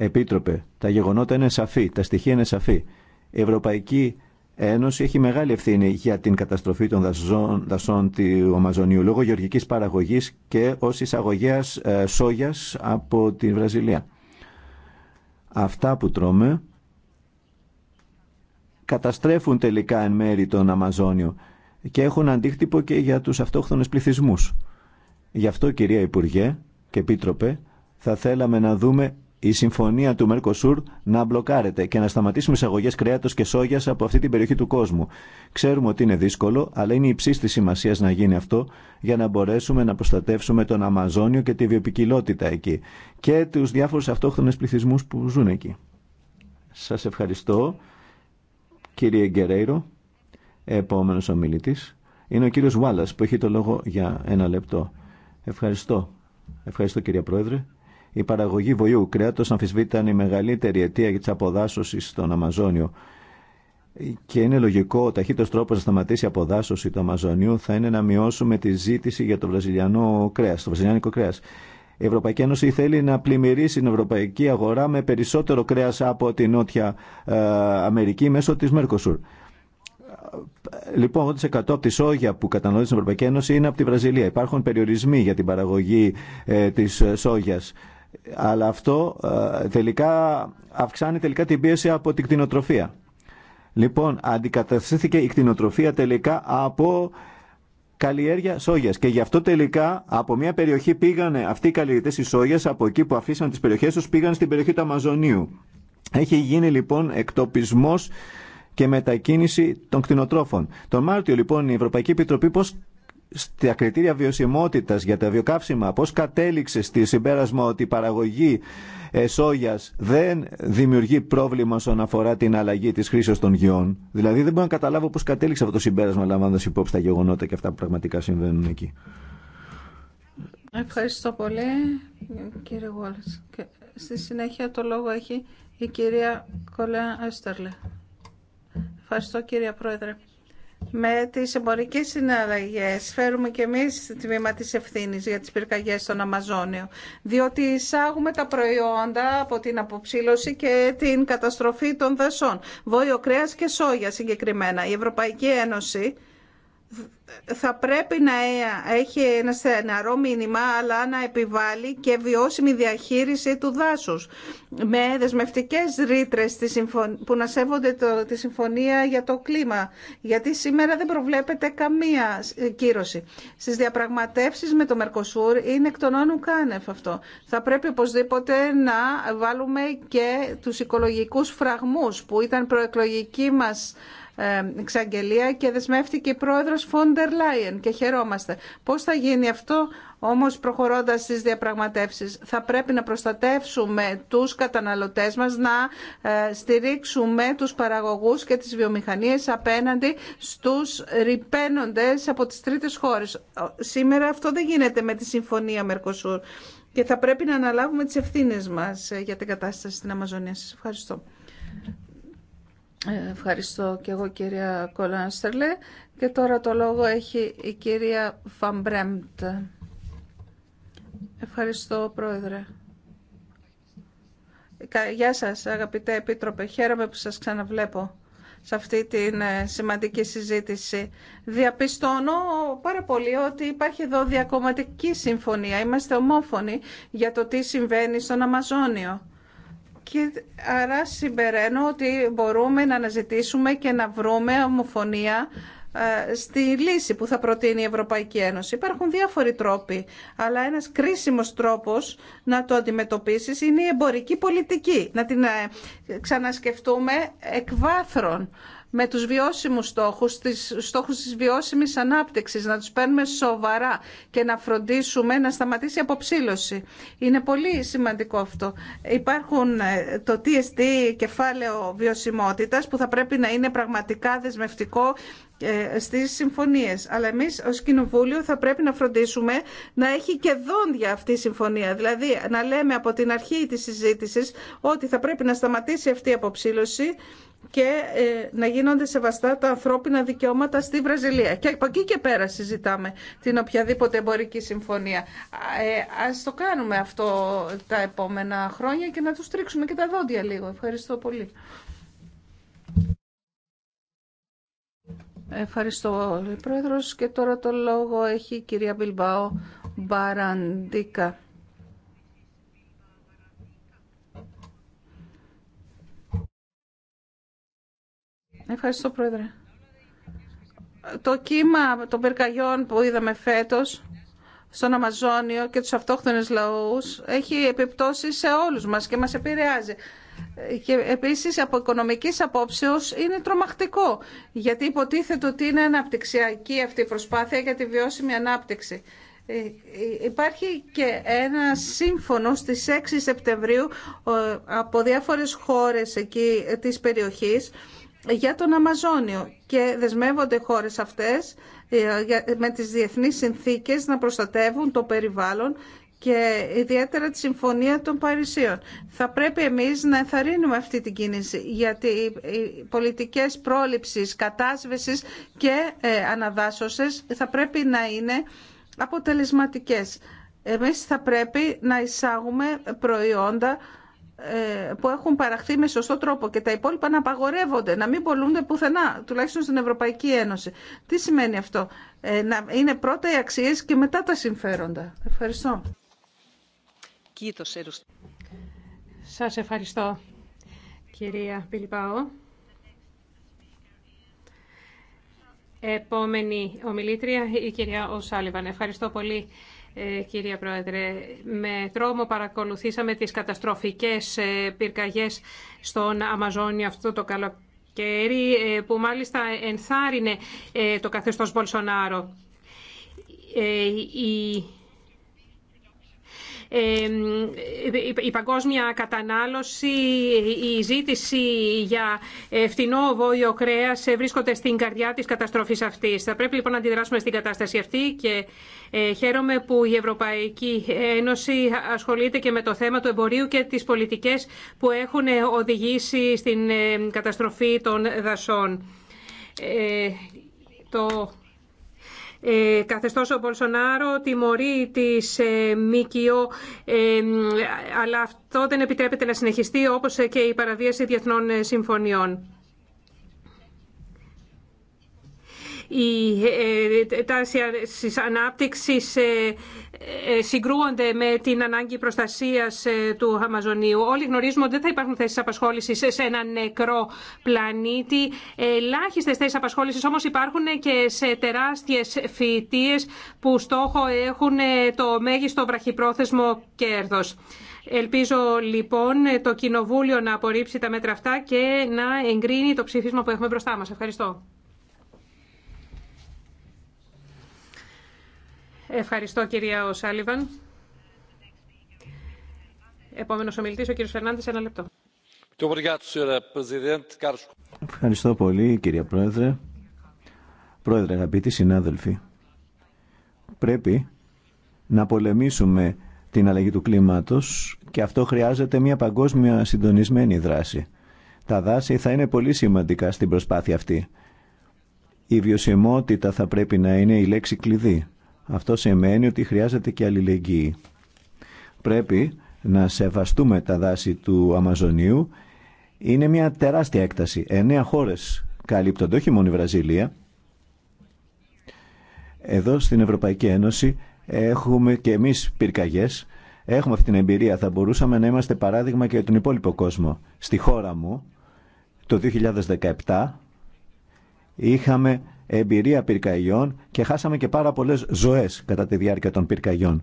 Επίτροπε, τα γεγονότα είναι σαφή, τα στοιχεία είναι σαφή. Η Ευρωπαϊκή Ένωση έχει μεγάλη ευθύνη για την καταστροφή των δασών, δασών του Αμαζονίου λόγω γεωργικής παραγωγής και ως εισαγωγέας ε, σόγιας από τη Βραζιλία. Αυτά που τρώμε καταστρέφουν τελικά εν μέρη τον Αμαζόνιο και έχουν αντίκτυπο και για τους αυτόχθονες πληθυσμούς. Γι' αυτό κυρία Υπουργέ και Επίτροπε θα θέλαμε να δούμε η συμφωνία του Μερκοσούρ να μπλοκάρεται και να σταματήσουμε εισαγωγέ κρέατος και σόγιας από αυτή την περιοχή του κόσμου. Ξέρουμε ότι είναι δύσκολο, αλλά είναι υψή τη σημασία να γίνει αυτό για να μπορέσουμε να προστατεύσουμε τον Αμαζόνιο και τη βιοπικιλότητα εκεί και του διάφορου αυτόχθονε πληθυσμού που ζουν εκεί. Σα ευχαριστώ, κύριε Γκερέιρο. Επόμενο ομιλητή είναι ο κύριο Βάλλα που έχει το λόγο για ένα λεπτό. Ευχαριστώ. Ευχαριστώ, κύριε Πρόεδρε. Η παραγωγή βοηού κρέατος αμφισβήτηταν η μεγαλύτερη αιτία για τη αποδάσωση στον Αμαζόνιο. Και είναι λογικό ο ταχύτερο τρόπο να σταματήσει η αποδάσωση του Αμαζονίου θα είναι να μειώσουμε τη ζήτηση για το βραζιλιανό κρέα, το βραζιλιάνικο κρέα. Η Ευρωπαϊκή Ένωση θέλει να πλημμυρίσει την ευρωπαϊκή αγορά με περισσότερο κρέα από τη Νότια ε, Αμερική μέσω τη Μέρκοσουρ. Λοιπόν, 80% από τη σόγια που καταναλώνει στην Ευρωπαϊκή Ένωση είναι από τη Βραζιλία. Υπάρχουν περιορισμοί για την παραγωγή ε, τη ε, σόγια αλλά αυτό ε, τελικά αυξάνει τελικά την πίεση από την κτηνοτροφία. Λοιπόν, αντικαταστήθηκε η κτηνοτροφία τελικά από καλλιέργεια σόγιας και γι' αυτό τελικά από μια περιοχή πήγανε αυτοί οι καλλιεργητές οι σόγιας από εκεί που αφήσαν τις περιοχές τους πήγαν στην περιοχή του Αμαζονίου. Έχει γίνει λοιπόν εκτοπισμός και μετακίνηση των κτηνοτρόφων. Τον Μάρτιο λοιπόν η Ευρωπαϊκή Επιτροπή πώς στα κριτήρια βιωσιμότητας για τα βιοκαύσιμα, πώς κατέληξε στη συμπέρασμα ότι η παραγωγή σόγιας δεν δημιουργεί πρόβλημα όσον αφορά την αλλαγή της χρήσης των γεών. Δηλαδή δεν μπορώ να καταλάβω πώς κατέληξε αυτό το συμπέρασμα λαμβάνοντας υπόψη τα γεγονότα και αυτά που πραγματικά συμβαίνουν εκεί. Ευχαριστώ πολύ κύριε Στη συνέχεια το λόγο έχει η κυρία Κολέα Έστερλε. Ευχαριστώ κύριε Πρόεδρε με τις εμπορικές συναλλαγές φέρουμε και εμείς το τμήμα της ευθύνης για τις πυρκαγιές στον Αμαζόνιο διότι εισάγουμε τα προϊόντα από την αποψήλωση και την καταστροφή των δασών, βόλιο κρέας και σόγια συγκεκριμένα. Η Ευρωπαϊκή Ένωση θα πρέπει να έχει ένα στεναρό μήνυμα, αλλά να επιβάλλει και βιώσιμη διαχείριση του δάσους με δεσμευτικές ρήτρε που να σέβονται το, τη Συμφωνία για το Κλίμα, γιατί σήμερα δεν προβλέπεται καμία κύρωση. Στις διαπραγματεύσεις με το Μερκοσούρ είναι εκ των όνων κάνευ αυτό. Θα πρέπει οπωσδήποτε να βάλουμε και τους οικολογικούς φραγμούς που ήταν προεκλογική μας ε, εξαγγελία και δεσμεύτηκε η πρόεδρος Φόντερ Λάιεν και χαιρόμαστε. Πώς θα γίνει αυτό όμως προχωρώντας στις διαπραγματεύσεις. Θα πρέπει να προστατεύσουμε τους καταναλωτές μας, να ε, στηρίξουμε τους παραγωγούς και τις βιομηχανίες απέναντι στους ρηπαίνοντες από τις τρίτες χώρες. Σήμερα αυτό δεν γίνεται με τη Συμφωνία Μερκοσούρ και θα πρέπει να αναλάβουμε τις ευθύνες μας ε, για την κατάσταση στην Αμαζονία. Σας ευχαριστώ. Ε, ευχαριστώ και εγώ κυρία Κολάνστερλε. Και τώρα το λόγο έχει η κυρία Φαμπρέμπτ. Ευχαριστώ πρόεδρε. Γεια σας αγαπητέ Επίτροπε. Χαίρομαι που σας ξαναβλέπω σε αυτή τη ε, σημαντική συζήτηση. Διαπιστώνω πάρα πολύ ότι υπάρχει εδώ διακομματική συμφωνία. Είμαστε ομόφωνοι για το τι συμβαίνει στον Αμαζόνιο. Και άρα συμπεραίνω ότι μπορούμε να αναζητήσουμε και να βρούμε ομοφωνία ε, στη λύση που θα προτείνει η Ευρωπαϊκή Ένωση. Υπάρχουν διάφοροι τρόποι, αλλά ένας κρίσιμος τρόπος να το αντιμετωπίσεις είναι η εμπορική πολιτική. Να την ε, ξανασκεφτούμε εκ βάθρων με τους βιώσιμους στόχους, τις στόχους της βιώσιμης ανάπτυξης, να τους παίρνουμε σοβαρά και να φροντίσουμε να σταματήσει η αποψήλωση. Είναι πολύ σημαντικό αυτό. Υπάρχουν ε, το TST κεφάλαιο βιωσιμότητας που θα πρέπει να είναι πραγματικά δεσμευτικό ε, στις συμφωνίε. Αλλά εμεί ως Κοινοβούλιο θα πρέπει να φροντίσουμε να έχει και δόντια αυτή η συμφωνία. Δηλαδή να λέμε από την αρχή τη συζήτηση ότι θα πρέπει να σταματήσει αυτή η αποψήλωση και ε, να γίνονται σεβαστά τα ανθρώπινα δικαιώματα στη Βραζιλία. Και από εκεί και πέρα συζητάμε την οποιαδήποτε εμπορική συμφωνία. Ε, ας το κάνουμε αυτό τα επόμενα χρόνια και να τους τρίξουμε και τα δόντια λίγο. Ευχαριστώ πολύ. Ευχαριστώ, Πρόεδρος. Και τώρα το λόγο έχει η κυρία Μπιλμπάο Μπαραντίκα. Ευχαριστώ, Πρόεδρε. Το κύμα των πυρκαγιών που είδαμε φέτος στον Αμαζόνιο και τους αυτόχθονες λαούς έχει επιπτώσει σε όλους μας και μας επηρεάζει και επίσης από οικονομικής απόψεως είναι τρομακτικό γιατί υποτίθεται ότι είναι αναπτυξιακή αυτή η προσπάθεια για τη βιώσιμη ανάπτυξη. Ε, υπάρχει και ένα σύμφωνο στις 6 Σεπτεμβρίου ε, από διάφορες χώρες εκεί της περιοχής για τον Αμαζόνιο και δεσμεύονται χώρες αυτές ε, με τις διεθνείς συνθήκες να προστατεύουν το περιβάλλον και ιδιαίτερα τη Συμφωνία των Παρισίων. Θα πρέπει εμείς να ενθαρρύνουμε αυτή την κίνηση, γιατί οι πολιτικές πρόληψης, κατάσβεσης και ε, αναδάσωσες θα πρέπει να είναι αποτελεσματικές. Εμείς θα πρέπει να εισάγουμε προϊόντα ε, που έχουν παραχθεί με σωστό τρόπο και τα υπόλοιπα να απαγορεύονται, να μην πολλούνται πουθενά, τουλάχιστον στην Ευρωπαϊκή Ένωση. Τι σημαίνει αυτό, ε, να είναι πρώτα οι αξίες και μετά τα συμφέροντα. Ευχαριστώ. Σας ευχαριστώ, κυρία Πιλιπάο. Επόμενη ομιλήτρια, η κυρία Οσάλιβαν. Ευχαριστώ πολύ, ε, κυρία Πρόεδρε. Με τρόμο παρακολουθήσαμε τις καταστροφικές ε, πυρκαγιές στον Αμαζόνιο αυτό το καλοκαίρι, ε, που μάλιστα ενθάρρυνε το καθεστώς Μπολσονάρο. Η η παγκόσμια κατανάλωση, η ζήτηση για ε, φτηνό βόλιο κρέας ε, βρίσκονται στην καρδιά της καταστροφής αυτής. Θα πρέπει λοιπόν να αντιδράσουμε στην κατάσταση αυτή και ε, χαίρομαι που η Ευρωπαϊκή Ένωση ασχολείται και με το θέμα του εμπορίου και τις πολιτικές που έχουν οδηγήσει στην καταστροφή των δασών ε, καθεστώς ο Μπολσονάρο τιμωρεί τις ε, ε, αλλά αυτό δεν επιτρέπεται να συνεχιστεί όπως και η παραβίαση διεθνών ε, συμφωνιών. οι ε, τάσεις ανάπτυξης ε, ε, συγκρούονται με την ανάγκη προστασίας του Αμαζονίου. Όλοι γνωρίζουμε ότι δεν θα υπάρχουν θέσεις απασχόλησης σε ένα νεκρό πλανήτη. ελάχιστε θέσεις απασχόλησης όμως υπάρχουν και σε τεράστιες φοιτίες που στόχο έχουν το μέγιστο βραχυπρόθεσμο κέρδος. Ελπίζω λοιπόν το Κοινοβούλιο να απορρίψει τα μέτρα αυτά και να εγκρίνει το ψήφισμα που έχουμε μπροστά μας. Ευχαριστώ. Ευχαριστώ κυρία Οσάλιβαν. Επόμενος ομιλητής, ο κύριος Φερνάντης, ένα λεπτό. Ευχαριστώ πολύ κυρία Πρόεδρε. Πρόεδρε, αγαπητοί συνάδελφοι, πρέπει να πολεμήσουμε την αλλαγή του κλίματος και αυτό χρειάζεται μια παγκόσμια συντονισμένη δράση. Τα δάση θα είναι πολύ σημαντικά στην προσπάθεια αυτή. Η βιωσιμότητα θα πρέπει να είναι η λέξη κλειδί. Αυτό σημαίνει ότι χρειάζεται και αλληλεγγύη. Πρέπει να σεβαστούμε τα δάση του Αμαζονίου. Είναι μια τεράστια έκταση. Εννέα χώρες καλύπτονται, όχι μόνο η Βραζιλία. Εδώ στην Ευρωπαϊκή Ένωση έχουμε και εμείς πυρκαγιές. Έχουμε αυτή την εμπειρία. Θα μπορούσαμε να είμαστε παράδειγμα και για τον υπόλοιπο κόσμο. Στη χώρα μου, το 2017, είχαμε εμπειρία πυρκαγιών και χάσαμε και πάρα πολλέ ζωέ κατά τη διάρκεια των πυρκαγιών.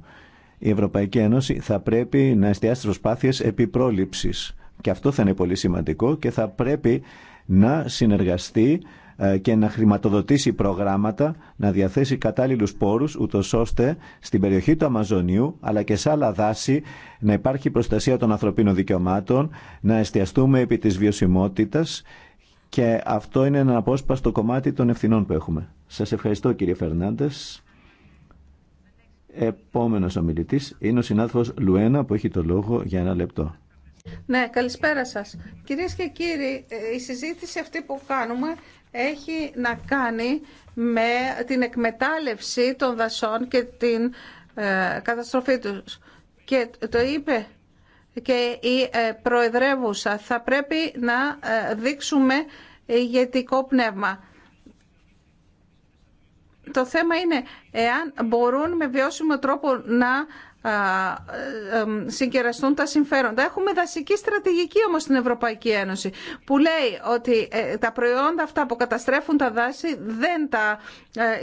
Η Ευρωπαϊκή Ένωση θα πρέπει να εστιάσει προσπάθειε επί επιπρόληψης και αυτό θα είναι πολύ σημαντικό και θα πρέπει να συνεργαστεί ε, και να χρηματοδοτήσει προγράμματα, να διαθέσει κατάλληλους πόρους, ούτω ώστε στην περιοχή του Αμαζονίου, αλλά και σε άλλα δάση, να υπάρχει προστασία των ανθρωπίνων δικαιωμάτων, να εστιαστούμε επί της βιωσιμότητας και αυτό είναι ένα απόσπαστο κομμάτι των ευθυνών που έχουμε. Σας ευχαριστώ κύριε Φερνάντες. Επόμενος ομιλητής είναι ο συνάδελφος Λουένα που έχει το λόγο για ένα λεπτό. Ναι, καλησπέρα σας. Κυρίες και κύριοι, ε, η συζήτηση αυτή που κάνουμε έχει να κάνει με την εκμετάλλευση των δασών και την ε, καταστροφή τους. Και το είπε και η ε, Προεδρεύουσα. Θα πρέπει να ε, δείξουμε ηγετικό πνεύμα. Το θέμα είναι εάν μπορούν με βιώσιμο τρόπο να ε, συγκεραστούν τα συμφέροντα. Έχουμε δασική στρατηγική όμως στην Ευρωπαϊκή Ένωση που λέει ότι τα προϊόντα αυτά που καταστρέφουν τα δάση δεν τα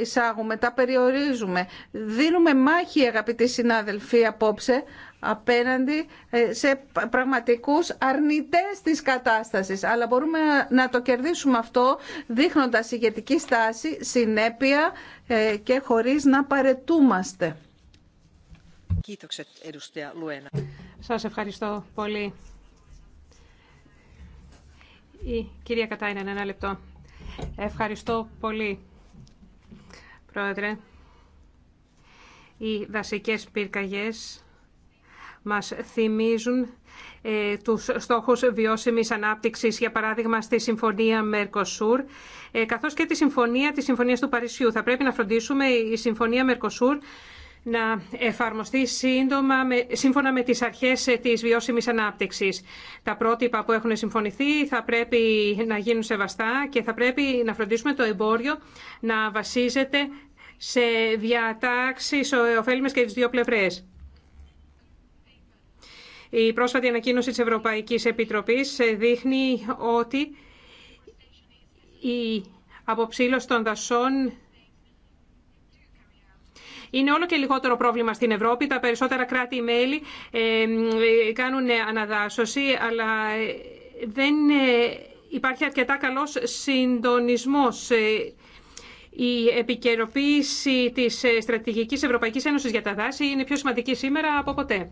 εισάγουμε, τα περιορίζουμε. Δίνουμε μάχη αγαπητοί συνάδελφοι απόψε απέναντι ε, σε πραγματικούς αρνητές της κατάστασης. Αλλά μπορούμε να το κερδίσουμε αυτό δείχνοντας ηγετική στάση, συνέπεια ε, και χωρίς να παρετούμαστε. Σας ευχαριστώ πολύ. Η κυρία Κατάινα, ένα λεπτό. Ευχαριστώ πολύ, Πρόεδρε. Οι δασικές πυρκαγιές μας θυμίζουν ε, τους στόχους βιώσιμης ανάπτυξης, για παράδειγμα στη Συμφωνία Μερκοσούρ, ε, καθώς και τη Συμφωνία της Συμφωνίας του Παρισιού. Θα πρέπει να φροντίσουμε η Συμφωνία Μερκοσούρ να εφαρμοστεί σύντομα, σύμφωνα με τις αρχές ε, της βιώσιμης ανάπτυξης. Τα πρότυπα που έχουν συμφωνηθεί θα πρέπει να γίνουν σεβαστά και θα πρέπει να φροντίσουμε το εμπόριο να βασίζεται σε διατάξεις ωφέλιμες και τις δύο πλευρές. Η πρόσφατη ανακοίνωση της Ευρωπαϊκής Επιτροπής ε, δείχνει ότι η αποψήλωση των δασών είναι όλο και λιγότερο πρόβλημα στην Ευρώπη. Τα περισσότερα κράτη-μέλη ε, ε, κάνουν αναδάσωση, αλλά δεν υπάρχει αρκετά καλός συντονισμός. Η επικαιροποίηση της Στρατηγικής Ευρωπαϊκής Ένωσης για τα δάση είναι πιο σημαντική σήμερα από ποτέ.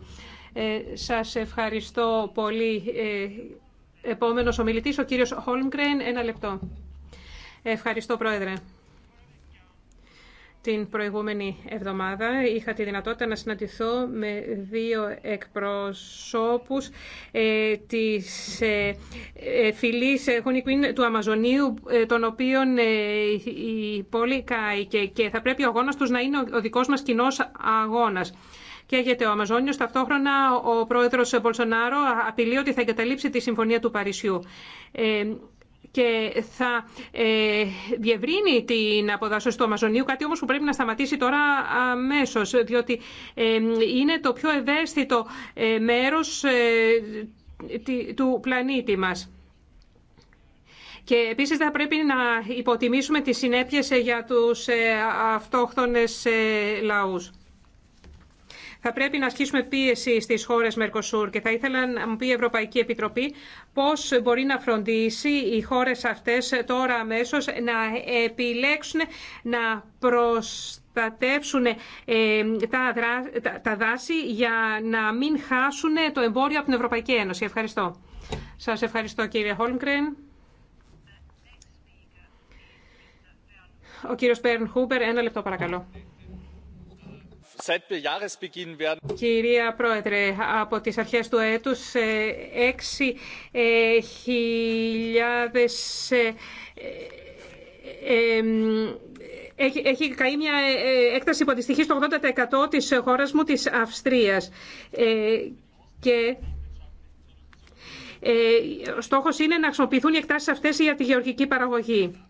Ε, σας ευχαριστώ πολύ. Ε, επόμενος ομιλητής, ο κύριος Χόλμγκρέν, ένα λεπτό. Ευχαριστώ, Πρόεδρε. Την προηγούμενη εβδομάδα είχα τη δυνατότητα να συναντηθώ με δύο εκπροσώπους ε, της ε, ε, ε του Αμαζονίου, ε, των οποίων η ε, πόλη κάηκε και θα πρέπει ο αγώνας τους να είναι ο δικός μας κοινός αγώνας. Καίγεται ο Αμαζόνιος. Ταυτόχρονα ο πρόεδρος Μπολσονάρο απειλεί ότι θα εγκαταλείψει τη Συμφωνία του Παρισιού ε, και θα ε, διευρύνει την αποδάσωση του Αμαζονίου, κάτι όμως που πρέπει να σταματήσει τώρα αμέσως, διότι ε, είναι το πιο ευαίσθητο ε, μέρος ε, του πλανήτη μας. Και επίσης θα πρέπει να υποτιμήσουμε τις συνέπειες ε, για τους αυτόχθονες λαούς. Θα πρέπει να ασκήσουμε πίεση στις χώρες Μερκοσούρ και θα ήθελα να μου πει η Ευρωπαϊκή Επιτροπή πώς μπορεί να φροντίσει οι χώρες αυτές τώρα αμέσω να επιλέξουν να προστατεύσουν ε, τα δάση για να μην χάσουν το εμπόριο από την Ευρωπαϊκή Ένωση. Ευχαριστώ. Σας ευχαριστώ κύριε Χόλμκρεν. Ο κύριος Πέρν Χούμπερ, ένα λεπτό παρακαλώ. Κυρία Πρόεδρε, από τις αρχές του έτους 6.000 ε, ε, ε, έχει, έχει καεί μια έκταση που αντιστοιχεί στο 80% της χώρας μου, της Αυστρίας. και ε, στόχος είναι να χρησιμοποιηθούν οι εκτάσεις αυτές για τη γεωργική παραγωγή.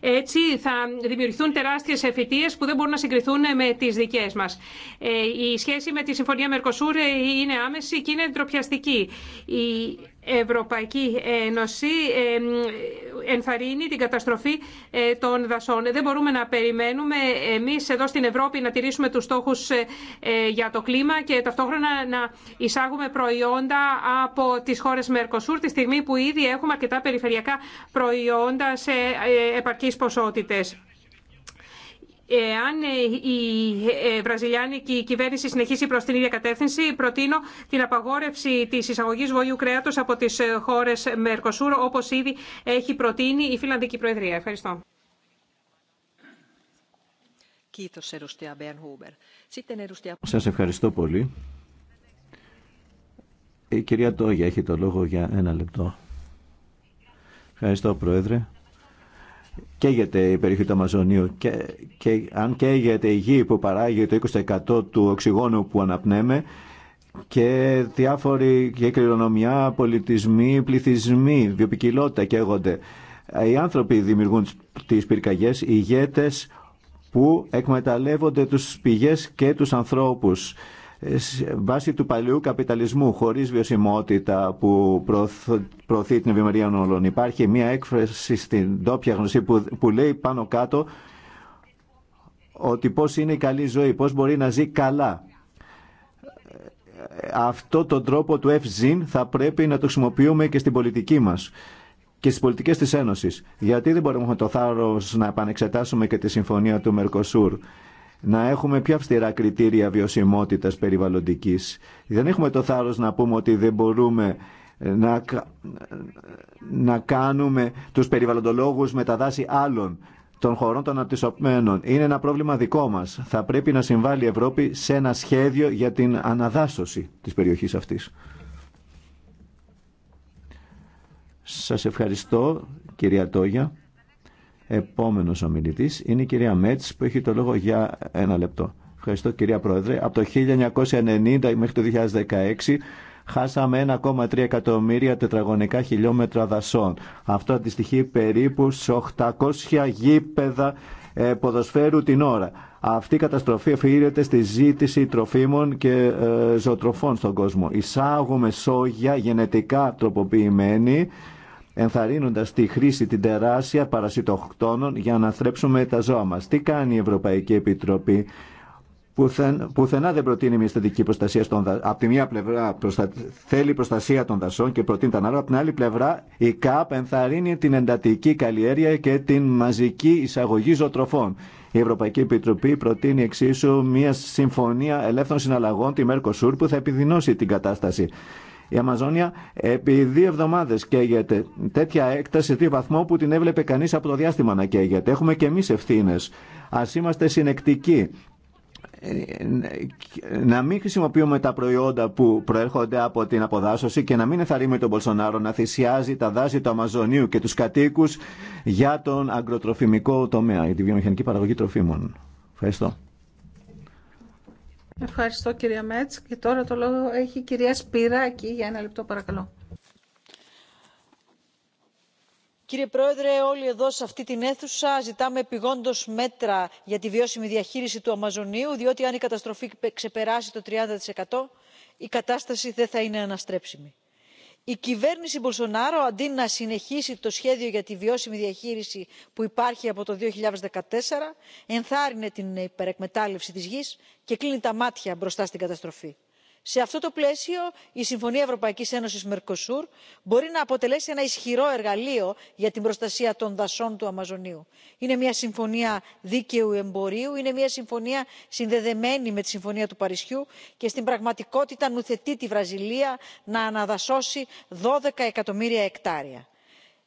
Έτσι θα δημιουργηθούν τεράστιες εφητείες που δεν μπορούν να συγκριθούν με τις δικές μας. Ε, η σχέση με τη Συμφωνία Μερκοσούρ ε, είναι άμεση και είναι ντροπιαστική. Η Ευρωπαϊκή Ένωση ενθαρρύνει την καταστροφή ε, των δασών. Δεν μπορούμε να περιμένουμε εμείς εδώ στην Ευρώπη να τηρήσουμε τους στόχους ε, ε, για το κλίμα και ταυτόχρονα να εισάγουμε προϊόντα από τις χώρες Μερκοσούρ τη στιγμή που ήδη έχουμε αρκετά περιφερειακά προϊόντα σε επαρκείς ποσότητες. Εάν ε, η ε, βραζιλιάνικη κυβέρνηση συνεχίσει προ την ίδια κατεύθυνση, προτείνω την απαγόρευση τη εισαγωγή βόλιου κρέατος από τι ε, χώρε Μερκοσούρ, όπω ήδη έχει προτείνει η Φιλανδική Προεδρία. Ευχαριστώ. Σα ευχαριστώ πολύ. Η κυρία Τόγια έχει το λόγο για ένα λεπτό. Ευχαριστώ, Πρόεδρε καίγεται η περιοχή του Αμαζονίου και, και αν καίγεται η γη που παράγει το 20% του οξυγόνου που αναπνέμε και διάφοροι και κληρονομιά, πολιτισμοί, πληθυσμοί, βιοπικιλότητα καίγονται. Οι άνθρωποι δημιουργούν τις πυρκαγιές, οι ηγέτες που εκμεταλλεύονται τους πηγές και τους ανθρώπους βάσει του παλιού καπιταλισμού χωρίς βιωσιμότητα που προωθεί την ευημερία όλων. Υπάρχει μια έκφραση στην ντόπια γνωσή που, που λέει πάνω κάτω ότι πώς είναι η καλή ζωή, πώς μπορεί να ζει καλά. Αυτό τον τρόπο του εφζίν θα πρέπει να το χρησιμοποιούμε και στην πολιτική μας και στις πολιτικές της Ένωσης. Γιατί δεν μπορούμε το θάρρος να επανεξετάσουμε και τη συμφωνία του Μερκοσούρ να έχουμε πιο αυστηρά κριτήρια βιωσιμότητας περιβαλλοντικής. Δεν έχουμε το θάρρος να πούμε ότι δεν μπορούμε να, να κάνουμε τους περιβαλλοντολόγους με τα δάση άλλων των χωρών των αναπτυσσοπμένων. Είναι ένα πρόβλημα δικό μας. Θα πρέπει να συμβάλλει η Ευρώπη σε ένα σχέδιο για την αναδάσωση της περιοχής αυτής. Σας ευχαριστώ κυρία Τόγια. Επόμενος ομιλητής είναι η κυρία Μέτς που έχει το λόγο για ένα λεπτό. Ευχαριστώ κυρία Πρόεδρε. Από το 1990 μέχρι το 2016 χάσαμε 1,3 εκατομμύρια τετραγωνικά χιλιόμετρα δασών. Αυτό αντιστοιχεί περίπου σε 800 γήπεδα ε, ποδοσφαίρου την ώρα. Αυτή η καταστροφή αφήνεται στη ζήτηση τροφίμων και ε, ζωοτροφών στον κόσμο. Εισάγουμε σόγια γενετικά τροποποιημένη ενθαρρύνοντα τη χρήση την τεράστια παρασιτοκτόνων για να θρέψουμε τα ζώα μας. Τι κάνει η Ευρωπαϊκή Επιτροπή Πουθεν, πουθενά δεν προτείνει μια στατική προστασία στον δασών. Από τη μία πλευρά θέλει προστασία των δασών και προτείνει τα άλλα. Από την άλλη πλευρά η ΚΑΠ ενθαρρύνει την εντατική καλλιέργεια και την μαζική εισαγωγή ζωοτροφών. Η Ευρωπαϊκή Επιτροπή προτείνει εξίσου μια συμφωνία ελεύθερων συναλλαγών, τη Μέρκοσούρ που θα επιδεινώσει την κατάσταση. Η Αμαζόνια επί δύο εβδομάδε καίγεται. Τέτοια έκταση σε βαθμό που την έβλεπε κανεί από το διάστημα να καίγεται. Έχουμε και εμεί ευθύνε. Α είμαστε συνεκτικοί να μην χρησιμοποιούμε τα προϊόντα που προέρχονται από την αποδάσωση και να μην εθαρρύνουμε τον Πολσονάρο να θυσιάζει τα δάση του Αμαζονίου και τους κατοίκου για τον αγροτροφημικό τομέα, για τη βιομηχανική παραγωγή τροφίμων. Ευχαριστώ. Ευχαριστώ κυρία Μέτς. Και τώρα το λόγο έχει η κυρία Σπυράκη για ένα λεπτό παρακαλώ. Κύριε Πρόεδρε, όλοι εδώ σε αυτή την αίθουσα ζητάμε επιγόντω μέτρα για τη βιώσιμη διαχείριση του Αμαζονίου, διότι αν η καταστροφή ξεπεράσει το 30%, η κατάσταση δεν θα είναι αναστρέψιμη η κυβέρνηση μπολσονάρο αντί να συνεχίσει το σχέδιο για τη βιώσιμη διαχείριση που υπάρχει από το 2014, ενθάρρυνε την υπερεκμετάλλευση της γης και κλείνει τα μάτια μπροστά στην καταστροφή σε αυτό το πλαίσιο η συμφωνία ευρωπαϊκής ένωσης μερκοσουρ μπορεί να αποτελέσει ένα ισχυρό εργαλείο για την προστασία των δασών του αμαζονίου. είναι μια συμφωνία δίκαιου εμπορίου είναι μια συμφωνία συνδεδεμένη με τη συμφωνία του παρισιού και στην πραγματικότητα νουθετεί τη βραζιλία να αναδασώσει δώδεκα εκατομμύρια εκτάρια.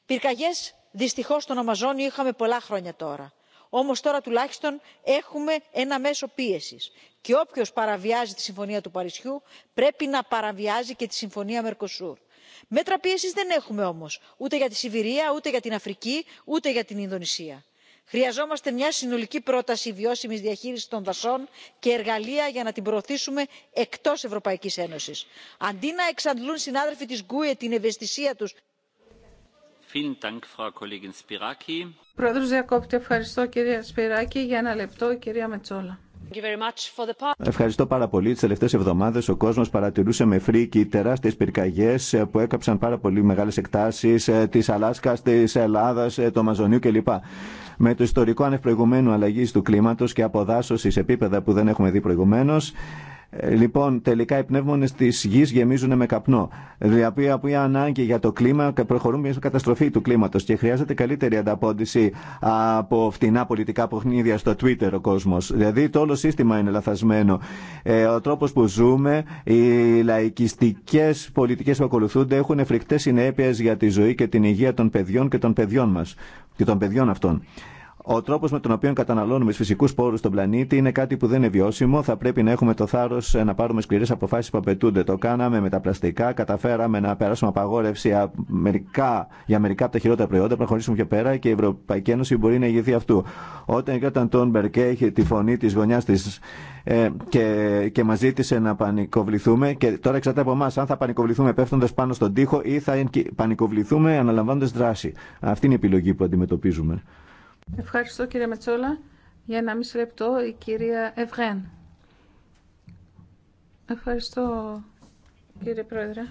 πυρκαγιές δυστυχώς στον αμαζόνιο είχαμε πολλά χρόνια τώρα όμως τώρα τουλάχιστον έχουμε ένα μέσο πίεσης και όποιος παραβιάζει τη συμφωνία του παρισιού πρέπει να παραβιάζει και τη συμφωνία μερκοσουρ. μέτρα πίεσης δεν έχουμε όμως ούτε για τη σιβηρία ούτε για την αφρική ούτε για την ινδονησία. χρειαζόμαστε μια συνολική πρόταση βιώσιμης διαχείρισης των δασών και εργαλεία για να την προωθήσουμε εκτός ευρωπαϊκής ένωσης. αντί να εξαντλούν συνάδελφοι της Γκουε την ευαισθησία τους Πρόεδρος Διακόπτη, ευχαριστώ κυρία Σπυράκη. Για ένα λεπτό κυρία Μετσόλα. Ευχαριστώ πάρα πολύ. Τι τελευταίε εβδομάδε ο κόσμο παρατηρούσε με φρίκι τεράστιε πυρκαγιέ ε, που έκαψαν πάρα πολύ μεγάλε εκτάσει ε, τη Αλάσκα, τη Ελλάδα, ε, του Αμαζονίου κλπ. Με το ιστορικό ανευπροηγουμένου αλλαγή του κλίματο και αποδάσωση σε επίπεδα που δεν έχουμε δει προηγουμένω, Λοιπόν, τελικά οι πνεύμονες της γης γεμίζουν με καπνό. Δηλαδή, από η ανάγκη για το κλίμα προχωρούν μια καταστροφή του κλίματος και χρειάζεται καλύτερη ανταπόντηση από φτηνά πολιτικά παιχνίδια στο Twitter ο κόσμος. Δηλαδή, το όλο σύστημα είναι λαθασμένο. Ε, ο τρόπος που ζούμε, οι λαϊκιστικές πολιτικές που ακολουθούνται έχουν φρικτές συνέπειες για τη ζωή και την υγεία των παιδιών και των παιδιών μας και των παιδιών αυτών. Ο τρόπο με τον οποίο καταναλώνουμε φυσικού πόρου στον πλανήτη είναι κάτι που δεν είναι βιώσιμο. Θα πρέπει να έχουμε το θάρρο ε, να πάρουμε σκληρέ αποφάσει που απαιτούνται. Το κάναμε με τα πλαστικά, καταφέραμε να περάσουμε απαγόρευση για μερικά από τα χειρότερα προϊόντα, προχωρήσουμε πιο πέρα και η Ευρωπαϊκή Ένωση μπορεί να ηγηθεί αυτού. Όταν η Κρέτα Αντών Μπερκέ είχε τη φωνή τη γωνιά τη ε, και, και μα ζήτησε να πανικοβληθούμε, και τώρα εξαρτάται από εμά αν θα πανικοβληθούμε πέφτοντα πάνω στον τοίχο ή θα πανικοβληθούμε αναλαμβάνοντα δράση. Αυτή είναι η επιλογή που αντιμετωπίζουμε. Ευχαριστώ κύριε Μετσόλα. Για ένα μισό λεπτό η κυρία Ευγέν. Ευχαριστώ κύριε Πρόεδρε.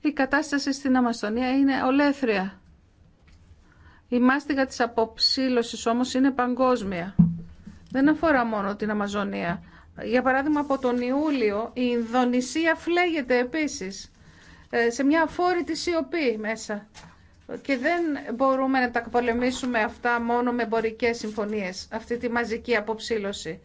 Η κατάσταση στην Αμαστονία είναι ολέθρια. Η μάστιγα της αποψήλωσης όμως είναι παγκόσμια. Δεν αφορά μόνο την Αμαζονία. Για παράδειγμα από τον Ιούλιο η Ινδονησία φλέγεται επίσης ε, σε μια αφόρητη σιωπή μέσα και δεν μπορούμε να τα πολεμήσουμε αυτά μόνο με εμπορικές συμφωνίες, αυτή τη μαζική αποψήλωση.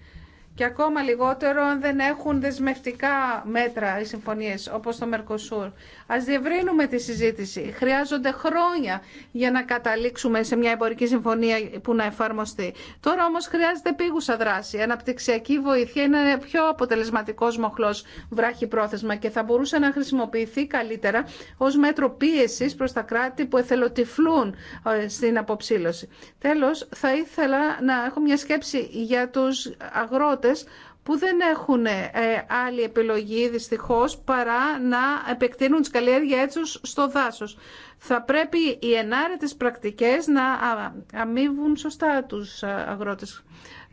Και ακόμα λιγότερο αν δεν έχουν δεσμευτικά μέτρα οι συμφωνίες, όπως το Μερκοσούρ. Ας διευρύνουμε τη συζήτηση. Χρειάζονται χρόνια για να καταλήξουμε σε μια εμπορική συμφωνία που να εφαρμοστεί. Τώρα όμως χρειάζεται πήγουσα δράση. αναπτυξιακή βοήθεια είναι πιο αποτελεσματικός μοχλός βράχη πρόθεσμα και θα μπορούσε να χρησιμοποιηθεί καλύτερα ως μέτρο πίεσης προς τα κράτη που εθελοτυφλούν ε, στην αποψήλωση. Τέλος, θα ήθελα να έχω μια σκέψη για τους αγρότες που δεν έχουν ε, άλλη επιλογή δυστυχώς παρά να επεκτείνουν τις καλλιέργειές τους στο δάσος. Θα πρέπει οι ενάρετες πρακτικές να αμείβουν σωστά τους ε, αγρότες.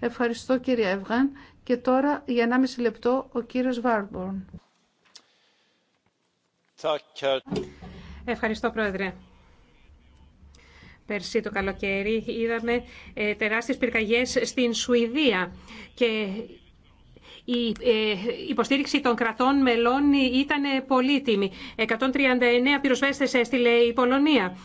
Ευχαριστώ κύριε Εύγαν. Και τώρα για 1,5 λεπτό ο κύριος Βάρμπορν. Ευχαριστώ πρόεδρε. Πέρσι το καλοκαίρι είδαμε ε, τεράστιες πυρκαγιές στην Σουηδία και η ε, υποστήριξη των κρατών μελών ήταν πολύτιμη. 139 πυροσβέστες έστειλε η Πολωνία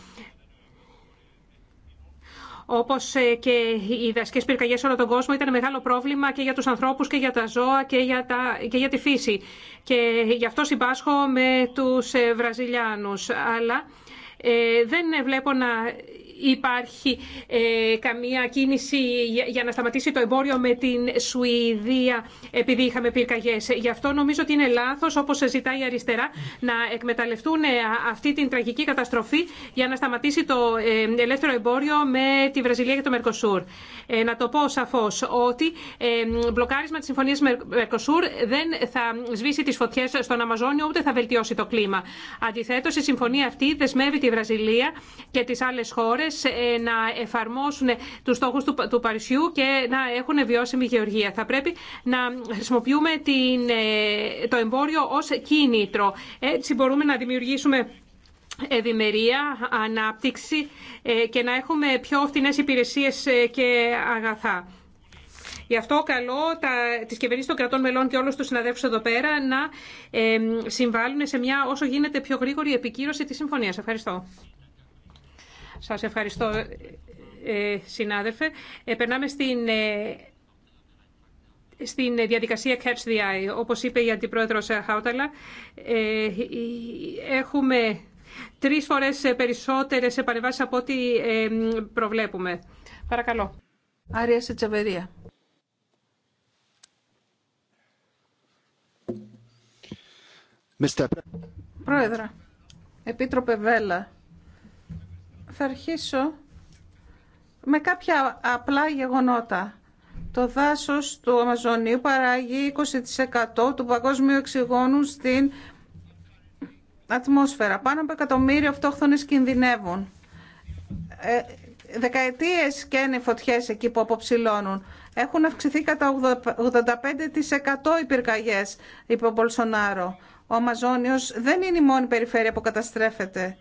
όπως ε, και οι δασικέ πυρκαγιέ σε όλο τον κόσμο ήταν μεγάλο πρόβλημα και για τους ανθρώπους και για τα ζώα και για, τα, και για τη φύση. Και γι' αυτό συμπάσχω με τους ε, Βραζιλιάνους. Αλλά ε, δεν βλέπω να υπάρχει ε, καμία κίνηση για να σταματήσει το εμπόριο με την Σουηδία επειδή είχαμε πυρκαγιές. Γι' αυτό νομίζω ότι είναι λάθος, όπως ζητάει η αριστερά, να εκμεταλλευτούν ε, αυτή την τραγική καταστροφή για να σταματήσει το ε, ελεύθερο εμπόριο με τη Βραζιλία και το Μερκοσούρ. Να το πω σαφώς ότι μπλοκάρισμα της συμφωνίας Μερκοσούρ δεν θα σβήσει τις φωτιές στον Αμαζόνιο ούτε θα βελτιώσει το κλίμα. Αντιθέτως, η συμφωνία αυτή δεσμεύει τη Βραζιλία και τις άλλες χώρες ε, να εφαρμόσουν τους στόχους του Παρισιού και να έχουν βιώσιμη γεωργία. Θα πρέπει να χρησιμοποιούμε την, ε, το εμπόριο ως κίνητρο. Έτσι μπορούμε να δημιουργήσουμε ευημερία, ανάπτυξη ε, και να έχουμε πιο φθηνές υπηρεσίες και αγαθά. Γι' αυτό καλώ τα, τις κυβερνήσεις των κρατών μελών και όλους τους συναδέλφους εδώ πέρα να ε, συμβάλλουν σε μια όσο γίνεται πιο γρήγορη επικύρωση της συμφωνίας. Ευχαριστώ. Σας ευχαριστώ, ε, ε, συνάδελφε. Ε, περνάμε στην στην διαδικασία Catch the Eye. Όπως είπε η Αντιπρόεδρος Χάουταλα, έχουμε τρεις φορές περισσότερες επανεβάσεις από ό,τι προβλέπουμε. Παρακαλώ. Άρια Σετσαβερία. Πρόεδρε, Επίτροπε Βέλα, θα αρχίσω με κάποια απλά γεγονότα. Το δάσος του Αμαζονίου παράγει 20% του παγκόσμιου εξυγόνου στην ατμόσφαιρα. Πάνω από εκατομμύριο αυτόχθονες κινδυνεύουν. Ε, δεκαετίες και φωτιές εκεί που αποψηλώνουν. Έχουν αυξηθεί κατά 85% οι πυρκαγιές, είπε ο Μπολσονάρο. Ο Αμαζόνιος δεν είναι η μόνη περιφέρεια που καταστρέφεται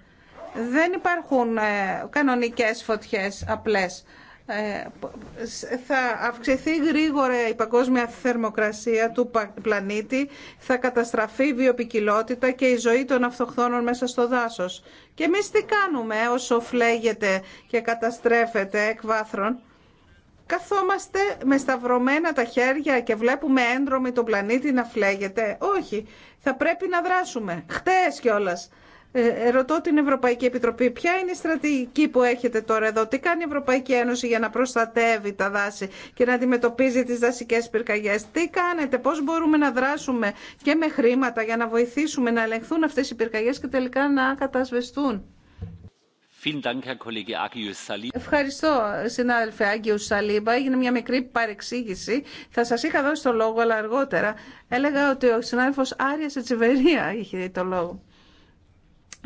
δεν υπάρχουν ε, κανονικές φωτιές απλές. Ε, θα αυξηθεί γρήγορα η παγκόσμια θερμοκρασία του πλανήτη, θα καταστραφεί η βιοπικιλότητα και η ζωή των αυτοχθόνων μέσα στο δάσος. Και εμείς τι κάνουμε όσο φλέγεται και καταστρέφεται εκ βάθρων. Καθόμαστε με σταυρωμένα τα χέρια και βλέπουμε έντρομοι τον πλανήτη να φλέγεται. Όχι, θα πρέπει να δράσουμε. Χτες κιόλας. Ε, ρωτώ την Ευρωπαϊκή Επιτροπή ποια είναι η στρατηγική που έχετε τώρα εδώ, τι κάνει η Ευρωπαϊκή Ένωση για να προστατεύει τα δάση και να αντιμετωπίζει τις δασικές πυρκαγιές, τι κάνετε, πώς μπορούμε να δράσουμε και με χρήματα για να βοηθήσουμε να ελεγχθούν αυτές οι πυρκαγιές και τελικά να κατασβεστούν. Ευχαριστώ, συνάδελφε Άγγιου Σαλίμπα. Έγινε μια μικρή παρεξήγηση. Θα σα είχα δώσει το λόγο, αλλά αργότερα έλεγα ότι ο συνάδελφο Άρια Ετσιβερία είχε το λόγο.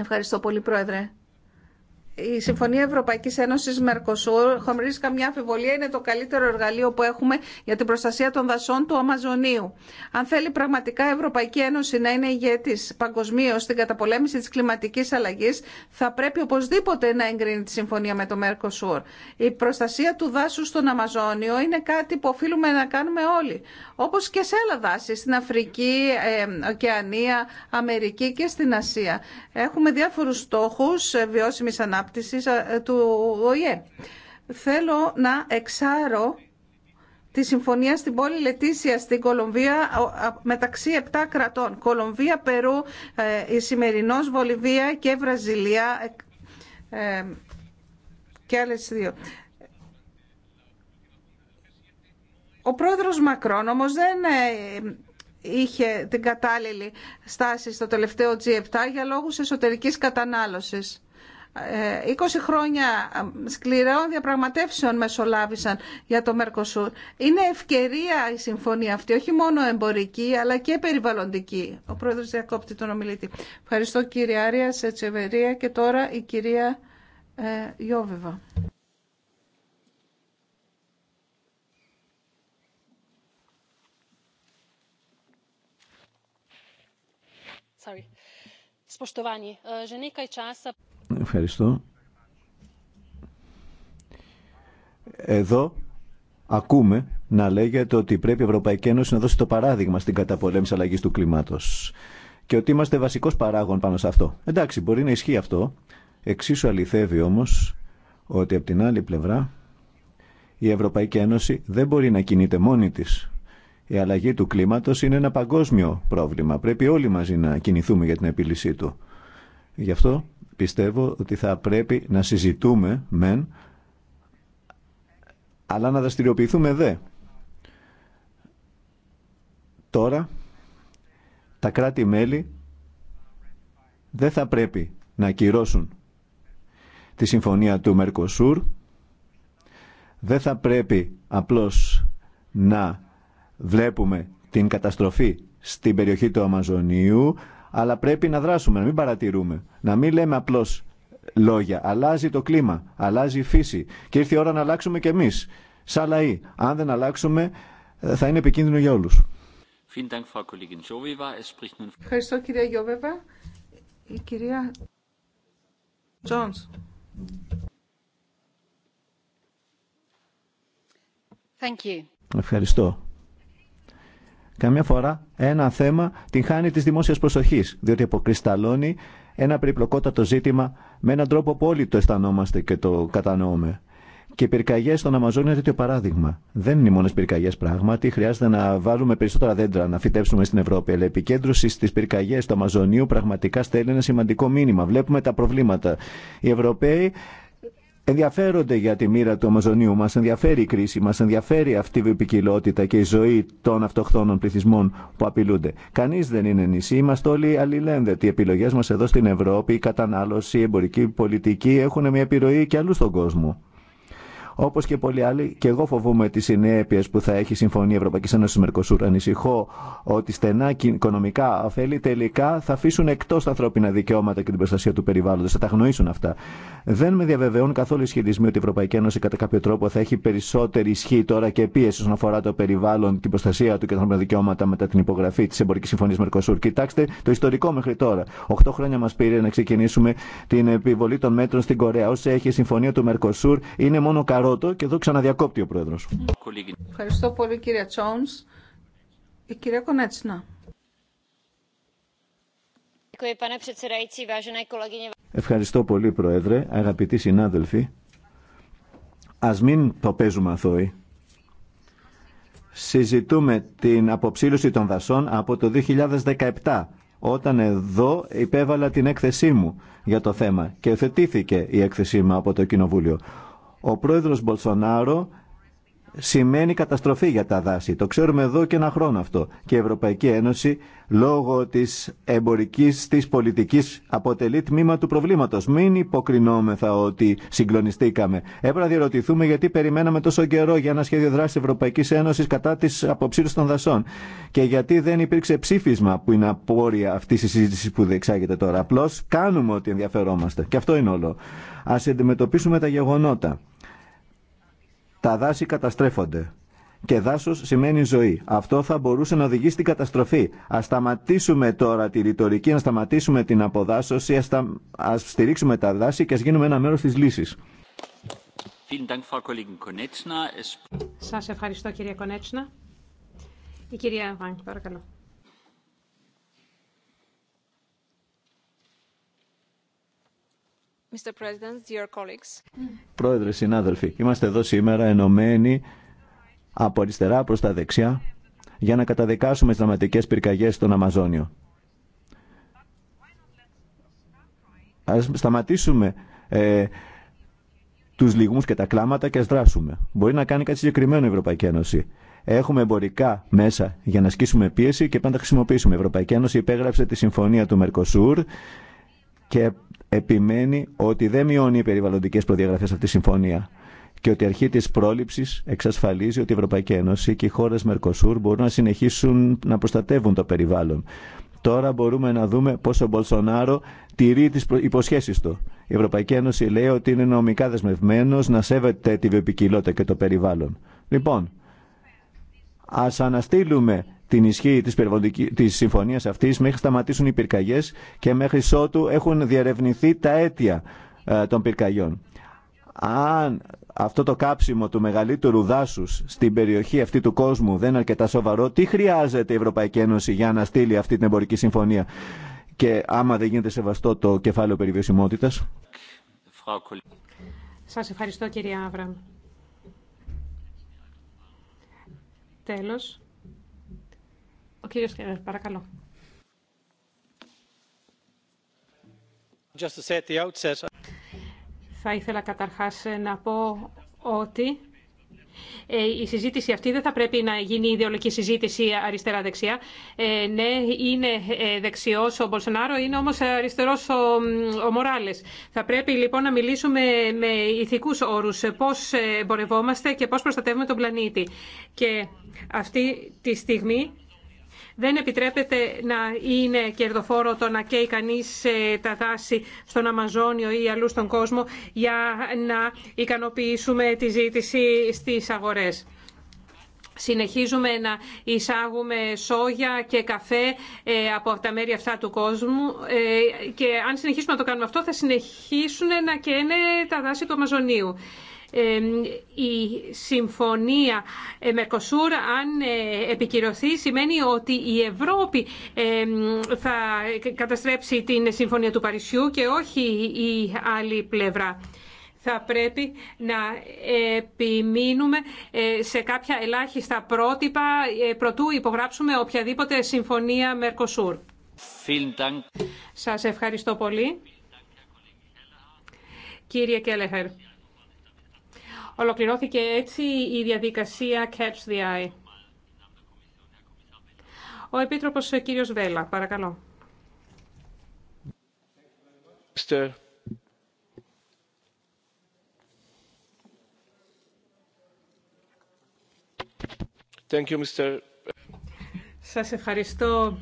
Ευχαριστώ πολύ, Πρόεδρε η Συμφωνία Ευρωπαϊκής Ένωσης Μερκοσούρ, χωρίς καμιά αφιβολία είναι το καλύτερο εργαλείο που έχουμε για την προστασία των δασών του Αμαζονίου. Αν θέλει πραγματικά η Ευρωπαϊκή Ένωση να είναι ηγέτης παγκοσμίω στην καταπολέμηση της κλιματικής αλλαγής, θα πρέπει οπωσδήποτε να εγκρίνει τη Συμφωνία με το Μερκοσούρ. Η προστασία του δάσου στον Αμαζόνιο είναι κάτι που οφείλουμε να κάνουμε όλοι. Όπω και σε άλλα δάση, στην Αφρική, ε, Αμερική και στην Ασία. Έχουμε διάφορου στόχου, ε, βιώσιμη ανάπτυξη. Ε, του ΟΗΕ. Θέλω να εξάρω τη συμφωνία στην πόλη Λετήσια στην Κολομβία μεταξύ 7 κρατών. Κολομβία, Περού, ε, η σημερινός Βολιβία και Βραζιλία ε, και άλλες δύο. Ο πρόεδρος Μακρόν όμως δεν είχε την κατάλληλη στάση στο τελευταίο G7 για λόγους εσωτερικής κατανάλωσης. 20 ε, χρόνια ε, σκληρών διαπραγματεύσεων μεσολάβησαν για το Μερκοσούρ. Είναι ευκαιρία η συμφωνία αυτή, όχι μόνο εμπορική, αλλά και περιβαλλοντική. Ο πρόεδρος διακόπτει τον ομιλητή. Ευχαριστώ κύριε Άρια Σετσεβερία και τώρα η κυρία ε, Ιώβεβα. Sorry. Ευχαριστώ. Εδώ ακούμε να λέγεται ότι πρέπει η Ευρωπαϊκή Ένωση να δώσει το παράδειγμα στην καταπολέμηση αλλαγή του κλίματο. Και ότι είμαστε βασικό παράγον πάνω σε αυτό. Εντάξει, μπορεί να ισχύει αυτό. Εξίσου αληθεύει όμω ότι από την άλλη πλευρά η Ευρωπαϊκή Ένωση δεν μπορεί να κινείται μόνη τη. Η αλλαγή του κλίματο είναι ένα παγκόσμιο πρόβλημα. Πρέπει όλοι μαζί να κινηθούμε για την επίλυσή του. Γι' αυτό πιστεύω ότι θα πρέπει να συζητούμε μεν, αλλά να δραστηριοποιηθούμε δε. Τώρα, τα κράτη-μέλη δεν θα πρέπει να ακυρώσουν τη συμφωνία του Μερκοσούρ, δεν θα πρέπει απλώς να βλέπουμε την καταστροφή στην περιοχή του Αμαζονίου, αλλά πρέπει να δράσουμε, να μην παρατηρούμε. Να μην λέμε απλώ λόγια. Αλλάζει το κλίμα, αλλάζει η φύση. Και ήρθε η ώρα να αλλάξουμε κι εμεί. Σαν λαοί. Αν δεν αλλάξουμε, ε, θα είναι επικίνδυνο για όλου. Ευχαριστώ κυρία Γιώβεβα. Η κυρία Τζόνς. Ευχαριστώ. Καμιά φορά ένα θέμα την χάνει τη δημόσια προσοχή, διότι αποκρισταλώνει ένα περιπλοκότατο ζήτημα με έναν τρόπο που όλοι το αισθανόμαστε και το κατανοούμε. Και οι πυρκαγιέ στον Αμαζόνιο είναι τέτοιο παράδειγμα. Δεν είναι οι μόνε πυρκαγιέ πράγματι. Χρειάζεται να βάλουμε περισσότερα δέντρα, να φυτέψουμε στην Ευρώπη. Αλλά η επικέντρωση στι πυρκαγιέ του Αμαζονίου πραγματικά στέλνει ένα σημαντικό μήνυμα. Βλέπουμε τα προβλήματα. Οι Ευρωπαίοι ενδιαφέρονται για τη μοίρα του Αμαζονίου. Μας ενδιαφέρει η κρίση, μας ενδιαφέρει αυτή η ποικιλότητα και η ζωή των αυτοχθόνων πληθυσμών που απειλούνται. Κανείς δεν είναι νησί, είμαστε όλοι αλληλένδετοι. Οι επιλογές μας εδώ στην Ευρώπη, η κατανάλωση, η εμπορική πολιτική έχουν μια επιρροή και αλλού στον κόσμο. Όπω και πολλοί άλλοι, και εγώ φοβούμαι τι συνέπειε που θα έχει η Συμφωνία Ευρωπαϊκή Ένωση Μερκοσούρ. Ανησυχώ ότι στενά οικονομικά ωφέλη τελικά θα αφήσουν εκτό τα ανθρώπινα δικαιώματα και την προστασία του περιβάλλοντο. Θα τα γνωρίσουν αυτά. Δεν με διαβεβαιώνουν καθόλου οι σχετισμοί ότι η Ευρωπαϊκή Ένωση κατά κάποιο τρόπο θα έχει περισσότερη ισχύ τώρα και πίεση όσον αφορά το περιβάλλον, την προστασία του και τα ανθρώπινα δικαιώματα μετά την υπογραφή τη Εμπορική Συμφωνία Μερκοσούρ. Κοιτάξτε το ιστορικό μέχρι τώρα. Οχτώ χρόνια μα πήρε να ξεκινήσουμε την επιβολή των μέτρων στην Κορέα. Όσοι έχει η Συμφωνία του Μερκοσούρ είναι μόνο καρό και εδώ ξαναδιακόπτει ο Πρόεδρος. Ευχαριστώ πολύ κύριε Τσόνς. Η κυρία Κονέτσινα. Ευχαριστώ πολύ Πρόεδρε, αγαπητοί συνάδελφοι. Ας μην το παίζουμε αθώοι. Συζητούμε την αποψήλωση των δασών από το 2017 όταν εδώ υπέβαλα την έκθεσή μου για το θέμα και θετήθηκε η έκθεσή μου από το Κοινοβούλιο. Ο πρόεδρος Μπολσονάρο σημαίνει καταστροφή για τα δάση. Το ξέρουμε εδώ και ένα χρόνο αυτό. Και η Ευρωπαϊκή Ένωση λόγω της εμπορικής της πολιτικής αποτελεί τμήμα του προβλήματος. Μην υποκρινόμεθα ότι συγκλονιστήκαμε. Έπρεπε να διερωτηθούμε γιατί περιμέναμε τόσο καιρό για ένα σχέδιο δράσης Ευρωπαϊκής Ένωσης κατά της αποψήρωσης των δασών. Και γιατί δεν υπήρξε ψήφισμα που είναι απόρρια αυτή τη συζήτηση που διεξάγεται τώρα. Απλώ κάνουμε ότι ενδιαφερόμαστε. Και αυτό είναι όλο. Ας αντιμετωπίσουμε τα γεγονότα τα δάση καταστρέφονται. Και δάσο σημαίνει ζωή. Αυτό θα μπορούσε να οδηγήσει στην καταστροφή. Α σταματήσουμε τώρα τη ρητορική, να σταματήσουμε την αποδάσωση, α ας στηρίξουμε τα δάση και α γίνουμε ένα μέρο τη λύση. Σα ευχαριστώ, κυρία Κονέτσνα. Η κυρία Βάγκ, παρακαλώ. Πρόεδρε, συνάδελφοι, είμαστε εδώ σήμερα ενωμένοι από αριστερά προς τα δεξιά για να καταδικάσουμε τι δραματικέ πυρκαγιέ στον Αμαζόνιο. Ας σταματήσουμε ε, τους λιγούς και τα κλάματα και α δράσουμε. Μπορεί να κάνει κάτι συγκεκριμένο η Ευρωπαϊκή Ένωση. Έχουμε εμπορικά μέσα για να ασκήσουμε πίεση και πάντα χρησιμοποιήσουμε. Η Ευρωπαϊκή Ένωση υπέγραψε τη συμφωνία του Μερκοσούρ και επιμένει ότι δεν μειώνει οι περιβαλλοντικές προδιαγραφές αυτή η συμφωνία και ότι η αρχή της πρόληψης εξασφαλίζει ότι η Ευρωπαϊκή Ένωση και οι χώρες Μερκοσούρ μπορούν να συνεχίσουν να προστατεύουν το περιβάλλον. Τώρα μπορούμε να δούμε πόσο ο Μπολσονάρο τηρεί τις υποσχέσεις του. Η Ευρωπαϊκή Ένωση λέει ότι είναι νομικά δεσμευμένος να σέβεται τη βιοπικιλότητα και το περιβάλλον. Λοιπόν, ας αναστείλουμε την ισχύ της, της συμφωνίας αυτής μέχρι σταματήσουν οι πυρκαγιές και μέχρι ότου έχουν διαρευνηθεί τα αίτια ε, των πυρκαγιών. Αν αυτό το κάψιμο του μεγαλύτερου δάσου στην περιοχή αυτή του κόσμου δεν είναι αρκετά σοβαρό, τι χρειάζεται η Ευρωπαϊκή Ένωση για να στείλει αυτή την εμπορική συμφωνία και άμα δεν γίνεται σεβαστό το κεφάλαιο περιβιωσιμότητα. Σα ευχαριστώ, κύριε Άβραμ. Τέλος, Κύριο Κέρερ, παρακαλώ. Θα ήθελα καταρχάς να πω ότι ε, η συζήτηση αυτή δεν θα πρέπει να γίνει ιδεολογική συζήτηση αριστερά-δεξιά. Ε, ναι, είναι ε, δεξιό ο Μπολσονάρο, είναι όμω αριστερό ο, ο Μοράλε. Θα πρέπει λοιπόν να μιλήσουμε με ηθικού όρου πώ εμπορευόμαστε και πώ προστατεύουμε τον πλανήτη. Και αυτή τη στιγμή δεν επιτρέπεται να είναι κερδοφόρο το να καίει κανείς ε, τα δάση στον Αμαζόνιο ή αλλού στον κόσμο για να ικανοποιήσουμε τη ζήτηση στις αγορές. Συνεχίζουμε να εισάγουμε σόγια και καφέ ε, από τα μέρη αυτά του κόσμου ε, και αν συνεχίσουμε να το κάνουμε αυτό θα συνεχίσουν να καίνε τα δάση του Αμαζονίου η συμφωνία ε, Μερκοσούρ αν ε, επικυρωθεί σημαίνει ότι η Ευρώπη θα καταστρέψει την συμφωνία του Παρισιού και όχι η άλλη πλευρά. Θα πρέπει να επιμείνουμε ε, σε κάποια ελάχιστα πρότυπα προτού υπογράψουμε οποιαδήποτε συμφωνία Μερκοσούρ. Σας ευχαριστώ πολύ. Κύριε Κέλεχερ. Ολοκληρώθηκε έτσι η διαδικασία Catch the Eye. Ο Επίτροπος ο κύριος Βέλα, παρακαλώ. Thank Σας ευχαριστώ,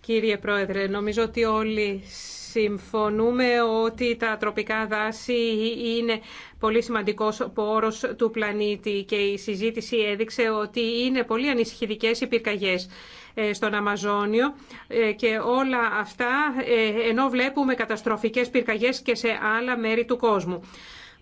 κύριε Πρόεδρε. Νομίζω ότι όλοι Συμφωνούμε ότι τα τροπικά δάση είναι πολύ σημαντικός πόρος του πλανήτη και η συζήτηση έδειξε ότι είναι πολύ ανησυχητικές οι πυρκαγιές ε, στον Αμαζόνιο ε, και όλα αυτά ε, ενώ βλέπουμε καταστροφικές πυρκαγιές και σε άλλα μέρη του κόσμου.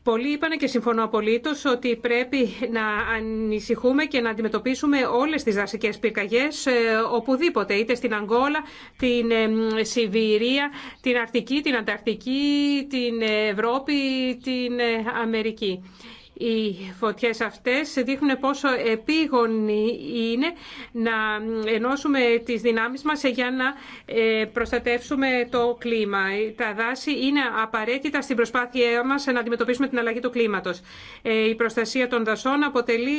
Πολλοί είπαν και συμφωνώ απολύτω ότι πρέπει να ανησυχούμε και να αντιμετωπίσουμε όλε τι δασικέ πυρκαγιέ ε, οπουδήποτε, είτε στην Αγγόλα, την ε, Σιβηρία, την Αρκτική, την Ανταρκτική, την Ευρώπη, την ε, Αμερική. Οι φωτιές αυτές δείχνουν πόσο επίγονοι είναι να ενώσουμε τις δυνάμεις μας για να ε, προστατεύσουμε το κλίμα. Τα δάση είναι απαραίτητα στην προσπάθειά μας να αντιμετωπίσουμε την αλλαγή του κλίματος. Ε, η προστασία των δασών αποτελεί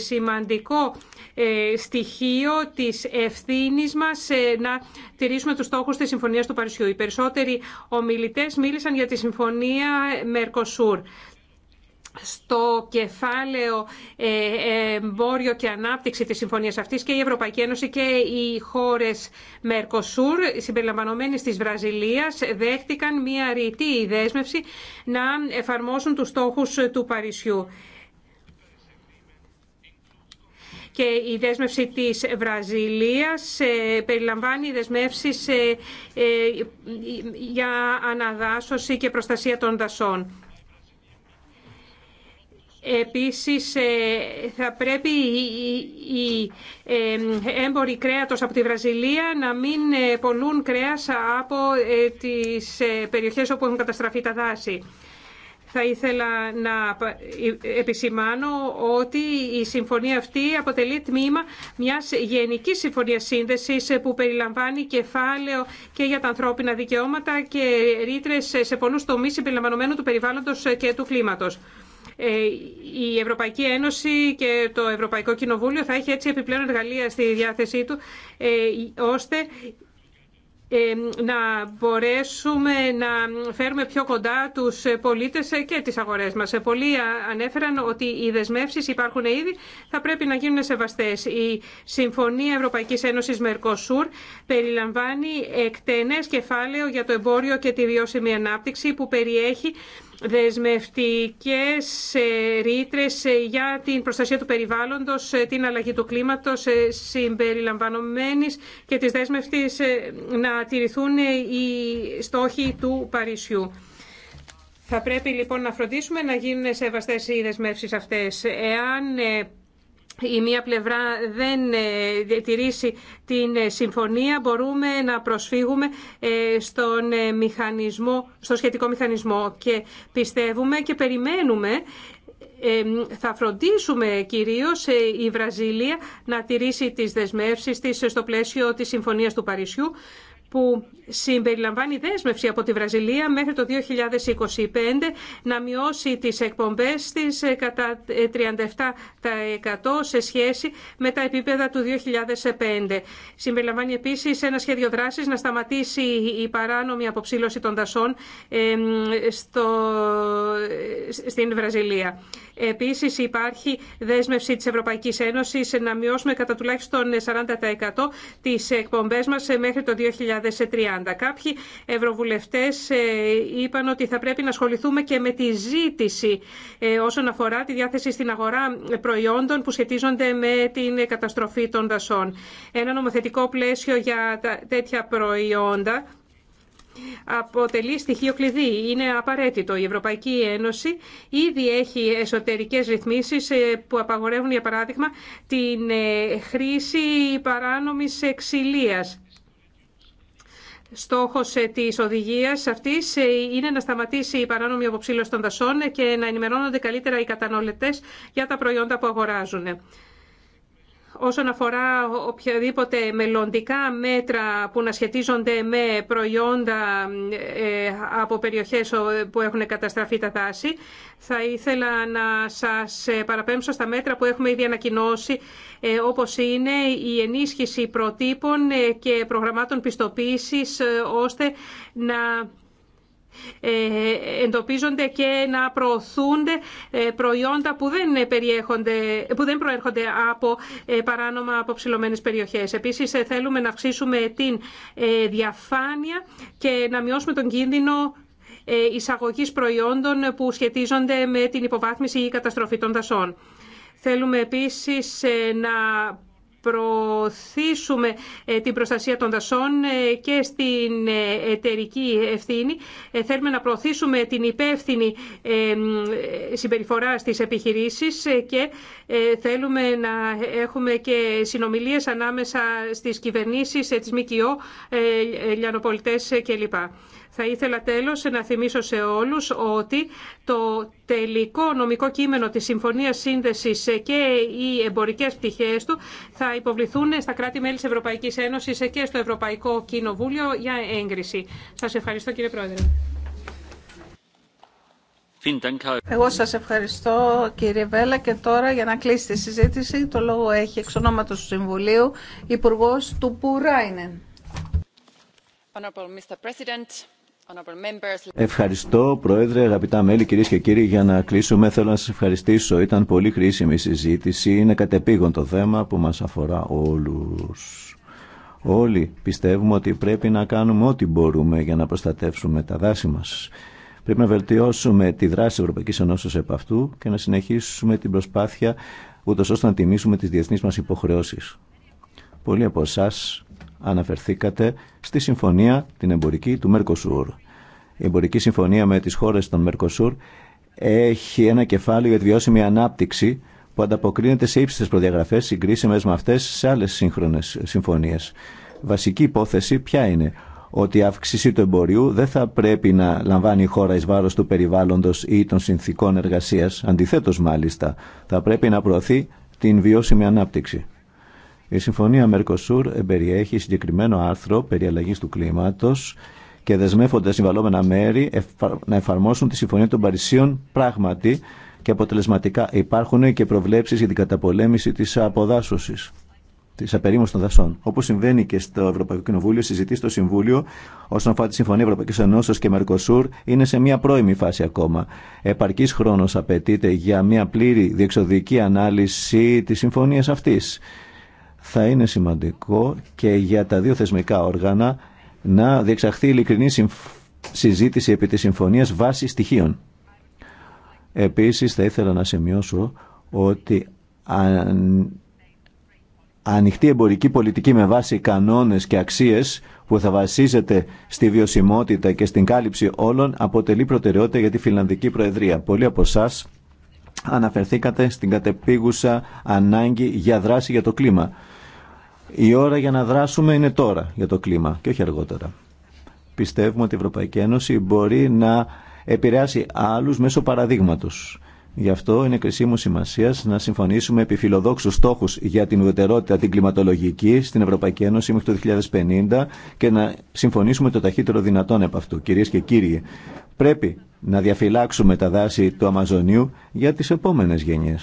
σημαντικό ε, στοιχείο της ευθύνης μας να τηρήσουμε τους στόχους της Συμφωνίας του Παρισιού. Οι περισσότεροι ομιλητές μίλησαν για τη Συμφωνία Μερκοσούρ στο κεφάλαιο ε, εμπόριο και ανάπτυξη της συμφωνίας αυτής και η Ευρωπαϊκή Ένωση και οι χώρες Μερκοσούρ συμπεριλαμβανομένης της Βραζιλίας δέχτηκαν μια ρητή δέσμευση να εφαρμόσουν τους στόχους του Παρισιού. Και η δέσμευση της Βραζιλίας ε, περιλαμβάνει δεσμεύσεις ε, για αναδάσωση και προστασία των δασών. Επίσης ε, θα πρέπει οι ε, έμποροι κρέατος από τη Βραζιλία να μην ε, πολλούν κρέας από τις περιοχές όπου έχουν καταστραφεί τα δάση. Θα ήθελα να επισημάνω ότι η συμφωνία αυτή αποτελεί τμήμα μιας γενικής συμφωνίας σύνδεσης που περιλαμβάνει κεφάλαιο και για τα ανθρώπινα δικαιώματα και ρήτρες σε πολλούς τομείς συμπεριλαμβανομένου του περιβάλλοντος και του κλίματος. Ε, η Ευρωπαϊκή Ένωση και το Ευρωπαϊκό Κοινοβούλιο θα έχει έτσι επιπλέον εργαλεία στη διάθεσή του, ε, ώστε ε, να μπορέσουμε να φέρουμε πιο κοντά τους πολίτες και τις αγορές μας. Πολλοί ανέφεραν ότι οι δεσμεύσεις υπάρχουν ήδη, θα πρέπει να γίνουν σεβαστές. Η Συμφωνία Ευρωπαϊκής Ένωσης Μερκοσούρ περιλαμβάνει εκτενές κεφάλαιο για το εμπόριο και τη βιώσιμη ανάπτυξη που περιέχει δεσμευτικές ε, ρήτρες ε, για την προστασία του περιβάλλοντος, ε, την αλλαγή του κλίματος συμπεριλαμβανομένης και της δέσμευτης να τηρηθούν οι στόχοι του Παρισιού. Θα πρέπει λοιπόν να φροντίσουμε να γίνουν σεβαστές οι δεσμεύσεις αυτές. Εάν η μία πλευρά δεν ε, τηρήσει την ε, συμφωνία, μπορούμε να προσφύγουμε ε, στον μηχανισμό, στο σχετικό μηχανισμό και πιστεύουμε και περιμένουμε θα φροντίσουμε κυρίως η Βραζιλία να τηρήσει τις δεσμεύσεις της στο πλαίσιο της Συμφωνίας του Παρισιού που συμπεριλαμβάνει δέσμευση από τη Βραζιλία μέχρι το 2025 να μειώσει τις εκπομπές της ε, κατά 37% ε, σε σχέση με τα επίπεδα του 2005. Συμπεριλαμβάνει επίσης ένα σχέδιο δράσης να σταματήσει η παράνομη αποψήλωση των δασών ε, στην Βραζιλία. Επίσης υπάρχει δέσμευση της Ευρωπαϊκής Ένωσης να μειώσουμε κατά τουλάχιστον 40% τις εκπομπές μας μέχρι το 2030. Κάποιοι ευρωβουλευτέ ε, είπαν ότι θα πρέπει να ασχοληθούμε και με τη ζήτηση ε, όσον αφορά τη διάθεση στην αγορά προϊόντων που σχετίζονται με την καταστροφή των δασών. Ένα νομοθετικό πλαίσιο για τέτοια προϊόντα αποτελεί στοιχείο κλειδί. Είναι απαραίτητο. Η Ευρωπαϊκή Ένωση ήδη έχει εσωτερικές ρυθμίσεις ε, που απαγορεύουν, για παράδειγμα, την ε, χρήση παράνομης εξηλία. Στόχος ε, της οδηγίας αυτής είναι να σταματήσει η παράνομη αποψήλωση των δασών και να ενημερώνονται καλύτερα οι καταναλωτές για τα προϊόντα που αγοράζουν όσον αφορά οποιαδήποτε μελλοντικά μέτρα που να σχετίζονται με προϊόντα ε, από περιοχές που έχουν καταστραφεί τα δάση, θα ήθελα να σας ε, παραπέμψω στα μέτρα που έχουμε ήδη ανακοινώσει, ε, όπως είναι η ενίσχυση προτύπων και προγραμμάτων πιστοποίησης, ώστε να ε, εντοπίζονται και να προωθούνται ε, προϊόντα που δεν, περιέχονται, που δεν προέρχονται από ε, παράνομα αποψηλωμένες περιοχές. Επίσης θέλουμε να αυξήσουμε την διαφάνεια και να μειώσουμε τον κίνδυνο εισαγωγής προϊόντων που σχετίζονται με την υποβάθμιση ή καταστροφή των δασών. Θέλουμε επίσης να προωθήσουμε ε, την προστασία των δασών ε, και στην ε, εταιρική ευθύνη. Θέλουμε να προωθήσουμε την υπεύθυνη συμπεριφορά στις επιχειρήσεις και θέλουμε να έχουμε και συνομιλίες ανάμεσα στις κυβερνήσεις, τις ΜΚΟ, λιανοπολιτές κλπ. Θα ήθελα τέλος να θυμίσω σε όλους ότι το τελικό νομικό κείμενο της Συμφωνίας Σύνδεσης και οι εμπορικές πτυχές του θα υποβληθούν στα κράτη-μέλη της Ευρωπαϊκής Ένωσης και στο Ευρωπαϊκό Κοινοβούλιο για έγκριση. Σας ευχαριστώ κύριε Πρόεδρε. Εγώ σας ευχαριστώ κύριε Βέλα και τώρα για να κλείσει τη συζήτηση το λόγο έχει εξ ονόματος του Συμβουλίου Υπουργός του Πουράινεν. Mr. President, Ευχαριστώ, Πρόεδρε, αγαπητά μέλη, κυρίε και κύριοι. Για να κλείσουμε, θέλω να σα ευχαριστήσω. Ήταν πολύ χρήσιμη η συζήτηση. Είναι κατεπήγον το θέμα που μα αφορά όλου. Όλοι πιστεύουμε ότι πρέπει να κάνουμε ό,τι μπορούμε για να προστατεύσουμε τα δάση μα. Πρέπει να βελτιώσουμε τη δράση τη Ευρωπαϊκή Ενώσεω επ' αυτού και να συνεχίσουμε την προσπάθεια ούτω ώστε να τιμήσουμε τι διεθνεί μα υποχρεώσει. Πολλοί από εσά αναφερθήκατε στη συμφωνία την εμπορική του Μερκοσούρ. Η εμπορική συμφωνία με τις χώρες των Μερκοσούρ έχει ένα κεφάλαιο για τη βιώσιμη ανάπτυξη που ανταποκρίνεται σε ύψιστες προδιαγραφές συγκρίσιμες με αυτές σε άλλες σύγχρονες συμφωνίες. Βασική υπόθεση ποια είναι ότι η αύξηση του εμπορίου δεν θα πρέπει να λαμβάνει η χώρα εις βάρος του περιβάλλοντος ή των συνθήκων εργασίας. Αντιθέτως μάλιστα, θα πρέπει να προωθεί την βιώσιμη ανάπτυξη. Η Συμφωνία Μερκοσούρ περιέχει συγκεκριμένο άρθρο περί αλλαγής του κλίματος και δεσμεύονται συμβαλόμενα μέρη να εφαρμόσουν τη Συμφωνία των Παρισίων πράγματι και αποτελεσματικά. Υπάρχουν και προβλέψεις για την καταπολέμηση της αποδάσωσης τη απερίμωση των δασών. Όπω συμβαίνει και στο Ευρωπαϊκό Κοινοβούλιο, συζητή στο Συμβούλιο όσον αφορά τη Συμφωνία Ευρωπαϊκή Ενώσεω και Μερκοσούρ είναι σε μια πρώιμη φάση ακόμα. Επαρκή χρόνο απαιτείται για μια πλήρη διεξοδική ανάλυση τη συμφωνία αυτή θα είναι σημαντικό και για τα δύο θεσμικά όργανα να διεξαχθεί ειλικρινή συζήτηση επί της συμφωνίας βάσει στοιχείων. Επίσης θα ήθελα να σημειώσω ότι αν... ανοιχτή εμπορική πολιτική με βάση κανόνες και αξίες που θα βασίζεται στη βιωσιμότητα και στην κάλυψη όλων αποτελεί προτεραιότητα για τη Φιλανδική Προεδρία. Πολλοί από εσά αναφερθήκατε στην κατεπίγουσα ανάγκη για δράση για το κλίμα. Η ώρα για να δράσουμε είναι τώρα για το κλίμα και όχι αργότερα. Πιστεύουμε ότι η Ευρωπαϊκή Ένωση μπορεί να επηρεάσει άλλους μέσω παραδείγματος. Γι' αυτό είναι κρισίμου σημασία να συμφωνήσουμε επί φιλοδόξου στόχου για την ουδετερότητα την κλιματολογική στην Ευρωπαϊκή Ένωση μέχρι το 2050 και να συμφωνήσουμε το ταχύτερο δυνατόν επ' αυτού. Κυρίε και κύριοι, πρέπει να διαφυλάξουμε τα δάση του Αμαζονίου για τι επόμενε γενιέ.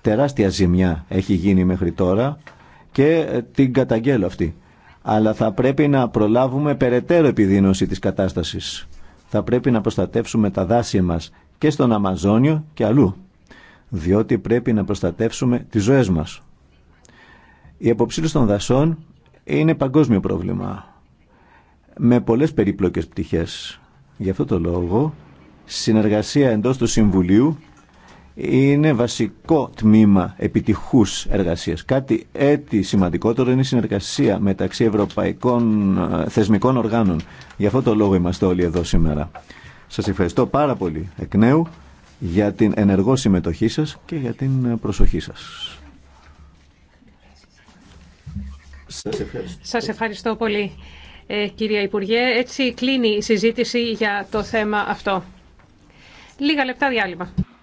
Τεράστια ζημιά έχει γίνει μέχρι τώρα και ε, την καταγγέλλω αυτή. Αλλά θα πρέπει να προλάβουμε περαιτέρω επιδείνωση της κατάστασης. Θα πρέπει να προστατεύσουμε τα δάση μας και στον Αμαζόνιο και αλλού. Διότι πρέπει να προστατεύσουμε τις ζωές μας. Η αποψήλωση των δασών είναι παγκόσμιο πρόβλημα. Με πολλές περιπλοκες πτυχές. Γι' αυτό το λόγο, συνεργασία εντός του Συμβουλίου είναι βασικό τμήμα επιτυχούς εργασίας. Κάτι έτσι σημαντικότερο είναι η συνεργασία μεταξύ ευρωπαϊκών ε, θεσμικών οργάνων. Γι' αυτό το λόγο είμαστε όλοι εδώ σήμερα. Σας ευχαριστώ πάρα πολύ εκ νέου για την ενεργό συμμετοχή σας και για την ε, προσοχή σας. Σας ευχαριστώ. πολύ, ε, κυρία Υπουργέ. Έτσι κλείνει η συζήτηση για το θέμα αυτό. Λίγα λεπτά διάλειμμα.